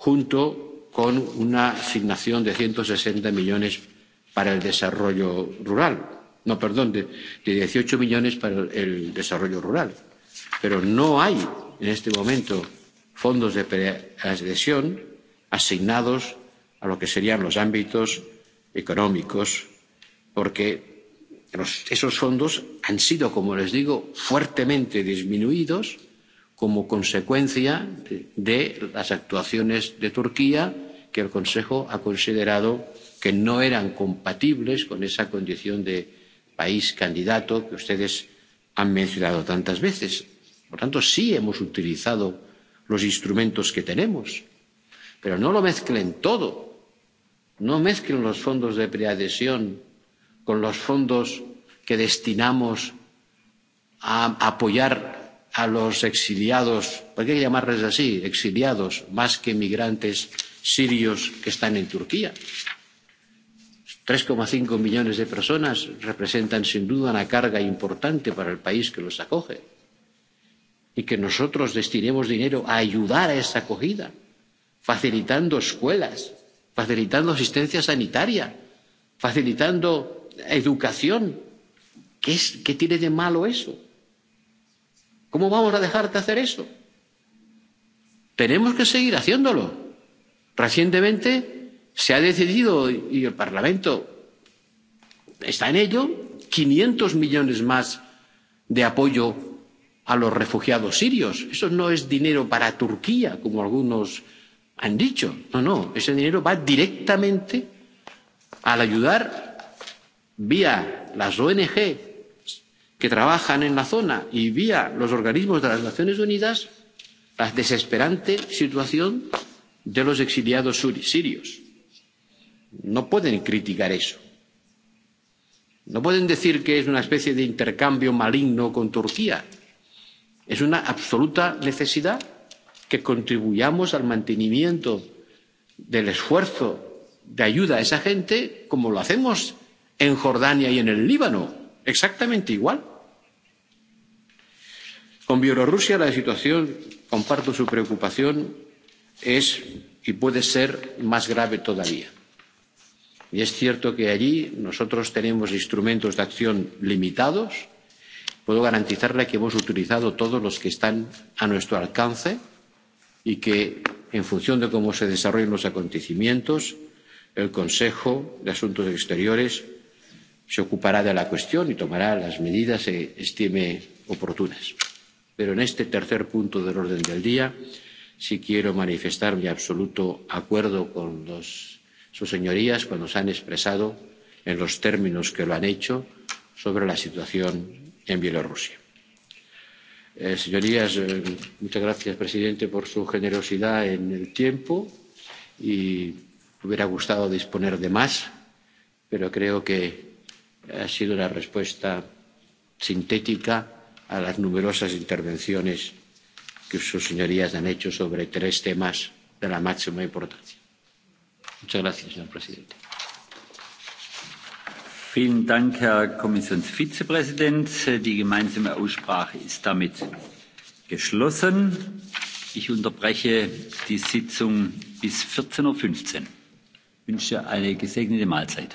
junto con una asignación de ciento sesenta millones para el desarrollo rural. No, perdón, de, dieciocho millones para el desarrollo rural. Pero no hay en este momento fondos de preadhesión asignados a lo que serían los ámbitos económicos, porque los, esos fondos han sido, como les digo, fuertemente disminuidos como consecuencia de las actuaciones de Turquía que el Consejo ha considerado que no eran compatibles con esa condición de país candidato que ustedes han mencionado tantas veces. Por tanto, sí hemos utilizado los instrumentos que tenemos, pero no lo mezclen todo. No mezclen los fondos de preadhesión con los fondos que destinamos a apoyar a los exiliados, porque hay que llamarles así, exiliados, más que migrantes sirios que están en Turquía. 3,5 millones de personas representan sin duda una carga importante para el país que los acoge. Y que nosotros destinemos dinero a ayudar a esa acogida, facilitando escuelas, facilitando asistencia sanitaria, facilitando educación. ¿Qué, es, qué tiene de malo eso? ¿Cómo vamos a dejar de hacer eso? Tenemos que seguir haciéndolo. Recientemente se ha decidido, y el Parlamento está en ello, 500 millones más de apoyo a los refugiados sirios. Eso no es dinero para Turquía, como algunos han dicho. No, no, ese dinero va directamente al ayudar vía las ONG que trabajan en la zona y vía los organismos de las Naciones Unidas la desesperante situación de los exiliados sirios. No pueden criticar eso. No pueden decir que es una especie de intercambio maligno con Turquía. Es una absoluta necesidad que contribuyamos al mantenimiento del esfuerzo de ayuda a esa gente como lo hacemos en Jordania y en el Líbano. Exactamente igual. Con Bielorrusia la situación, comparto su preocupación, es y puede ser más grave todavía. Y es cierto que allí nosotros tenemos instrumentos de acción limitados. Puedo garantizarle que hemos utilizado todos los que están a nuestro alcance y que, en función de cómo se desarrollen los acontecimientos, el Consejo de Asuntos Exteriores se ocupará de la cuestión y tomará las medidas que estime oportunas. Pero en este tercer punto del orden del día sí quiero manifestar mi absoluto acuerdo con los, sus señorías cuando se han expresado en los términos que lo han hecho sobre la situación en Bielorrusia. Eh, señorías, eh, muchas gracias, presidente, por su generosidad en el tiempo y hubiera gustado disponer de más, pero creo que ha sido una respuesta sintética a las numerosas intervenciones que sus señorías han hecho sobre tres temas
de la máxima importancia. Muchas gracias, señor presidente. Vielen Dank, Herr Kommissionsvizepräsident. Die gemeinsame Aussprache ist damit geschlossen. Ich unterbreche die Sitzung bis 14.15 Uhr. Ich wünsche eine gesegnete Mahlzeit.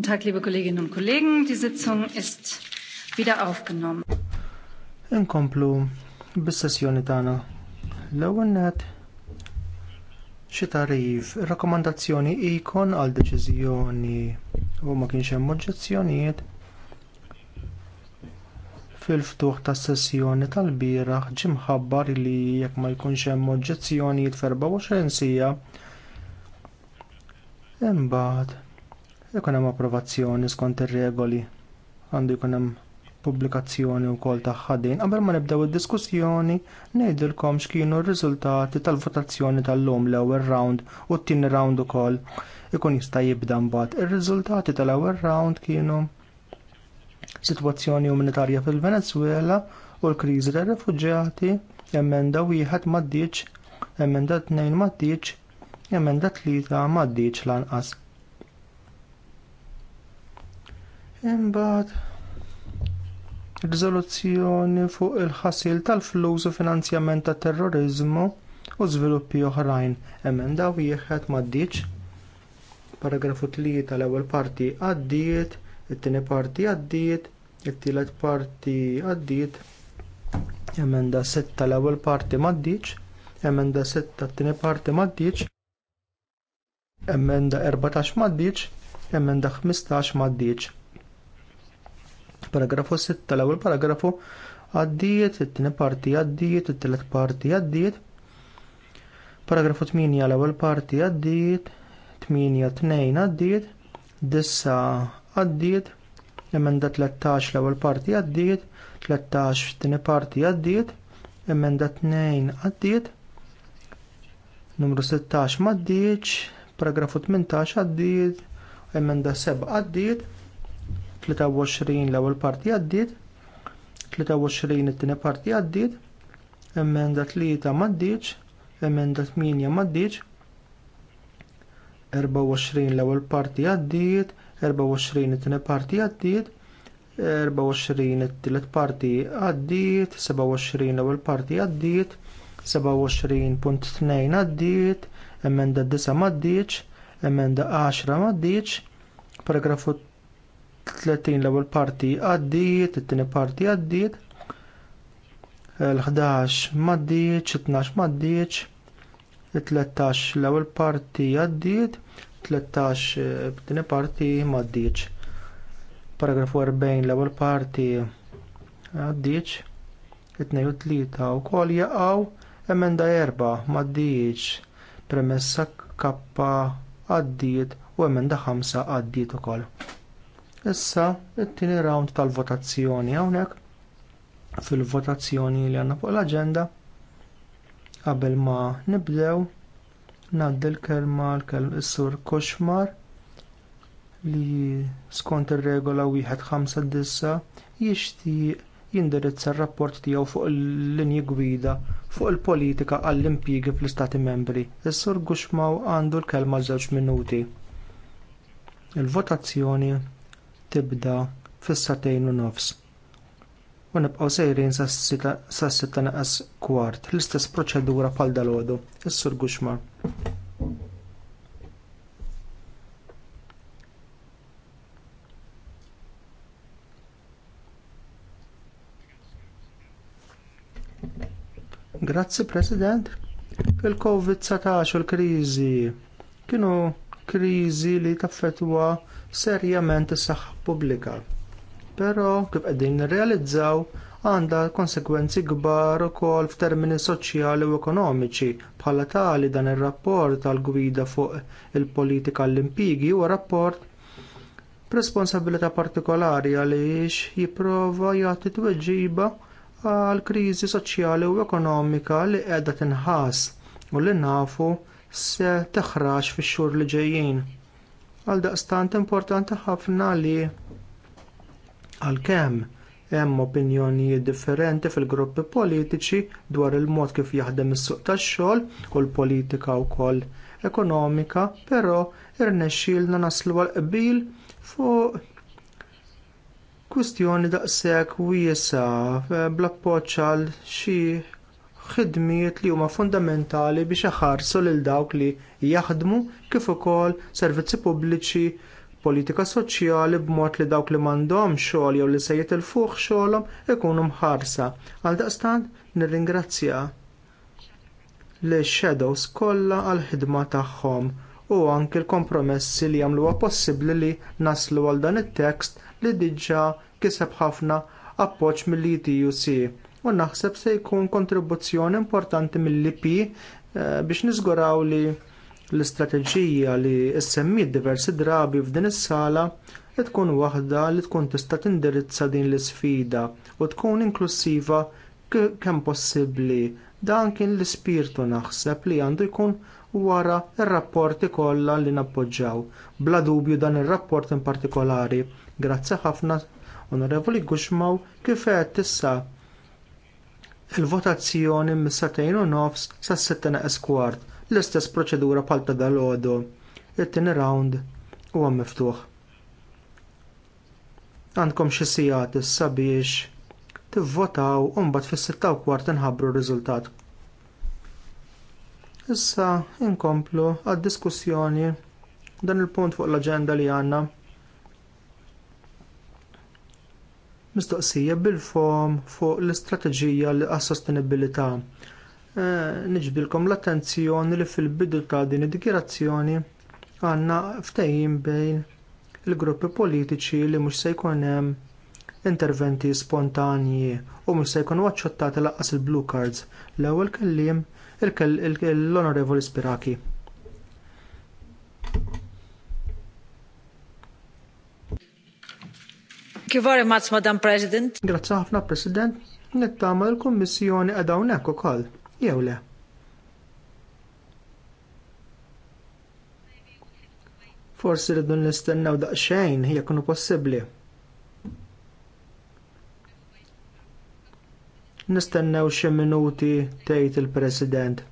Guten Tag, liebe Kolleginnen und Kollegen. Die Sitzung ist wieder aufgenommen.
Inkomplu bis-sessjoni tagħna. L-ewwel nett. xi tarif rakkomandazzjoni ikon għal deċiżjoni u ma kienx hemm oġġezzjonijiet fil-ftuħ tas-sessjoni tal-bieraħ ġie mħabbar li jekk ma jkunx hemm oġġezzjonijiet f'24 sija imbagħad ikun hemm approvazzjoni skont ir-regoli għandu jkun hemm pubblikazzjoni wkoll ta' ħadin. Qabel ma nibdew id-diskussjoni ngħidilkom x'kienu r-riżultati tal-votazzjoni tal-lum l-ewwel round u t-tieni round ukoll ikun jista' jibda mbagħad. Ir-riżultati tal-ewwel round kienu sitwazzjoni umanitarja fil-Venezuela u l-kriżi tar-refuġjati emenda wieħed maddiċ, emenda tnejn maddiċ, emenda tlieta maddiċ lanqas. Imbagħad riżoluzzjoni fuq il-ħasil tal-flus u finanzjament ta' terrorizmu u żviluppi oħrajn. Emenda wieħed m'għaddiċ. Paragrafu 3 tal-ewwel parti għaddiet, it-tieni parti għaddiet, it-tielet parti għaddiet. Emenda 6 tal-ewwel parti m'għaddiċ. Emenda 6 tat-tieni parti m'għaddiċ. Emenda 14 m'għaddiċ. Emenda 15 m'għaddiċ Paragrafu 6 tal-ewwel paragrafu għaddiet, it-tieni parti għaddiet, it-tielet parti għaddiet. Paragrafu 8 l-ewwel parti għaddiet, 8-2 għaddiet, dissa għaddiet, emenda 13 l-ewwel parti għaddiet, 13 it-tieni parti għaddiet, emenda 2 għaddiet, numru 16 għaddiet paragrafu 18 għaddiet, emenda 7 għaddiet, 23 l-ewwel parti għaddiet, 23 it-tieni parti għaddiet, emenda tlieta m'għaddiex, emenda 8 m'għaddiex, 24 l-ewwel parti għaddiet, 24 it-tieni parti għaddiet, 24 it-tielet parti għaddiet, 27 l-ewwel parti għaddiet, 27.2 għaddiet, emenda 9 m'għaddiex, emenda 10 m'għaddiex, paragrafu 30 l-ewwel parti għaddiet, it-tieni parti għaddiet, l-11 maddiċ, 12 maddiċ, 13 l-ewwel parti għaddiet, 13 eh, it-tieni parti m'għaddiet. Paragrafu 40 l-ewwel parti għaddiet, it-tnejn u tlieta wkoll jaqgħu emenda erba m'għaddiet, premessa kappa għaddiet u emenda ħamsa għaddiet ukoll. Issa, it-tieni round tal-votazzjoni hawnhekk fil-votazzjoni li għandna fuq l-aġenda qabel ma nibdew ngħaddi l-kelma l-sur Koxmar li skont ir-regola wieħed ħamsa dissa jixtieq jindirizza r-rapport tiegħu fuq il-linji gwida fuq il-politika għall-impjiegi fl-Istati Membri. Is-sur Guxmaw għandu l-kelma żewġ minuti. Il-votazzjoni tibda fis u nofs. U nibqgħu sejrin sa' sitta naqas kwart, l-istess proċedura bħal dalodu, is-sur Guxmar. Grazzi President. Il-Covid-19 u l-kriżi kienu kriżi li taffetwa serjament is-saħħa pubblika. Però kif qegħdin nirrealizzaw għandha konsegwenzi kbar ukoll f'termini soċjali u ekonomiċi bħala tali dan ir-rapport tal gwida fuq il-politika l-impigi huwa rapport b'responsabilità partikolari għaliex jipprova jagħti tweġiba għall kriżi soċjali u ekonomika li qiegħda tinħass u li nafu se teħraġ fix-xhur li ġejjin. Għaldaqstant importanti ħafna li għalkemm hemm opinjonijiet differenti fil-gruppi politiċi dwar il-mod kif jaħdem is-suq tax-xogħol u l-politika wkoll ekonomika, però irnexxielna naslu għal qbil fuq kwistjoni daqshekk wiesa bl-appoġġ għal xi ħidmiet li huma fundamentali biex iħarsu lil dawk li jaħdmu kif ukoll servizzi pubbliċi politika soċjali b'mod li dawk li m'għandhom xogħol jew li se jitilfuh xogħolhom ikunu mħarsa. Għaldaqstant nirringrazzja li shadows kollha għall ħidma tagħhom u anki l-kompromessi li jagħmluha possibbli li naslu għal dan it-tekst li diġà kiseb ħafna appoġġ mill-ITUC u naħseb se jkun kontribuzzjoni importanti mill-IP eh, biex niżguraw li L-istrateġija li ssemmiet diversi drabi f'din is-sala li tkun waħda li tkun tista' tindirizza din l-isfida u tkun inklusiva kemm possibbli. Dan kien l-ispirtu naħseb li għandu jkun wara r rapporti kollha li nappoġġjaw. Bla dubju dan ir-rapport in partikolari. Grazzi ħafna Onorevoli Guxmaw kif qed issa il-votazzjoni mis-satejn u nofs sas settena eskwart l-istess proċedura bħal ta' dal-għodu. It-tieni round huwa miftuħ. Għandkom xi sigħat issa biex tivvotaw u mbagħad fis-sitta u kwart inħabbru r-riżultat. Issa inkomplu għad-diskussjoni dan il-punt fuq l-aġenda li għandna. mistoqsija bil-fom fuq l-istrateġija li għas-sostenibilità Eh, niġbilkom l-attenzjoni li fil-bidu ta' din id-dikirazzjoni għandna ftehim bejn il-gruppi politiċi li mhux se jkun hemm interventi spontanji u mhux se jkunu aċċettati lanqas il-blue cards l-ewwel kelliem l-Onorevoli Spiraki.
Thank you very much, Madam President.
Grazzi ħafna, President. Nittama l-Kommissjoni qiegħda u koll jew le. Forsi rridu nistennew daqsxejn jekk nu possibbli. Nistennew xi minuti tgħid il-President.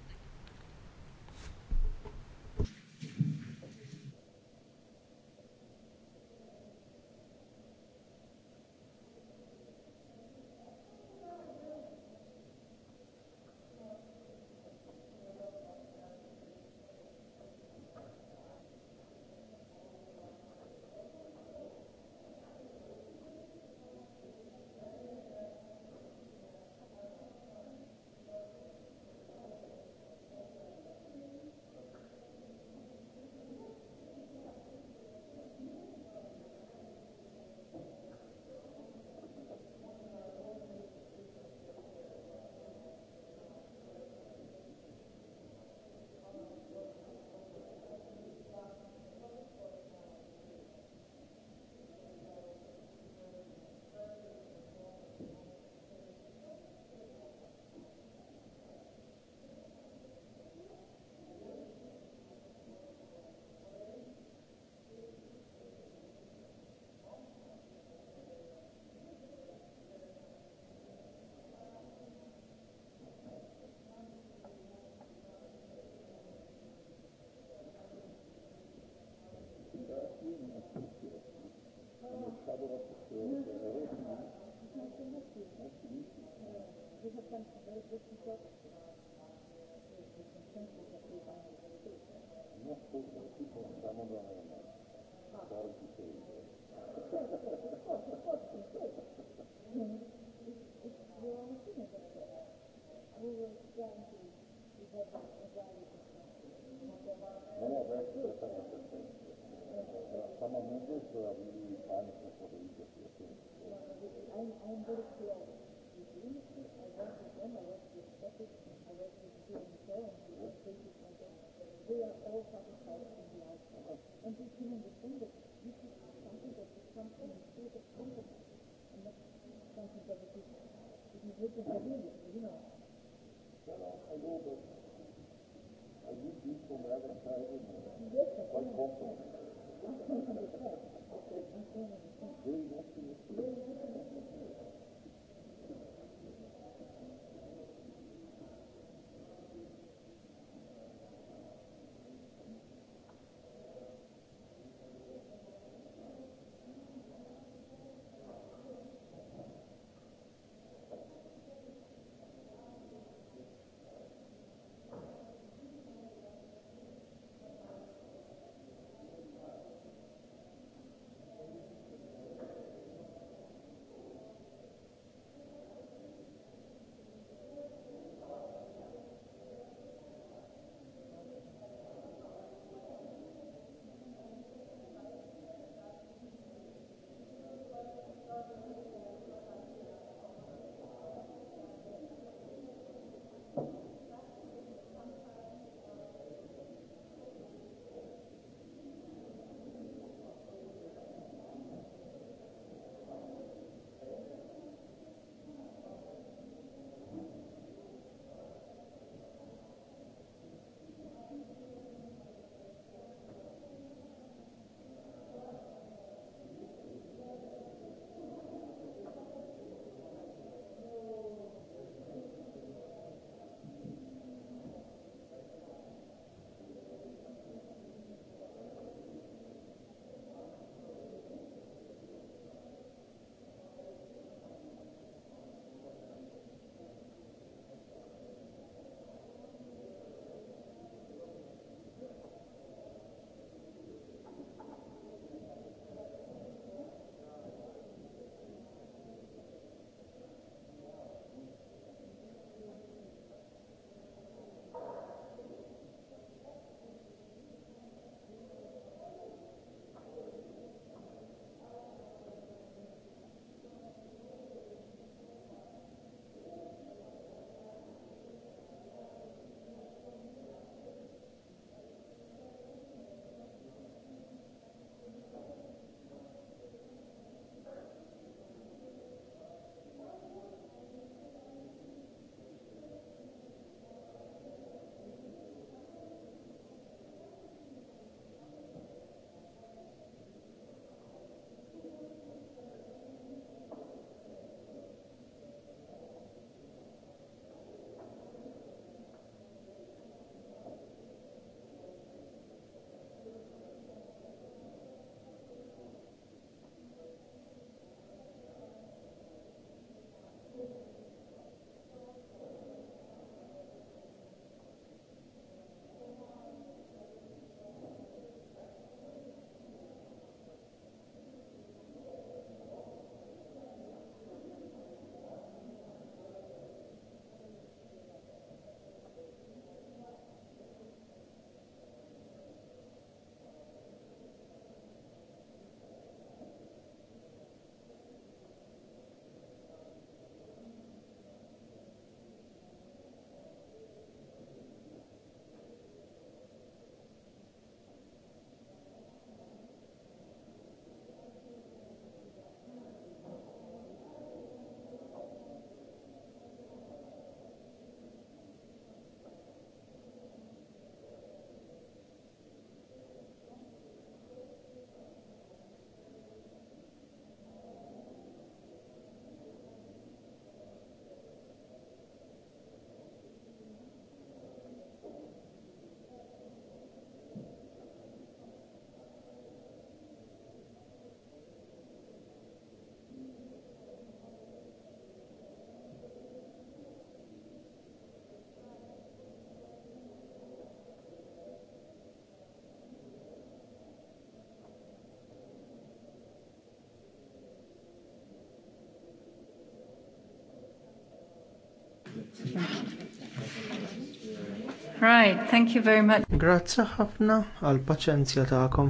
Right, thank
you very much. Grazzi
ħafna għal paċenzja tagħkom.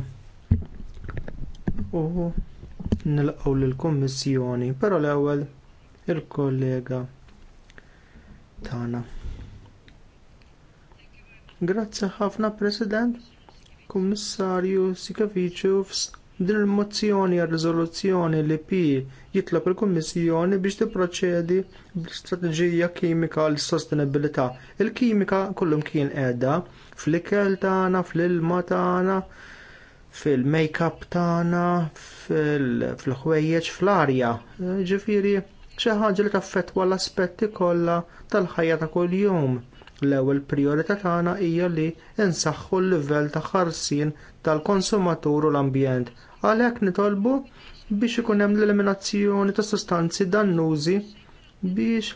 U nilqgħu lill-Kummissjoni, però l-ewwel il-kollega Tana. Grazzi ħafna President, Kommissarju Sikaviċu Din il-mozzjoni għal riżoluzzjoni li pi jitlob il-Kummissjoni biex tipproċedi bl-istrateġija kimika l sostenibilità Il-kimika kullum kien qiegħda fl-ikel tagħna, fl-ilma tagħna, fil-make-up tagħna, fil-ħwejjeġ, fl-arja. Ġifieri xi ħaġa li taffettwa l-aspetti kollha tal-ħajja ta' kuljum L-ewwel prijorità tagħna hija li insaħħu l-livell ta' ħarsien tal-konsumatur u l-ambjent. Għalhekk nitolbu biex ikun hemm l-eliminazzjoni ta' sostanzi dannużi biex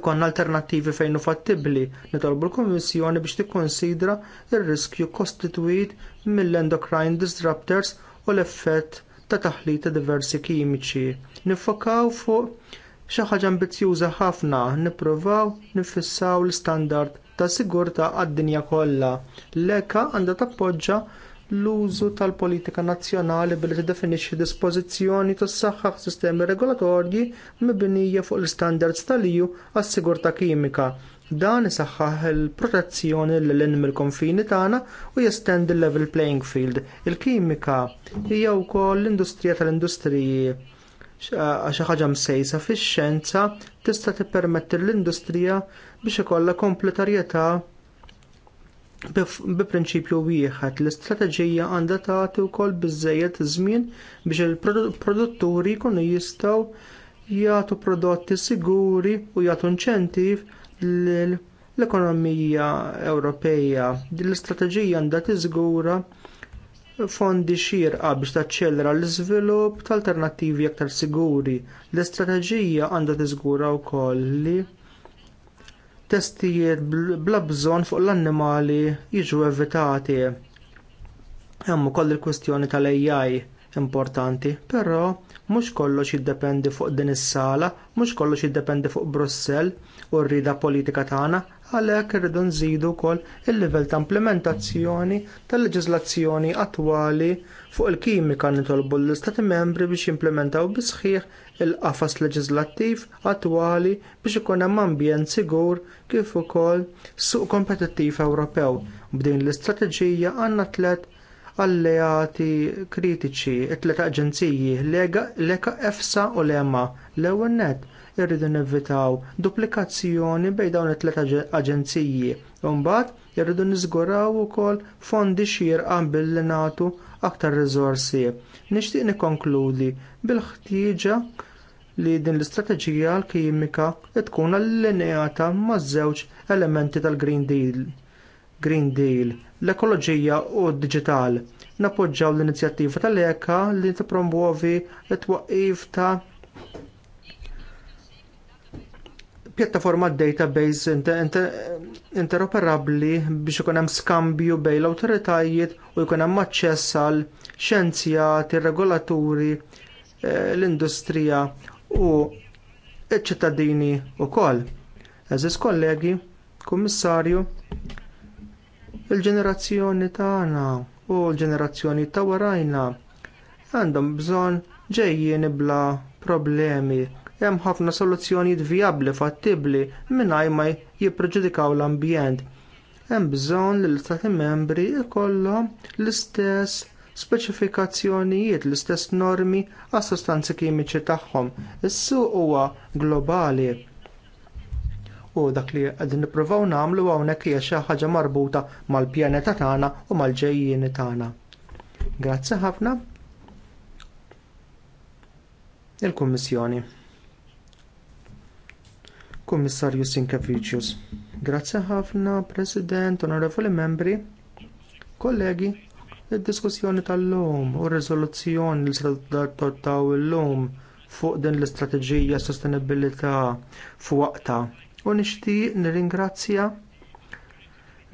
ikon alternattivi fejn fattibbli nitolbu l-Kummissjoni biex tikkonsidra r riskju kostitwit mill-endocrine disruptors u l-effett ta' taħlita diversi kimiċi. Nifokaw fuq xi ħaġa ambizzjuża ħafna nippruvaw nifissaw l-istandard ta' sigurtà għad-dinja kollha. L-eka għandha tappoġġa l-użu tal-politika nazzjonali billi tiddefinixxi dispożizzjoni tas-saħħaħ sistemi regolatorji mibnija fuq l-istandards tal iju għas-sigurtà kimika. Dan isaħħaħ il-protezzjoni l inn mill-konfini tagħna u jestendi l-level playing field. Il-kimika hija wkoll l-industrija tal-industriji xi ħaġa msejsa fix-xjenza tista' tippermetti l-industrija biex ikollha kompletarjetà bi prinċipju wieħed l-istrateġija għandha tagħti wkoll biżżejjed żmien biex il-produtturi jkunu jistgħu jagħtu prodotti siguri u jagħtu inċentiv lill l-ekonomija Ewropeja. Din l-istrateġija għandha tiżgura fondi xierqa biex taċċellera l-iżvilupp ta' alternattivi aktar siguri. L-istrateġija għandha tiżgura wkoll li testijiet bla bżonn fuq l-annimali jiġu evitati. Hemm ukoll il-kwestjoni tal-AI importanti, però mhux kollox jiddependi fuq din is-sala, mhux kollox jiddependi fuq Brussell u rrieda politika tagħna, għalhekk irridu nżidu wkoll il-livell ta' implementazzjoni tal-leġiżlazzjoni attwali fuq il-kimika nitolbu l-Istati membri biex jimplementaw bi sħiħ il-qafas leġislattiv attwali biex ikun hemm ambjent sigur kif ukoll suq kompetittiv Ewropew. B'din l-istrateġija għandna tliet alleati kritiċi, t tliet aġenziji, l-EKA EFSA u l-EMA, l-ewwel irridu nevitaw duplikazzjoni bejn dawn it-tlet aġenziji. u mbagħad irridu niżguraw ukoll fondi xierqa billi nagħtu aktar riżorsi. Nixtieq nikkonkludi bil-ħtieġa li din l-istrateġija l-kimika tkun allineata maż-żewġ elementi tal-Green Deal. Green Deal, l-ekoloġija u d-digital. Napoġġaw l-inizjattiva tal-EKA li tippromuovi t twaqqif ta' pjattaforma database interoperabbli biex ikun hemm skambju bejn l-awtoritajiet u jkun hemm aċċess għal xjenzjati, regolaturi, eh, l-industrija u ċ-ċittadini wkoll. Eżis kollegi, kummissarju, il-ġenerazzjoni tagħna u l-ġenerazzjoni ta' warajna għandhom bżonn ġejjin bla problemi hemm ħafna soluzzjonijiet vijabbli fattibbli mingħajr ma jippreġudikaw l-ambjent. Hemm bżonn li l-Istati membri jkollhom l-istess speċifikazzjonijiet, l-istess normi għas sostanzi kimiċi tagħhom. Is-suq huwa globali. U dak li qegħdin nippruvaw nagħmlu hawnhekk hija xi ħaġa marbuta mal-pjaneta tagħna u mal-ġejjieni tagħna. Grazzi ħafna. Il-Kummissjoni. Kummissarju Sinkevicius. Grazzi ħafna, President, onorevoli membri, kollegi, id-diskussjoni tal-lum u r-riżoluzzjoni li s-rattaw il-lum fuq din l-istrateġija sostenibilità fuqta. U nixtieq nirringrazzja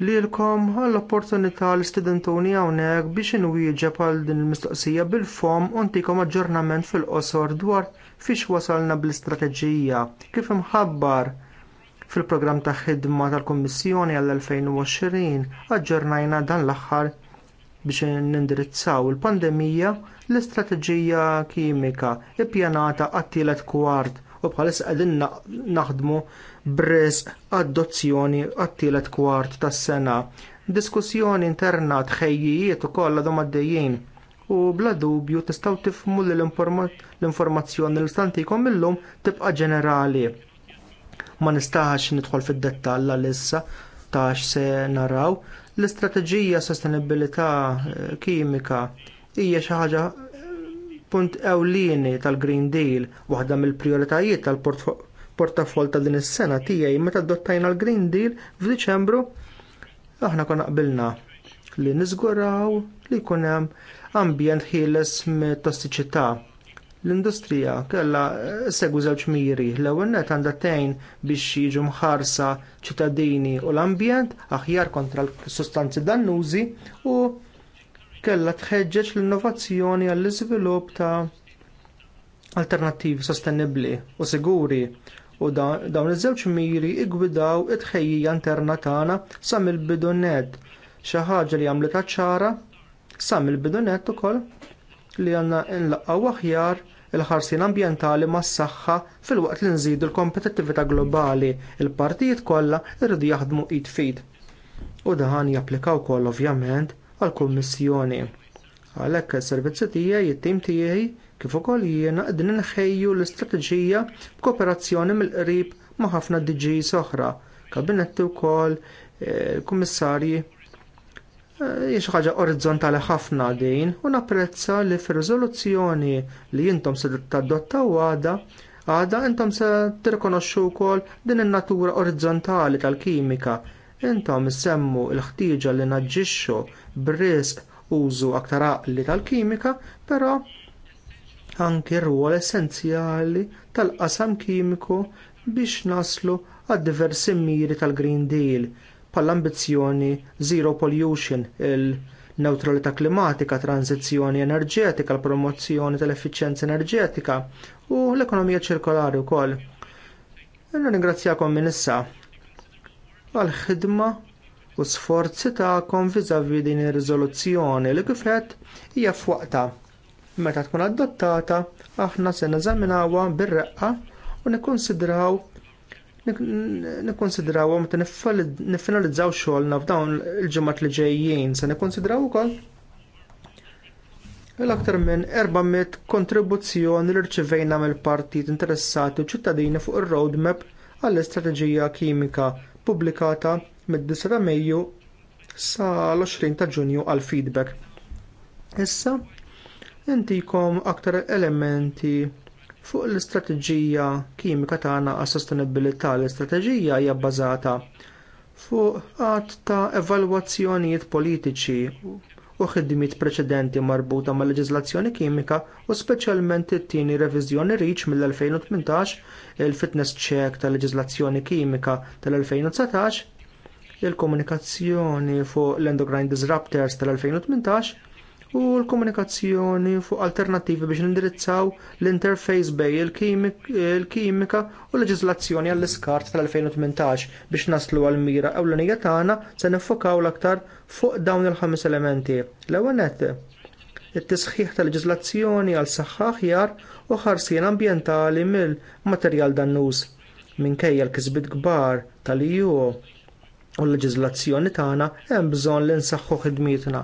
lilkom għall-opportunità li istudentuni hawnhekk biex inwieġeb għal din il-mistoqsija bil-fom u ntikom aġġornament fil-qosor dwar fiex wasalna bl-istrateġija, kif imħabbar fil-programm ta' ħidma tal kummissjoni għall-2020 aġġornajna dan l-aħħar biex nindirizzaw il-pandemija l-istrateġija kimika ippjanata għat-tielet kwart u bħalissa qegħdin naħdmu b'riżq adozzjoni għat-tielet kwart tas-sena. Diskussjoni interna tħejjijiet ukoll għadhom għaddejjin u bla dubju tistgħu tifhmu li l-informazzjoni li stantikom illum tibqa' ġenerali. Ma nistax nidħol fid-dettall għal-issa tax se naraw l-istrateġija sostenibilità eh, kimika hija xi ħaġa eh, punt ewlieni tal-Green Deal, waħda mill-prijoritajiet tal-portafol ta' din is-sena tiegħi meta adottajna l-Green Deal f'Diċembru aħna konna qbilna li niżguraw li jkun hemm ambjent ħieles mit-tossiċità. L-industrija kellha eh, segwu żewġ miri l ewwel nett għandha tgħin biex jiġu mħarsa ċittadini u l-ambjent aħjar kontra l-sustanzi dannużi u kellha tħeġġeġ l-innovazzjoni għall-iżvilupp ta' alternattivi sostenibbli u siguri u dawn iż-żewġ miri igwidaw it-tħejjija interna tagħna sa mill-bidu net xi ħaġa li għamlet ċara Sam il-bidunet ukoll li għandna nlaqgħu aħjar il-ħarsien ambjentali mas saħħa fil-waqt li nżidu l-kompetittività globali il-partijiet kollha irridu jaħdmu id fit. U dan japplika wkoll ovvjament għall-Kummissjoni. Għalhekk is-servizzi tiegħi it-tim tiegħi kif ukoll jiena qegħdin inħejju l-istrateġija b'kooperazzjoni mill-qrib ma' ħafna DGs oħra, kabinetti wkoll, eh, kummissarji Eh, Jiex ħaġa orizzontali ħafna din u napprezza li fir-riżoluzzjoni li jintom se tadottaw għada għada intom se tirkonoxxu wkoll din in-natura orizzontali tal-kimika. Intom semmu l-ħtieġa li naġġixxu b'risq użu aktar aqli tal-kimika, però anki r-rwol essenzjali tal-qasam kimiku biex naslu għad diversi miri tal-Green Deal bħall-ambizzjoni Zero Pollution, il-neutralità klimatika, tranzizzjoni enerġetika, l-promozzjoni tal-effiċjenza enerġetika u l-ekonomija ċirkolari wkoll. Nirringrazzjakom minn issa għal-ħidma u sforzi tagħkom viżavi din ir-riżoluzzjoni li kif għedt hija f'waqta. Meta tkun adottata, aħna se neżaminawha bir-reqqa u nikkonsidraw nikkonsidrawhom meta niffinalizzaw xogħolna f'dawn il-ġimgħat li ġejjin se nikkonsidraw ukoll l-aktar minn 400 kontribuzzjoni li rċivejna mill-partit interessati u ċittadini fuq ir-roadmap għall-istrateġija kimika pubblikata mid-9 ta' Mejju sa l-20 ta' Ġunju għall feedback Issa, intikom aktar elementi fuq l-istrateġija kimika tagħna għas sostenibilità l-istrateġija hija bbażata fuq għad ta' evalwazzjonijiet politiċi u ħidmiet preċedenti marbuta mal leġiżlazzjoni kimika u speċjalment it-tieni reviżjoni Reach mill-2018 il-fitness check tal leġiżlazzjoni kimika tal-2019 il-komunikazzjoni fuq l-endocrine disruptors tal-2018 u l-komunikazzjoni fuq alternattivi biex nindirizzaw l-interface bej il-kimika u l-leġizlazzjoni għall-iskart tal-2018 biex naslu għal-mira u l tagħna se niffokaw l-aktar fuq dawn il-ħames elementi. L-ewwel it-tisħiħ tal-leġizlazzjoni għal saħħa aħjar u ħarsien ambjentali mill-materjal dannuż minkejja l-kisbit kbar tal-EU u l leġizlazzjoni tagħna hemm bżonn li nsaħħu ħidmietna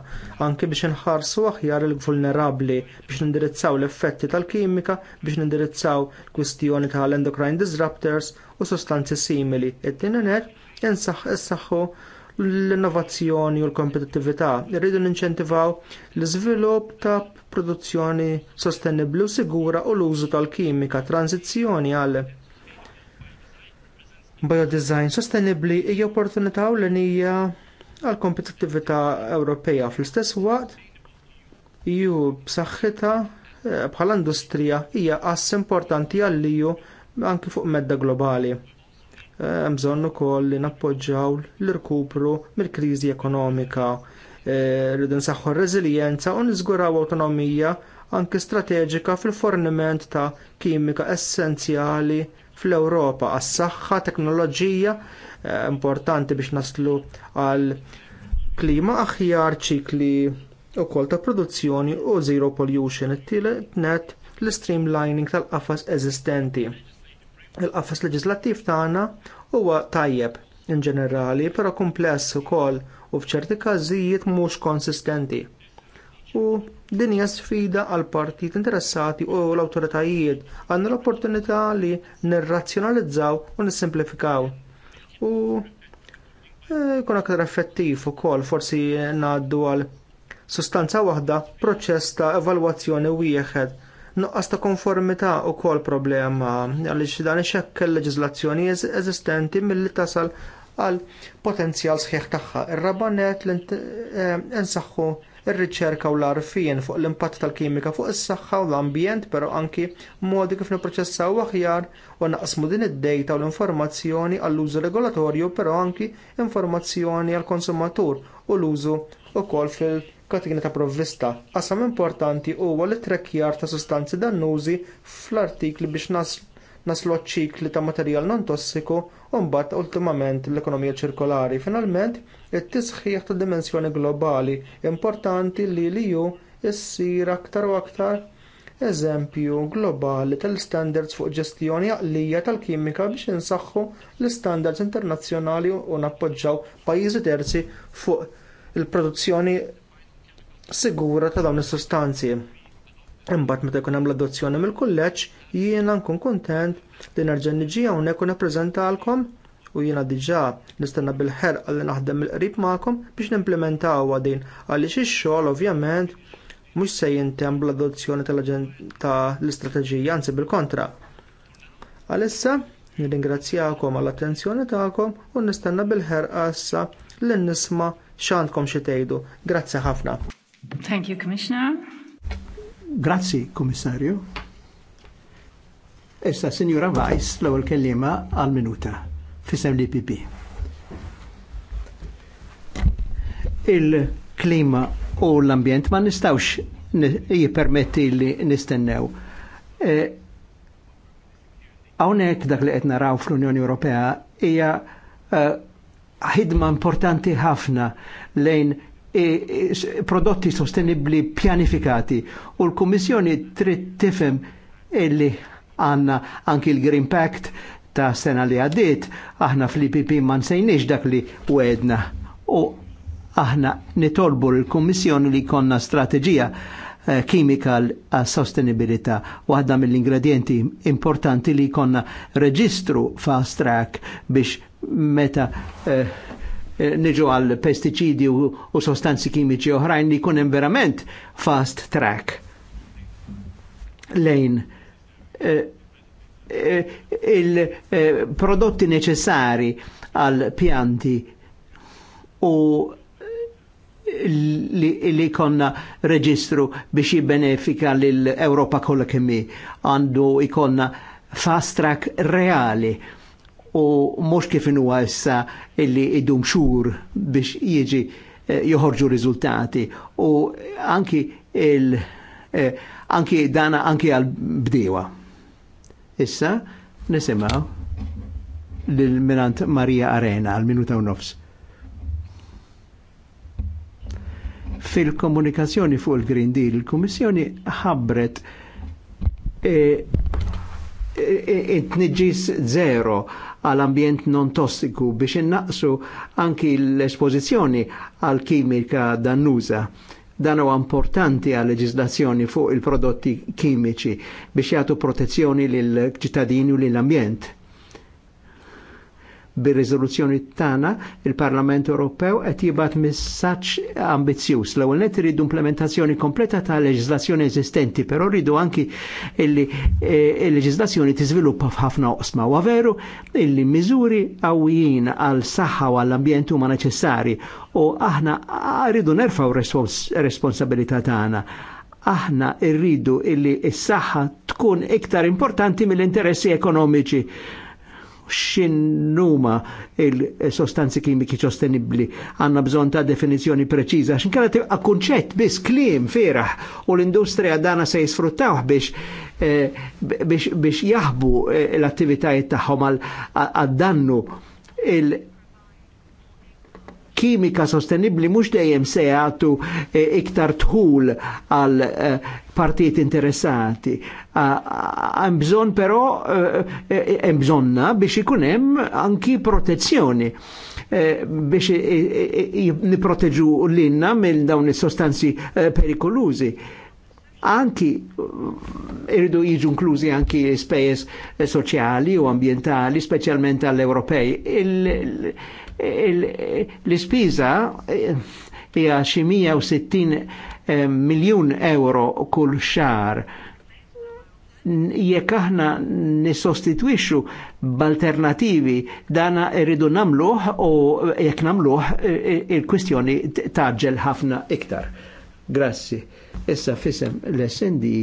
anke biex inħarsu aħjar il-vulnerabbli biex nindirizzaw l-effetti tal-kimika biex nindirizzaw kwistjoni tal-endocrine disruptors u sostanzi simili. It-tieni net insaħħu l-innovazzjoni u l-kompetittività. Irridu ninċentivaw l-iżvilupp ta' produzzjoni sostenibbli u sigura u l-użu tal-kimika, tranzizzjoni għal Biodesign sostenibbli hija opportunità ewlenija għall kompetittività Ewropea fl-istess waqt ju b'saħħitha eh, bħala industrija hija qass importanti għal liju anki fuq medda globali. Eh, bżonn ukoll li nappoġġaw l-irkupru mill-kriżi ekonomika, eh, rridu nsaħħu r-reżiljenza u niżguraw awtonomija anki strateġika fil-forniment ta' kimika essenzjali fl-Ewropa għas-saħħa, teknoloġija eh, importanti biex naslu għal klima aħjar ċikli wkoll ta' produzzjoni u zero pollution it-tielet net l-streamlining tal-qafas eżistenti. Il-qafas leġislattiv tagħna huwa tajjeb in ġenerali, però kumpless ukoll u f'ċerti każijiet mhux konsistenti u din hija sfida għal partit interessati u l-awtoritajiet għandna l-opportunità li nirrazzjonalizzaw u nissimplifikaw. U e, jkun aktar effettiv ukoll forsi ngħaddu għal sustanza waħda proċess ta' evalwazzjoni wieħed. Nuqqas ta' konformità wkoll problema għaliex dan ixekkel leġizlazzjoni eżistenti milli tasal għal potenzjal sħiħ tagħha. Ir-rabanet l-insaħħu e, ir-riċerka u l-arfien fuq l-impatt tal-kimika fuq is-saħħa u l-ambjent, però anki modi kif nipproċessaw aħjar u naqsmu din id-dejta u l-informazzjoni għall-użu regolatorju, però anki informazzjoni għall konsumatur u l-użu wkoll fil-katina ta' provvista. Qasam importanti huwa li trekkjar ta' sustanzi dannużi fl-artikli biex naslu naslu ċikli ta' materjal non tossiku u mbagħad ultimament l-ekonomija ċirkolari. Finalment, it-tisħiħ ta' dimensjoni globali importanti li li ju issir aktar u aktar eżempju globali tal-standards fuq ġestjoni għaqlija tal-kimika biex insaħħu l-standards internazzjonali u nappoġġaw pajjiżi terzi fuq il-produzzjoni sigura ta' dawn is-sustanzi. Imbagħad meta jkun hemm l-adozzjoni mill-kulleġġ, jiena nkun kuntent li nerġa' niġi hawnhekk u nippreżentalkom u jiena diġà nistenna bil ħerq li naħdem il-qrib magħkom biex nimplementaw din għaliex ix-xogħol ovvjament mhux se jintemm bl-adozzjoni tal-istrateġija anzi bil-kontra. Għalissa nirringrazzjakom għall-attenzjoni tagħkom u nistenna bil ħerq għassa li nisma' x'għandkom xi tgħidu. Grazzi ħafna.
Thank you, Commissioner.
Grazzi, Komissarju.
Issa, Signora Weiss l-ewwel kellima għal minuta fisem l pipi. Il-klima u l-ambjent ma nistawx jipermetti li nistennew. E, hawnhekk e, dak li qed naraw fl-Unjoni Ewropea hija e, ħidma importanti ħafna lejn E, e, prodotti sostenibli pjanifikati u l-Kummissjoni trid tifhem illi għanna anki l-Green Pact ta' sena li għaddiet, aħna fl-IPP ma nsejniex dak li wedna u aħna nitolbu l-Kummissjoni li konna strateġija eh, kimika għas sostenibilità waħda mill-ingredienti importanti li konna reġistru fast track biex meta eh, niġu għal pesticidi u sostanzi kimiċi oħrajn li jkun hemm verament fast track lejn eh, eh, il-prodotti eh, neċessari għal pjanti u li, konna reġistru biex jibbenefika l-Europa kolla kemmi għandu ikonna fast track reali u mhux kif huwa issa illi idum xhur biex jiġi eh, joħorġu riżultati u anki il eh, anki dana anki għal bdewa. Issa nisema lil minant Maria Arena għal minuta u nofs. Fil-komunikazzjoni fuq il-Green Deal, il-Kummissjoni ħabbret eh, it e, zero għal ambjent non tossiku biex innaqsu anki l-espożizzjoni għal kimika dannuża. Dan huwa importanti għal leġislazzjoni fuq il-prodotti kimiċi biex jagħtu protezzjoni lil ċittadini u lill-ambjent. Bir-riżoluzzjoni tagħna il-Parlament Ewropew qed jibgħat messaġġ ambizzjuż. L-ewwel net iridu implementazzjoni kompleta ta' leġislazzjoni eżistenti, però rridu anki illi e, l leġislazzjoni tiżviluppa f'ħafna oqsma. Wa veru illi miżuri qawwijin għal saħħa u għall-ambjent huma neċessari u aħna rridu nerfaw responsabilità tagħna aħna rridu illi s-saħħa tkun iktar importanti mill-interessi ekonomiċi x'inhuma il-sostanzi kimiki sostenibbli għandna bżonn ta' definizzjoni preċiża kalla tibqa' kunċett biss kliem feraħ u l-industrija dana se jisfruttaw eh, biex biex jaħbu eh, l-attivitajiet tagħhom għal dannu kimika sostenibli mhux dejjem se jagħtu eh, iktar tħul għal eh, partijiet interessati. Hemm bżonn però eh, hemm bżonna biex ikun hemm anki protezzjoni biex niproteġu l-inna mill dawn is-sostanzi perikolużi anki irridu jiġu inklużi anki spejjeż soċjali u ambientali, speċjalment għall-Ewropej. L-ispiża eh, hija xi 160 eh, miljun euro kull xar jekk aħna nisostitwixxu b'alternativi dana irridu nagħmluh u jekk nagħmluh eh, il-kwistjoni taġġel ħafna iktar. Grazzi. Issa fisem l-essendi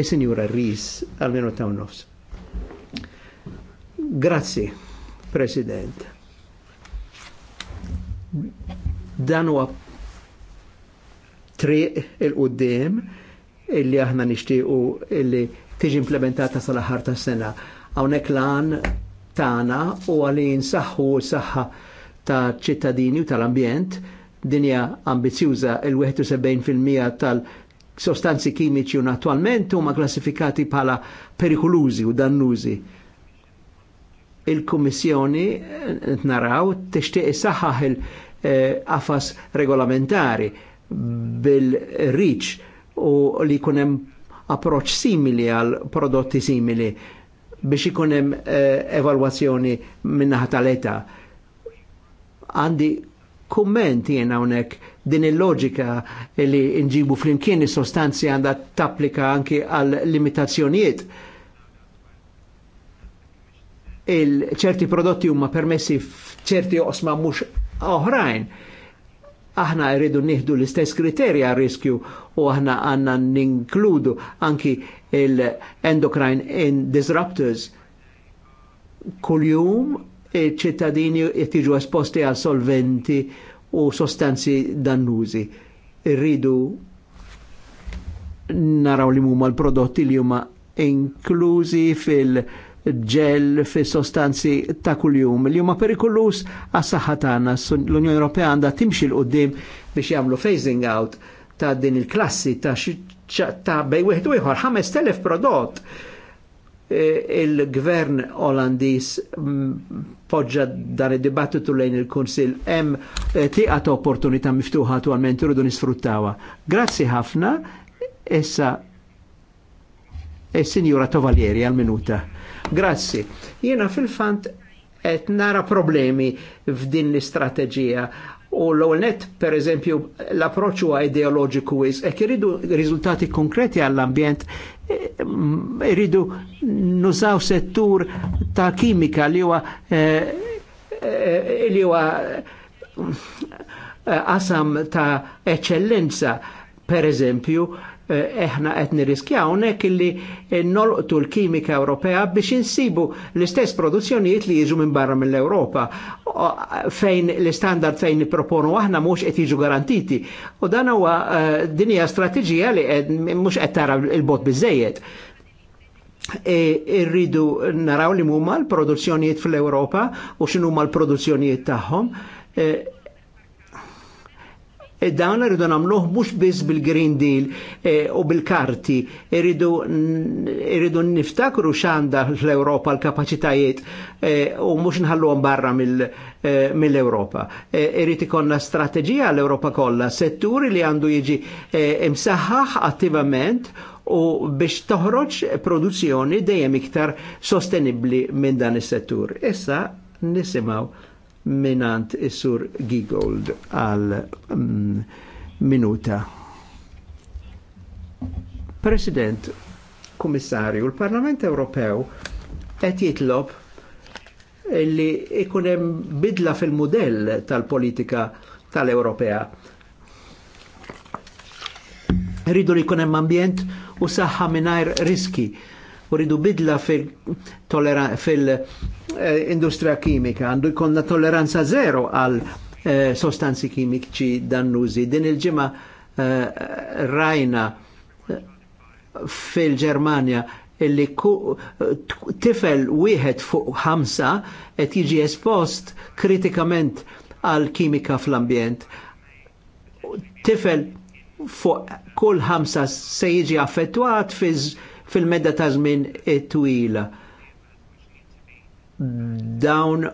e-Sinjura Ris għal minuta ta' nofs. Grazzi. President. Dan huwa triq il-qudiem illi aħna nixtiequ illi tiġi implementata sal-aħħar tas-sena. Hawnhekk lan tagħna u għalli nsaħħu s-saħħa ta' ċittadini u tal-ambjent dinja ambizjuża il-71% tal-sostanzi kimiċi u attualment huma klassifikati bħala perikolużi u dannużi il-Kummissjoni eh, naraw tixtieq isaħħaħ il-qafas eh, regolamentari bil-riċ u li jkun hemm approċċ simili għal prodotti simili biex ikun hemm eh, evalwazzjoni minnaħa tal-età. Għandi kumment jien hawnhekk din il-loġika li nġibu flimkien is-sostanzi għandha tapplika anki għal limitazzjonijiet ċerti prodotti huma permessi f'ċerti oqsma mhux oħrajn. Aħna rridu nieħdu l-istess kriterja riskju u aħna għandna ninkludu anki l-endocrine disruptors kuljum ċittadini jtiġu esposti għal solventi u sostanzi dannużi. Irridu naraw li huma l-prodotti li huma inklużi fil- ġel fi sostanzi ta' kuljum li huma perikolus għas saħħatana L-Unjoni Ewropea għandha timxi l qoddim biex jagħmlu phasing out ta' din il-klassi ta' ta' bej wieħed u ieħor 5000 prodott. E, il-gvern Olandis mm, poġġa dan id-dibattitu lejn il-Kunsil hemm e, tieqat opportunità miftuħa attualment irridu nisfruttawha. Grazzi ħafna, issa is-Sinjura e, Tovalieri għal-minuta. Grazzi. Jiena fil-fant qed nara problemi f'din l-istrateġija U l-ewwel net, per eżempju, l-approċċ huwa ideoloġiku wis, hekk iridu riżultati konkreti għall-ambjent, e, iridu nużaw settur ta' kimika li huwa e, e, li huwa qasam ta' eċellenza per eżempju, Eh, eħna qed nirriskjaw nek illi eh, nolqtu l-kimika Ewropea biex insibu l-istess produzzjonijiet li jiġu minn barra mill-Ewropa fejn l-istandard fejn nipproponu aħna mhux qed jiġu garantiti. U dan huwa eh, dinja strateġija li mhux qed tara l-bot biżejjed. E, irridu naraw li huma l-produzzjonijiet fl-Ewropa u x'inhuma l-produzzjonijiet tagħhom. E, E dawn rridu namluħ mux biss bil-Green Deal e, u bil-karti, rridu niftakru xanda l-Europa l-kapacitajiet e, u mux nħalluhom barra e, mill-Europa. E, Irrid ikonna strategija l-Europa kollha, setturi li għandu jiġi e, imsaħħaħ attivament u biex toħroġ produzzjoni dejjem iktar sostenibbli minn dan is-settur. Issa nisimgħu minant is-sur Gigold għal mm, minuta. President, Komissarju, l-Parlament Ewropew qed jitlob li ikun hemm bidla fil-mudell tal-politika tal-Ewropea. Rridu li jkun hemm ambjent u saħħa mingħajr riski u ridu bidla fil-industrija fil kimika, għandu jkollna tolleranza zero għal eh, sostanzi kimiċi dannużi. Din il-ġimma eh, rajna eh, fil-Germania illi tifel wieħed fuq ħamsa qed jiġi espost kritikament għal kimika fl-ambjent. Tifel fuq kull ħamsa se jiġi affettwat fi fil-medda ta' żmien twila. Dawn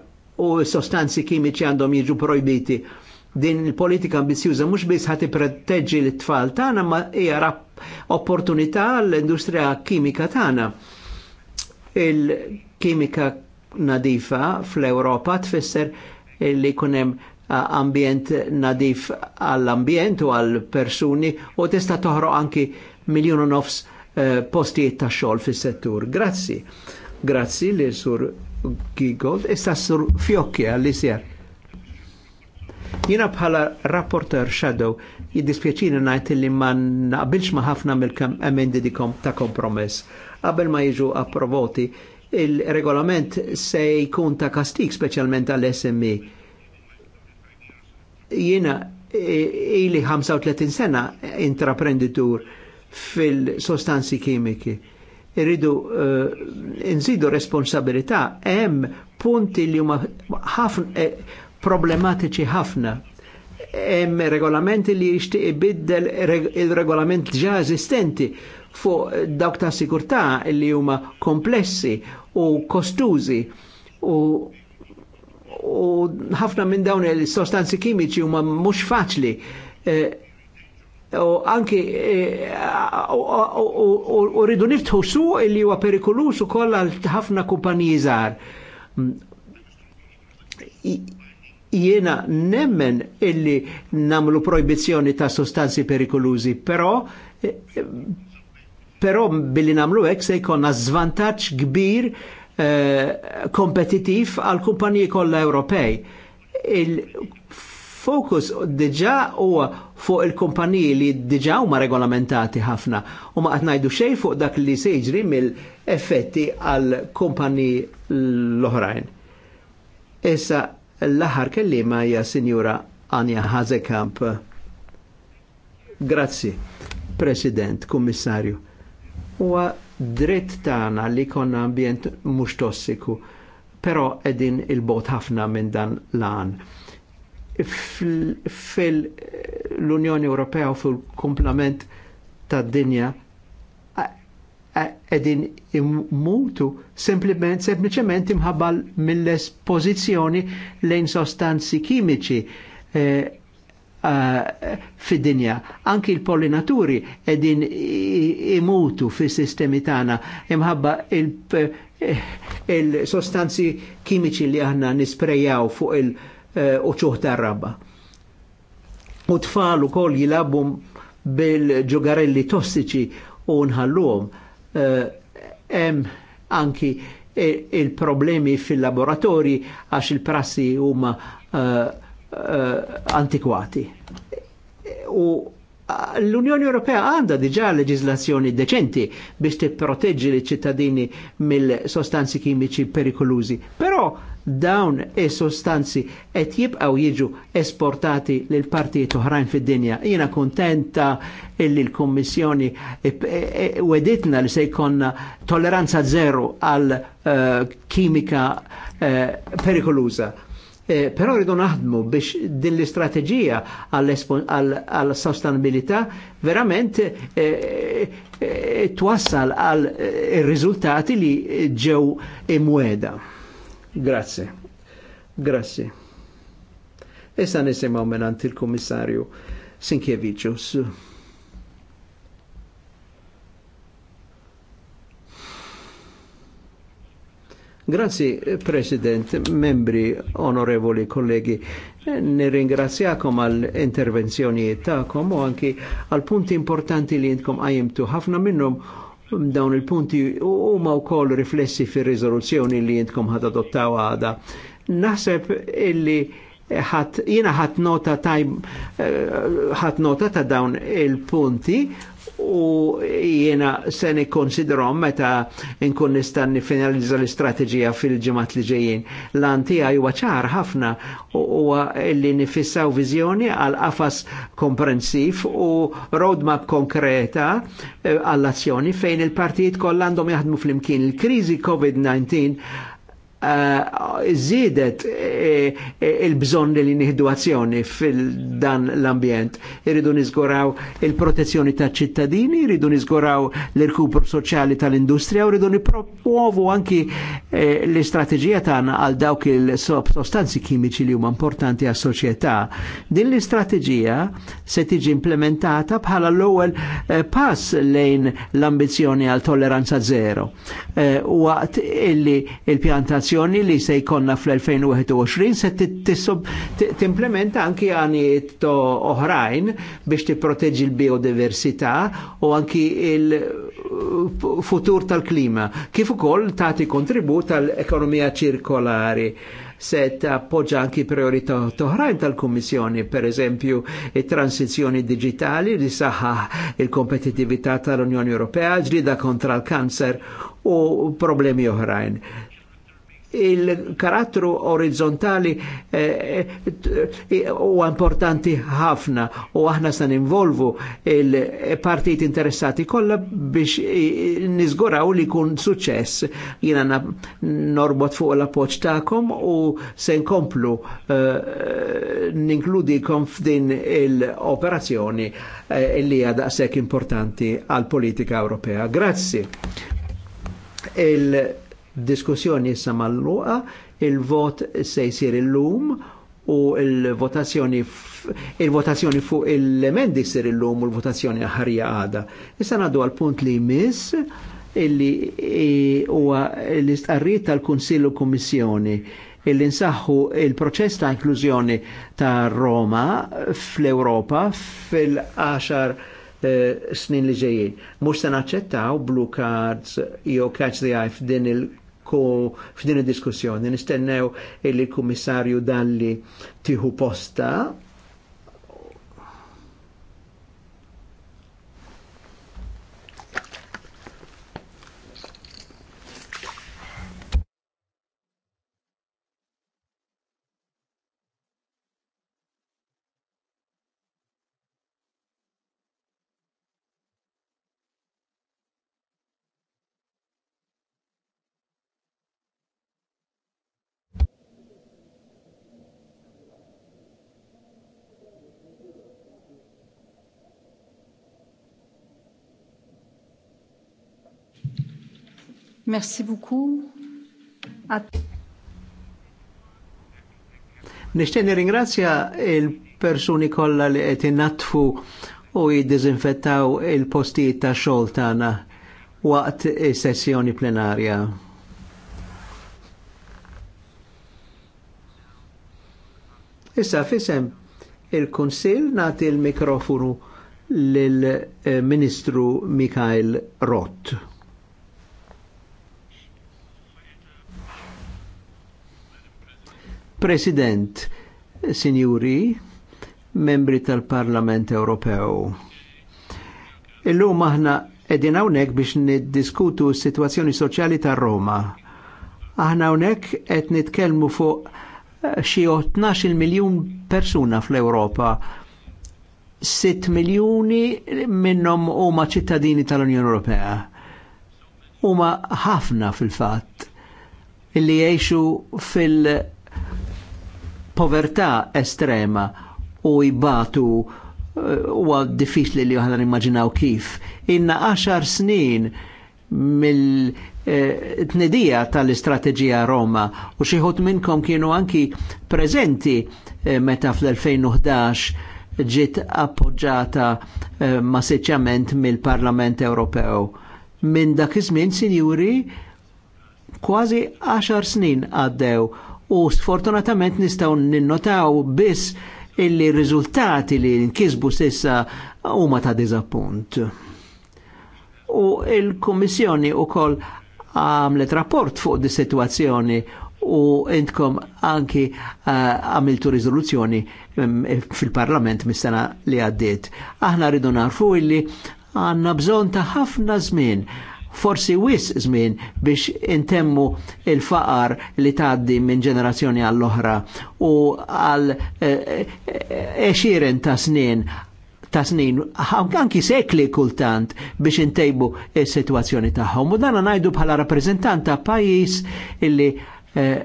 u sostanzi kimiċi għandhom jiġu projbiti. Din il-politika ambizjuża mhux biss ħati proteġġi l-tfal tagħna ma hija opportunità l-industrija kimika tagħna. Il-kimika nadifa fl-Ewropa tfisser li jkun hemm ambjent nadif għall-ambjent u għall-persuni u tista' toħroq anki miljun u nofs Eh, postijiet ta' xogħol fis-settur. Grazzi. Grazzi li sur Gigold issa sur Fjokkja li ser. Jina bħala rapporter shadow jiddispjaċini najt li ma naqbilx ma ħafna mill-emendi dikom ta' kompromess. Qabel ma jiġu approvoti, il-regolament se jkun ta' kastik speċjalment għall-SMI. E. Jina ili 35 sena intraprenditur fil-sostanzi kimiki. Irridu uh, nżidu responsabilità, hemm punti li huma ħafna eh, problematiċi ħafna. Hemm regolamenti li jixtieq ibiddel il-regolament ġa eżistenti fuq dawk ta' sikurtà li huma komplessi u kostużi u u ħafna minn dawn il-sostanzi kimiċi huma mhux faċli eh, u anki eh, u rridu niftħu su illi huwa perikolus ukoll għal ħafna kumpaniji żgħar. Jiena nemmen illi namlu proibizzjoni ta' sostanzi perikolużi, però però billi namlu hekk se jkollna żvantaġġ kbir eh, kompetitiv għal kumpaniji kollha Ewropej fokus diġa u fuq il-kumpaniji li diġa huma regolamentati ħafna u ma qed ngħidu xejn fuq dak li se mill-effetti għal kumpaniji l-oħrajn. Issa l-aħħar kellima hija Sinjura Anja Hazekamp. Grazzi, President, Kummissarju. Huwa dritt tagħna li konna ambjent mhux tossiku, però qegħdin il-bot ħafna minn dan l-għan fil-Unjoni Ewropea u fil-komplement tad dinja edin immutu sempliment, sempliciment imħabbal mill espożizzjoni lejn sostanzi kimiċi eh, eh, fid-dinja. Anki l-pollinaturi edin imutu fis sistemi tagħna imħabba il-sostanzi il, kimiċi eh, li aħna nisprejaw fuq il- Eh, u ċuħ tar-rabba. U tfal kol jilabbu bil-ġugarelli tossiċi u nħallum eh, Hemm anki il-problemi fil-laboratori għax il-prassi huma eh, antikwati. U l-Unjoni Ewropea għandha diġà leġislazzjoni deċenti biex tipproteġġi l-ċittadini mill-sostanzi kimiċi perikolużi, però dawn il sostanzi et qed jibqgħu jiġu esportati lil partijiet oħrajn fid-dinja. Jiena kontenta illi l-Kummissjoni e, e, e, weditna li se jkollna tolleranza zero għal kimika perikoluza. Però rridu naħdmu biex din l-istrateġija għall-sostanabilità verament twassal għal rizultati li ġew imweda. Grazie. Grazie. Issa nisimaw menant il-Komissarju Sinkevicius. Grazie President, membri, onorevoli kollegi, nirringrazzjakom għal intervenzjonijiet ta'kom u anki għal punti importanti li jintkom għajimtu ħafna minnum dawn il-punti huma wkoll riflessi fir-riżoluzzjoni li jintkom ħad adottaw għada. Naħseb illi ħat, jina ħat nota eh, ħat nota ta' dawn il-punti u jiena se nikkonsidrom meta nkun nista' nifinalizza l-istrateġija fil-ġimgħat li ġejjin. Lan tiegħi huwa ċar ħafna huwa li nifissaw viżjoni għal qafas komprensiv u roadmap konkreta eh, għall-azzjoni fejn il-partijiet kollha għandhom jaħdmu flimkien. Il-kriżi COVID-19 Eh, zidet eh, eh, il-bżonn li nieħdu azzjoni fil-dan l-ambjent. Irridu niżguraw il-protezzjoni ta' ċittadini, irridu niżguraw l-irkupru soċjali tal-industrija, irridu nipromuovu anki l-istrateġija tagħna għal dawk il-sostanzi kimiċi li huma importanti għas soċjetà Din l-istrateġija se tiġi implementata bħala l-ewwel pass lejn l-ambizzjoni għal tolleranza zero. Waqt illi il-pjantazzjoni l-azzjoni li se jkonna fl-2021 se timplementa anki għani to oħrajn biex proteġi l-biodiversità u anki il-futur tal-klima. Kif ukoll tagħti kontribut tal-ekonomija ċirkolari se appoġġa anki priorità toħrajn tal-Kummissjoni, per eżempju, il transizjoni digitali li saħħa il-kompetitività tal-Unjoni Ewropea, ġlida kontra l-kanser u problemi oħrajn il-karattru orizzontali eh, eh, eh, u importanti ħafna u aħna san involvu il partit interessati kollha biex nizguraw li kun suċess jina norbot fuq l-appoċ ta'kom u se nkomplu ninkludi f'din il-operazzjoni li għada sekk importanti għal-politika Ewropea. Grazzi. Il- diskussjoni issa mal-luqa, il-vot se jsir illum u il-votazzjoni il-votazzjoni fuq il-emendi il illum u l-votazzjoni ħarja għada. Issa għaddu għal-punt li jmiss illi huwa l istqarrit tal-Kunsillu Kummissjoni illi nsaħħu il-proċess ta' inklużjoni ta' Roma fl ewropa fil-10 eh, snin li ġejjin. Mux se naċċettaw blue cards jew catch the eye f'din il- ko f'din id-diskussjoni. Nistennew il-Kummissarju Dalli tiħu posta
Merci beaucoup.
Nishtieni ringrazzja il-persuni kollha li qed innatfu u jiddiżinfettaw il-postijiet ta' xogħol tagħna waqt is-sessjoni plenarja. Issa fisem il-Kunsill nagħti il-mikrofonu lill-Ministru eh, Mikael Rott. President, signori, membri tal-Parlament Ewropew. Illum aħna edin hawnhekk biex niddiskutu s-sitwazzjoni soċjali ta' Roma. Aħna hawnhekk qed nitkellmu fuq eh, xi 12 miljun persuna fl-Ewropa. 6 miljuni minnhom huma ċittadini tal-Unjoni Ewropea. Huma ħafna fil-fatt illi jgħixu fil-, -fat, povertà estrema u jibatu eh, huwa għad diffiċli li aħna nimmaġinaw kif. Inna 10 snin mill-tnedija eh, tal-istrateġija Roma u xieħut minnkom kienu anki prezenti eh, meta fl-2011 ġiet appoġġata eh, massiċjament mill-Parlament Ewropew. Minn dak iż-żmien, sinjuri, kważi 10 snin għaddew u sfortunatament nistaw ninnotaw biss illi riżultati li nkisbu sissa huma ta' diżappunt. U il kummissjoni wkoll għamlet rapport fuq di situazzjoni u intkom anki eh, għamiltu uh, rizoluzzjoni mm, fil-parlament mis-sena li għaddiet. Aħna rridu narfu illi għanna bżon ta' ħafna żmien forsi wis żmien biex intemmu il-faqar li tgħaddi minn ġenerazzjoni għall-oħra u għal eh, eh, eċiren ta' snin ta' snin, anki sekli kultant biex intejbu il-situazzjoni tagħhom. U dan ngħidu bħala rappreżentant ta' pajis illi eh,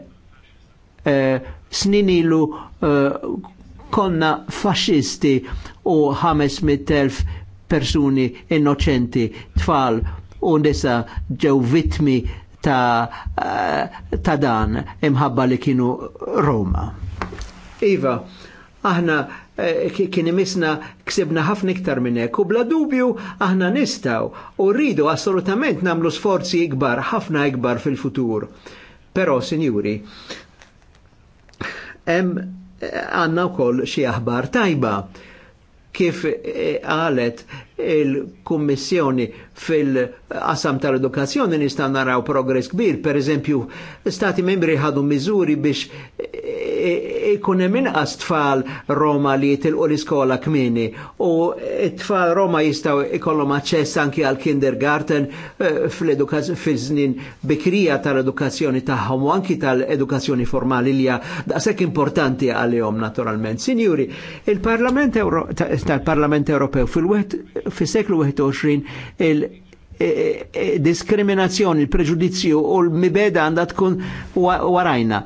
snin ilu konna faxxisti u 500.000 persuni innoċenti, tfal u nisa ġew vitmi ta', eh, ta dan imħabba li kienu Roma. Iva, aħna eh, kien imisna ksibna ħafna iktar minn hekk u bla dubju aħna nistaw u rridu assolutament namlu sforzi ikbar, ħafna ikbar fil-futur. Però, sinjuri, hemm eh, għandna wkoll xi aħbar tajba kif qalet il-Kummissjoni fil-qasam tal-edukazzjoni nista' naraw progress kbir, per eżempju, stati membri ħadu miżuri biex e- ikun hemm inqas tfal Roma li jitilqu l-iskola kmini u t-tfal Roma jistgħu ikollhom aċċess anki għal kindergarten e, fil-żnien bikrija tal-edukazzjoni tagħhom u anki tal-edukazzjoni formali li hija daqshekk importanti għalihom naturalment. Sinjuri, il-Parlament tal-Parlament Ewropew fil-wet fis-seklu 21 il- diskriminazzjoni, il-preġudizzju u l-mibeda għanda tkun warajna.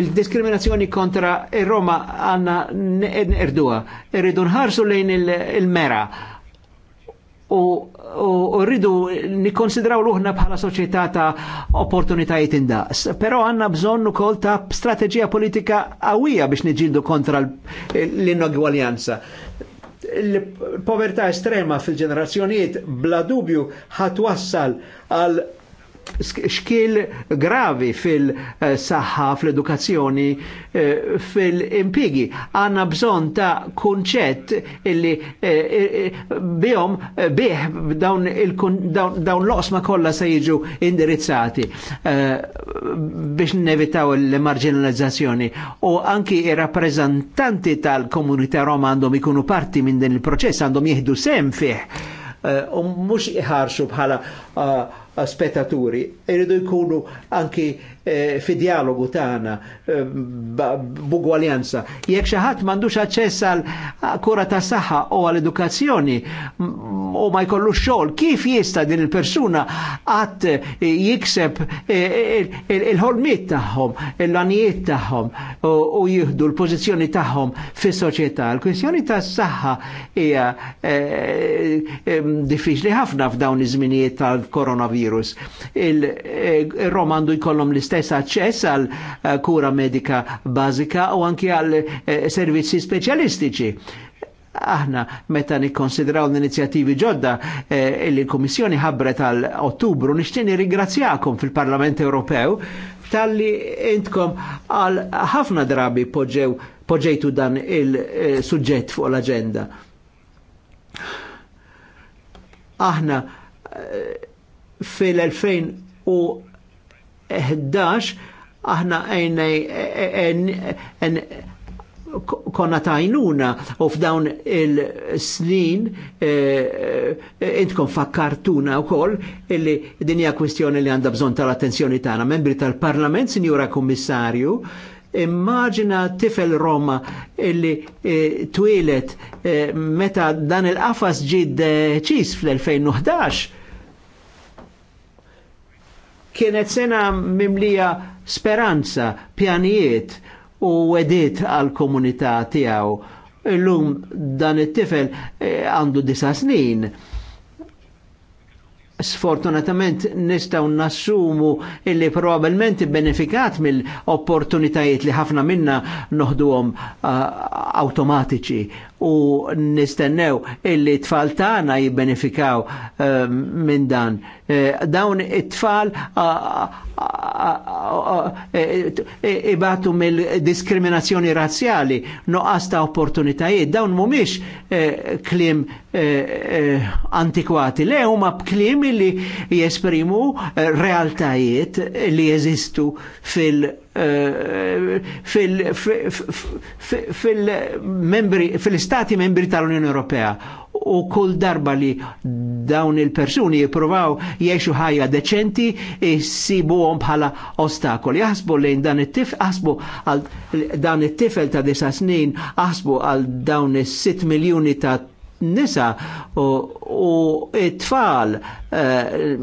Il-diskriminazzjoni kontra il-Roma għanna erdua, irridu nħarsu lejn il-mera. il mera u rridu nikkonsidraw uħna bħala soċjetà ta' opportunitajiet indaqs. Però għanna bżonn ukoll ta' strateġija politika għawija biex niġildu kontra l innogwaljanza L-povertà estrema fil-ġenerazzjonijiet bla dubju ħatwassal għal xkil gravi fil-saħħa, fil-edukazzjoni, eh, fil-impigi. Għanna bżon ta' kunċett illi eh, eh, bjom bieħ dawn l-osma kolla se jiġu indirizzati biex nevitaw l-marginalizzazzjoni u anki i-rappreżentanti tal-komunità Roma għandhom ikunu parti minn din il-proċess għandhom jihdu sem fih u mux iħarxu bħala spettaturi, irridu jkunu anki Eh, fi dialogu tagħna eh, b'ugwaljanza. Jekk xi ħadd m'għandux aċċess għal kura ta' saħħa u għal edukazzjoni mm, u ma jkollu xogħol, kif jista' din il-persuna qatt eh, jikseb il-ħolmiet tagħhom, il-lanijiet tagħhom u jieħdu l-pożizzjoni tagħhom fis-soċjetà. il kwistjoni tas-saħħa hija diffiċli ħafna f'dawn iż-żminijiet tal-koronavirus. Il-Rom għandu jkollhom l-istess l-istess aċċess għal eh, kura medika bazika u anki għal eh, servizzi speċjalistiċi aħna meta nikkonsidraw l-inizjattivi ġodda eh, li l-Kummissjoni ħabbret għal Ottubru nixtieni ringrazzjakom fil-Parlament Ewropew talli intkom għal ħafna drabi poġew poġejtu dan il-suġġett fuq l-agenda. Aħna eh, fil-2000 u 11 aħna għajnej konna tajnuna u f'dawn il-snin eh, eh, intkom fakkartuna u koll illi dinja kwestjoni li għanda bżon tal-attenzjoni tagħna membri tal-Parlament, Sinjura Kommissarju, immaġina tifel Roma illi eh, twilet meta dan il-qafas ġid ċis fl-2011 Kienet sena mimlija speranza, pjanijiet u wedit għal komunità tiegħu. Illum dan it-tifel eh, għandu disa snin. Sfortunatament nistaw nassumu illi probabilment benefikat mill-opportunitajiet li ħafna minna noħduhom uh, automatiċi u nistennew illi tfal tagħna jibbenefikaw ehm, minn dan. Eh, dawn it-tfal e, e, ibatu mill-diskriminazzjoni razzjali noqas ta' opportunitajiet. Dawn mhumiex eh, klim eh, antikwati, le huma b'kliem illi jesprimu realtajiet li jeżistu fil- fil-stati membri tal-Unjoni Ewropea u kull darba li dawn il-persuni jipruvaw jiexu ħajja deċenti jissibu għom bħala ostakoli. Jaħsbu lejn dan it-tif, jaħsbu għal dan it-tifel ta' disa snin, jaħsbu għal dawn il 6 miljoni ta' nisa u it-tfal eh,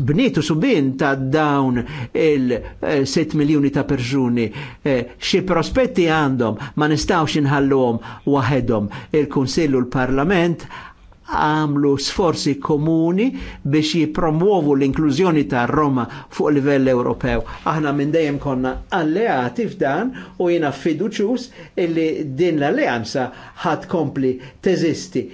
bnietu subin ta' dawn il-6 miljoni ta' perżuni eh, xi prospetti għandhom ma nistawx inħalluhom waħedhom il-Kunsill l-Parlament għamlu sforzi komuni biex jipromuovu l-inklużjoni ta' Roma fuq livell Ewropew. Aħna minn dejjem konna alleati f'dan u jina fiduċus illi din l-alleanza ħad kompli teżisti.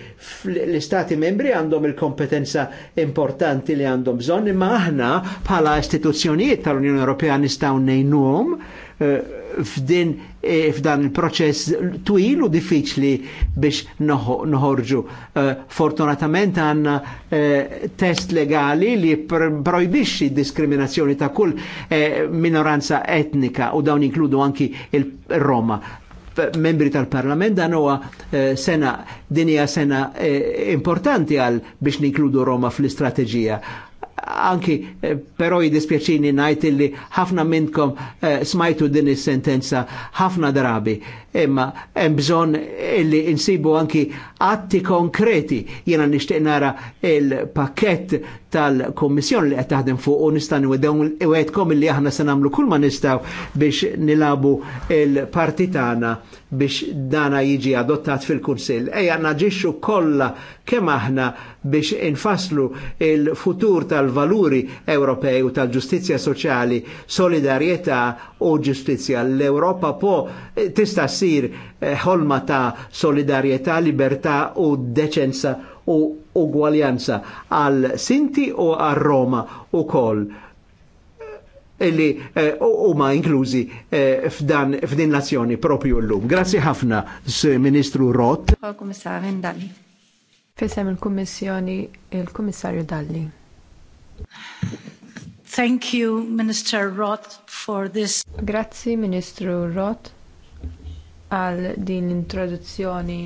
L-istati membri għandhom il-kompetenza importanti li għandhom bżonn, imma aħna bħala istituzzjonijiet tal-Unjoni Ewropea nistgħu ngħinuhom eh, f'din E, f'dan il-proċess twil u diffiċli biex noħorġu. E, fortunatament għanna e, test legali li projbixxi diskriminazzjoni ta' kull minoranza etnika u dawn inkludu anki il-Roma membri tal-parlament dan huwa sena dinja sena importanti għal biex ninkludu Roma fl-istrateġija anki eh, però jidispjaċini najt illi ħafna minnkom eh, smajtu din is-sentenza ħafna drabi imma hemm bżonn illi insibu anki atti konkreti. Jiena nixtieq nara il-pakkett tal-Kommissjoni li qed taħdem fuq u nista' niwedkom illi aħna se nagħmlu kull ma nistgħu biex nilabu il-parti tagħna biex dana jiġi adottat fil-Kunsill. Ejja naġixxu kollha kemm aħna biex infaslu il-futur tal-valuri Ewropej u tal-ġustizzja soċjali, solidarjetà u ġustizzja. L-Ewropa po tista' issir eh, ħolma ta' solidarieta, libertà u deċenza u ugwaljanza għal Sinti u għal Roma u kol eh, illi eh, u ma inklużi f'dan f'din nazzjoni propju l-lum. Grazzi ħafna, s Ministru Rott.
Komissarju Dalli. Fisem il kommissjoni il kommissarju Dalli. Thank you, Minister Roth, for this. Grazzi, Ministru Roth, għal din l-introduzzjoni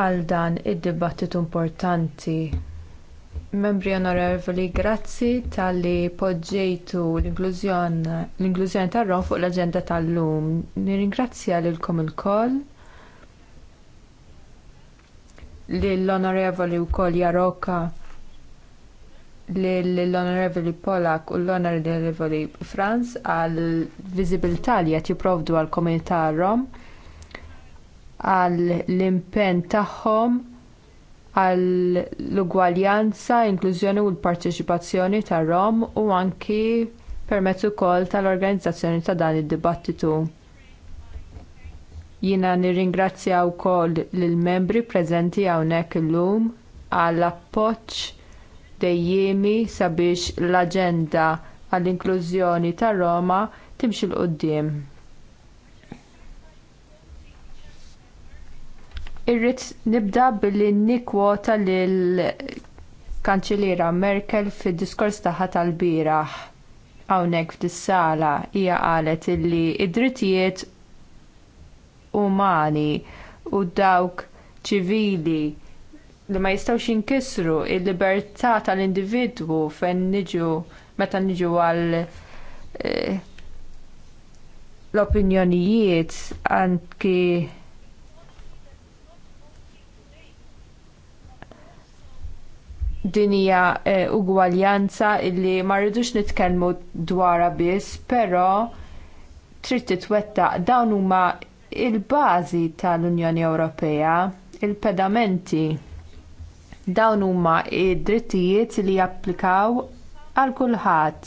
għal dan id-dibattitu importanti. Membri onorevoli, grazzi tal-li poġġejtu l-inklużjoni tar-rom fuq l aġenda tal-lum. Nirringrazzja lilkom ilkoll lill onorevoli wkoll Jaroka l-Onorevoli Polak u l-Onorevoli Franz għal viżibilità li qed jipprovdu għall komunità Rom għal l-impenn tagħhom għal l-ugwaljanza, inklużjoni u l-parteċipazzjoni ta' Rom u anki permezz ukoll tal-organizzazzjoni ta' dan id-dibattitu. Jiena nirringrazzja kol lill membri preżenti hawnhekk illum għall appoġġ dejjiemi sabiex l-aġenda għall-inklużjoni tar Roma timxi l qudiem Irrid nibda billi nikkwota lill kanċiliera Merkel fid-diskors tagħha tal-bieraħ hawnhekk f'dis-sala hija qalet illi id-drittijiet umani u dawk ċivili li ma jistawx jinkisru il-libertà tal-individwu fejn niġu meta niġu għal eh, l-opinjonijiet anki dinija hija eh, ugwaljanza illi ma rridux nitkellmu dwarha biss, però trid titwettaq dawn huma il-bażi tal-Unjoni Ewropea, il-pedamenti Dawn huma id-drittijiet li japplikaw għal kulħadd.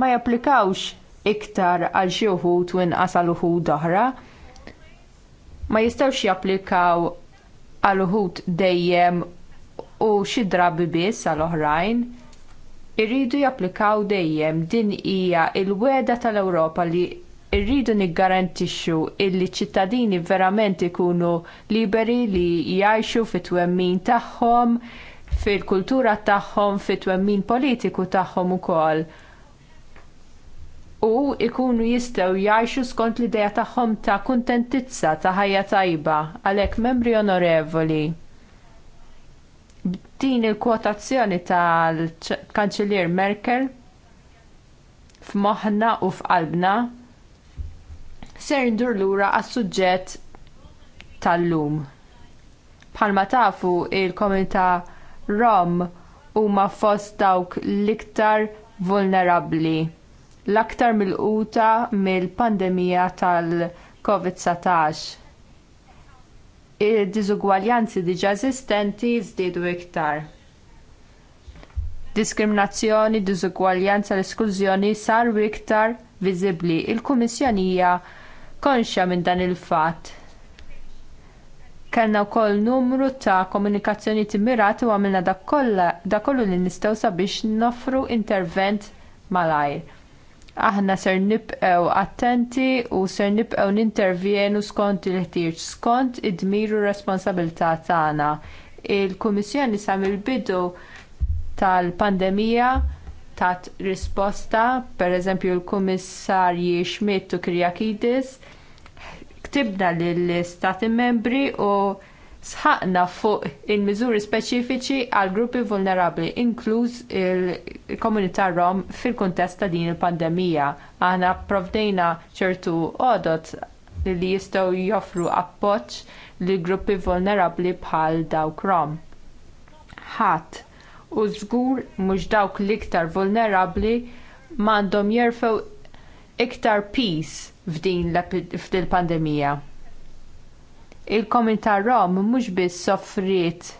Ma japplikawx iktar għal xi wħud u inqas għal uħud oħra. Ma jistgħux japplikaw għal uħud dejjem u xi drabi biss għal oħrajn irridu japplikaw dejjem din hija l weda tal-Ewropa li irridu niggarantixxu illi ċittadini verament ikunu liberi li jgħixu fit-twemmin tagħhom, fil-kultura tagħhom, fit-twemmin politiku tagħhom ukoll. U ikunu jistgħu jgħixu skont l-idea tagħhom ta' kuntentizza ta' ħajja tajba għalhekk membri onorevoli. Din il-kwotazzjoni tal-Kanċelier Merkel f'moħħna u f'qalbna ser ndur lura għas-suġġett tal-lum. Palma tafu il-komunità Rom huma fost dawk l-iktar vulnerabbli l-aktar mill mill-pandemija tal-COVID-19. Id-diżugwaljanzi diġà eżistenti żdiedu iktar. Diskriminazzjoni, diżugwaljanza, l-esklużjoni saru iktar viżibbli. Il-Kummissjonija konxja minn dan il-fatt. Kellna wkoll numru ta' komunikazzjoni timmirati u għamilna da kollu li nistgħu sabiex nofru intervent malajr. Aħna ser nibqgħu attenti u ser nibqgħu nintervjenu skont il-ħtieġ, skont id-dmir u responsabilità tagħna. Il-Kummissjoni sa mill-bidu tal-pandemija tat risposta, pereżempju l kummissarji Schmidt u Kirjakidis, ktibna lill-Stati membri u sħaqna fuq il-miżuri speċifiċi għal gruppi vulnerabbli, inkluż il-komunità Rom fil-kuntest ta' din il-pandemija. Aħna provdejna ċertu għodot li jistgħu joffru appoġġ li gruppi vulnerabbli bħal dawk Rom. Ħadd u żgur mhux dawk l-iktar vulnerabbli m'għandhom jerfgħu iktar peace f'din il-pandemija. Il-komunità Rom mhux biss soffriet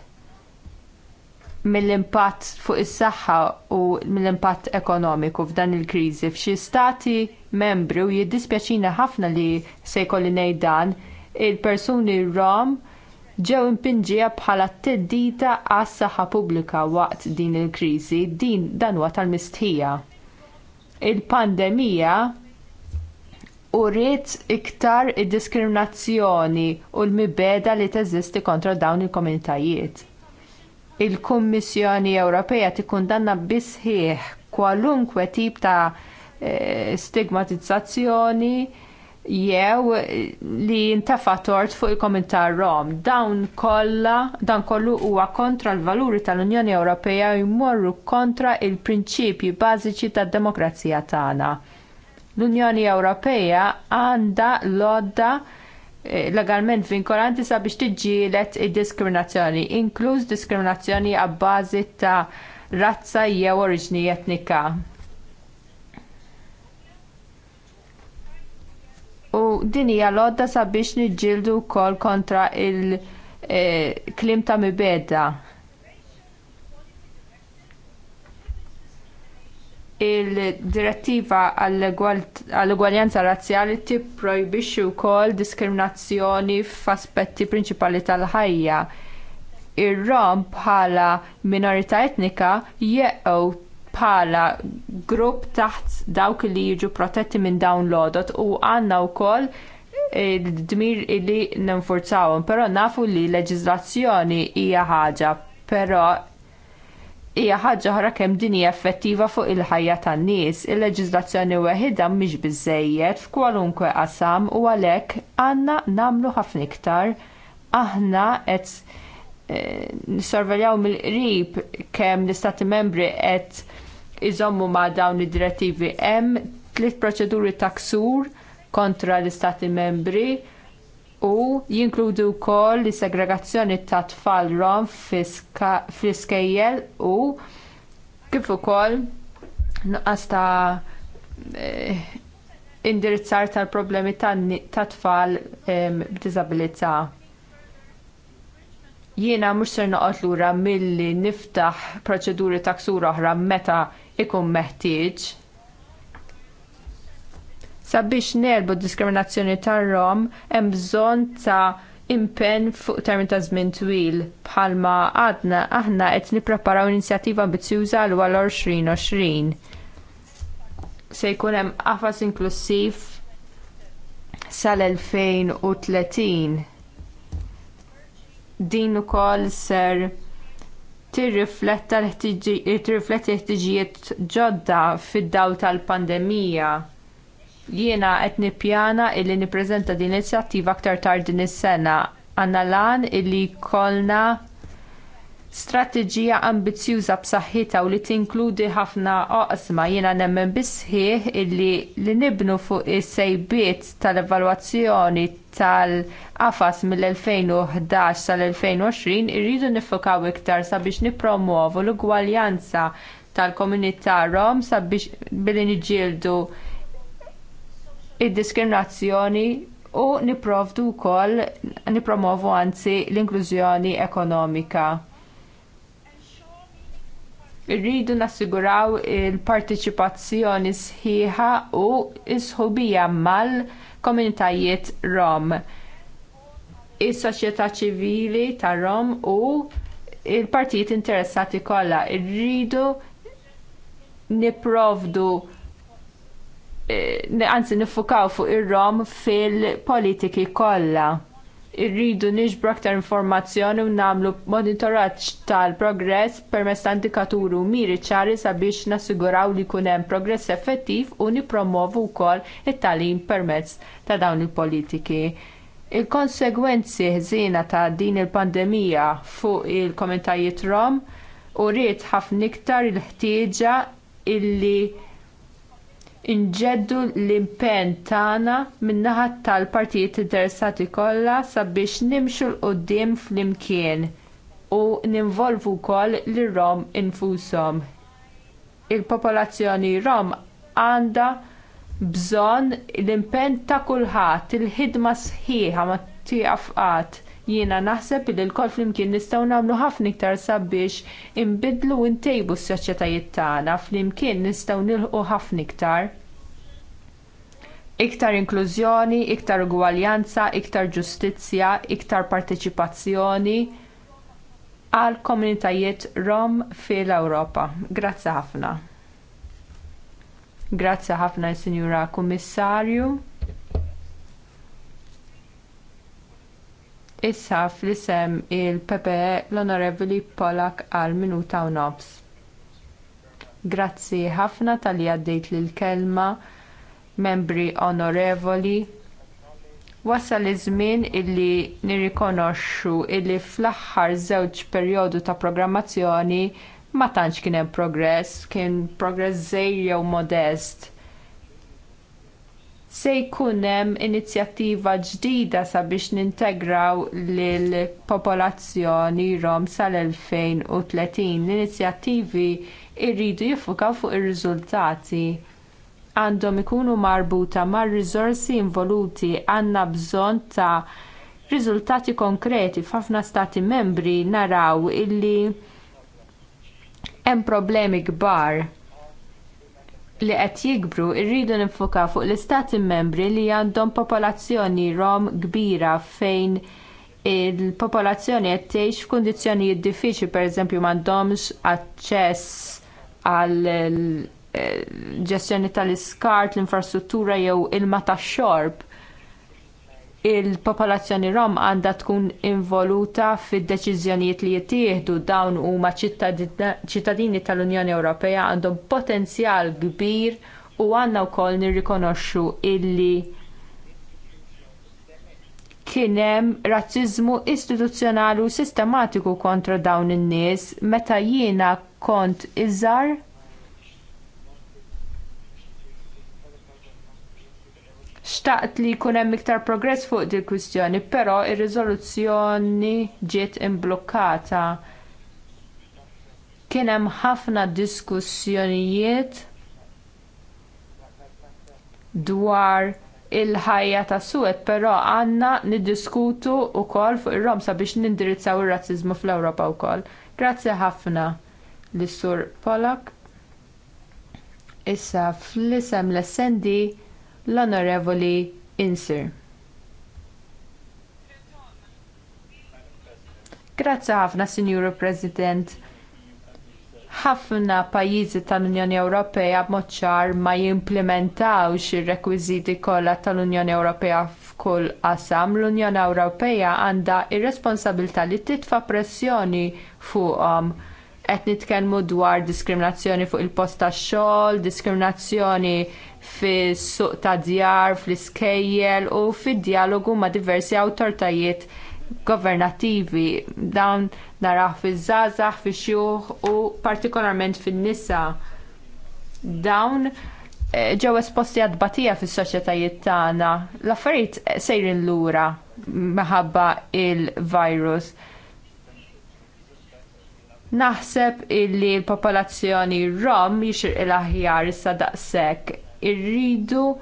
mill-impatt fuq is-saħħa u mill-impatt ekonomiku f'dan il-kriżi f'xi stati membri u jiddispjaċina ħafna li se jkolli ngħid dan il-persuni Rom ġew impinġija bħala teddita għas saħħa pubblika waqt din il-kriżi din dan huwa tal-mistħija. Il-pandemija u uriet iktar id-diskriminazzjoni u l-mibeda li teżisti kontra dawn il-komunitajiet. Il-Kummissjoni Ewropea tikkundanna bisħieħ kwalunkwe tip ta' eh, stigmatizzazzjoni jew li ntafa tort fuq il-komentar Rom. Dawn kolla, dan kollu huwa kontra l-valuri tal-Unjoni Ewropea u jmorru kontra l prinċipji bażiċi tad-demokrazija tagħna. L-Unjoni Ewropea għandha lodda eh, legalment vinkolanti sabiex tiġġielet id-diskriminazzjoni, inkluż diskriminazzjoni għabbażi ta' razza jew oriġni etnika. u din hija lodda sabiex niġġieldu wkoll kontra il-klim eh, ta' mibeda. il-direttiva għall-ugwaljanza razzjali tipprojbixxi wkoll diskriminazzjoni f'aspetti prinċipali tal-ħajja. Ir-Rom bħala minorità etnika jeqgħu bħala grupp taħt dawk li jiġu protetti minn dawn l-odot u għandna wkoll id-dmir e, li ninforzawhom, però nafu li leġiżlazzjoni hija ħaġa, però hija ħaġa oħra kemm din hija effettiva fuq il-ħajja tan-nies. Il-leġiżlazzjoni waħedha mhix biżżejjed f'kwalunkwe qasam u għalhekk għandna nagħmlu ħafna iktar aħna qed e, nissorveljaw mill-qrib kemm l-istati membri qed iżommu ma' dawn id-direttivi hemm tliet proċeduri ta' ksur kontra l-Istati membri u jinkludu wkoll is-segregazzjoni ta' tfal rom fl-iskejjel u kif ukoll nuqqas ta' eh, indirizzar tal-problemi ta' tfal b'diżabilità. Jiena mhux ser noqgħod lura milli niftaħ proċeduri ta' ksur oħra meta ikun meħtieġ sabiex nerbu d diskriminazzjoni tar-Rom hemm bżonn ta' impenn fuq termin ta' żmien twil bħalma għadna aħna qed nippreparaw inizjattiva ambizjuża għal għal 2020. Se jkun hemm qafas inklusiv sal-2030. Din ukoll ser tirrifletta l-ħtiġijiet ġodda fid-dawl tal-pandemija. Jiena qed nippjana illi nippreżenta din l-inizjattiva aktar tard din is-sena għandna lan illi jkollna strateġija ambizjuża b'saħħitha u li tinkludi ħafna oqsma jiena nemmen bisħieħ illi li nibnu fuq is-sejbiet tal-evalwazzjoni tal-qafas mill-2011 sal-2020 irridu nifokaw iktar sabiex nippromovu l-ugwaljanza tal-komunità Rom sabiex billi niġġieldu id-diskriminazzjoni u nipprovdu wkoll nippromovu anzi l-inklużjoni ekonomika Irridu nassiguraw il-partiċipazzjoni sħiħa u sħubija mal-komunitajiet Rom. Is-soċjetà ċivili tar Rom u l partijiet interessati kollha irridu nipprovdu eh, anzi nifukaw fuq ir-Rom fil-politiki kollha irridu niġbru aktar informazzjoni u nagħmlu monitoraġġ tal-progress permezz ta' indikaturi u miri ċari sabiex nassiguraw li jkun hemm progress effettiv u nippromovu wkoll it-tagħlim permezz ta' dawn il-politiki. Il-konsegwenzi ħżiena ta' din il-pandemija fuq il-komitajiet Rom u rrit ħafna iktar il-ħtieġa illi inġeddu l-impenn tagħna min-naħa tal-partijiet interessati kollha sabiex nimxu l qudiem flimkien u ninvolvu wkoll lir-Rom infushom. Il-popolazzjoni Rom għandha bżonn l-impenn ta' kulħadd, il-ħidma sħiħa ma tieqaf qatt Jiena naħseb li l-kol flimkien nistgħu nagħmlu ħafna iktar sabiex inbidlu u ntejbu s-soċjetajiet tagħna flimkien nistgħu nilħu ħafna iktar. Iktar inklużjoni, iktar ugwaljanza, iktar ġustizzja, iktar parteċipazzjoni għal komunitajiet Rom fil-Ewropa. Grazzi ħafna. Grazzi ħafna, Sinjura Kummissarju. Issa fl-isem il-PPE l-Onorevoli Polak għal minuta u nofs. Grazzi ħafna tal-li għaddejt l-kelma, membri onorevoli. Wasal iż-żmien illi nirrikonoxxu illi fl-aħħar żewġ perjodu ta' programmazzjoni ma tantx kien hemm progress, kien progress żejr jew modest se jkun hemm inizjattiva ġdida sabiex nintegraw lill popolazzjoni rom sal-2030. L-inizjattivi rridu jiffukaw fuq ir-riżultati għandhom ikunu marbuta mar riżorsi involuti għandna bżonn ta' riżultati konkreti f'ħafna stati membri naraw illi hemm problemi kbar li qed jikbru rridu nifokaw fuq l-istati membri li għandhom popolazzjoni rom kbira fejn il-popolazzjoni qed tgħix f'kundizzjonijiet diffiċli pereżempju m'għandhomx aċċess għal eh, ġestjoni tal-iskart, l-infrastruttura jew ilma tax-xorb il-popolazzjoni rom għandha tkun involuta fid-deċiżjonijiet li jittieħdu dawn huma ċittadini tal-Unjoni Ewropea għandhom potenzjal kbir u għandna wkoll nirrikonoxxu illi kien hemm razziżmu istituzzjonali u sistematiku kontra dawn in-nies meta jiena kont iżgħar xtaqt li jkun hemm iktar progress fuq dil kwistjoni, però r riżoluzzjoni ġiet imblukkata. Kien hemm ħafna diskussjonijiet dwar il-ħajja ta' suwed, però għandna niddiskutu wkoll fuq ir-Romsa biex nindirizzaw ir razziżmu fl-Ewropa wkoll. Grazzi ħafna l sur Polak. Issa fl-isem l-essendi l-Onorevoli Insir. Grazzi ħafna, Sinjuru President. Ħafna pajjiżi tal-Unjoni Ewropea b'mod ċar ma jimplementawx ir-rekwiżiti kollha tal-Unjoni Ewropea f'kull qasam. L-Unjoni Ewropea għandha ir-responsabilità li titfa' pressjoni fuqhom. Qed nitkellmu dwar diskriminazzjoni fuq il-post tax-xogħol, diskriminazzjoni fis-suq ta' djar, fl-iskejjel u fid-dialogu ma' diversi awtoritajiet governattivi dawn naraħ fiż-żgħażagħ, fix-xjuħ u partikolarment fin-nisa. Dawn eh, ġew esposti għad fis-soċjetajiet tagħna. L-affarijiet sejrin lura minħabba il-virus. Naħseb illi l-popolazzjoni Rom jixir il-aħjar issa daqshekk irridu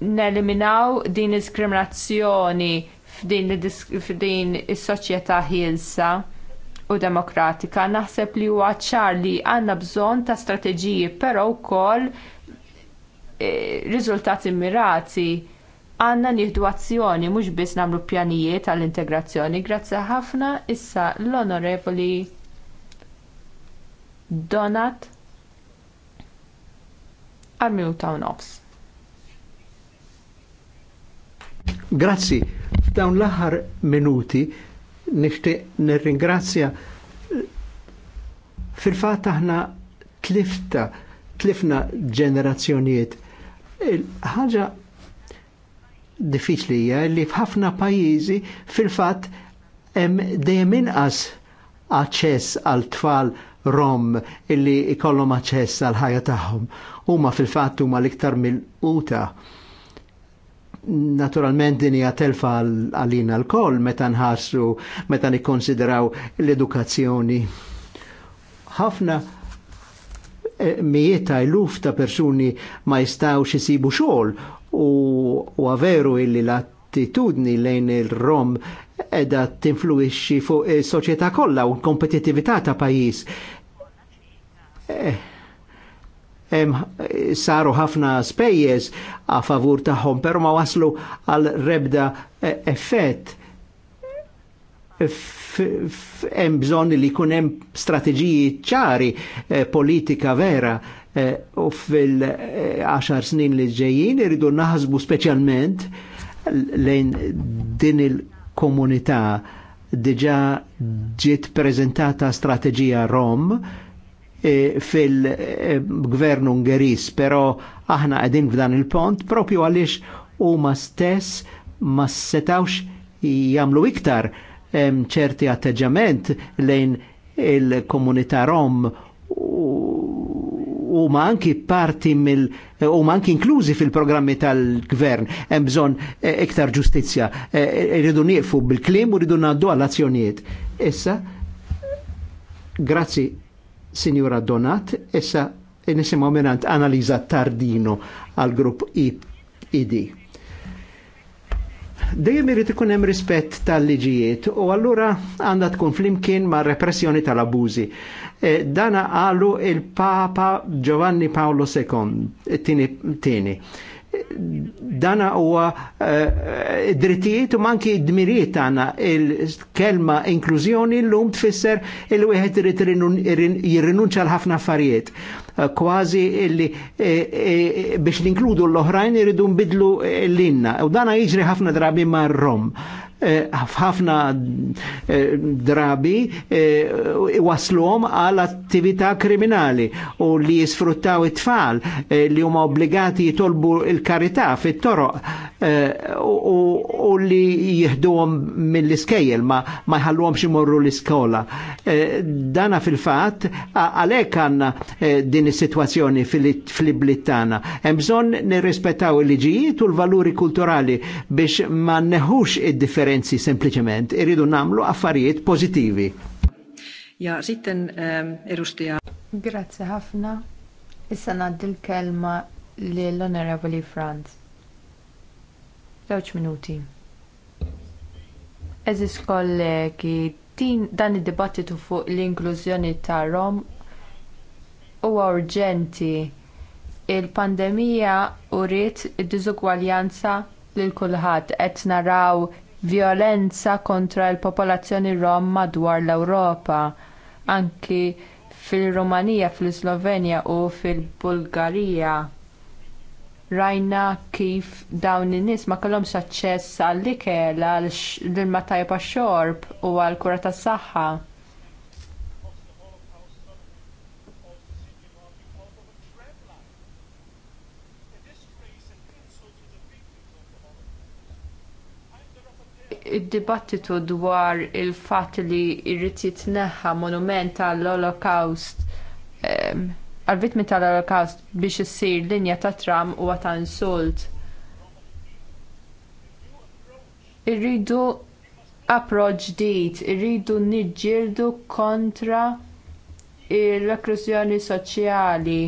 neliminaw din diskriminazzjoni f'din is-soċjetà ħielsa u demokratika. Naħseb li huwa ċar li għandna bżonn ta' strateġiji, però wkoll eh, riżultati mirati għandna nieħdu azzjoni mhux biss nagħmlu pjanijiet għall integrazzjoni Grazzi ħafna issa l-Onorevoli Donat għal-minu
ta' nofs. Grazzi, f'dawn l-aħħar minuti nixtieq nirringrazzja eh, fil-fatt aħna tlifta, tlifna ġenerazzjonijiet. Ħaġa diffiċli hija li f'ħafna pajjiżi fil-fatt hemm dejjem inqas aċċess għal tfal rom illi ikollhom aċċess għal ħajja tagħhom. Huma fil-fatt huma l-iktar mill-quta. Naturalment din hija telfa għalina l-koll meta nħarsu meta nikkonsidraw l-edukazzjoni. Ħafna e, mijiet ta' iluf ta' persuni ma jistawx isibu xogħol u għaveru illi l-attitudni lejn il-rom edha tinfluixxi fuq is-soċjetà e, kollha u l-kompetittività ta' pajjiż. Eh, saru ħafna spejjeż a favur tagħhom, però ma waslu għal rebda eh, effett. Hemm bżonn li jkun hemm strateġiji ċari eh, politika vera u fil-10 snin li ġejjin iridu naħsbu speċjalment lejn din il-komunità diġà ġiet prezentata strateġija Rom E, fil-gvern Ungeris, però aħna qegħdin f'dan il-pont propju għaliex huma stess ma setawx jagħmlu iktar ċerti atteġġament lejn il-komunità Rom u ma anki parti mill u ma anki inklużi fil-programmi tal-gvern hemm bżonn e, iktar ġustizzja e, irridu nieqfu bil-klim u rridu ngħaddu għall azzjonijiet. Issa grazzi Signora Donat, in ese minant analiza tardino al grupp ID. Dejjem irid ikun hemm rispett tal-liġijiet u allura għandha tkun flimkien ma' repressjoni tal-abużi. E, dana qalu il-Papa Giovanni Paolo II, tini. tini dana huwa eh, drittijiet u manki dmirijiet għana il-kelma inklużjoni llum tfisser il-wieħed irid jirrinunċa l-ħafna affarijiet. Eh, kważi illi eh, biex l-inkludu ninkludu l-oħrajn iridu nbidlu l-inna. U dana jiġri ħafna drabi mar-rom. Eh, ħafna eh, drabi eh, waslom għal attività kriminali u li jisfruttaw it-tfal li huma obbligati jitolbu il-karità fit-toroq u li jihduhom mill-iskejjel ma ma jħalluhomx imorru l-iskola. Dana fil-fatt għalhekk għandna din is-sitwazzjoni fil-bliet tagħna. Hemm bżonn nirrispettaw il-liġijiet u l-valuri kulturali biex ma neħux id-differenza differenzi sempliciment, irridu namlu affarijiet pozitivi.
Ja, sitten
um, Grazie ħafna. Issa naddi l-kelma l-Honorable Franz. Żewġ minuti. Eżis kollegi, din dan id-dibattitu fuq l-inklużjoni ta' Rom huwa urġenti. Il-pandemija uriet id-diżugwaljanza lil kulħadd qed naraw vjolenza kontra l-popolazzjoni Rom madwar l-Ewropa, anki fil-Rumanija, fil-Slovenja u fil-Bulgarija rajna kif dawn in-nies ma kellhomx aċċess għall-ikel għall-ilma tajba xorb u għall-kura tas-saħħa. id-dibattitu dwar il-fatt li jrid jitneħħa monument għall-Holocaust għal-vittmi tal-Holocaust biex issir linja ta' tram huwa ta' insult. Irridu approach ġdid, irridu niġġieldu kontra il rekrużjoni soċjali.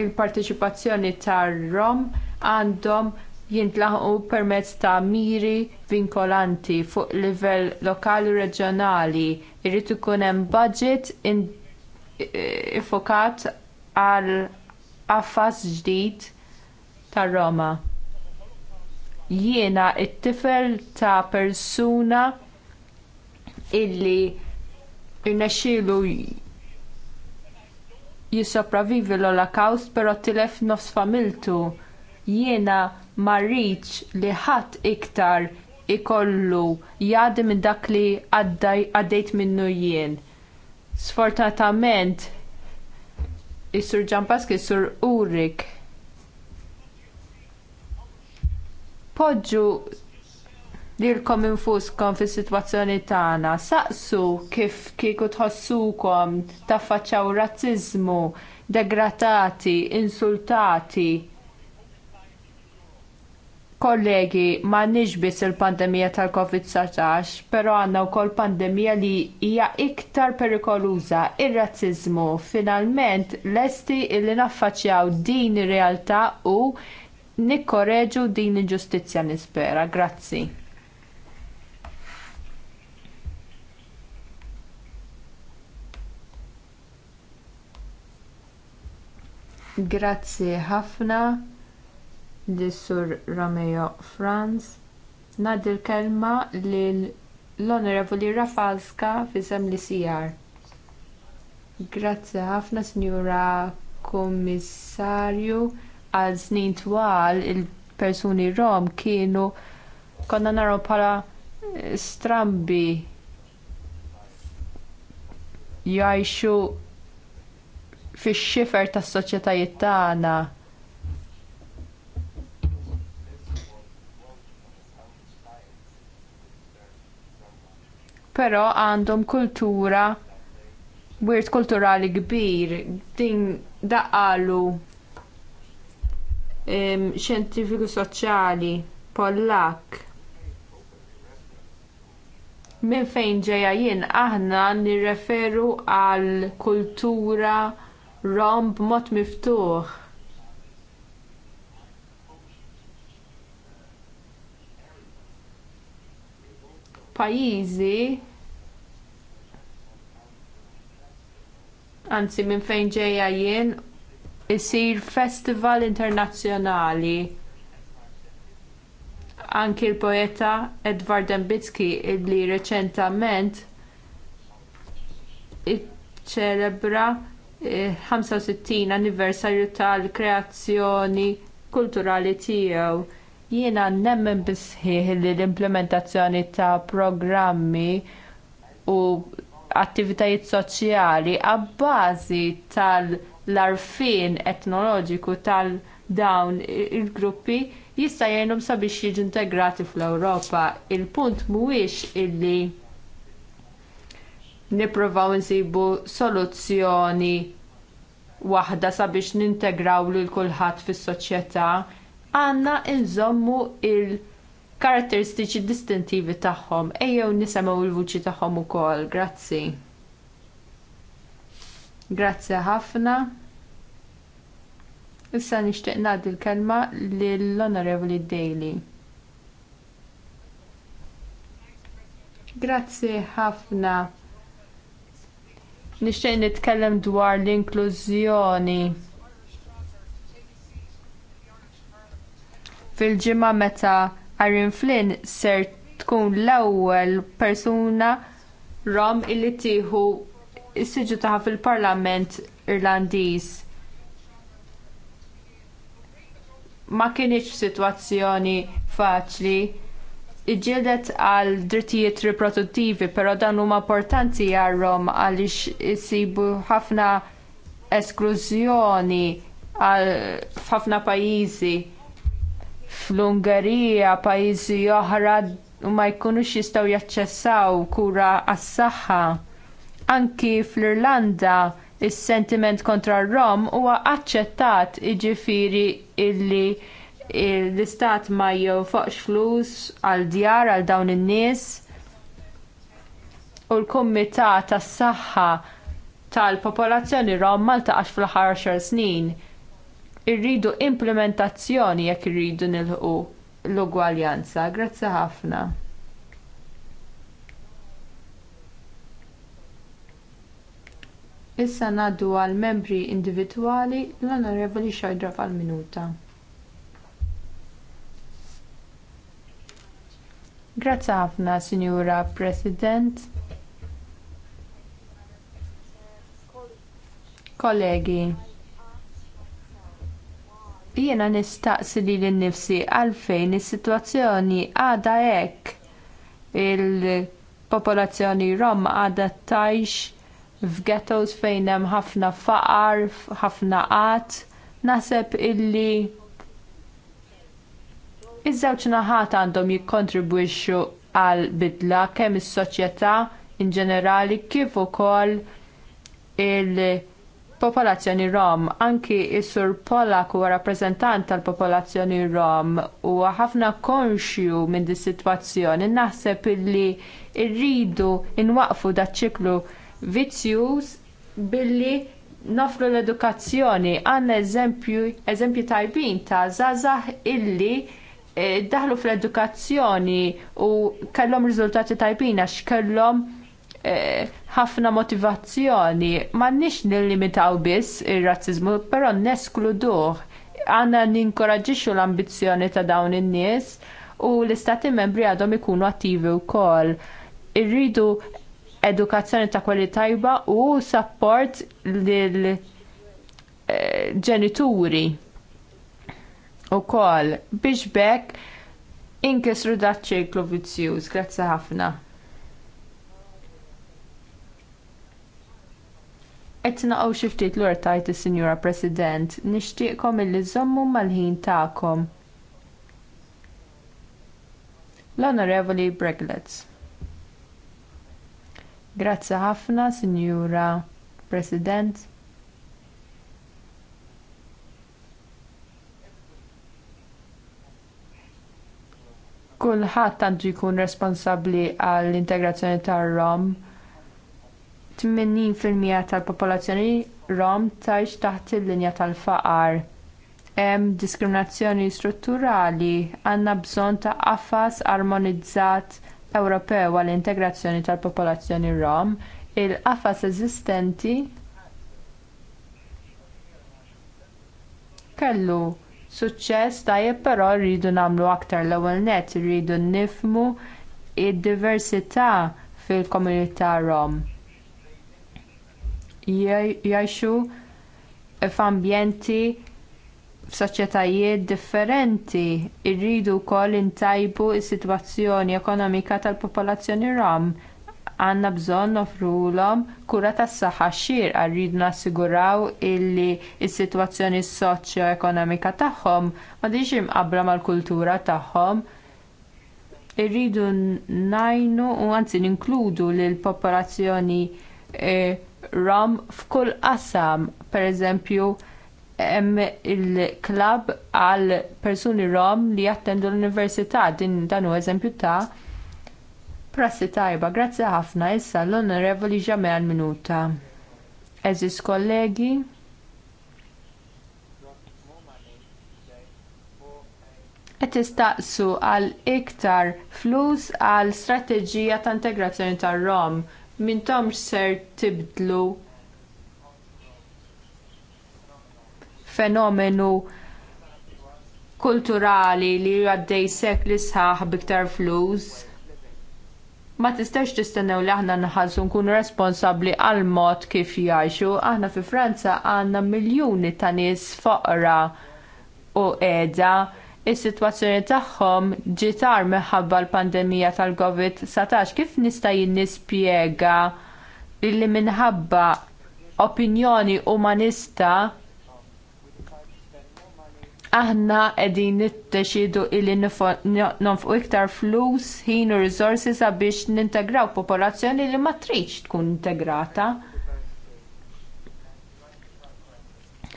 Il-partiċipazzjoni tar-Rom għandhom jintlaħqu permezz ta' miri vinkolanti fuq livell lokali u reġjonali. Irrid ikun hemm budget ifokat għal affas ġdid tar Roma. Jiena t tifel ta' persuna illi irnexxielu jissopravivi l-Olokawst però tilef nofs familtu. Jiena ma rridx li ħadd iktar ikollu jgħaddi minn dak li għaddejt minnu jien. Sfortunatament, is-sur Ġampaski, is-sur Urik, poġġu lilkom infuskom fis sitwazzjoni tagħna, saqsu kif kieku tħossukom taffaċċaw raziżmu, degradati, insultati, Kollegi, ma biss il-pandemija tal-Covid-19, pero għanna u pandemija li hija iktar perikoluza, ir-razzizmu. Finalment, lesti li naffaċjaw din ir-realtà u nikkoreġu din il-ġustizja nispera. Grazzi. Grazzi ħafna li sur Romeo Franz. Ngħaddi l-kelma lill-Onorevoli Rafalska fisem li sijar. Grazzi ħafna, Sinjura Kummissarju, għal snin twal il-persuni Rom kienu konna naraw bħala eh, strambi jgħixu fix xifer tas soċjetajiet tagħna però għandhom kultura wirt kulturali kbir din daqalu. xjentifiku soċjali Pollak minn fejn ġejja jien aħna nirreferu għal kultura rom b'mod miftuħ. pajizi anzi minn fejn ġejja jien isir festival internazzjonali. Anki l-poeta Edvard Dembitski li reċentament iċċelebra 65 eh, anniversarju tal-kreazzjoni kulturali tiegħu Jiena nemmen bisħiħ li l-implementazzjoni ta' programmi u attivitajiet soċjali għabbażi tal-arfin etnoloġiku tal-dawn il-gruppi jista' jgħinhom sabiex jiġu integrati fl-Ewropa. Il-punt mhuwiex illi nippruvaw insibu soluzzjoni waħda sabiex nintegraw lil kulħadd fis-soċjetà għanna nżommu l karatteristiċi distintivi tagħhom ejjew nisimgħu l-vuċi tagħhom ukoll. Grazzi. Grazzi ħafna. Issa nixtieq ngħaddi l-kelma lill-Onorevoli Daly. Grazzi ħafna. Nixtieq nitkellem dwar l-inklużjoni. fil-ġimgħa meta Irene Flynn ser tkun l-ewwel persuna rom illi tieħu s-siġu tagħha fil-Parlament Irlandiż. Ma kinitx sitwazzjoni faċli iġġielet għal drittijiet riproduttivi, però dan huma importanti għal-Rom għaliex isibu ħafna esklużjoni għal f'ħafna pajjiżi fl-Ungerija, pajjiżi oħra u ma jkunux jistgħu jaċċessaw kura għas-saħħa. Anki fl-Irlanda is-sentiment kontra r-Rom huwa aċċettat jiġifieri illi l-istat ma jonfoqx flus għal djar għal dawn in-nies u l-Kumitat tas-Saħħa tal-Popolazzjoni Rom ma ltaqax fl-aħħar xar snin irridu implementazzjoni jekk irridu nilħu l-ugwaljanza. Grazzi ħafna. Issa ngħaddu għal membri individwali l-Onorevoli Xajdra għal minuta. Grazzi ħafna, Sinjura President. Kollegi. Jiena nistaqsi li l-nifsi għalfejn is-sitwazzjoni għadha hekk il-popolazzjoni rom għadha tajx f'gettos fejn hemm ħafna faqar, ħafna qatt, naħseb illi iż-żewġ naħat għandhom jikkontribwixxu għal bidla kemm is-soċjetà in ġenerali kif ukoll il- popolazzjoni Rom. Anki s sur Polak huwa rappreżentant tal-popolazzjoni Rom huwa ħafna konxju minn dis sitwazzjoni naħseb illi rridu inwaqfu daċ ċiklu vizzjuż billi nofru l-edukazzjoni għandna eżempju, eżempju tajbin ta' zazah illi eh, daħlu fl-edukazzjoni u kellhom riżultati tajbin għax kellhom Eh, ħafna motivazzjoni m'għandniex nillimitaw biss ir razzizmu però neskluduh. Għandna ninkoraġixxu l-ambizzjoni ta' dawn in-nies u l-istati membri għadhom ikunu attivi wkoll. Irridu edukazzjoni ta' kwalità tajba u support lil eh, ġenituri wkoll biex bek inkisru dat ċirklu vizzjuż. Grazzi ħafna. Qed naqgħu xi ftit lura tajt il sinjura President, nixtieqkom illi żommu mal-ħin tagħkom. L-Onorevoli Breglets. Grazzi ħafna, Sinjura President. Kulħadd għandu jkun responsabbli għall-integrazzjoni tar-Rom 80% tal-popolazzjoni Rom tgħix taħt il-linja tal-faqar. Hemm diskriminazzjoni strutturali għandna bżonn ta' qafas armonizzat Ewropew għall integrazzjoni tal-popolazzjoni Rom. Il-qafas eżistenti kellu suċċess tajjeb però rridu nagħmlu aktar l-ewwel nett irridu nifhmu d diversità fil-komunità Rom jgħixu f'ambjenti f'soċjetajiet differenti. Irridu wkoll intajbu s-sitwazzjoni ekonomika tal-popolazzjoni rom. Għandna bżonn nofrulhom kura tas-saħħa xierqa rridu nassiguraw illi s-sitwazzjoni il soċjo-ekonomika tagħhom ma diġ imqabbra mal-kultura tagħhom. Irridu najnu u anzi ninkludu lill popolazzjoni eh, rom f'kull qasam, pereżempju hemm il-klab għal persuni rom li jattendu l-università din dan hu eżempju ta' prassi tajba. Grazzi ħafna issa l-onorevoli ġamel minuta. Eżis kollegi, qed tistaqsu għal iktar flus għal strateġija ta' integrazzjoni tar-Rom mintom ser tibdlu fenomenu kulturali li għaddej sekli sħaħ biktar flus. Ma tistax tistennew li aħna nħallsu nkunu responsabbli għal mod kif jgħixu. Aħna fi Franza għandna miljuni ta' nies foqra u qiegħda is-sitwazzjoni tagħhom ġitar minħabba l-pandemija tal-COVID-19 kif nista' jinnispjega illi minħabba opinjoni umanista aħna qegħdin niddeċiedu illi nonfqu iktar flus, ħin u risorsi sabiex nintegraw popolazzjoni li ma tridx tkun integrata.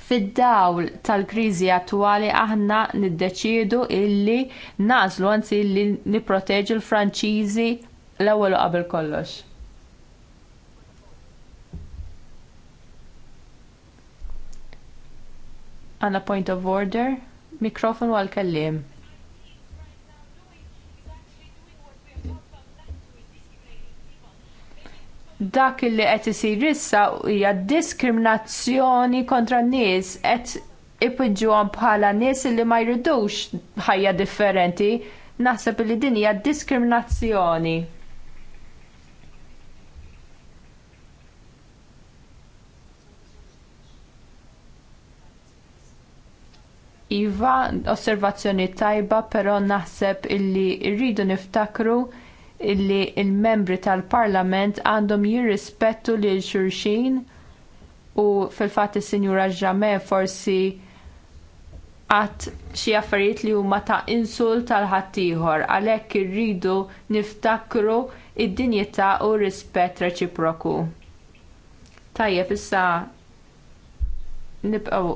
Fid-dawl tal-kriżi attwali aħna niddeċiedu illi nażlu anzi li nipproteġu l-Franċiżi l-ewwel qabel kollox. Għanna point of order, mikrofon għal-kellim. dak li qed isir issa hija diskriminazzjoni kontra n-nies qed ipoġġuhom bħala nies li ma jridux ħajja differenti, naħseb li din hija diskriminazzjoni. Iva, osservazzjoni tajba, però naħseb illi rridu niftakru illi il-membri tal-Parlament għandhom jirrispettu lil xulxin u fil-fatt is-Sinjura Ġame forsi għat xi affarijiet li huma ta' insult tal ħaddieħor għalhekk irridu niftakru id-dinjità u r rispett reċiproku. Tajjeb issa nibqgħu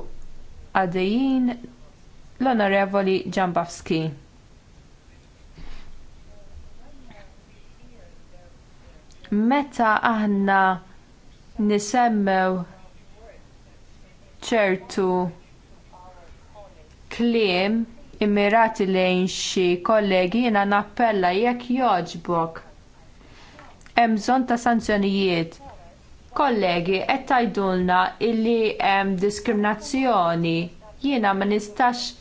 għadejjin l-Onorevoli Ġambavski. Meta aħna nisemmew ċertu kliem immirati lejn xi kollegi jiena nappella jekk jogħġbok. Hemm bżonn ta' sanzjonijiet kollegi qed tgħidulna li hemm diskriminazzjoni. Jiena ma nistax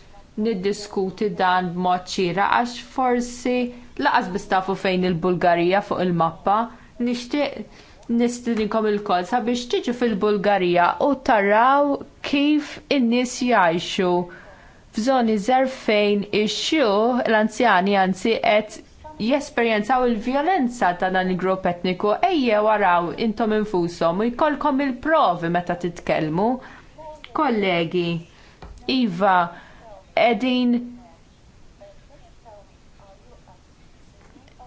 niddiskuti dan b'mod xieraq għax forsi laqas bistafu fejn il-Bulgarija fuq il-mappa nixtieq nistidinkom il-kol sabiex tiġu fil-Bulgarija u taraw kif in-nies jgħixu f'żoni żerf fejn ix-xju l-anzjani anzi qed jesperjenzaw il-vjolenza ta' dan il-grupp etniku ejje waraw intom infushom u jkollkom il-provi meta titkellmu. Kollegi, Iva, edin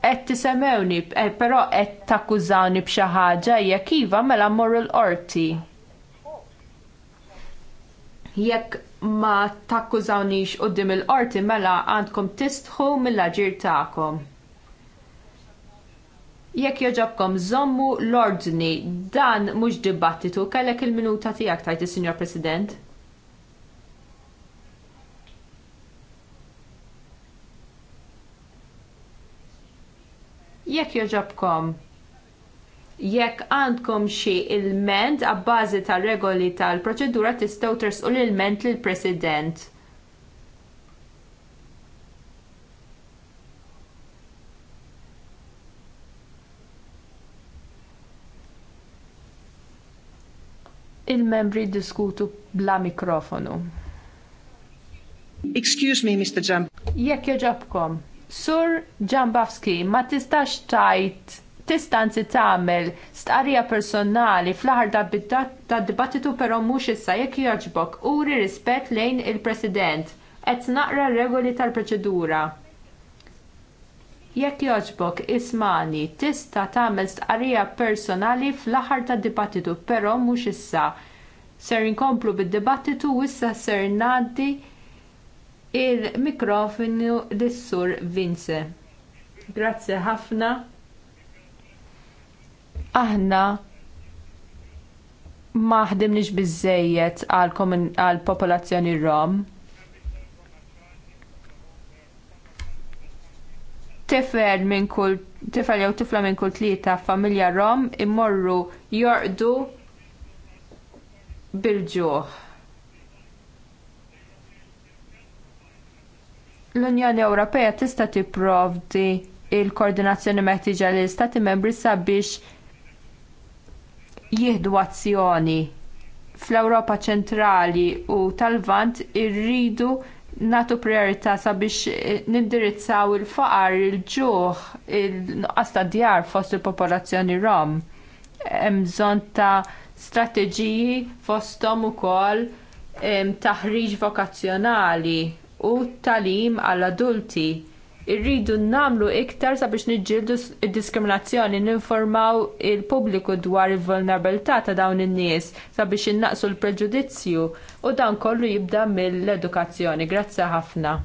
qed tisemewni, eh, però qed takkużawni b'xi ħaġa jekk iva mela mmorru l-qorti. Jekk ma takkużawnix qudiem il-qorti mela għandkom tistħu mill-aġir tagħkom. Jekk joġobkom żommu l-ordni dan mhux dibattitu kellek il-minuta tiegħek tajt is-Sinjor President. Jekk joġobkom jekk għandkom xi ilment abbażi tar regoli tal-proċedura tistgħu tersqu l-ilment lill president Il-membri ddiskutu bla mikrofonu. Excuse me, Mr. Jump. Jekk joġobkom Sur Ġambafski, ma tistax tajt tistanzi tagħmel stqarrija personali fl-aħħar tad dibattitu però mhux issa jekk jogħġbok uri rispett lejn il-President qed naqra r regoli tal-proċedura. Jekk jogħġbok ismani tista' tagħmel stqarrija personali fl-aħħar tad dibattitu però mhux issa. Ser inkomplu bid-dibattitu u issa ser ngħaddi il-mikrofonu lis-Sur Vince. Grazzi ħafna. Aħna ma ħdimniex biżżejjed għall popolazzjoni Rom. Tifel minn kull tifel jew tifla minn kull tlieta familja Rom imorru jorqdu bil-ġuħ l-Unjoni Ewropea tista' tipprovdi l koordinazzjoni meħtieġa lill istati membri sabiex jieħdu azzjoni. Fl-Ewropa ċentrali u tal-Vant irridu nagħtu priorità sabiex eh, nindirizzaw il-faqar, il-ġuħ, il-nuqqas ta' djar fost il-popolazzjoni Rom. Hemm bżonn ta' strateġiji fosthom ukoll taħriġ vokazzjonali u talim għall-adulti. Irridu nagħmlu iktar sabiex niġġieldu d diskriminazzjoni ninformaw il-pubbliku dwar il-vulnerabilità ta' dawn in-nies sabiex innaqsu l-preġudizzju u dan kollu jibda mill-edukazzjoni. Grazzi
ħafna.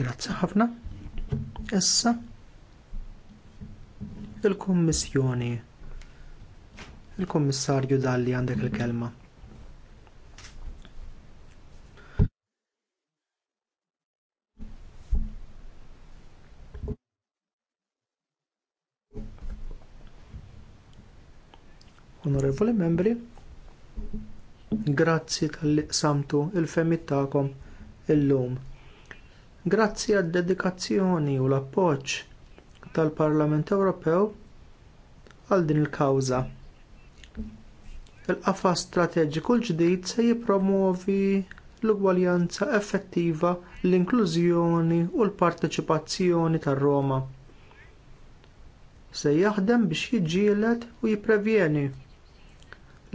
Grazzi ħafna. Issa il-Kummissjoni. Il-Kummissarju Dalli għandek il-kelma. onorevoli membri, grazzi tal-li samtu il-femmit il illum. Grazzi għad dedikazzjoni u l appoġġ tal-Parlament Ewropew għal din il-kawża. il qafa strateġiku l-ġdid se jippromuovi l-ugwaljanza effettiva, l-inklużjoni u l-parteċipazzjoni tar-Roma. Se jaħdem biex jiġġieled u jiprevjeni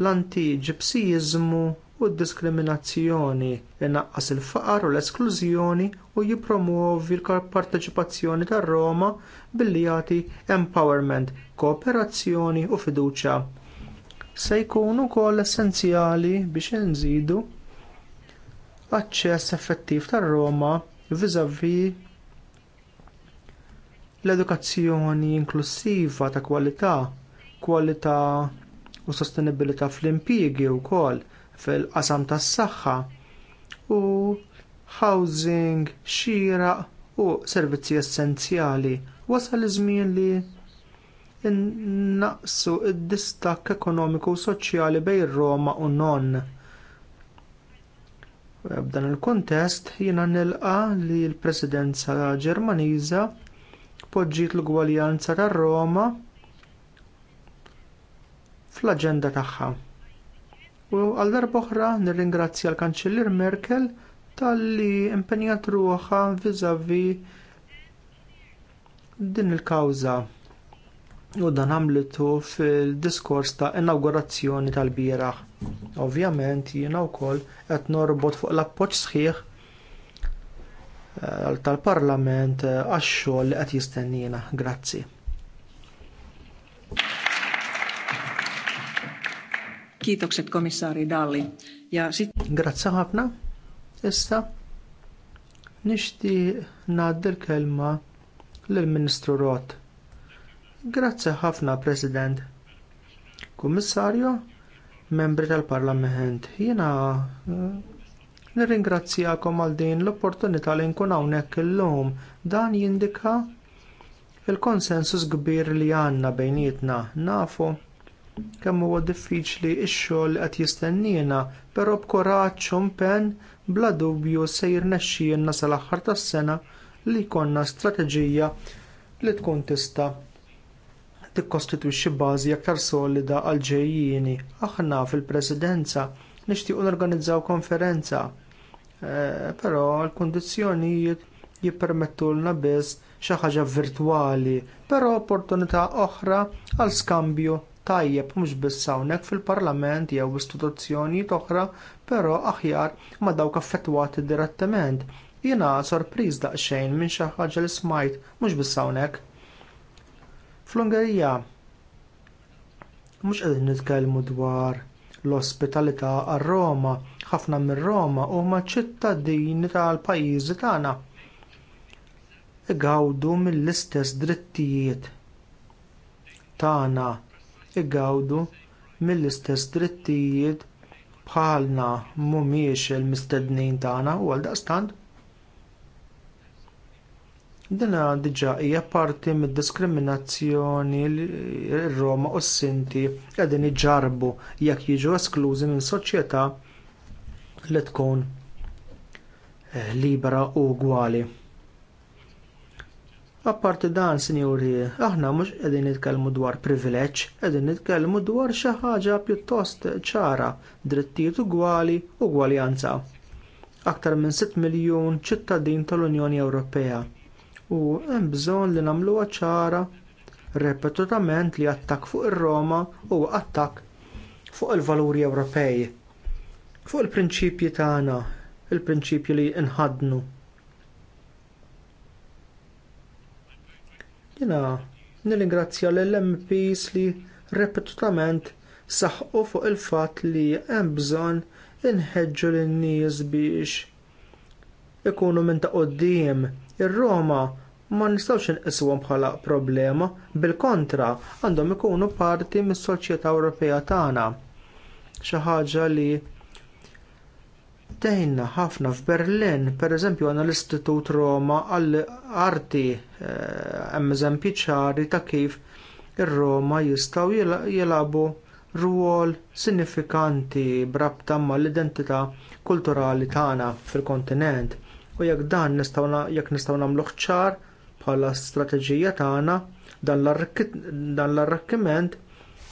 l-antiġipsijiżmu u d-diskriminazzjoni, inaqqas il-faqar u l-esklużjoni u jippromuovi l-parteċipazzjoni tar-Roma billi jagħti empowerment, kooperazzjoni u fiduċja. Se jkunu ukoll essenzjali biex inżidu aċċess effettiv tar-Roma viżavi l-edukazzjoni inklusiva ta' kwalità, kwalità u sostenibilità fl-impjiegi wkoll fil-qasam tas-saħħa u housing, xira u servizzi essenzjali. Wasal iż-żmien li innaqsu d distakk ekonomiku u soċjali bejn Roma u non. B'dan il-kuntest jiena nilqa li l-Presidenza Ġermaniża poġġiet l-gwaljanza tar Roma fl-aġenda tagħha. U għal oħra, nirringrazzja l-Kanċellier Merkel talli impenjat ruħa viżavi din il-kawża u dan għamlitu fil-diskors ta' inaugurazzjoni tal-bieraħ. Ovvjament jiena wkoll qed norbot fuq l-appoġġ sħiħ eh, tal-Parlament eh, għax-xogħol li qed jistennina. Grazzi. Kiitokset komissari Dalli. Ja sit... Grazzi ħafna. Issa nixti ngħaddi l-kelma lill-Ministru Rot. Grazzi ħafna, President. Kummissarju, membri tal-Parlament, jiena eh, nirringrazzjakom għal din l-opportunità li nkun hawnhekk illum. Dan jindika il-konsensus kbir li għandna bejnietna nafu kemm huwa diffiċli x-xogħol qed jistennina, però b'kuraġġ u impenn bla dubju se jirnexxielna sal-aħħar tas-sena li jkollna strateġija li tkun tista' tikkostitwixxi bażi aktar solida għal ġejjieni. Aħna fil-Presidenza nixtiequ norganizzaw konferenza, eh, però l-kundizzjonijiet jippermettulna biss xi ħaġa virtwali, però opportunità oħra għal skambju tajjeb mhux biss hawnhekk fil-Parlament jew istituzzjonijiet oħra, però aħjar ma' dawk affettwati direttament. Jiena sorpriż daqsxejn minn xi ħaġa li smajt mhux biss hawnhekk. Fl-Ungerija mhux qegħdin nitkellmu dwar l-ospitalità għar Roma, ħafna minn Roma huma ċittadini tal-pajjiżi tagħna. Igawdu mill-istess drittijiet tagħna igawdu mill-istess drittijiet bħalna mhumiex il-mistednin tagħna u għaldaqstant Dina diġà hija parti mid-diskriminazzjoni li r-Roma u s-Sinti qegħdin iġarbu jekk jiġu esklużi minn soċjetà li tkun eh, libera u gwali. Apparti dan, sinjuri, aħna mhux qegħdin nitkellmu dwar privileġġ, qegħdin nitkellmu dwar xi ħaġa pjuttost ċara, drittijiet ugwali, u gwaljanza. Aktar minn 6 miljun ċittadin tal-Unjoni Ewropea. U hemm bżonn li nagħmluha ċara repetutament li attakk fuq ir-Roma u attakk fuq il-valuri Ewropej. Fuq il-prinċipji tagħna, il-prinċipji li inħadnu jina nil-ingrazzja l-MPs li repetutament saħqu fuq il fatt li hemm bżonn inħeġġu lin-nies biex ikunu minn ta' qoddim. Ir-Roma ma nistgħux inqiswhom bħala problema, bil-kontra għandhom ikunu parti mis-soċjetà Ewropea tagħna. Xi ħaġa li Tejna ħafna f'Berlin, pereżempju għandna l-Istitut Roma għall arti eh, hemm eżempji ċari ta' kif ir-Roma jistgħu jilagħbu rwol sinifikanti brabta mal l-identità kulturali tagħna fil-kontinent. U jekk dan nistgħu jekk nistgħu nagħmluh ċar bħala strateġija tagħna dan l-arrakkiment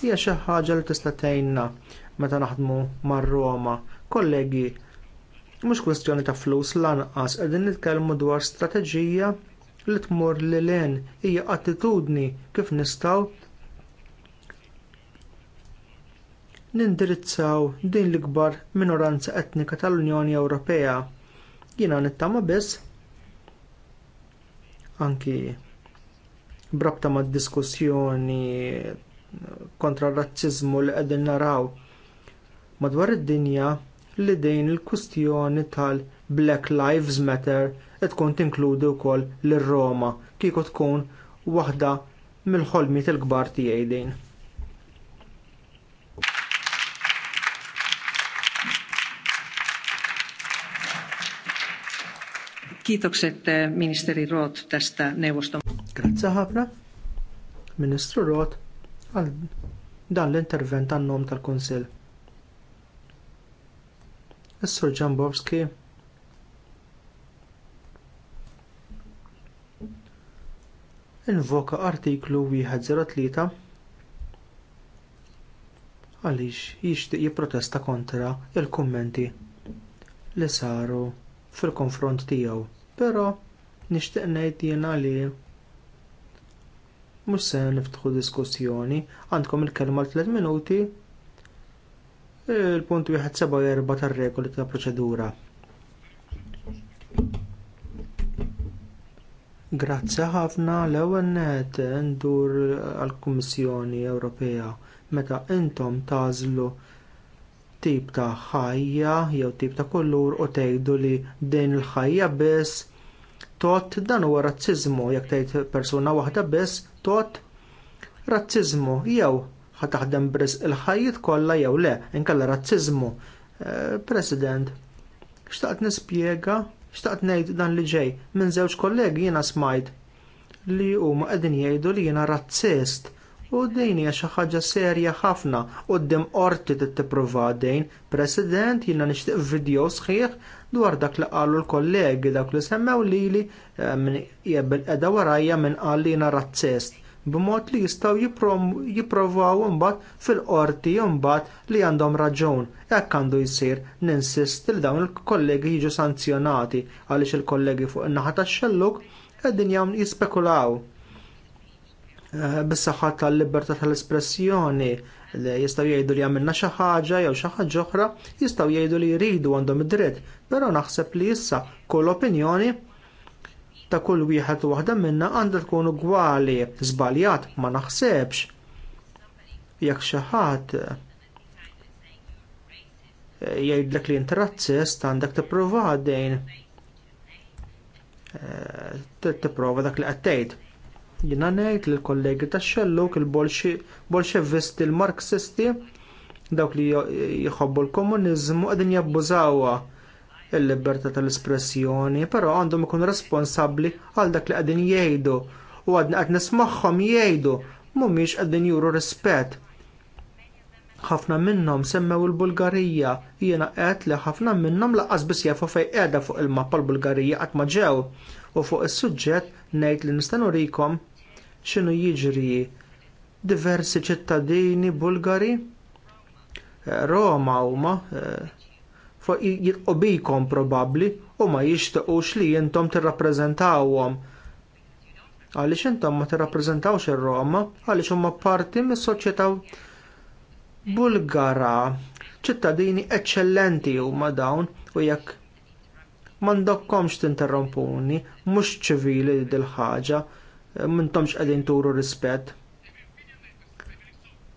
hija xi ħaġa li tista' tgħinna meta naħdmu mar-Roma. Kollegi, Mhux kwestjoni ta' flus lanqas qegħdin nitkellmu dwar strateġija li tmur li len hija attitudni kif nistgħu nindirizzaw din l-ikbar minoranza etnika tal-Unjoni Ewropea. Jiena nittama biss anki brabta mad diskussjoni kontra r razzizmu li qegħdin naraw madwar id-dinja li din il-kustjoni tal-Black Lives Matter qed tkun tinkludi wkoll l roma kieku tkun waħda mill-ħolmiet il-kbar tiegħi din.
Kiitokset eh, ministeri Roth testa neuvoston.
Grazie ħafna, ministru Roth, għal dan l-intervent għannom tal-Konsil. Is-Sur Ġambowski. Invoka artiklu 103 għaliex jixtieq jipprotesta kontra il-kummenti li saru fil-konfront tiegħu, però nixtieq ngħid jiena li mhux se niftħu diskussjoni, għandkom il-kelma l-3 minuti il-punt 174 tar-regoli ta' proċedura. Grazzi ħafna l-ewwel net ndur għall-Kummissjoni Ewropea meta intom tażlu tip ta' ħajja jew tip ta' kollur u tgħidu li din il-ħajja biss tot dan huwa razziżmu jekk tgħid persuna waħda biss tot razziżmu jew ħataħdem bris il-ħajjit kollha jew le, inkella razzizmu. Eh, President, xtaqt nispjega, xtaqt ngħid dan li ġej minn żewġ kollegi jiena smajt li huma qegħdin jgħidu li jiena razzist u din hija xi ħaġa serja ħafna quddiem qorti tittipprova dejn. President, jiena nixtieq video sħiħ dwar dak li qalu l-kollegi dak li semmew lili eh, min qiegħed bil warajja minn qal li jiena razzist b'mod li jistgħu jipprovaw imbagħad fil-qorti imbagħad li għandhom raġun. Hekk għandu jsir ninsist li dawn il-kollegi jiġu sanzjonati għaliex il-kollegi fuq in-naħa tax-xelluk qegħdin jispekulaw eh, bis-saħħa tal-libertà tal-espressjoni jistgħu jgħidu li għamilna xi ħaġa jew xi ħaġa oħra, jistgħu jgħidu li jridu għandhom id-dritt, però naħseb li issa kull opinjoni ta' kull wieħed waħda minna għandha tkun ugwali żbaljat ma naħsebx. Jekk xi ħadd eh, jgħidlek li inti razzist għandek tipprova għaddejn eh, tipprova dak li qed tgħid. Jiena ngħid lill kollegi tax xellok il-bolxevisti l marxisti dawk li jħobbu l komuniżmu qegħdin jabbużawha il-libertà tal-espressjoni, però għandhom ikunu responsabbli għal dak li qegħdin jgħidu u għadna qed nismagħhom jgħidu mhumiex qegħdin juru rispett. Ħafna minnhom semmew il-Bulgarija, jiena qed li ħafna minnhom laqqas biss jafu fejn qiegħda fuq il-mappa l-Bulgarija qatt ma ġew u fuq is-suġġett ngħid li nista' nurikom x'inhu jiġri diversi ċittadini Bulgari eh, Roma huma eh, Fuq jitqobikom probabbli u ma jixtiequx li intom tirrappreżentawhom. Għaliex intom ma tirrappreżentawx ir-Roma għaliex huma parti mis-soċjetà Bulgara. Ċittadini eċċellenti huma dawn u jekk m'għandokkomx tinterrompuni, mhux ċivili dil ħaġa, m'intomx qegħdin turu rispett.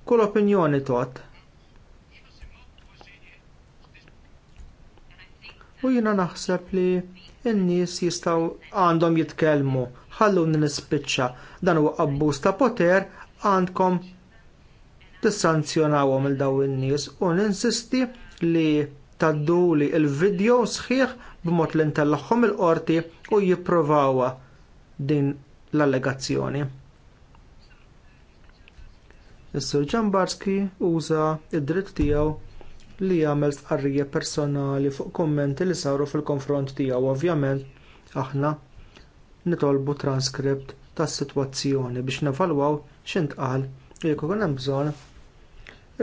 Kull opinjoni tot, u jiena naħseb li n-nies jistgħu għandhom jitkellmu ħalluni nispiċċa dan huwa abbuż ta' poter għandkom tissanzjonawhom il daw in-nies u ninsisti li tadduli l video sħiħ b'mod li ntellagħhom il-qorti u jipprovawha din l-allegazzjoni. Is-Sur Ġambarski uża id-dritt tiegħu li jagħmel stqarrija personali fuq kummenti li saru fil-konfront tiegħu ovvjament aħna nitolbu transkript tas-sitwazzjoni biex nevalwaw x'intqal jekk ikun hemm bżonn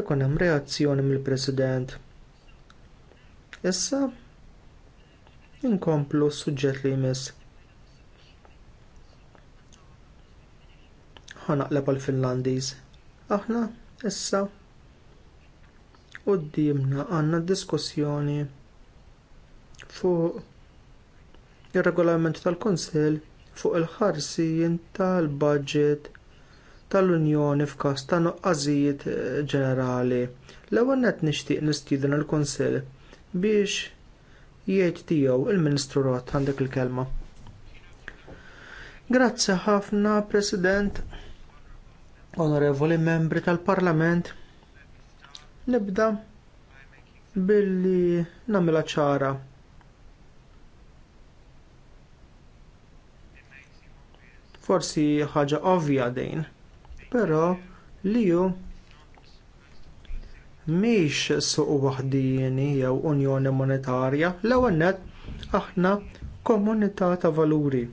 ikun hemm reazzjoni mill-President. Issa inkomplu s-suġġett li jmiss. Ħanaqleb għal Finlandiż. Aħna issa Qoddimna għandna diskussjoni fuq ir-regolament tal-Kunsill fuq il-ħarsien tal-budget tal-Unjoni f'każ ta' noqqażijiet ġenerali. L-ewwel qed nixtieq nistieden il-Kunsill biex jgħid tiegħu il-Ministru Rott għandek il-kelma. Grazzi ħafna President, Onorevoli Membri tal-Parlament, Nibda billi nagħmilha ċara. Forsi ħaġa ovvja dejn, però li hu miex suq waħdini jew unjoni monetarja, l-ewwel nett aħna komunità ta' valuri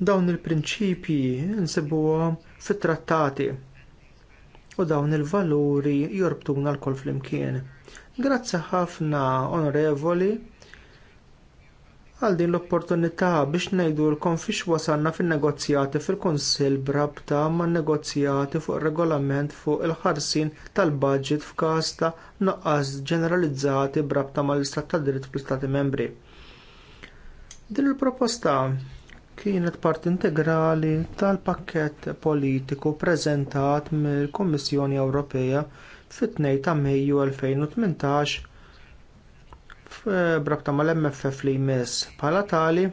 dawn il-prinċipji nsibuhom fit-trattati u dawn il-valuri jorbtuna lkoll flimkien. Grazzi ħafna onorevoli għal din l-opportunità biex ngħidulkom fiex wasalna fin-negozjati fil-Kunsill brabta man negozjati fuq ir regolament fuq il ħarsien tal-budget f'każ ta' noqqas ġeneralizzati brabta mal-istat tad dritt fl-Istati membri. Din il-proposta kienet part integrali tal-pakkett politiku ppreżentat mill-Kummissjoni Ewropea fit-2 ta' Mejju 2018 f'rabta mal-MFF li jmiss bħala tali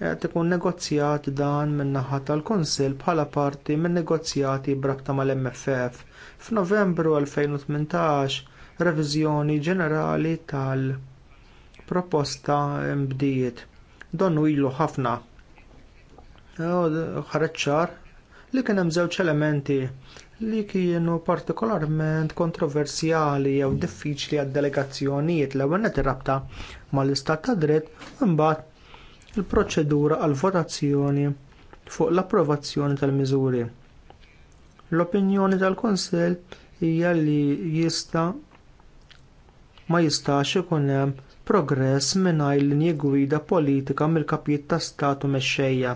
qed ikun negozjat dan min-naħa tal-Kunsill bħala parti minn negozjati brabta mal-MFF. F'Novembru 2018 reviżjoni ġenerali tal-proposta mbdiet donnu ilu ħafna. ċar li kien hemm żewġ elementi li kienu partikolarment kontroversjali jew diffiċli għad-delegazzjonijiet l-ewwel qed rabta mal-istat ta' dritt u mbagħad il-proċedura għall votazzjoni fuq l-approvazzjoni tal-miżuri. L-opinjoni tal-Kunsill hija li jista' ma jistax ikun hemm progress mingħajr linji gwida politika mill-kapijiet ta' statu mexxejja.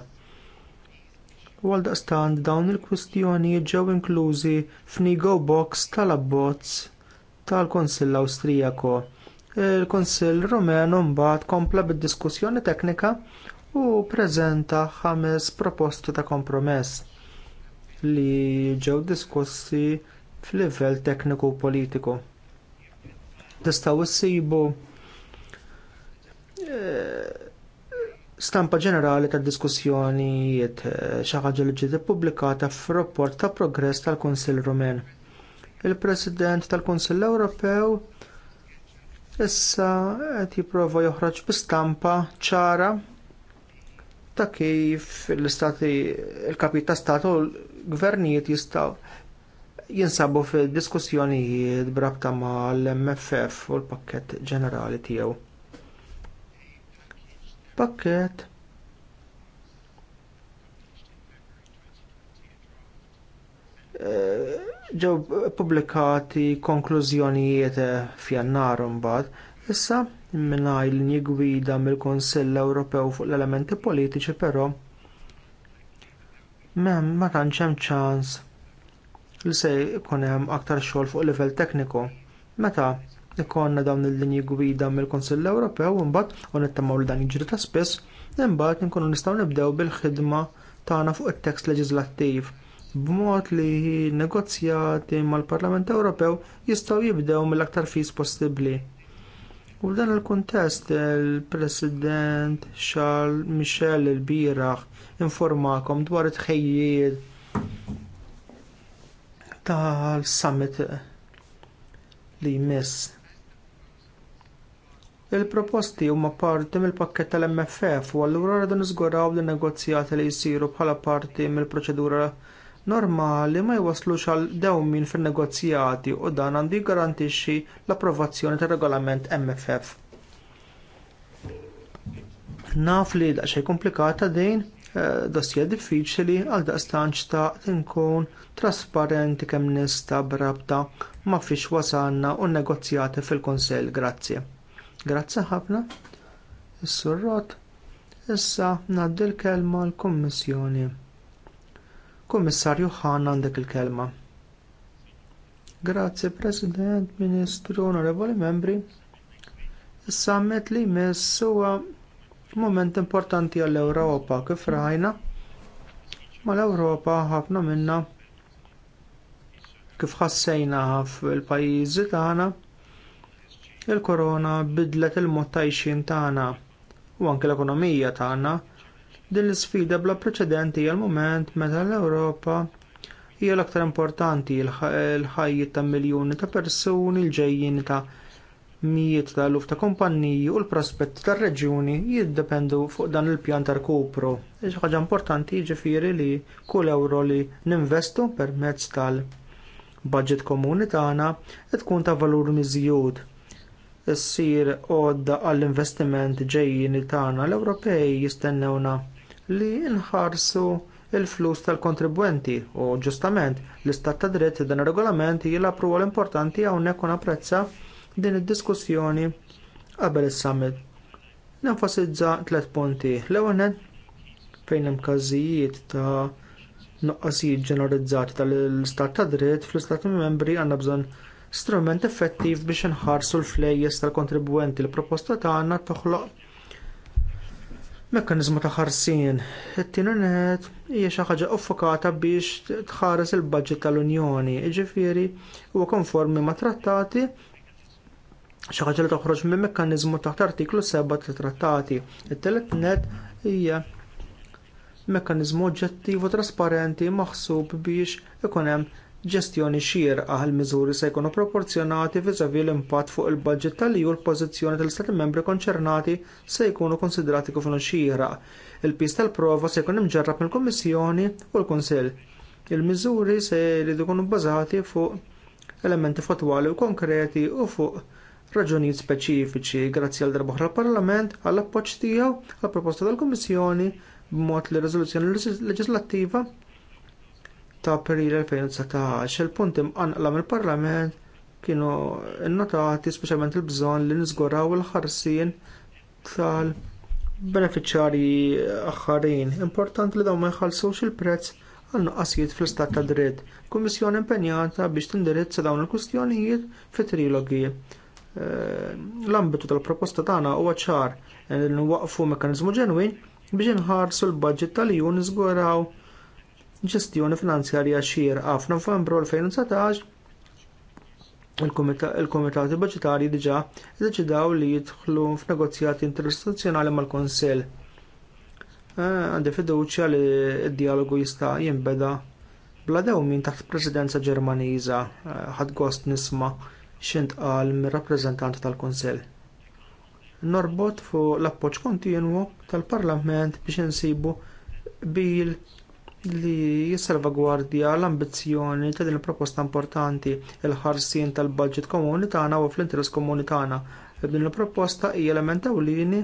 Għaldaqstant dawn il-kwistjonijiet ġew inklużi f'Nigo Box tal-abbozz tal-Konsill Awstrijako. Il-Konsill Rumenu mbagħad kompla bid-diskussjoni teknika u ppreżenta ħames proposti ta' kompromess li ġew diskussi fil-livell tekniku u politiku. Tistgħu issibu stampa ġenerali tad diskussjonijiet eh, xi ħaġa li ġiet ippubblikata f'rapport ta' progress tal-Kunsill Rumen. Il-President tal-Kunsill Ewropew issa qed jipprova joħroġ bi stampa ċara ta' kif l-istati il-kapit ta' u l-gvernijiet jistgħu jinsabu fid diskussjonijiet brabta mal mff u l-pakket ġenerali tiegħu. Pakket eh, ġew pubblikati konklużjonijiet eh, f'jannar mbagħad issa mingħajr linji gwida mill-Kunsill Ewropew fuq l-elementi politiċi però m'hemm ma tantx hemm ċans li se jkun hemm aktar xogħol fuq livell tekniku meta ikonna dawn il-linji gwida mill-Konsill Ewropew imbagħad u nittamaw li dan jiġri ta' spiss, imbagħad inkunu nistgħu nibdew bil-ħidma tagħna fuq it-tekst leġislattiv b'mod li negozjati mal-Parlament Ewropew jistgħu jibdew mill-aktar fis possibbli. U f'dan il-kuntest il-President Charles Michel il-biraħ informakom dwar it-tħejjiet tal-summit li jmiss Il-proposti huma parti mill-pakket tal-MFF u allura rridu niżguraw li negozjati li jsiru bħala parti mill-proċedura normali ma jwaslux għal dewmin fin-negozjati u dan għandi jiggarantixxi l-approvazzjoni tar-regolament MFF. Naf li daqsxejn komplikata din eh, dossier diffiċli għal daqstanċ ta' tinkun trasparenti kemm nista' brabta ma fix wasanna u negozjati fil-Konsell. Grazzi. Grazzi ħafna. Is-surrot. Issa ngħaddi l-kelma l-Kummissjoni. Kummissarju ħan għandek il-kelma. Grazzi President, Ministru, Onorevoli Membri. Is-summit li jmiss huwa moment importanti għall-Ewropa kif rajna. Mal-Ewropa ħafna minnha kif ħassejna fil-pajjiżi tagħna Il-korona bidlet il-mod tajxin tagħna u anke l-ekonomija tagħna. Din l-isfida bla preċedenti hija mument meta l-Ewropa hija l-aktar importanti l-ħajjiet ta' miljuni ta' persuni l-ġejjin ta' mijiet ta' luf ta' kumpanniji u l-prospetti tar reġjuni jiddependu fuq dan il-pjan ta' rkupru. xi ħaġa importanti jiġifieri li kull ewro li ninvestu permezz tal-budget komuni tagħna tkun ta' valur miżjud ssir għodda għall-investiment ġejjin tagħna l-Ewropej jistennewna li nħarsu l flus tal-kontribwenti u ġustament l-istat ta' dritt dan ir-regolament jilapru l-importanti hawnhekk u napprezza din id-diskussjoni qabel is-summit. Nenfasizza tliet punti. L-ewwel fejn hemm każijiet ta' nuqqasijiet ġeneralizzati tal-istat ta' dritt fl-istati membri għandna bżonn strument effettiv biex inħarsu l-flejjes tal-kontribwenti l-proposta tagħna toħloq mekkaniżmu ta' ħarsien. It-tieni net hija xi ħaġa offokata biex tħares il-budget tal-Unjoni, jiġifieri huwa konformi ma' trattati xi ħaġa li toħroġ minn mekkaniżmu taħt artiklu 7 tat-trattati. It-telet net hija mekkaniżmu oġġettivu trasparenti maħsub biex ikun hemm ġestjoni xierqa għal miżuri se jkunu proporzjonati viżavi l-impatt fuq il-budget tal-ju l-pożizzjoni tal-Stati membri konċernati se jkunu konsidrati kif xieraq. Il-pis tal-prova se jkun imġarrab mill-Kummissjoni u l-Kunsill. Il-miżuri se jridu jkunu bbażati fuq elementi fatwali u konkreti u fuq raġunijiet speċifiċi grazzi għal darba l-Parlament għall appoġġ tiegħu għall proposta tal-Kummissjoni b'mod li riżoluzzjoni leġislattiva ta' april 2019. Il-punt mqanqla' mill-Parlament kienu notati speċjalment il-bżonn li niżguraw il-ħarsien tal benefiċjarji aħħarin. Importanti li dawn ma jħallsux il-prezz għal nuqqasijiet fl-istat ta' dritt. Kummissjoni impenjata biex tindirizza dawn il-kustjonijiet fit trilogi. Eh, l-ambitu tal-proposta tagħna huwa ċar li nwaqfu mekanizmu ġenwin biex inħarsu l-budget tal jun niżguraw ġestjoni finanzjarja xierqa f'Novembru 2019 il-Komitati Budġetarji diġà deċidaw li jidħlu f'negozjati interistituzzjonali mal-Konsell. Eh, għandi fiduċja li d-dialogu jista' jinbeda bla dewmin taħt presidenza Ġermaniża eh, ħadd gost nisma' x'intqal mir rappreżentanti tal-Konsell. Norbot fuq l-appoġġ kontinwu tal-Parlament biex insibu bil li jissalvagwardja l-ambizzjoni ta' din il-proposta importanti il ħarsien tal-budget komuni tagħna u fl-interess komuni tagħna. Din il-proposta hija element ewlieni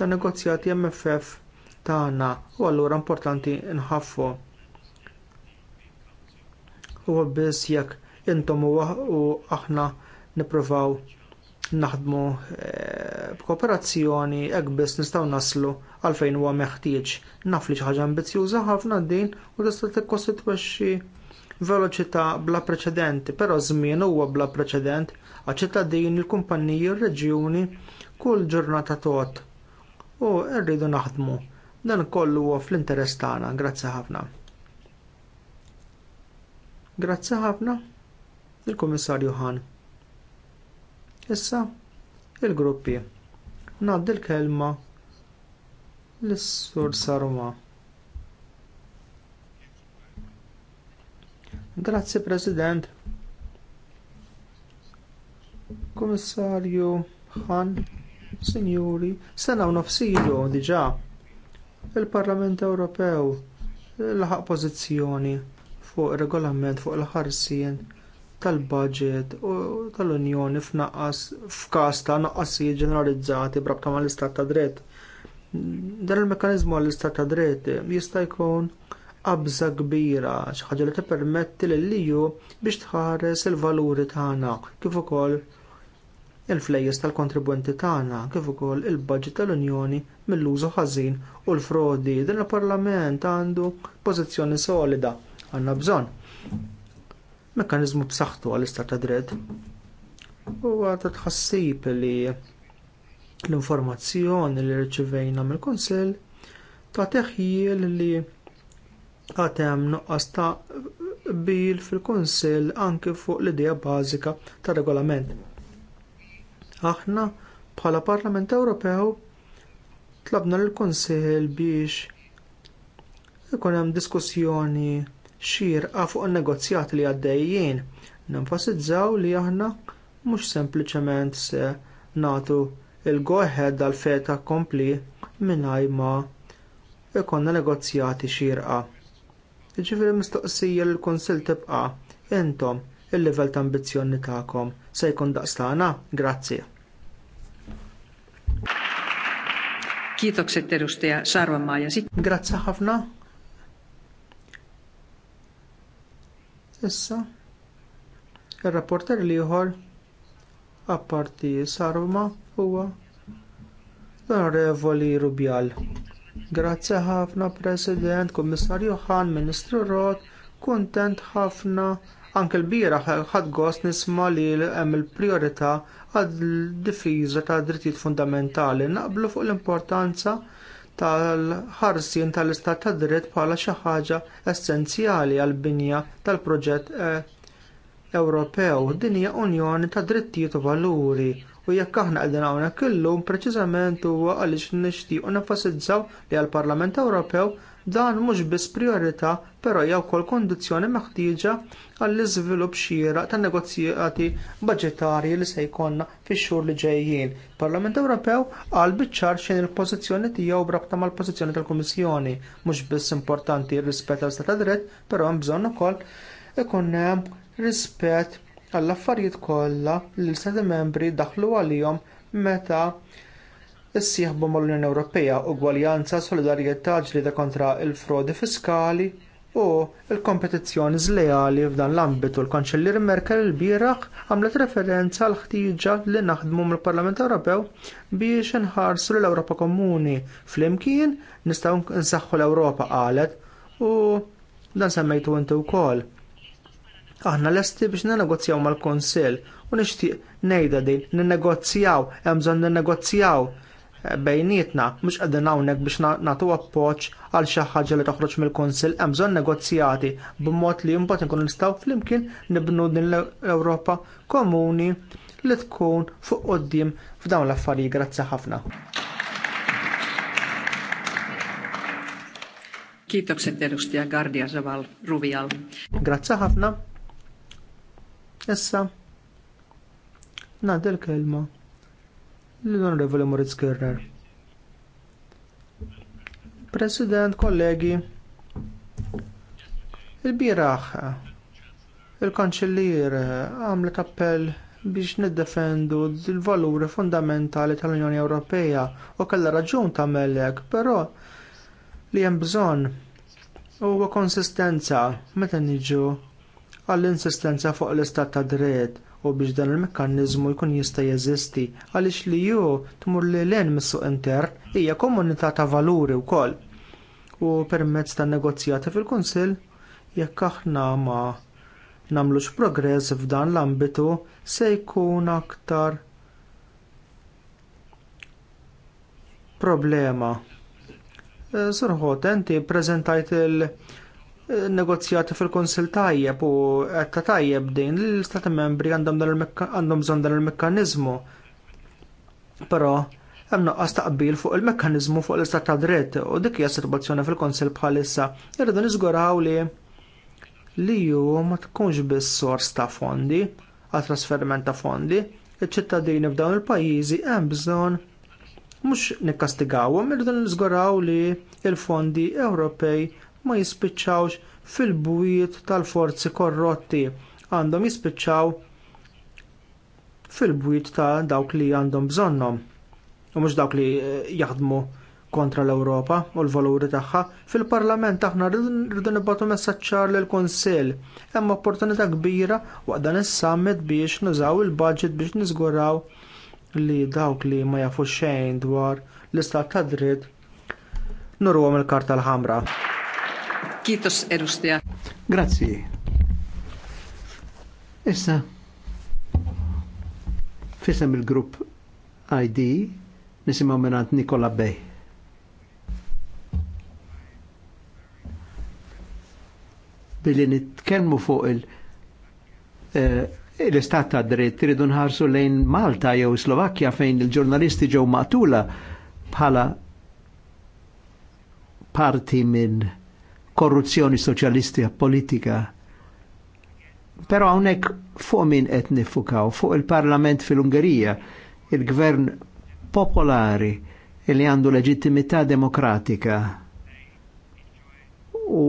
ta' negozjati MFF tagħna u allura importanti nħaffu. Huwa biss jekk intom u aħna nippruvaw naħdmu eh, b'kooperazzjoni hekk biss nistgħu naslu għalfejn huwa meħtieġ. Naf li xi ħaġa ambizzjuża ħafna din u tista' tikkostitwixxi veloċità bla preċedenti, però żmien huwa bla preċedent għaċ-ċittadini, il-kumpanniji, ir-reġjuni kull ġurnata tot. U rridu naħdmu. Dan kollu huwa fl-interess tagħna. Grazzi ħafna. Grazzi ħafna il-Kummissarju Hahn. Issa, il-gruppi. Naddi l-kelma l-sur sarma. Grazzi, President. Komissarju Han, Signori, sena u nofsilu diġa. Il-Parlament Ewropew laħaq pożizzjoni fuq regolament fuq il-ħarsien tal-budget u tal-Unjoni f'naqqas f'każ ta' naqqasijiet ġeneralizzati brabta mal-istat ta' dritt. Dan il-mekkaniżmu għall-istat ta' dritt jista' jkun qabża kbira xi ħaġa li tippermetti lill-liju biex tħares il-valuri tagħna kif ukoll il-flejjes tal-kontribwenti tagħna kif ukoll il-budget tal-Unjoni mill-użu ħażin u l-frodi. Din il-Parlament għandu pożizzjoni solida għandna bżonn mekkaniżmu b'saħħtu għall-istat ta' dred. U għadha tħassib li l-informazzjoni li rċivejna mill kunsill ta' teħjil li għatem nuqqas ta' bil fil kunsill anke fuq l-idea bażika ta' regolament. Aħna bħala Parlament Ewropew tlabna l kunsill biex ikun hemm diskussjoni xierqa fuq in-negozjati li għaddejjin, nenfasizzaw li aħna mhux sempliċement se nagħtu il-go-ahead għal-feta kompli mingħajr ma ikonna negozjati xierqa. Jiġifieri mistoqsija l kunsill tibqa, intom, il livell ta' ambizzjoni tagħkom se jkun daqstana, grazzi.
Kiitokset edustaja Sarvamaa Grazzi ħafna.
Issa, ir-rapporter li ieħor apparti sarma huwa l-Onorevoli Rubjal. Grazzi ħafna President, Kummissarju Ħan, Ministru Rod, kuntent ħafna anke l-bira ħad gost nisma li hemm il-priorità għad difiża ta' drittijiet fundamentali naqblu fuq l-importanza tal-ħarsien tal-istat tad dritt bħala xi ħaġa essenzjali għall binja tal-proġett eh, Ewropew. Din hija unjoni ta' drittijiet u valuri u jekk aħna qegħdin hawnhekk illum preċiżament huwa għaliex nixtiequ nenfasizzaw li għall-Parlament Ewropew Dan mhux biss priorità, però jew wkoll kondizzjoni meħtieġa għall iżvilupp xieraq ta' negozjati budġetarji li se jkollna fix-xhur li ġejjin. Parlament Ewropew qal biċ-ċar xejn il-pożizzjoni tiegħu brabta mal-pożizzjoni tal-Kummissjoni. Mhux biss importanti r-rispett għal ta' dritt, però hemm bżonn ukoll ikun hemm rispett għall affarijiet kollha li l-Stati membri daħlu għalihom meta issieħbu mal-Unjoni Ewropea ugwaljanza solidarjetà ġlieda kontra l frodi fiskali u l kompetizzjoni żlejali f'dan l-ambitu l-Kanċellier Merkel il għamlet referenza għal ħtiġa li naħdmu mill-Parlament Ewropew biex inħarsu l-Ewropa Komuni flimkien nistgħu nsaħħu l-Ewropa qalet u dan semmejtu inti wkoll. Aħna lesti biex ninnegozjaw mal-Konsil u nixtieq ngħidha din ninnegozjaw hemm bżonn ninnegozjaw bejnietna mhux qegħdin hawnhekk biex nagħtu appoġġ għal xi ħaġa li toħroġ mill-Kunsill hemm bżonn negozjati b'mod li mbagħad inkunu nistgħu flimkien nibnu din l-Ewropa komuni li tkun fuq quddiem f'dawn l-affarijiet. Grazzi ħafna. Kiitokset
edustaja Gardia Zaval Ruvial.
Grazzi ħafna. Issa. Nad kelma l onorevoli Moritz Kirner. President, kollegi, il-biraħ, il kanċellir għamlet appell biex niddefendu l-valuri fundamentali tal-Unjoni Ewropea u kellha raġun ta' Mellek, però li hemm bżonn huwa konsistenza meta niġu għall-insistenza fuq l-istat ta' dritt u biex dan il-mekkaniżmu jkun jista' jeżisti għaliex li ju tmur li len mis-suq intern hija komunità ta' valuri wkoll. U permezz tan negozjati fil-Kunsill jekk aħna ma nagħmlux progress f'dan l-ambitu se jkun aktar problema. Eh, Surħot, enti prezentajt il- negozjati fil-Konsil tajjeb u qed tajjeb din l istati membri għandhom bżonn dan il-mekkaniżmu. Però hemm noqqas taqbil fuq il-mekkaniżmu fuq l-Istat ta' dritt u dik hija sitwazzjoni fil-Konsil bħalissa. Irridu niżguraw li li ju ma tkunx biss sors ta' fondi għal trasferiment ta' fondi, iċ-ċittadini f'dawn il-pajjiżi hemm bżonn mhux nikkastigawhom, irridu niżguraw li l-fondi Ewropej ma jispiċċawx fil-bujiet tal-forzi korrotti għandhom jispiċċaw fil-bujiet ta' dawk li għandhom bżonnhom u mhux dawk li eh, jaħdmu kontra l-Ewropa u l-valuri tagħha, fil-Parlament aħna rridu nibgħatu messaċċar lill kunsill hemm opportunità kbira waqt dan is-summit biex nużaw il-budget biex niżguraw li dawk li ma jafux xejn dwar l-istat ta' dritt nurwhom il-karta l-ħamra.
Kitos Erustia.
Grazzi. Issa,
fissam il-grupp ID, nisimaw menant Nikola Bey. Billi nitkelmu fuq il- eh, istat ta' dritt iridu nħarsu lejn Malta jew Slovakkja fejn il-ġurnalisti ġew matula bħala parti minn korruzzjoni soċjalisti politika. Però hawnhekk fuq min qed nifukaw, fuq il-Parlament fil-Ungerija, il-Gvern popolari li għandu leġittimità demokratika. U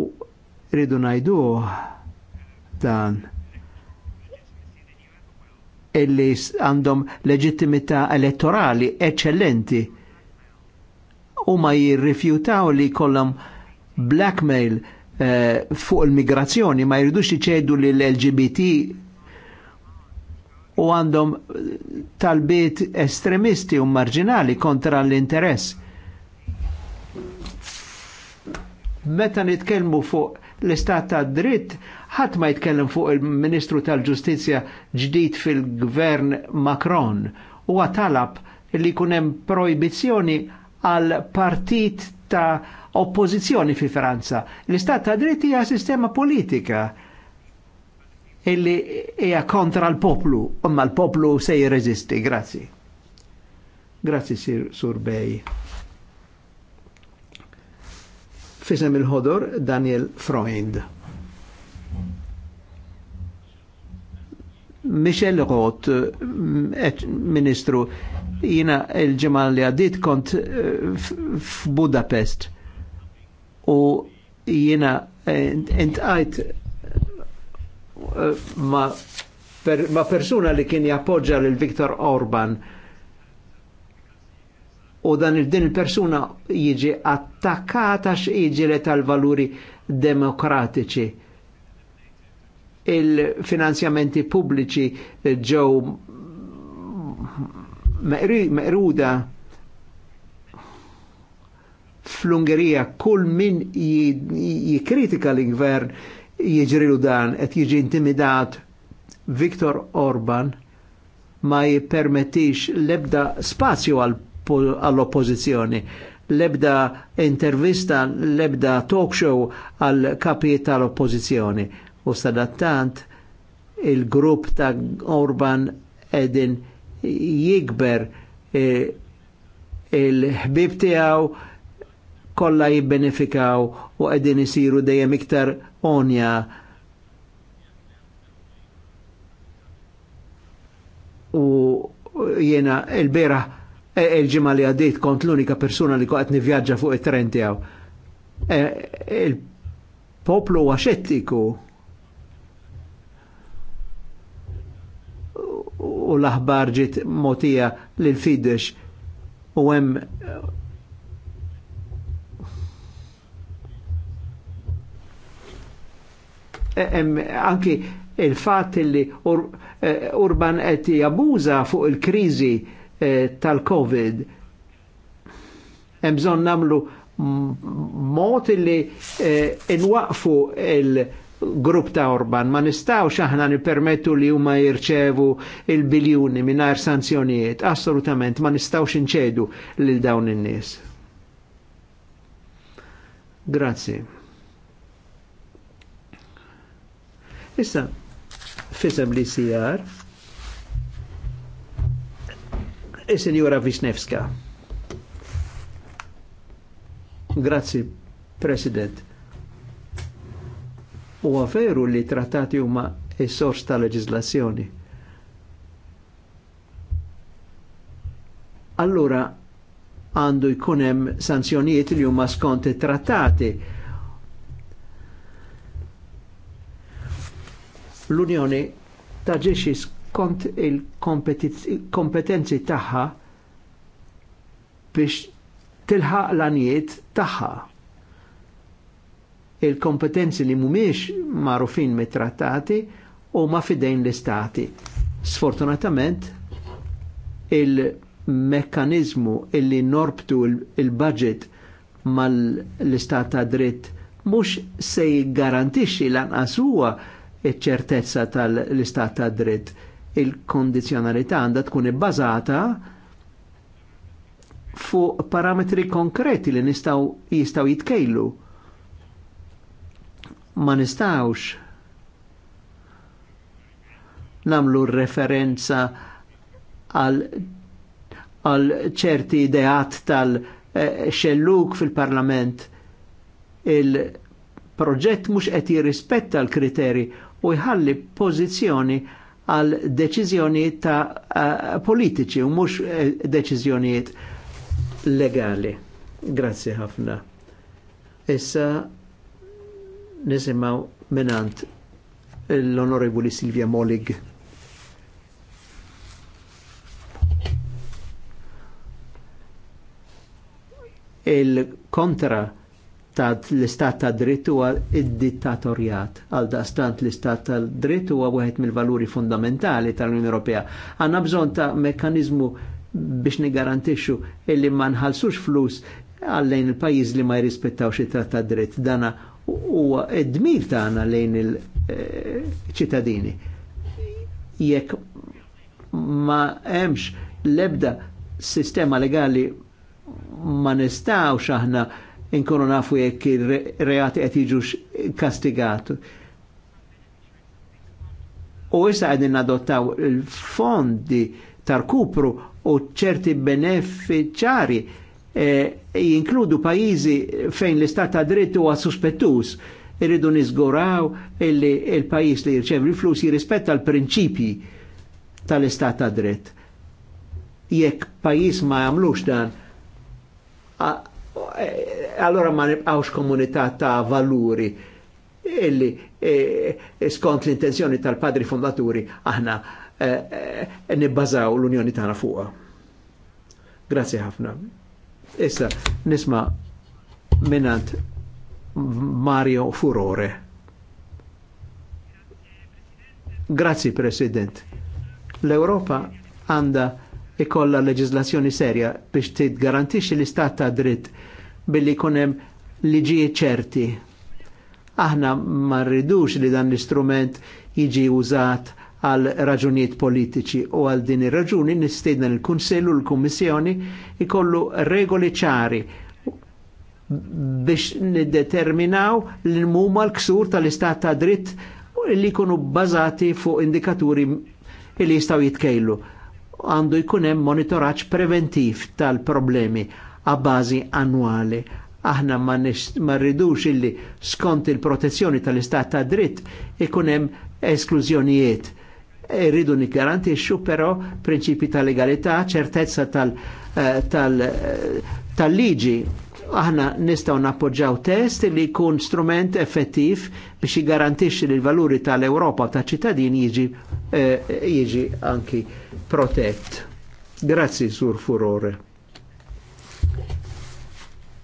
rridu ngħidu dan illi għandhom leġittimità elettorali eccellenti u ma jirrifjutaw li kollam blackmail eh, fuq il-migrazzjoni ma jridux iċedu l-LGBT u għandhom eh, talbiet estremisti u marginali kontra l-interess. Meta nitkellmu fuq l-istat ta' dritt, ħadd ma jitkellem fuq il-Ministru tal-Ġustizzja ġdid fil-Gvern Macron u għatalab li kunem proibizjoni għal partit ta' oppożizzjoni fi Franza. L-istat ta' dritt hija sistema politika illi hija kontra l-poplu, imma l-poplu se jirreżisti. Grazzi. Grazzi Sir Surbej. Fisem il-ħodor Daniel Freund. Michel Roth, ministru, jina il-ġemal li għadit kont eh, f'Budapest u jiena eh, intqajt eh, ma, per, ma persuna li kien jappoġġa lil Viktor Orban u dan il-din il-persuna jiġi attakkata x'iġi li tal-valuri demokratiċi il-finanzjamenti pubbliċi ġew meqruda fl-Ungerija kull min jikritika l-gvern jieġrilu dan, et jiġi intimidat Viktor Orban ma jippermettix lebda spazju għall-oppozizjoni, lebda intervista, lebda talk show għal kapiet tal-oppozizjoni. U sadattant il-grupp ta' Orban edin jikber eh, il-ħbib tijaw, Kolla jibbenefikaw u qegħdin isiru dejjem iktar onja u jiena il bera e, il-ġimgħa li għaddit kont l-unika persuna li qed nivvjaġġa fuq it-tren tiegħu. E, il-poplu għaxettiku u l-aħbar motija lil fidex u għem anki il-fat li ur eh, Urban qed jabuża fuq il-kriżi eh, tal-Covid. Hemm bżonn nagħmlu mod li eh, inwaqfu il- grupp ta' Orban, ma nistawx aħna nipermettu li huma jirċevu il-biljuni mingħajr sanzjonijiet, assolutament ma nistawx inċedu lil dawn in-nies. Grazie. Issa, fisem li sijar, il-Sinjura e Visnevska. Grazzi, President. U għaferu li trattati huma il e sors ta' leġislazzjoni. Allura għandu jkunem sanzjonijiet li huma skont it-trattati l-Unjoni taġiexi skont il-kompetenzi tagħha biex tilħaq l-anijiet tagħha. Il-kompetenzi li mhumiex magħrufin mit-trattati u ma fidejn l-istati. Sfortunatament il-mekkanizmu illi norbtu il-budget mal-istat ta' dritt mhux se jiggarantixxi lanqas huwa iċ-ċertezza tal-istat ta' dritt. Il-kondizjonalità għandha tkun ibbażata fuq parametri konkreti li nistaw jistaw jitkejlu. Ma nistawx namlu referenza għal ċerti ideat tal-xelluk fil-parlament il-proġett mux qed jirrispetta l-kriteri u jħalli pozizjoni għal deċiżjonijiet ta' politiċi u mhux eh, deċiżjonijiet legali. Grazzi ħafna. Issa nisimaw minant l-Onorevoli Silvia Molig. il-kontra tad l-istat ta' dritt huwa id-dittatorjat. Għal daqstant l-istat ta' dritt huwa wieħed mill-valuri fundamentali tal-Unjoni Ewropea. Għandna bżonn ta' mekkaniżmu biex nigarantixxu illi ma nħallsux flus għallejn il-pajjiż li ma jirrispettawx it-trat ta' dritt. Dana huwa id-dmir tagħna lejn il-ċittadini. Jekk ma hemmx l-ebda sistema legali ma nistawx aħna inkunu nafu jekk il-reati qed jiġux kastigat. U issa qegħdin adottaw il-fondi tar-kupru u ċerti beneficjari eh, jinkludu pajizi fejn l-istat ta' dritt huwa suspettuż irridu nizguraw illi il-pajis li jirċev il-flus jirrispetta l-prinċipji tal-istat ta' dritt. Jekk pajis ma jagħmlux dan, Eh, allora ma nibqawx komunità ta' valuri illi eh, eh, skont l-intenzjoni tal-padri fondaturi aħna nibbażaw l-Unjoni tagħna fuqha. Grazzi ħafna. Issa nisma' minant Mario Furore. Grazzi President. L-Europa għandha ikolla leġizlazzjoni serja biex garantixi l-istat ta' dritt billi kunem hemm liġijiet ċerti. Aħna ma rridux li dan l-istrument jiġi użat għal raġunijiet politiċi u għal din ir-raġuni nistiedna l-Kunsellu l-Kummissjoni ikollu regoli ċari biex niddeterminaw l muma l-ksur tal-istat ta' dritt li jkunu bazati fuq indikaturi li jistaw jitkejlu għandu jkun hemm monitoraġġ preventiv tal-problemi a bażi annwali. Aħna ma rridux illi skont il-protezzjoni tal-istat ta' dritt ikun hemm esklużjonijiet. Irridu e nikgarantixxu però prinċipi ta' legalità, ċertezza eh, eh, tal-liġi tal, tal, aħna nistgħu nappoġġaw test li jkun strument effettiv biex jgarantixxi li l-valuri tal-Ewropa ta' ċittadini jiġi eh, jiġi anki protett. Grazzi, Sur Furore.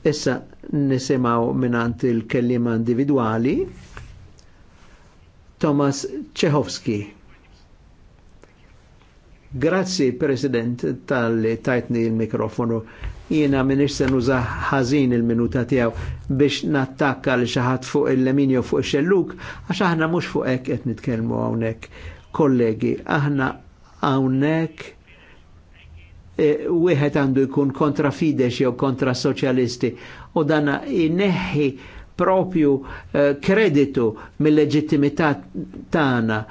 Issa nisimaw minant il-kellima individuali Thomas Czechowski. Grazzi, President, tal tajtni il-mikrofonu. Jiena minix se nuża ħażin il-minuta tiegħu biex nattakka li xaħat fuq il-leminju fuq ix-xelluk, għax aħna mhux fuq hekk qed nitkellmu hawnhekk. Kollegi, aħna għawnek u e, wieħed għandu jkun kontra Fidesz jew kontra soċjalisti u dan inneħħi propju e, kreditu mill-leġittimità tagħna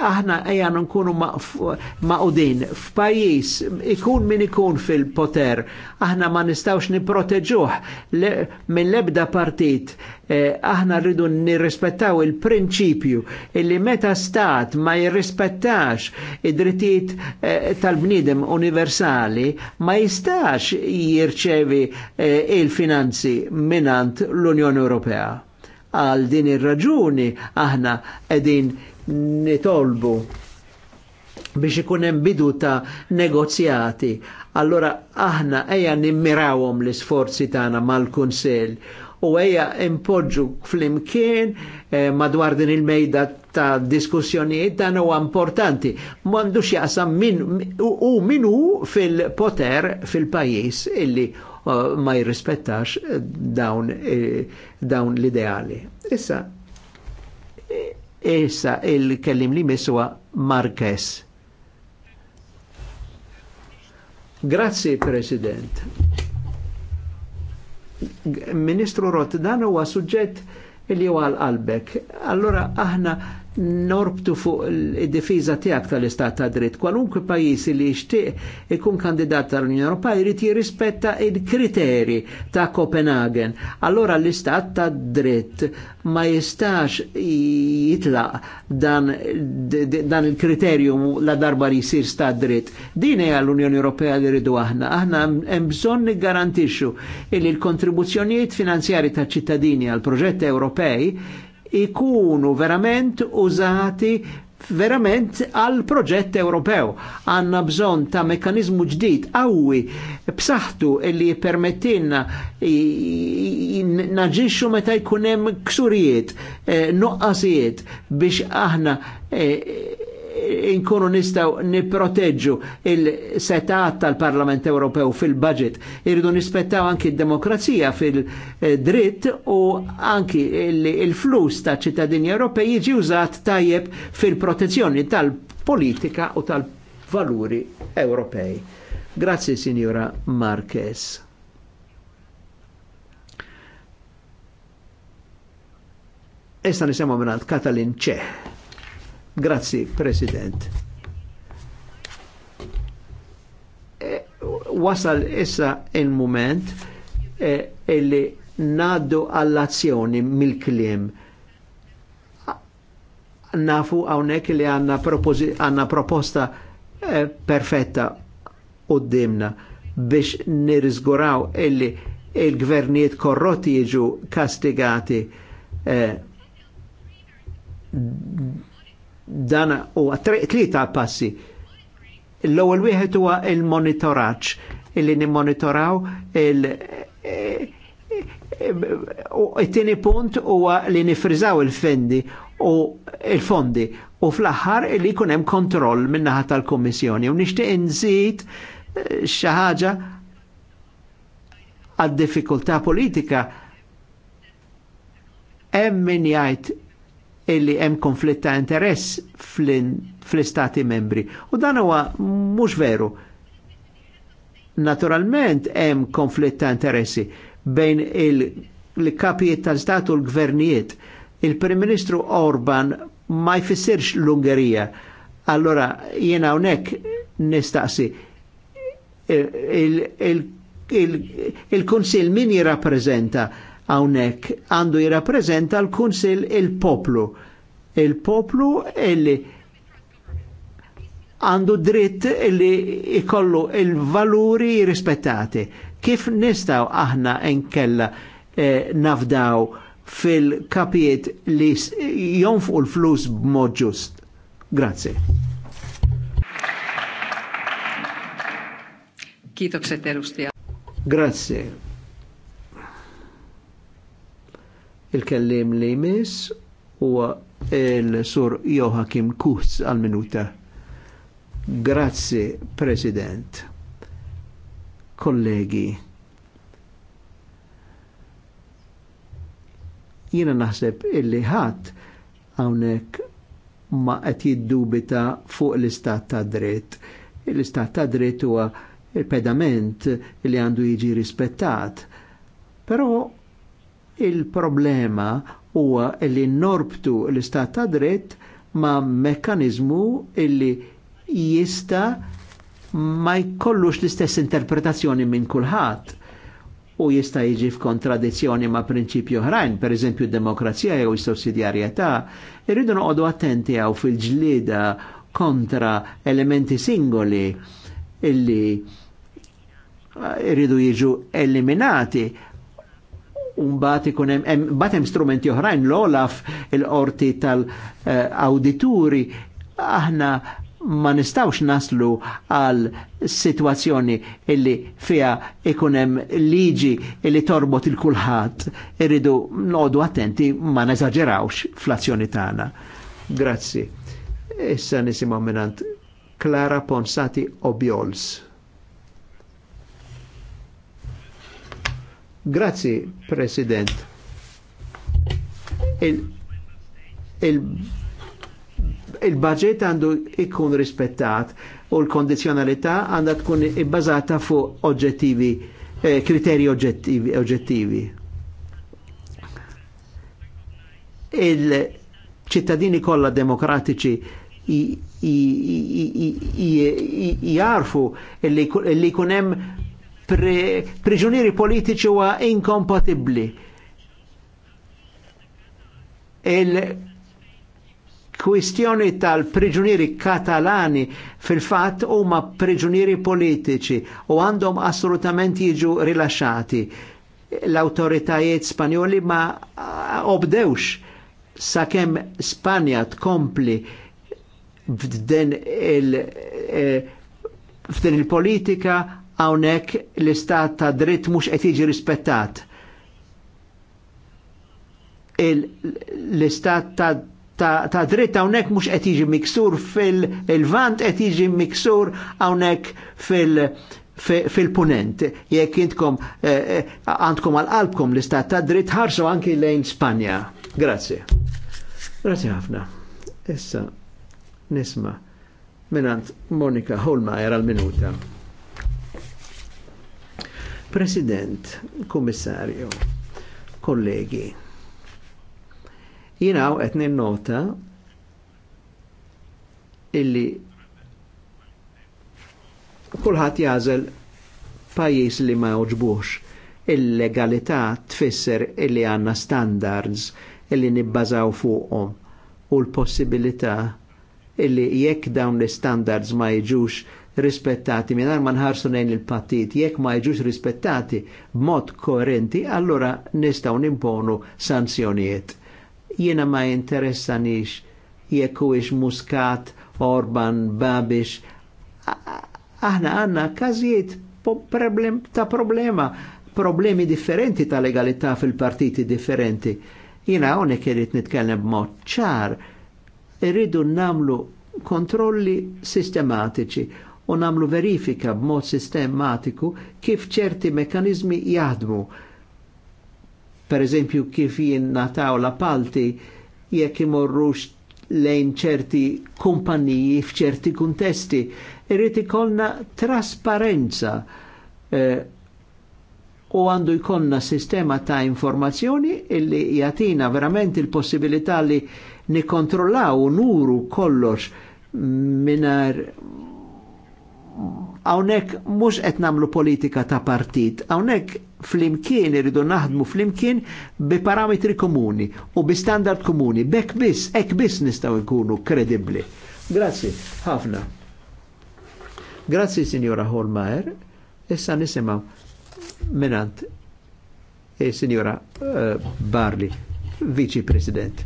aħna ejja nkunu maqudin F'pajjiż ikun min ikun fil-poter, aħna ma nistawx niproteġuh minn l-ebda partit, eh, aħna rridu nirrispettaw il-prinċipju illi meta stat ma jirrispettax id-drittijiet eh, tal bniedem universali ma jistax jirċevi eh, il-finanzi minant l-Unjoni Ewropea għal din ir-raġuni aħna edin nitolbu biex ikun hemm bidu ta' negozjati. Allora aħna ejja nimmirawhom l-isforzi tagħna mal-Kunsell u ejja impoġġu flimkien eh, madwar din il-mejda ta' diskussjonijiet dan huwa importanti. M'għandux jaqsam min u min hu fil-poter fil-pajjiż illi uh, ma jirrispettax eh, dawn, eh, dawn l-ideali. Issa Issa il-kellim li miswa Marquez. Grazie, President. Ministru Rot, dan huwa suġġett li huwa għal qalbek. Allora aħna norbtu fuq il difiża tiegħek tal-istat ta' dritt. Kwalunkwe pajjiż li jixtieq ikun kandidat tal-Unjoni Ewropea jrid jirrispetta il-kriteri ta' Copenhagen. Allora l-istat ta' dritt ma jistax jitlaq dan, dan il-kriterium la darba li jsir stat dritt. Din hija l-Unjoni Ewropea li rridu aħna. Aħna hemm bżonn niggarantixxu li l-kontribuzzjonijiet finanzjari ta' ċittadini għal proġetti Ewropej ikunu verament użati verament għal proġett Ewropew. Għanna bżon ta' mekanizmu ġdid għawi b'saħtu li permettinna naġiċu meta jkunem ksurijiet, eh, nuqqasijiet biex aħna eh, inkunu nistaw niproteġġu il-setat tal-Parlament Ewropew fil-budget. Irridu nispettaw anki d-demokrazija fil-dritt u anki il-flus ta' ċittadini Ewropej jiġi użat tajjeb fil-protezzjoni tal-politika u tal-valuri Ewropej. Grazzi, Signora Marquez. Issa nisemmu minnant Katalin Ċeħ. Grazzi, President. E, wasal issa il-moment e, illi naddu għall-azzjoni mill-kliem. Nafu għawnek li għanna, għanna proposta e, perfetta u dimna biex nirizguraw illi il-gvernijiet korrotti jiġu kastigati eh, dan huwa tlieta passi. L-ewwel wieħed huwa il-monitoraġġ illi nimmonitoraw il- eh, eh, it-tieni punt huwa li nifriżaw il-fendi u il-fondi u fl-aħħar li jkun hemm kontroll min-naħa tal-Kummissjoni u nixtieq inżid eh, xi ħaġa għad-diffikultà politika hemm min jgħid illi hemm konflitt ta' interess fl-istati membri. U dan huwa mhux veru. Naturalment hemm konflitt ta' interessi bejn il-kapijiet tal-stat u l-gvernijiet. Il-Prim Ministru Orban ma jfissirx l-Ungerija. Allora jiena hawnhekk nistaqsi il-Kunsill il, il, il, il min jirrappreżenta għawnek għandu jirrapprezenta l-Kunsil il-poplu. Il-poplu illi għandu dritt illi ikollu il-valuri rispettati. Kif nistaw aħna nkella eh, nafdaw fil-kapijiet li jonfqu l-flus b'mod ġust? Grazie. Kitokset Grazie. Il-kellim li jmiss huwa il-sur Joachim Kuhs għal-minuta. Grazzi, President. Kollegi. Jiena naħseb illi ħat hawnhekk ma qed jiddubita fuq l-istat ta' dritt. L-istat ta' dritt huwa il-pedament li għandu jiġi rispettat. Però Il-problema huwa li norbtu l-istat ta' dritt ma' mekkanizmu illi jista ma jkollux l-istess interpretazzjoni minn kulħadd u jista jiġi f'kontradizzjoni ma' prinċipju oħrajn, per eżempju demokrazija jew sussidjarjetà, irridu noqogħdu attenti għaw fil-ġlieda kontra elementi singoli illi ah, irridu jiġu eliminati Umbat ikun hemm hemm strumenti oħrajn l-Olaf il-qorti tal-awdituri aħna ma nistawx naslu għal situazzjoni illi fija ikunem liġi illi torbot il-kulħat irridu nodu attenti ma neżagġerawx fl-azzjoni tagħna. Grazzi. Issa nisimgħu minant Clara Ponsati Obiols. Grazzi, President. Il-budget il, il għandu ikkun rispettat u l-kondizjonalità għandha tkun ibbażata fu oġġettivi, eh, kriteri oġġettivi. oġġettivi. Il-ċittadini kollha demokratiċi jarfu li kunem priġunieri politiċi huwa inkompatibbli. Il-kwistjoni tal-priġunieri katalani fil-fatt huma priġunieri politiċi u għandhom assolutament jiġu rilaxxati. L-autoritajiet Spanjoli ma obdewx sakemm Spanja tkompli f'din il- eh, f'din il-politika hawnhekk l-istat ta' dritt mhux qed jiġi rispettat. L-istat ta' ta', ta dritt hawnhekk mhux qed jiġi miksur fil-vant qed jiġi miksur hawnhekk fil- fil-punent, jekk intkom eh, eh, għandkom għal-qalbkom l-istat ta' dritt ħarsu anki lejn Spanja. Grazie. Grazie ħafna. Issa, nisma, minant Monika Holma era l-minuta. President, Kummissarju, kollegi, jina qed etni nota illi kullħat jazel pajis li ma uġbux il-legalità tfisser illi għanna standards illi nibbazaw fuqhom u l-possibilità illi jekk dawn l-standards ma jiġux rispettati mingħajr ma ħarsu nejn il patit jekk ma jġux rispettati b'mod koerenti allura nistaw nimponu sanzjonijiet. Jiena ma jinteressanix jekk huwiex Muscat, Orban, Babix. Aħna għandna każijiet problem, ta' problema, problemi differenti ta' legalità fil-partiti differenti. Jiena hawnhekk kellit nitkellem b'mod ċar irridu namlu kontrolli sistematiċi u namlu verifika b'mod sistematiku kif ċerti mekanizmi jaħdmu. Per eżempju, kif nataw la palti jekk imorrux lejn ċerti kumpaniji f'ċerti kuntesti. Irrid ikollna trasparenza eh, u għandu jkollna sistema ta' informazzjoni illi jatina verament il-possibilità li nikontrollaw u nuru kollox minar Hawnhekk mhux qed nagħmlu politika ta' partit, hawnhekk flimkien irridu naħdmu flimkien bi parametri komuni u bi standard komuni. Bek biss, ek biss nistgħu jkunu kredibbli. Grazzi, ħafna. Grazzi, Signora Holmaer. Issa nisimaw minant e Signora uh, Barli, Vici President.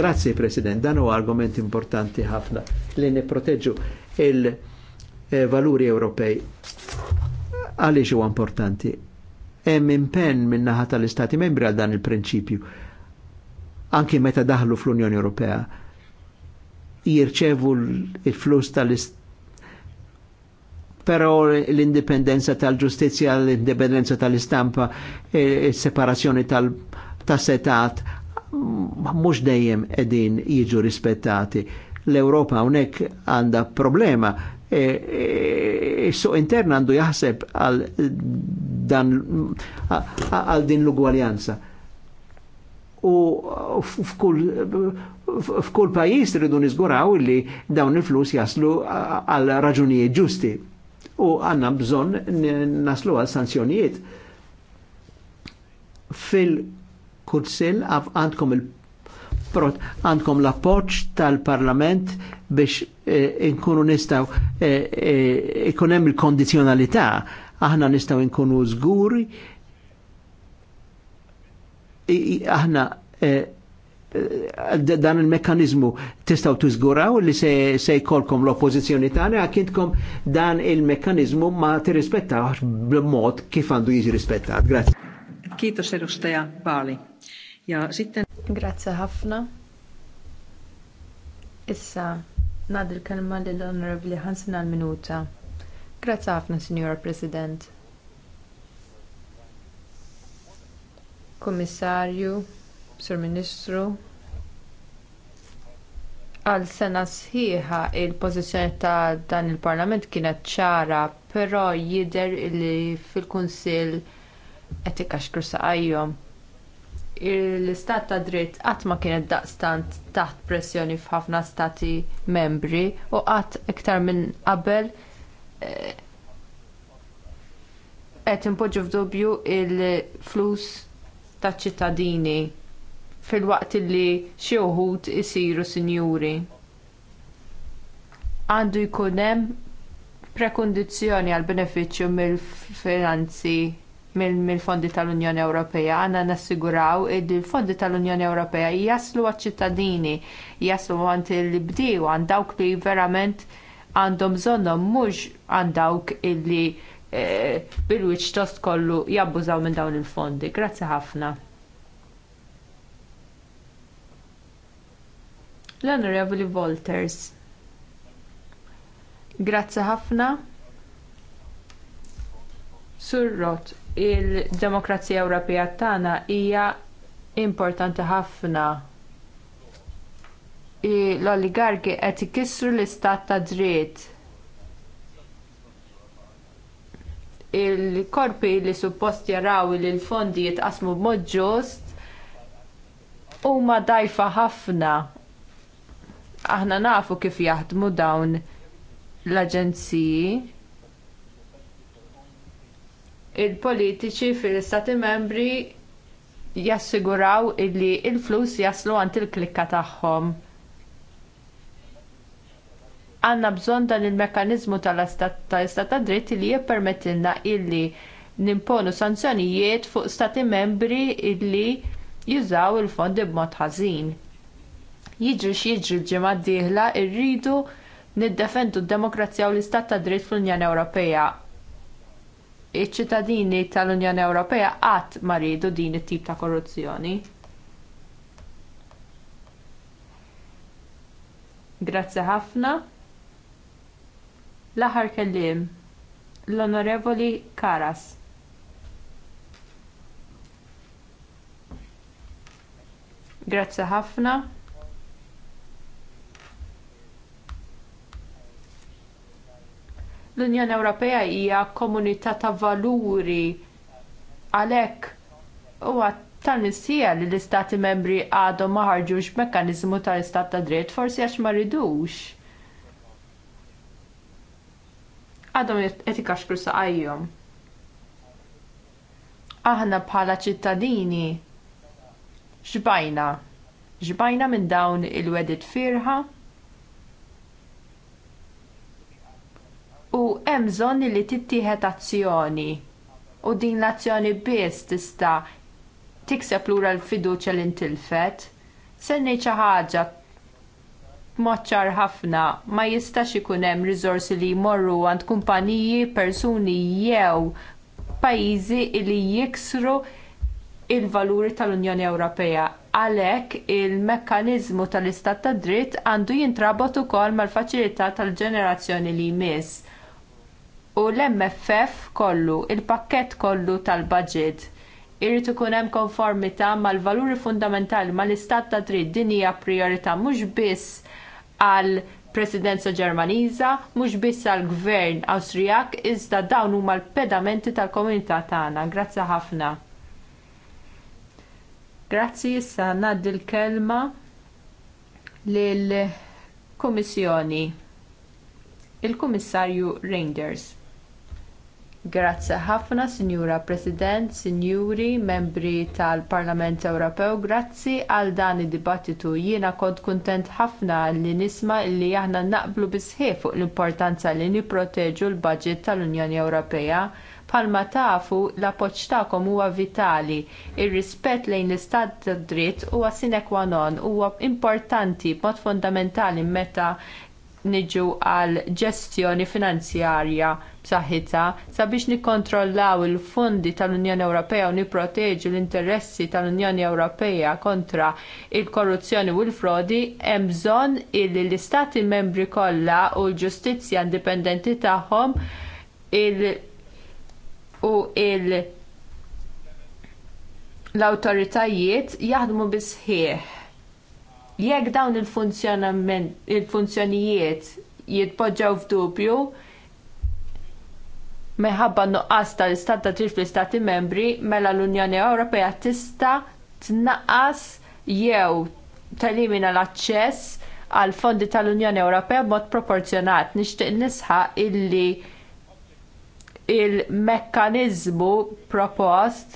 Grazzi President, dan huwa argument importanti ħafna li nipproteġu il- Eh, valuri Ewropej. Għaliex huwa importanti? Hemm impenn minn naħa tal-Istati membri għal dan il-prinċipju. Anki meta daħlu fl-Unjoni Ewropea jirċevu l flus tal-Istati però l-indipendenza tal-ġustizja, l-indipendenza tal-istampa, il-separazzjoni e, e, tal-setat, mux dejjem edin jiġu rispettati l-Europa unek għanda problema E, e, is-suq intern għandu jaħseb għal dan għal din l-ugwaljanza. U f'kull pajis pajjiż ridu niżguraw li dawn il-flus jaslu għal raġunijiet ġusti. U għanna bżon naslu għal sanzjonijiet. Fil-Kursil għandkom l-appoċ tal-Parlament biex eh, inkunu nistaw eh, eh, ikun hemm il-kondizjonalità aħna nistaw inkunu żguri aħna dan il-mekkanizmu tistaw tużguraw li se, se jkolkom l-oppozizjoni tani għak intkom dan il-mekkanizmu ma tirrispettawx b'mod kif għandu jiġi rispettat. Grazie.
Kiitos edustaja Baali. Ja sitten...
Grazie ħafna. Issa Nad il-kelma lill onorevli Hansen għal-minuta. Grazzi ħafna, Signor President. Kommissarju, Sur Ministru, għal sena sħiħa il-pożizzjoni ta' dan il-Parlament kienet ċara, però jidher li fil-Kunsill qed ikaxkru saqajhom l-istat ta' dritt qatt ma kienet daqstant taħt pressjoni f'ħafna stati membri u qatt iktar minn qabel eh, qed impoġġu f'dubju l flus taċ ċittadini fil-waqt li xi wħud isiru sinjuri. Għandu jkun hemm prekundizzjoni għall benefiċċju mill-finanzi mill-fondi tal-Unjoni Ewropea. Għanna nassiguraw li l-fondi tal-Unjoni Ewropea jaslu għal-ċittadini, jaslu għant il-bdiju, għand dawk li verament għandhom bżonnhom mhux għand dawk illi eh, bil-wiċ tost kollu jabbużaw minn dawn il-fondi. Grazzi ħafna. L-Honorable Volters. Grazzi ħafna. Sur Roth, il-demokrazija Ewropea tagħna hija importanti ħafna. L-oligarki qed ikissru l-istat ta' dritt. Il-korpi li suppost jaraw li l-fondi jitqasmu b'mod ġust huma dajfa ħafna. Aħna nafu kif jaħdmu dawn l-aġenziji il-politiċi fil-Stati membri jassiguraw illi l il flus jaslu għand il-klikka tagħhom. Għandna bżonn dan il-mekkaniżmu tal-istat tad dritt li jippermettilna illi nimponu sanzjonijiet fuq stati membri illi jużaw il-fondi b'mod ħażin. Jiġri x'jiġri l-ġimgħa d-dieħla rridu niddefendu d-demokrazija u l-istat ta' dritt fl-Unjoni Ewropea iċ-ċittadini tal-Unjoni Ewropea qatt ma riedu din it-tip ta' korruzzjoni. Grazzi ħafna. L-aħħar kelliem l-Onorevoli Karas. Grazzi ħafna. L-Unjoni Ewropea hija komunità ta' valuri għalhekk huwa tal-missija li l-istati membri għadhom ma ħarġux mekkaniżmu tal-istat ta' dritt forsi għax ma ridux. Għadhom qed ikaxkru saqajjhom. Aħna bħala ċittadini xbajna. Xbajna minn dawn il wegħdiet firħa u hemm bżonn li tittieħed azzjoni. U din l-azzjoni biss tista' tikseb lura l-fiduċja li ntilfet. Se ngħid xi ħaġa moċċar ħafna ma jistax ikun hemm riżorsi li jmorru għand kumpaniji, persuni jew pajjiżi li jiksru l valuri tal-Unjoni Ewropea. Għalhekk il-mekkaniżmu tal-istat tad dritt għandu jintrabot ukoll mal-faċilità tal-ġenerazzjoni li jmiss u l-MFF kollu, il-pakket kollu tal-budget. Irrid ikun hemm konformità mal-valuri fundamentali mal-istat ta' dritt din hija priorità mhux biss għall presidenza Ġermaniża, mhux biss għall gvern Awstrijak, iżda dawn huma l-pedamenti tal-komunità tagħna. Grazzi ħafna. Grazzi issa ngħaddi l-kelma lill-Kummissjoni. Il-Kummissarju Reinders. Grazzi ħafna, Sinjura President, Sinjuri, membri tal-Parlament Ewropew, grazzi għal dan id-dibattitu. Jiena kont kuntent ħafna li nisma li aħna naqblu bisħie fuq l-importanza li nipproteġu l-budget tal-Unjoni Ewropea. Palma tafu l-appoġġ tagħkom huwa vitali. Ir-rispett lejn l-istat tad dritt huwa sine qua non huwa importanti b'mod fondamentali meta niġu għal ġestjoni finanzjarja b'saħħitha sabiex nikkontrollaw il-fondi tal-Unjoni Ewropea u nipproteġu l-interessi tal-Unjoni Ewropea kontra l korruzzjoni u l-frodi hemm bżonn li l-istati membri kollha u l-ġustizzja indipendenti tagħhom u l-awtoritajiet jaħdmu bisħieħ Jekk dawn il-funzjonijiet il jitpoġġaw f'dubju, meħabba nuqqas tal-istat ta' trif l-istati membri, mela l-Unjoni Ewropea tista' tnaqqas jew telimina l-aċċess għal fondi tal-Unjoni Ewropea mod proporzjonat. Nixtieq nisħa illi il-mekkaniżmu propost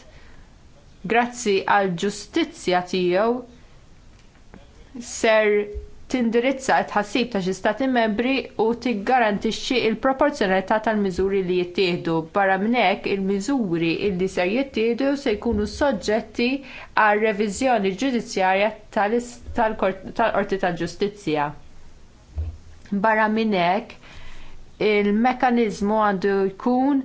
grazzi għall ġustizzja tiegħu ser tindirizza t tħassib ta' xi stati membri u tiggarantixxi l proporzjonalità tal-miżuri li jittieħdu. Barra minn hekk il-miżuri li ser jittieħdu se jkunu soġġetti għal reviżjoni ġudizzjarja tal-Qorti tal-Ġustizzja. Barra minn hekk il-mekkaniżmu għandu jkun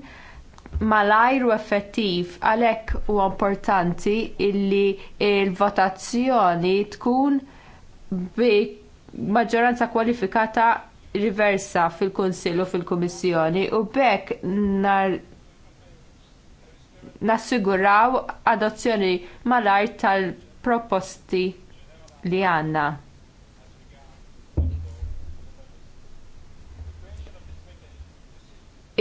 malajr u effettiv għalhekk huwa importanti li l votazzjoni tkun bi maġġoranza kwalifikata riversa fil-Kunsill u fil-Kummissjoni u bekk nar nassiguraw adozzjoni malajr tal-proposti li għandna.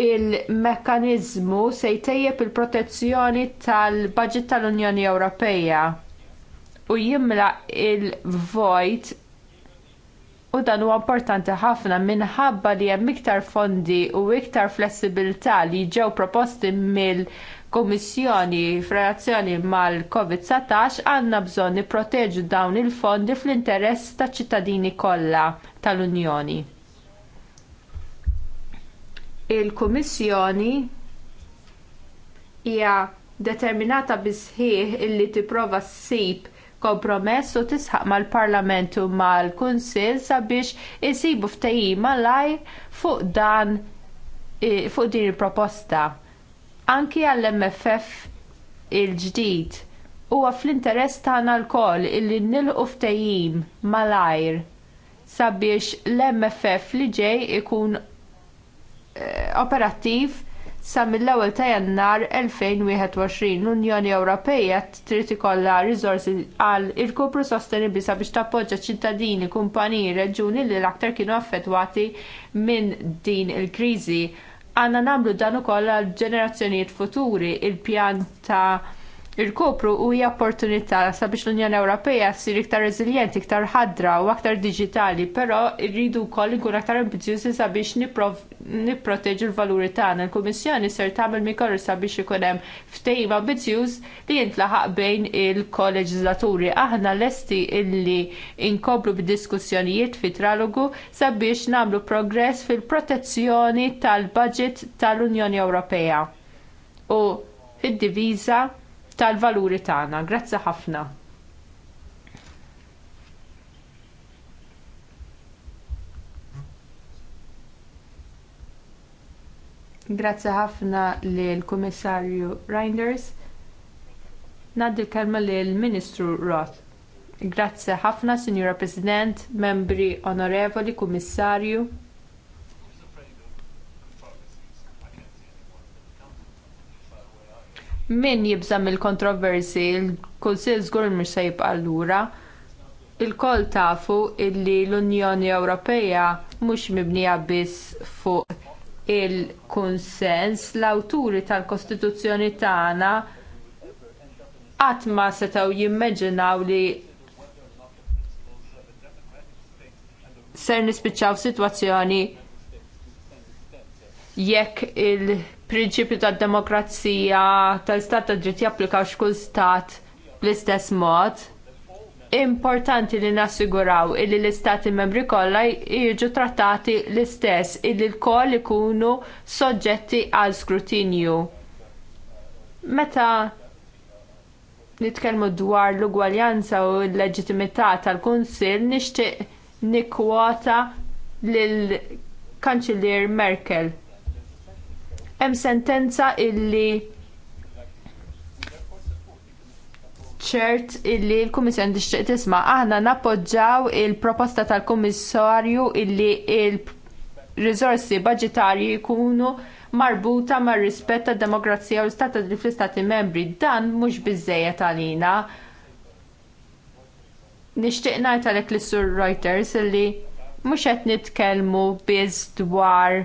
Il-mekkanizmu se jtejjeb il-protezzjoni tal-budget tal-Unjoni Ewropea u jimla il-vojt u dan huwa importanti ħafna minħabba li hemm iktar fondi u iktar flessibilità li ġew proposti mill kummissjoni f'relazzjoni mal-COVID-19 għandna bżonn nipproteġu dawn il-fondi fl-interess taċ ċittadini kollha tal-Unjoni. Il-Kummissjoni hija determinata bisħieħ illi tipprova ssib kompromess u tisħaq mal-Parlament u mal-Kunsill sabiex isibu ftehim malaj fuq dan fuq din il-proposta. Anki
għall-MFF
il-ġdid huwa fl-interess tagħna lkoll illi nilqu ftehim malajr sabiex l-MFF li ġej ikun eh, operattiv sa mill-ewwel ta' Jannar 2021 l-Unjoni Ewropea trid ikollha riżorsi għal irkupru sostenibbli sabiex tappoġġja ċittadini, kumpaniji, reġuni li l-aktar kienu affettwati minn din il-kriżi. Għandna nagħmlu dan ukoll għal ġenerazzjonijiet futuri, il-pjan ta' irkopru hija opportunità sabiex l-Unjoni Ewropea ssir iktar reżiljenti, iktar ħadra u aktar diġitali, però rridu wkoll inkun aktar ambizjużi sabiex nipproteġu l-valuri tagħna. Il-Kummissjoni ser tagħmel mikollu sabiex ikun hemm ftehim ambizjuż li jintlaħaq bejn il koleġislaturi Aħna lesti illi inkomplu b'diskussjonijiet fi tralogu sabiex nagħmlu progress fil-protezzjoni tal-budget tal-Unjoni Ewropea. U fid-diviża tal-valuri tagħna. Grazzi ħafna. Grazzi ħafna lill kummissarju Reinders. Naddi l-kelma lill ministru Roth. Grazzi ħafna, Signora President, membri onorevoli, kummissarju. min jibżam il-kontroversi, il-kunsil żgur mhux se jibqa' lura. Il-koll tafu illi l-Unjoni Ewropea mhux mibnija biss fuq il-kunsens l-awturi tal-Kostituzzjoni tagħna qatt ma setgħu jimmeġinaw li ser nispiċċaw sitwazzjoni jekk il prinċipju tad demokrazija tal-istat ta' dritt japplikaw x'kull stat bl-istess mod. Importanti li nassiguraw illi l-istati membri kollha jiġu trattati l-istess illi l-koll ikunu soġġetti għal skrutinju. Meta nitkellmu dwar l-ugwaljanza u l-leġitimità tal-Kunsill nixtieq nikkwota lill kanċiller Merkel hemm sentenza illi ċert illi l-Kummissjoni tixtieq tisma' aħna nappoġġaw il-proposta tal-Kummissarju illi il-riżorsi budġetarji jkunu marbuta mar rispett tad demokrazija u l-istat tad fl-istati membri. Dan mhux biżżejjed għalina. Nixtieq ngħid għalhekk lis sur Reuters illi mhux qed nitkellmu biss dwar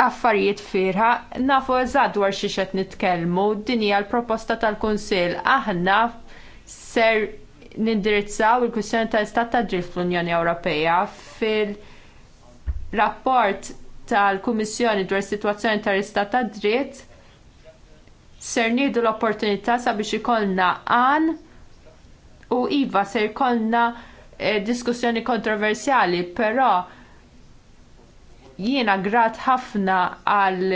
affarijiet firħa, nafu eżatt dwar xi qed nitkellmu, din hija l-proposta tal-Kunsill. Aħna ser nindirizzaw il-kwistjoni ta' istat ta' dritt fl-Unjoni Ewropea fil-rapport tal-Kummissjoni dwar is-sitwazzjoni tal-istat ta' dritt ser nieħdu l-opportunità sabiex ikollna għan u iva ser ikollna eh, diskussjoni kontroversjali, però Jiena grat ħafna għal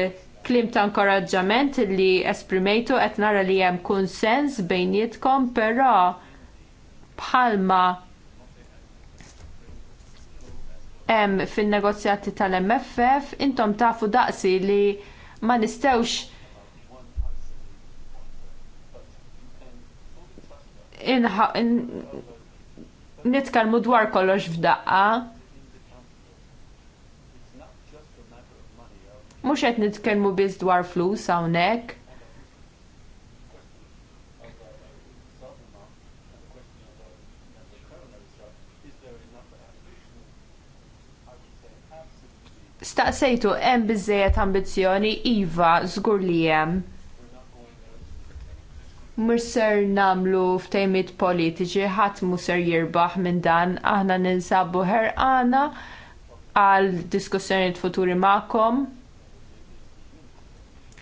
klim ta' inkoraġġament li esprimejtu qed nara li hemm kunsens bejnietkom, però bħalma hemm fin-negozjati tal-MFF intom tafu daqsi li ma nistgħux in, nitkalmu dwar kollox f'daqqa. Mhux qed nitkellmu biss dwar flus hawnhekk. Staqsejtu hemm biżejjed ambizzjoni iva żgur li hemm. Murser namlu ftejmit politiċi ħadd muser jirbaħ minn dan aħna ninsabu ħerqana għal diskussjonijiet futuri magħkom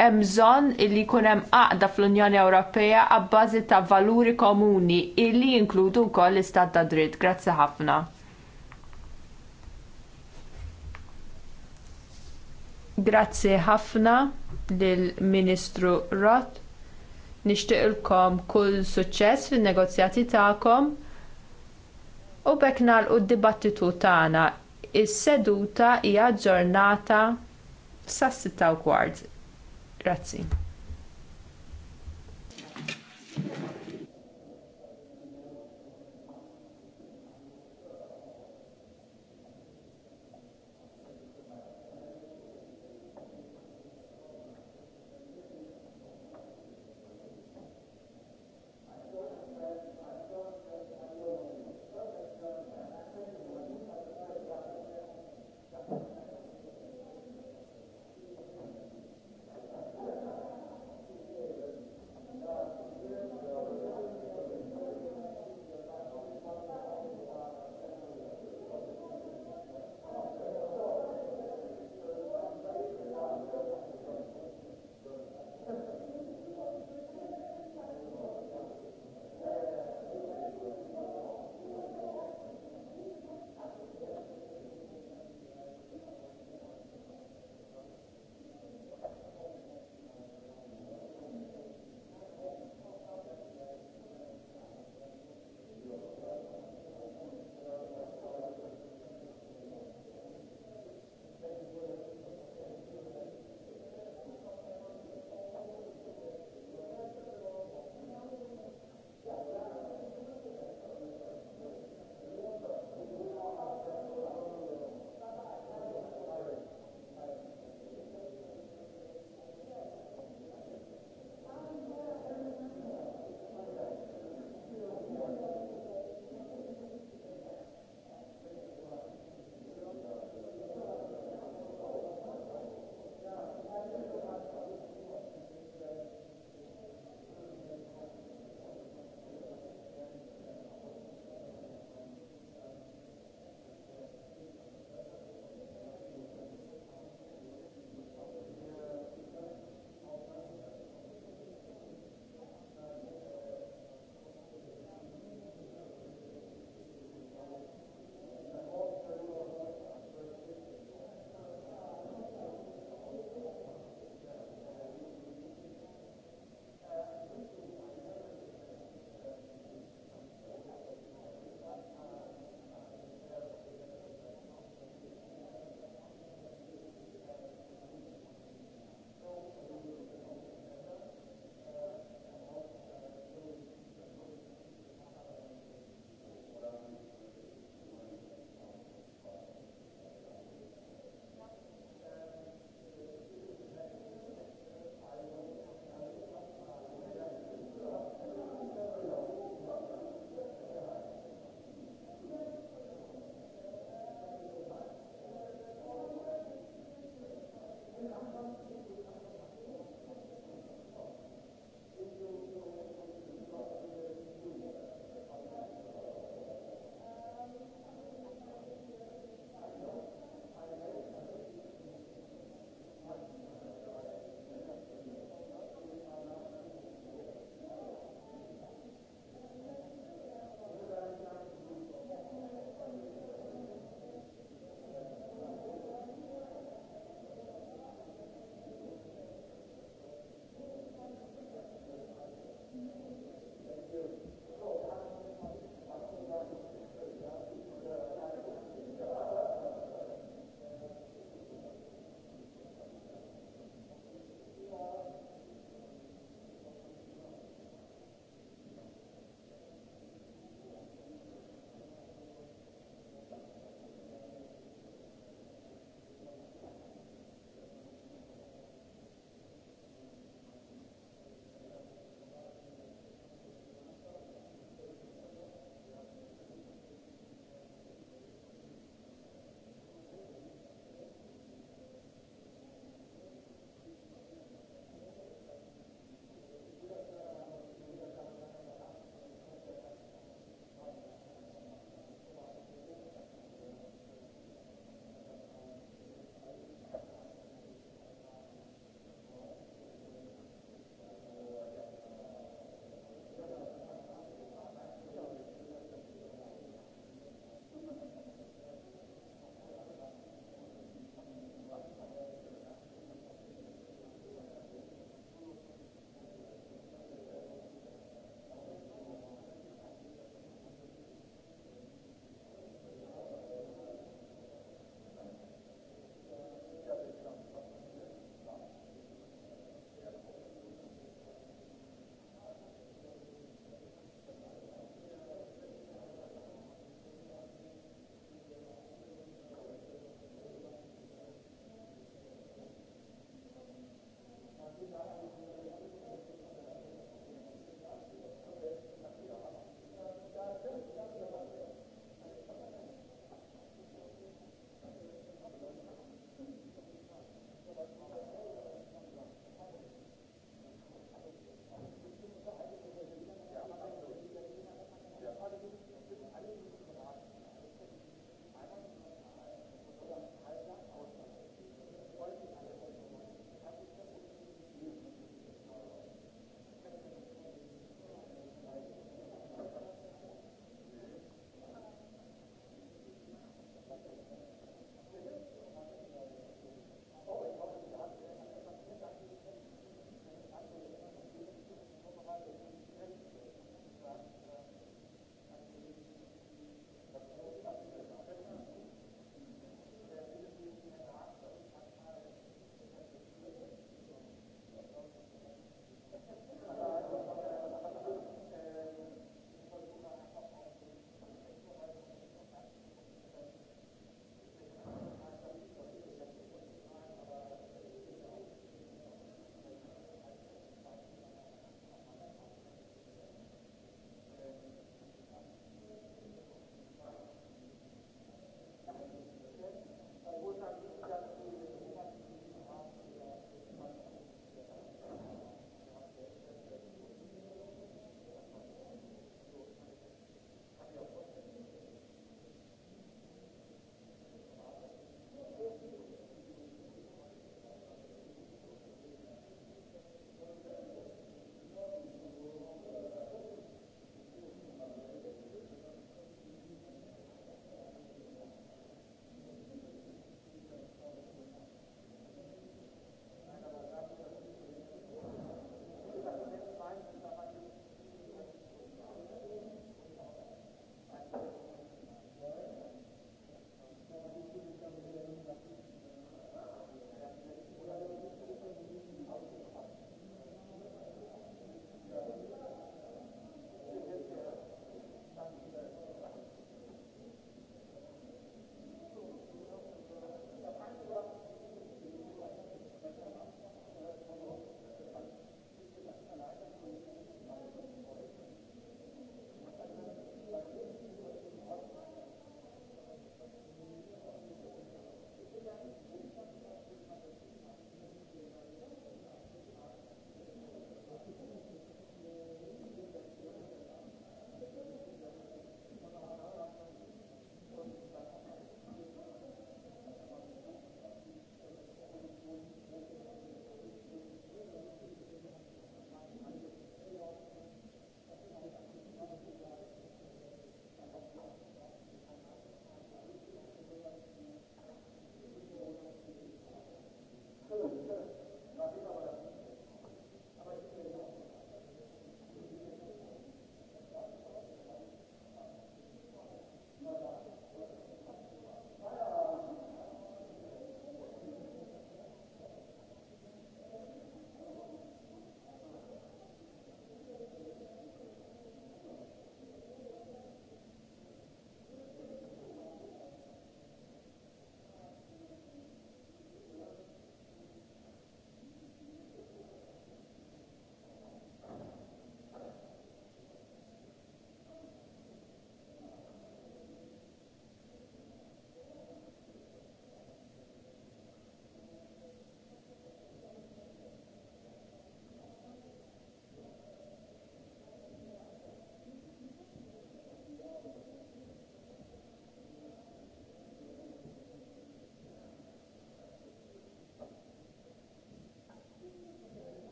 hemm bżonn li jkun hemm għaqda fl-Unjoni Ewropea għabbażi ta' valuri komuni illi jinkludu wkoll l-istat ta' dritt. Grazzi ħafna. Grazzi ħafna lil ministru Roth. Nixtieqilkom kull suċċess fin-negozjati tagħkom u bekk nagħlqu d-dibattitu tagħna. Is-seduta hija ġġornata sas-6 kwart. Grazzi.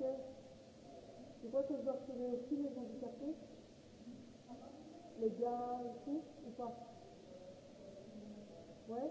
laquelle je crois que je dois retrouver aussi les handicapés, les gars et tout, ou pas Ouais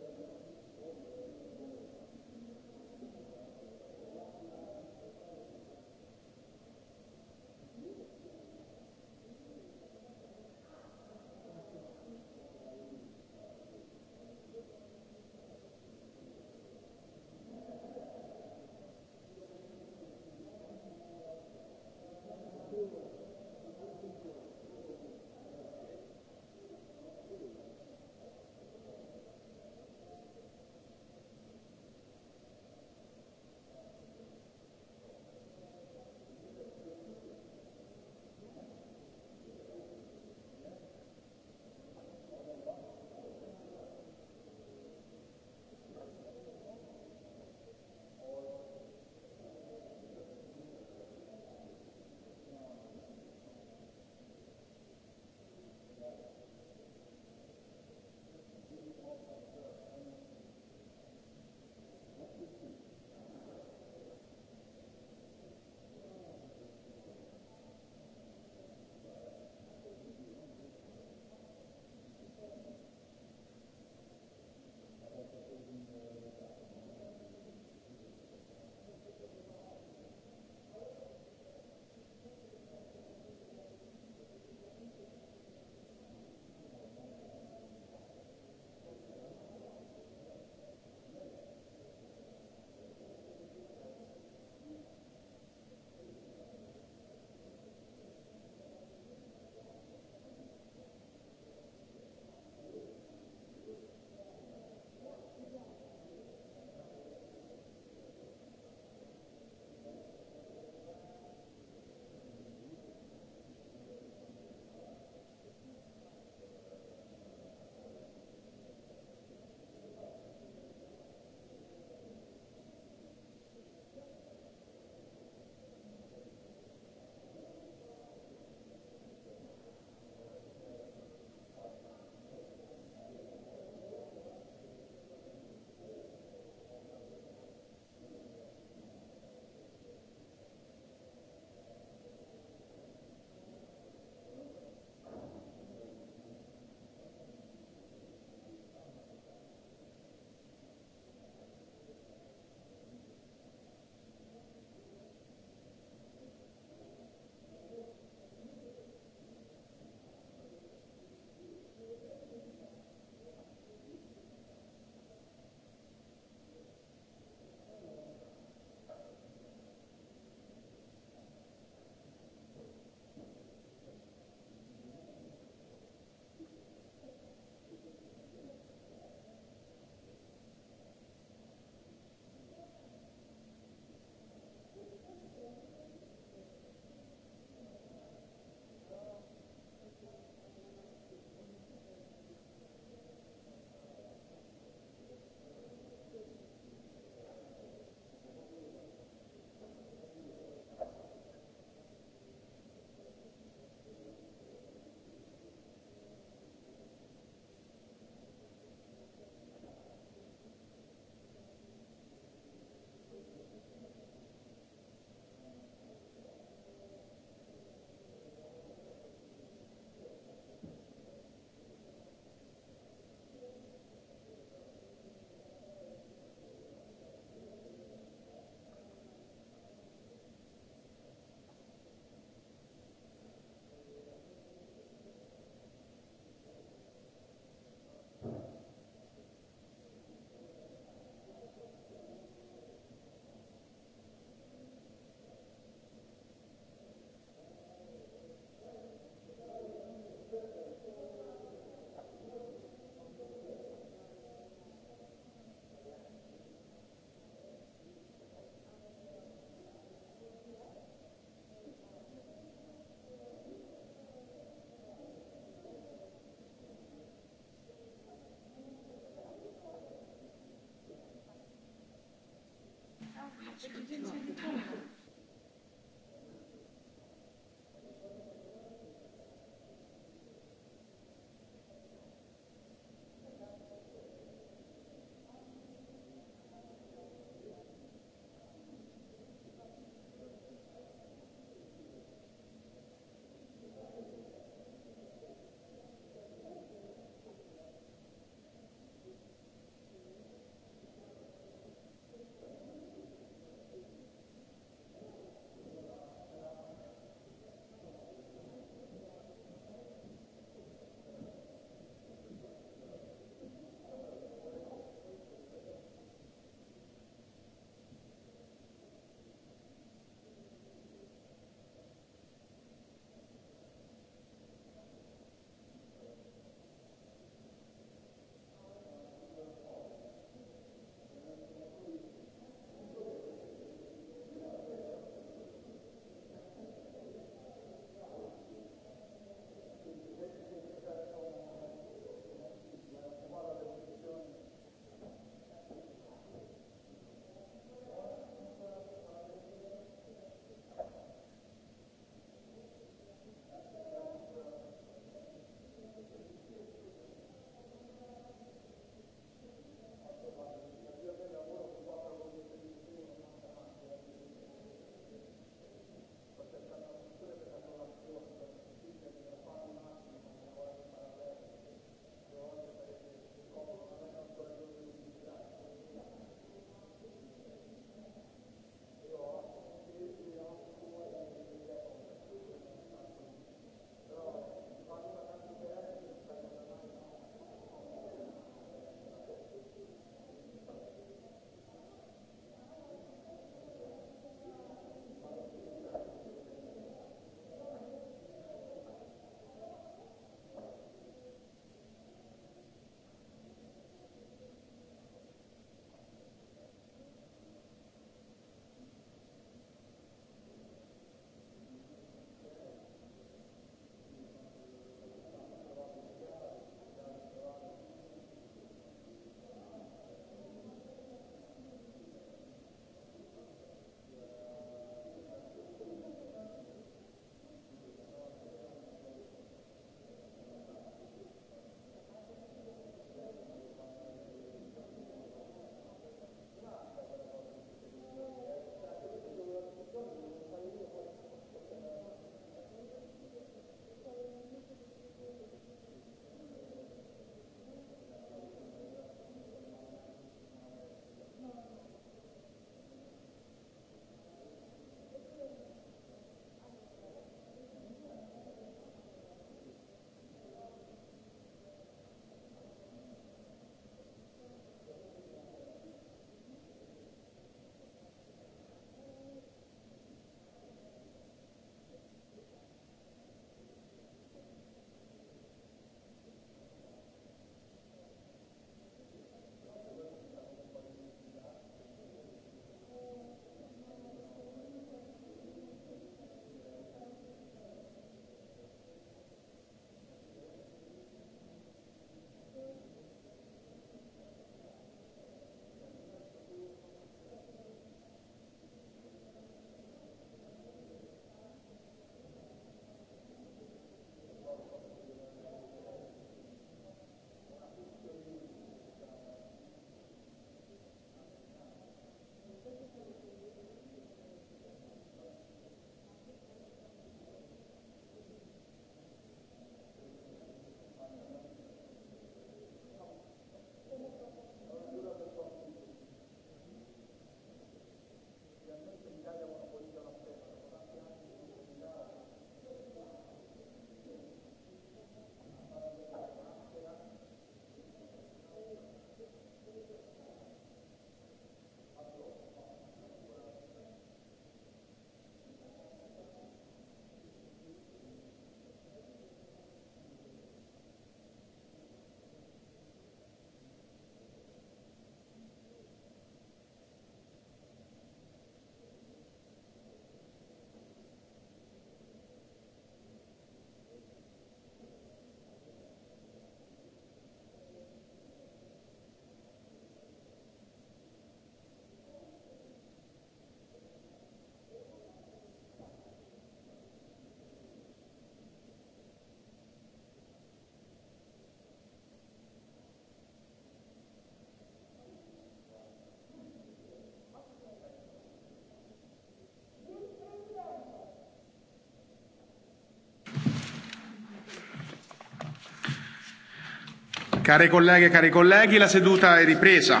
Care colleghe e cari colleghi, la seduta è ripresa.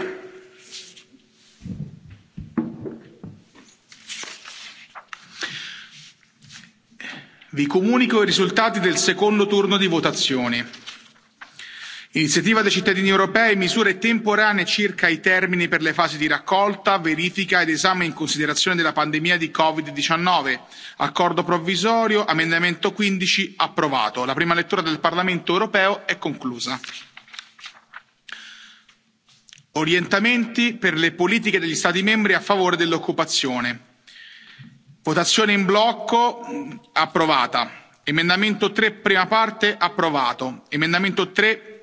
Vi comunico i risultati del secondo turno di votazioni. Iniziativa dei cittadini europei, misure temporanee circa i termini per le fasi di raccolta, verifica ed esame in considerazione della pandemia di Covid-19. Accordo provvisorio, emendamento 15, approvato. La prima lettura del Parlamento europeo è conclusa orientamenti per le politiche degli stati membri a favore dell'occupazione votazione in blocco mm, approvata emendamento tre prima parte approvato emendamento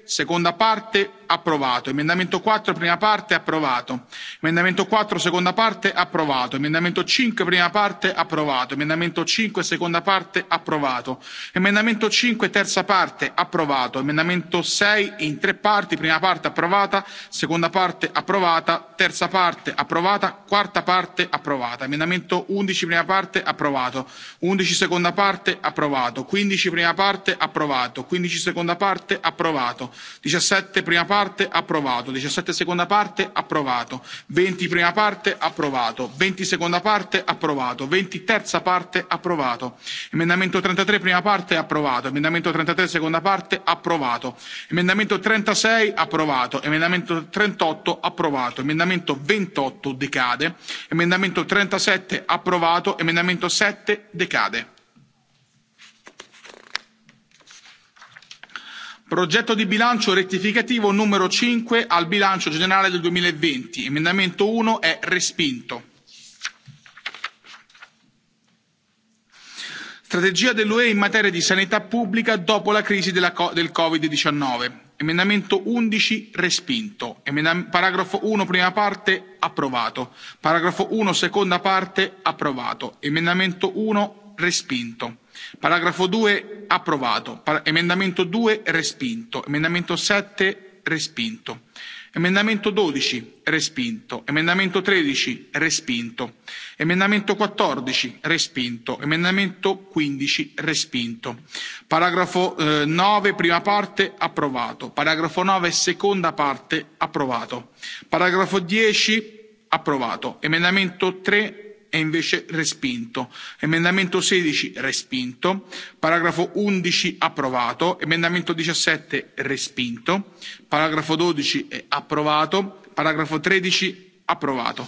seconda parte approvato emendamento quattro prima parte approvato emendamento quattro seconda parte approvato emendamento cinque prima parte approvato emendamento cinque seconda parte approvato emendamento cinque terza parte approvato emendamento sei in tre parti prima parte approvata seconda parte approvata terza parte approvata quarta parte approvata emendamento undici prima parte approvato undici seconda parte approvato quindici prima parte approvato quindici seconda parte approvato 17 prima parte approvato, 17 seconda parte approvato, 20 prima parte approvato, 20 seconda parte approvato, 20 terza parte approvato, emendamento 33 prima parte approvato, emendamento 33 seconda parte approvato, emendamento 36 approvato, emendamento 38 approvato, emendamento 28 decade, emendamento 37 approvato, emendamento 7 decade. Progetto di bilancio rettificativo numero 5 al bilancio generale del 2020. Emendamento 1 è respinto. Strategia dell'UE in materia di sanità pubblica dopo la crisi della, del Covid-19. Emendamento 11 respinto. Emendam- paragrafo 1 prima parte approvato. Paragrafo 1 seconda parte approvato. Emendamento 1 respinto. Paragrafo due approvato. Par emendamento due respinto. Emendamento sette respinto. Emendamento dodici respinto. Emendamento tredici respinto. Emendamento quattordici respinto. Emendamento quindici respinto. Paragrafo eh, nove prima parte approvato. Paragrafo nove seconda parte approvato. Paragrafo dieci approvato. Emendamento tre è invece respinto. Emendamento sedici respinto. Paragrafo undici approvato. Emendamento diciassette respinto. Paragrafo dodici eh, approvato. Paragrafo tredici approvato.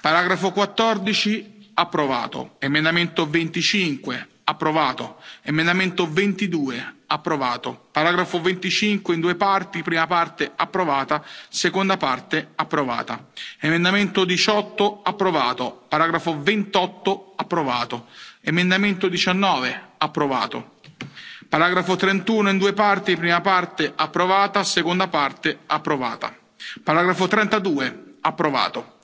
Paragrafo 14. approvato. Emendamento venticinque approvato. Emendamento ventidue approvato. Paragrafo venticinque in due parti, prima parte approvata, seconda parte approvata. Emendamento diciotto approvato. Paragrafo ventotto approvato. Emendamento diciannove approvato. Paragrafo trentuno in due parti, prima parte approvata, seconda parte approvata. Paragrafo trentadue approvato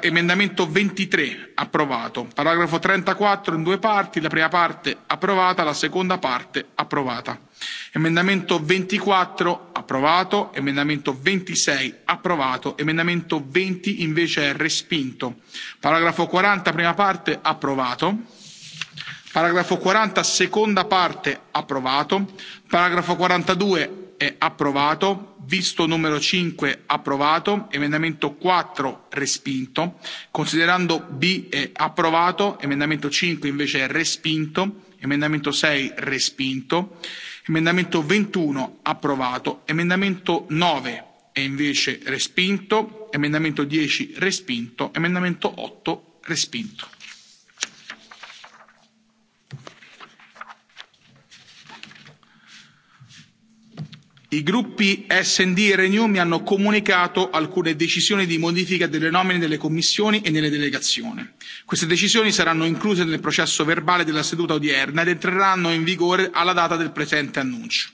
emendamento ventitré approvato paragrafo trentaquattro in due parti la prima parte approvata la seconda parte approvata emendamento ventiquattro approvato emendamento ventisei approvato emendamento venti invece è respinto paragrafo quaranta prima parte approvato paragrafo quaranta seconda parte approvato paragrafo quarantadue è approvato visto numero cinque approvato emendamento quattro respinto considerando b eh, approvato emendamento cinque invece respinto emendamento sei respinto emendamento ventiuno approvato emendamento nove è invece respinto emendamento dieci respinto emendamento otto respinto. i gruppi sd e renew mi hanno comunicato alcune decisioni di modifica delle nomine delle commissioni e nelle delegazioni. queste decisioni saranno incluse nel processo verbale della seduta odierna ed entreranno in vigore alla data del presente annuncio.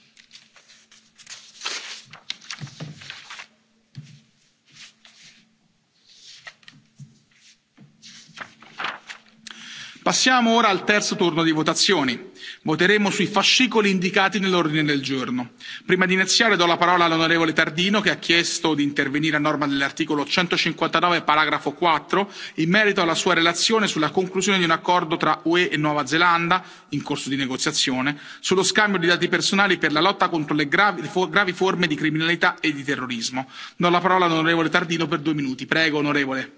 passiamo ora al terzo turno di votazioni voteremo sui fascicoli indicati nell'ordine del giorno. prima di iniziare do la parola all'onorevole tardino che ha chiesto di intervenire a norma dell'articolo centocinquantanove paragrafo quattro in merito alla sua relazione sulla conclusione di un accordo tra ue e nuova zelanda in corso di negoziazione sullo scambio di dati personali per la lotta contro le gravi, gravi forme di criminalità e di terrorismo. do la parola all'onorevole tardino per due minuti. prego onorevole.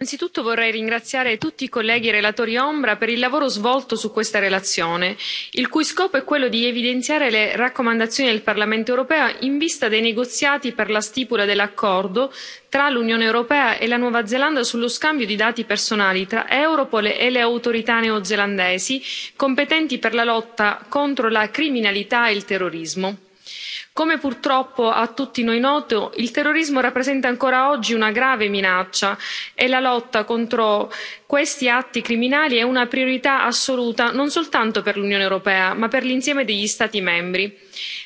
innanzitutto vorrei ringraziare tutti i colleghi relatori ombra per il lavoro svolto su questa relazione il cui scopo è quello di evidenziare le raccomandazioni del parlamento europeo in vista dei negoziati per la stipula dell'accordo tra l'unione europea e la nuova zelanda sullo scambio di dati personali tra europol e le autorità neozelandesi competenti per la lotta contro la criminalità e il terrorismo come purtroppo a tutti noi noto il terrorismo rappresenta ancora oggi una grave minaccia e la lotta contro questi atti criminali è una priorità assoluta non soltanto per l'unione europea ma per l'insieme degli stati membri.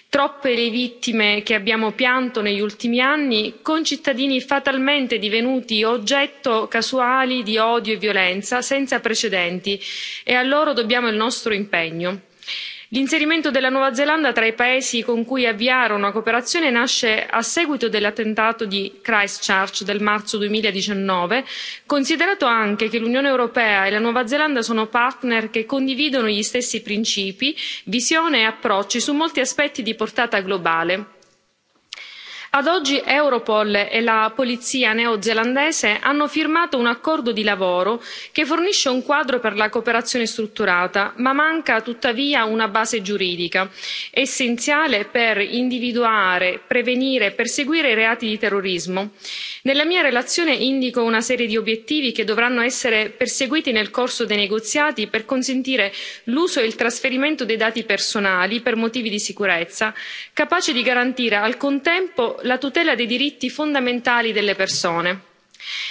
troppe le vittime che abbiamo pianto negli ultimi anni concittadini fatalmente divenuti oggetto casuali di odio e violenza senza precedenti e a loro dobbiamo il nostro impegno l'inserimento della nuova zelanda tra i paesi con cui avviare una cooperazione nasce a seguito dell'attentato di christchurch del marzo duemiladiciannove considerato anche che l'unione europea e la nuova zelanda sono partner che condividono gli stessi principi visione e approcci su molti aspetti di portata globale ad oggi europol e la polizia neozelandese hanno firmato un accordo di lavoro che fornisce un quadro per la cooperazione strutturata ma manca tuttavia una base giuridica essenziale per individuare prevenire e perseguire i reati di terrorismo nella mia relazione indico una serie di obiettivi che dovranno essere perseguiti nel corso dei negoziati per consentire l'uso e il trasferimento dei dati personali per motivi di sicurezza capaci di garantire al contempo la tutela dei diritti fondamentali delle persone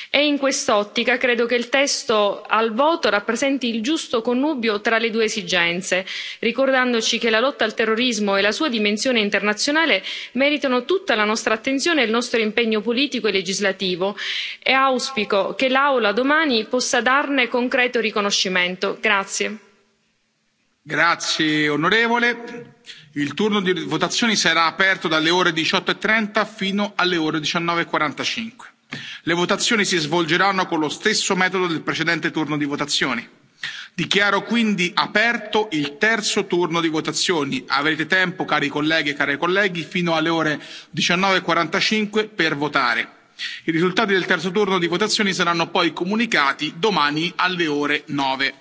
e in quest'ottica credo che il testo al voto rappresenti il giusto connubio tra le due esigenze ricordandoci che la lotta al terrorismo e la sua dimensione internazionale meritano tutta la nostra attenzione e il nostro impegno politico e legislativo e auspico che l'aula domani possa darne concreto riconoscimento. Grazie.
onorevole. Il turno di votazioni sarà aperto dalle ore diciotto e trenta fino alle ore. diciannove e quarantacinque le votazioni si svolgeranno con lo stesso metodo del precedente turno di votazioni. dichiaro quindi aperto il terzo turno di votazioni. avrete tempo cari colleghi e care colleghi fino alle ore. diciannove e quarantacinque per votare. i risultati del terzo turno di votazioni saranno poi comunicati domani alle ore. nove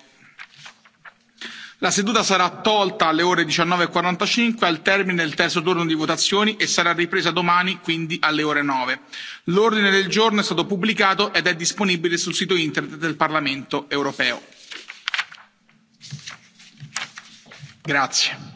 la seduta sarà tolta alle ore diciannove e quarantacinque al termine del terzo turno di votazioni e sarà ripresa domani quindi alle ore. nove l'ordine del giorno è stato pubblicato ed è disponibile sul sito internet del parlamento europeo. Grazie.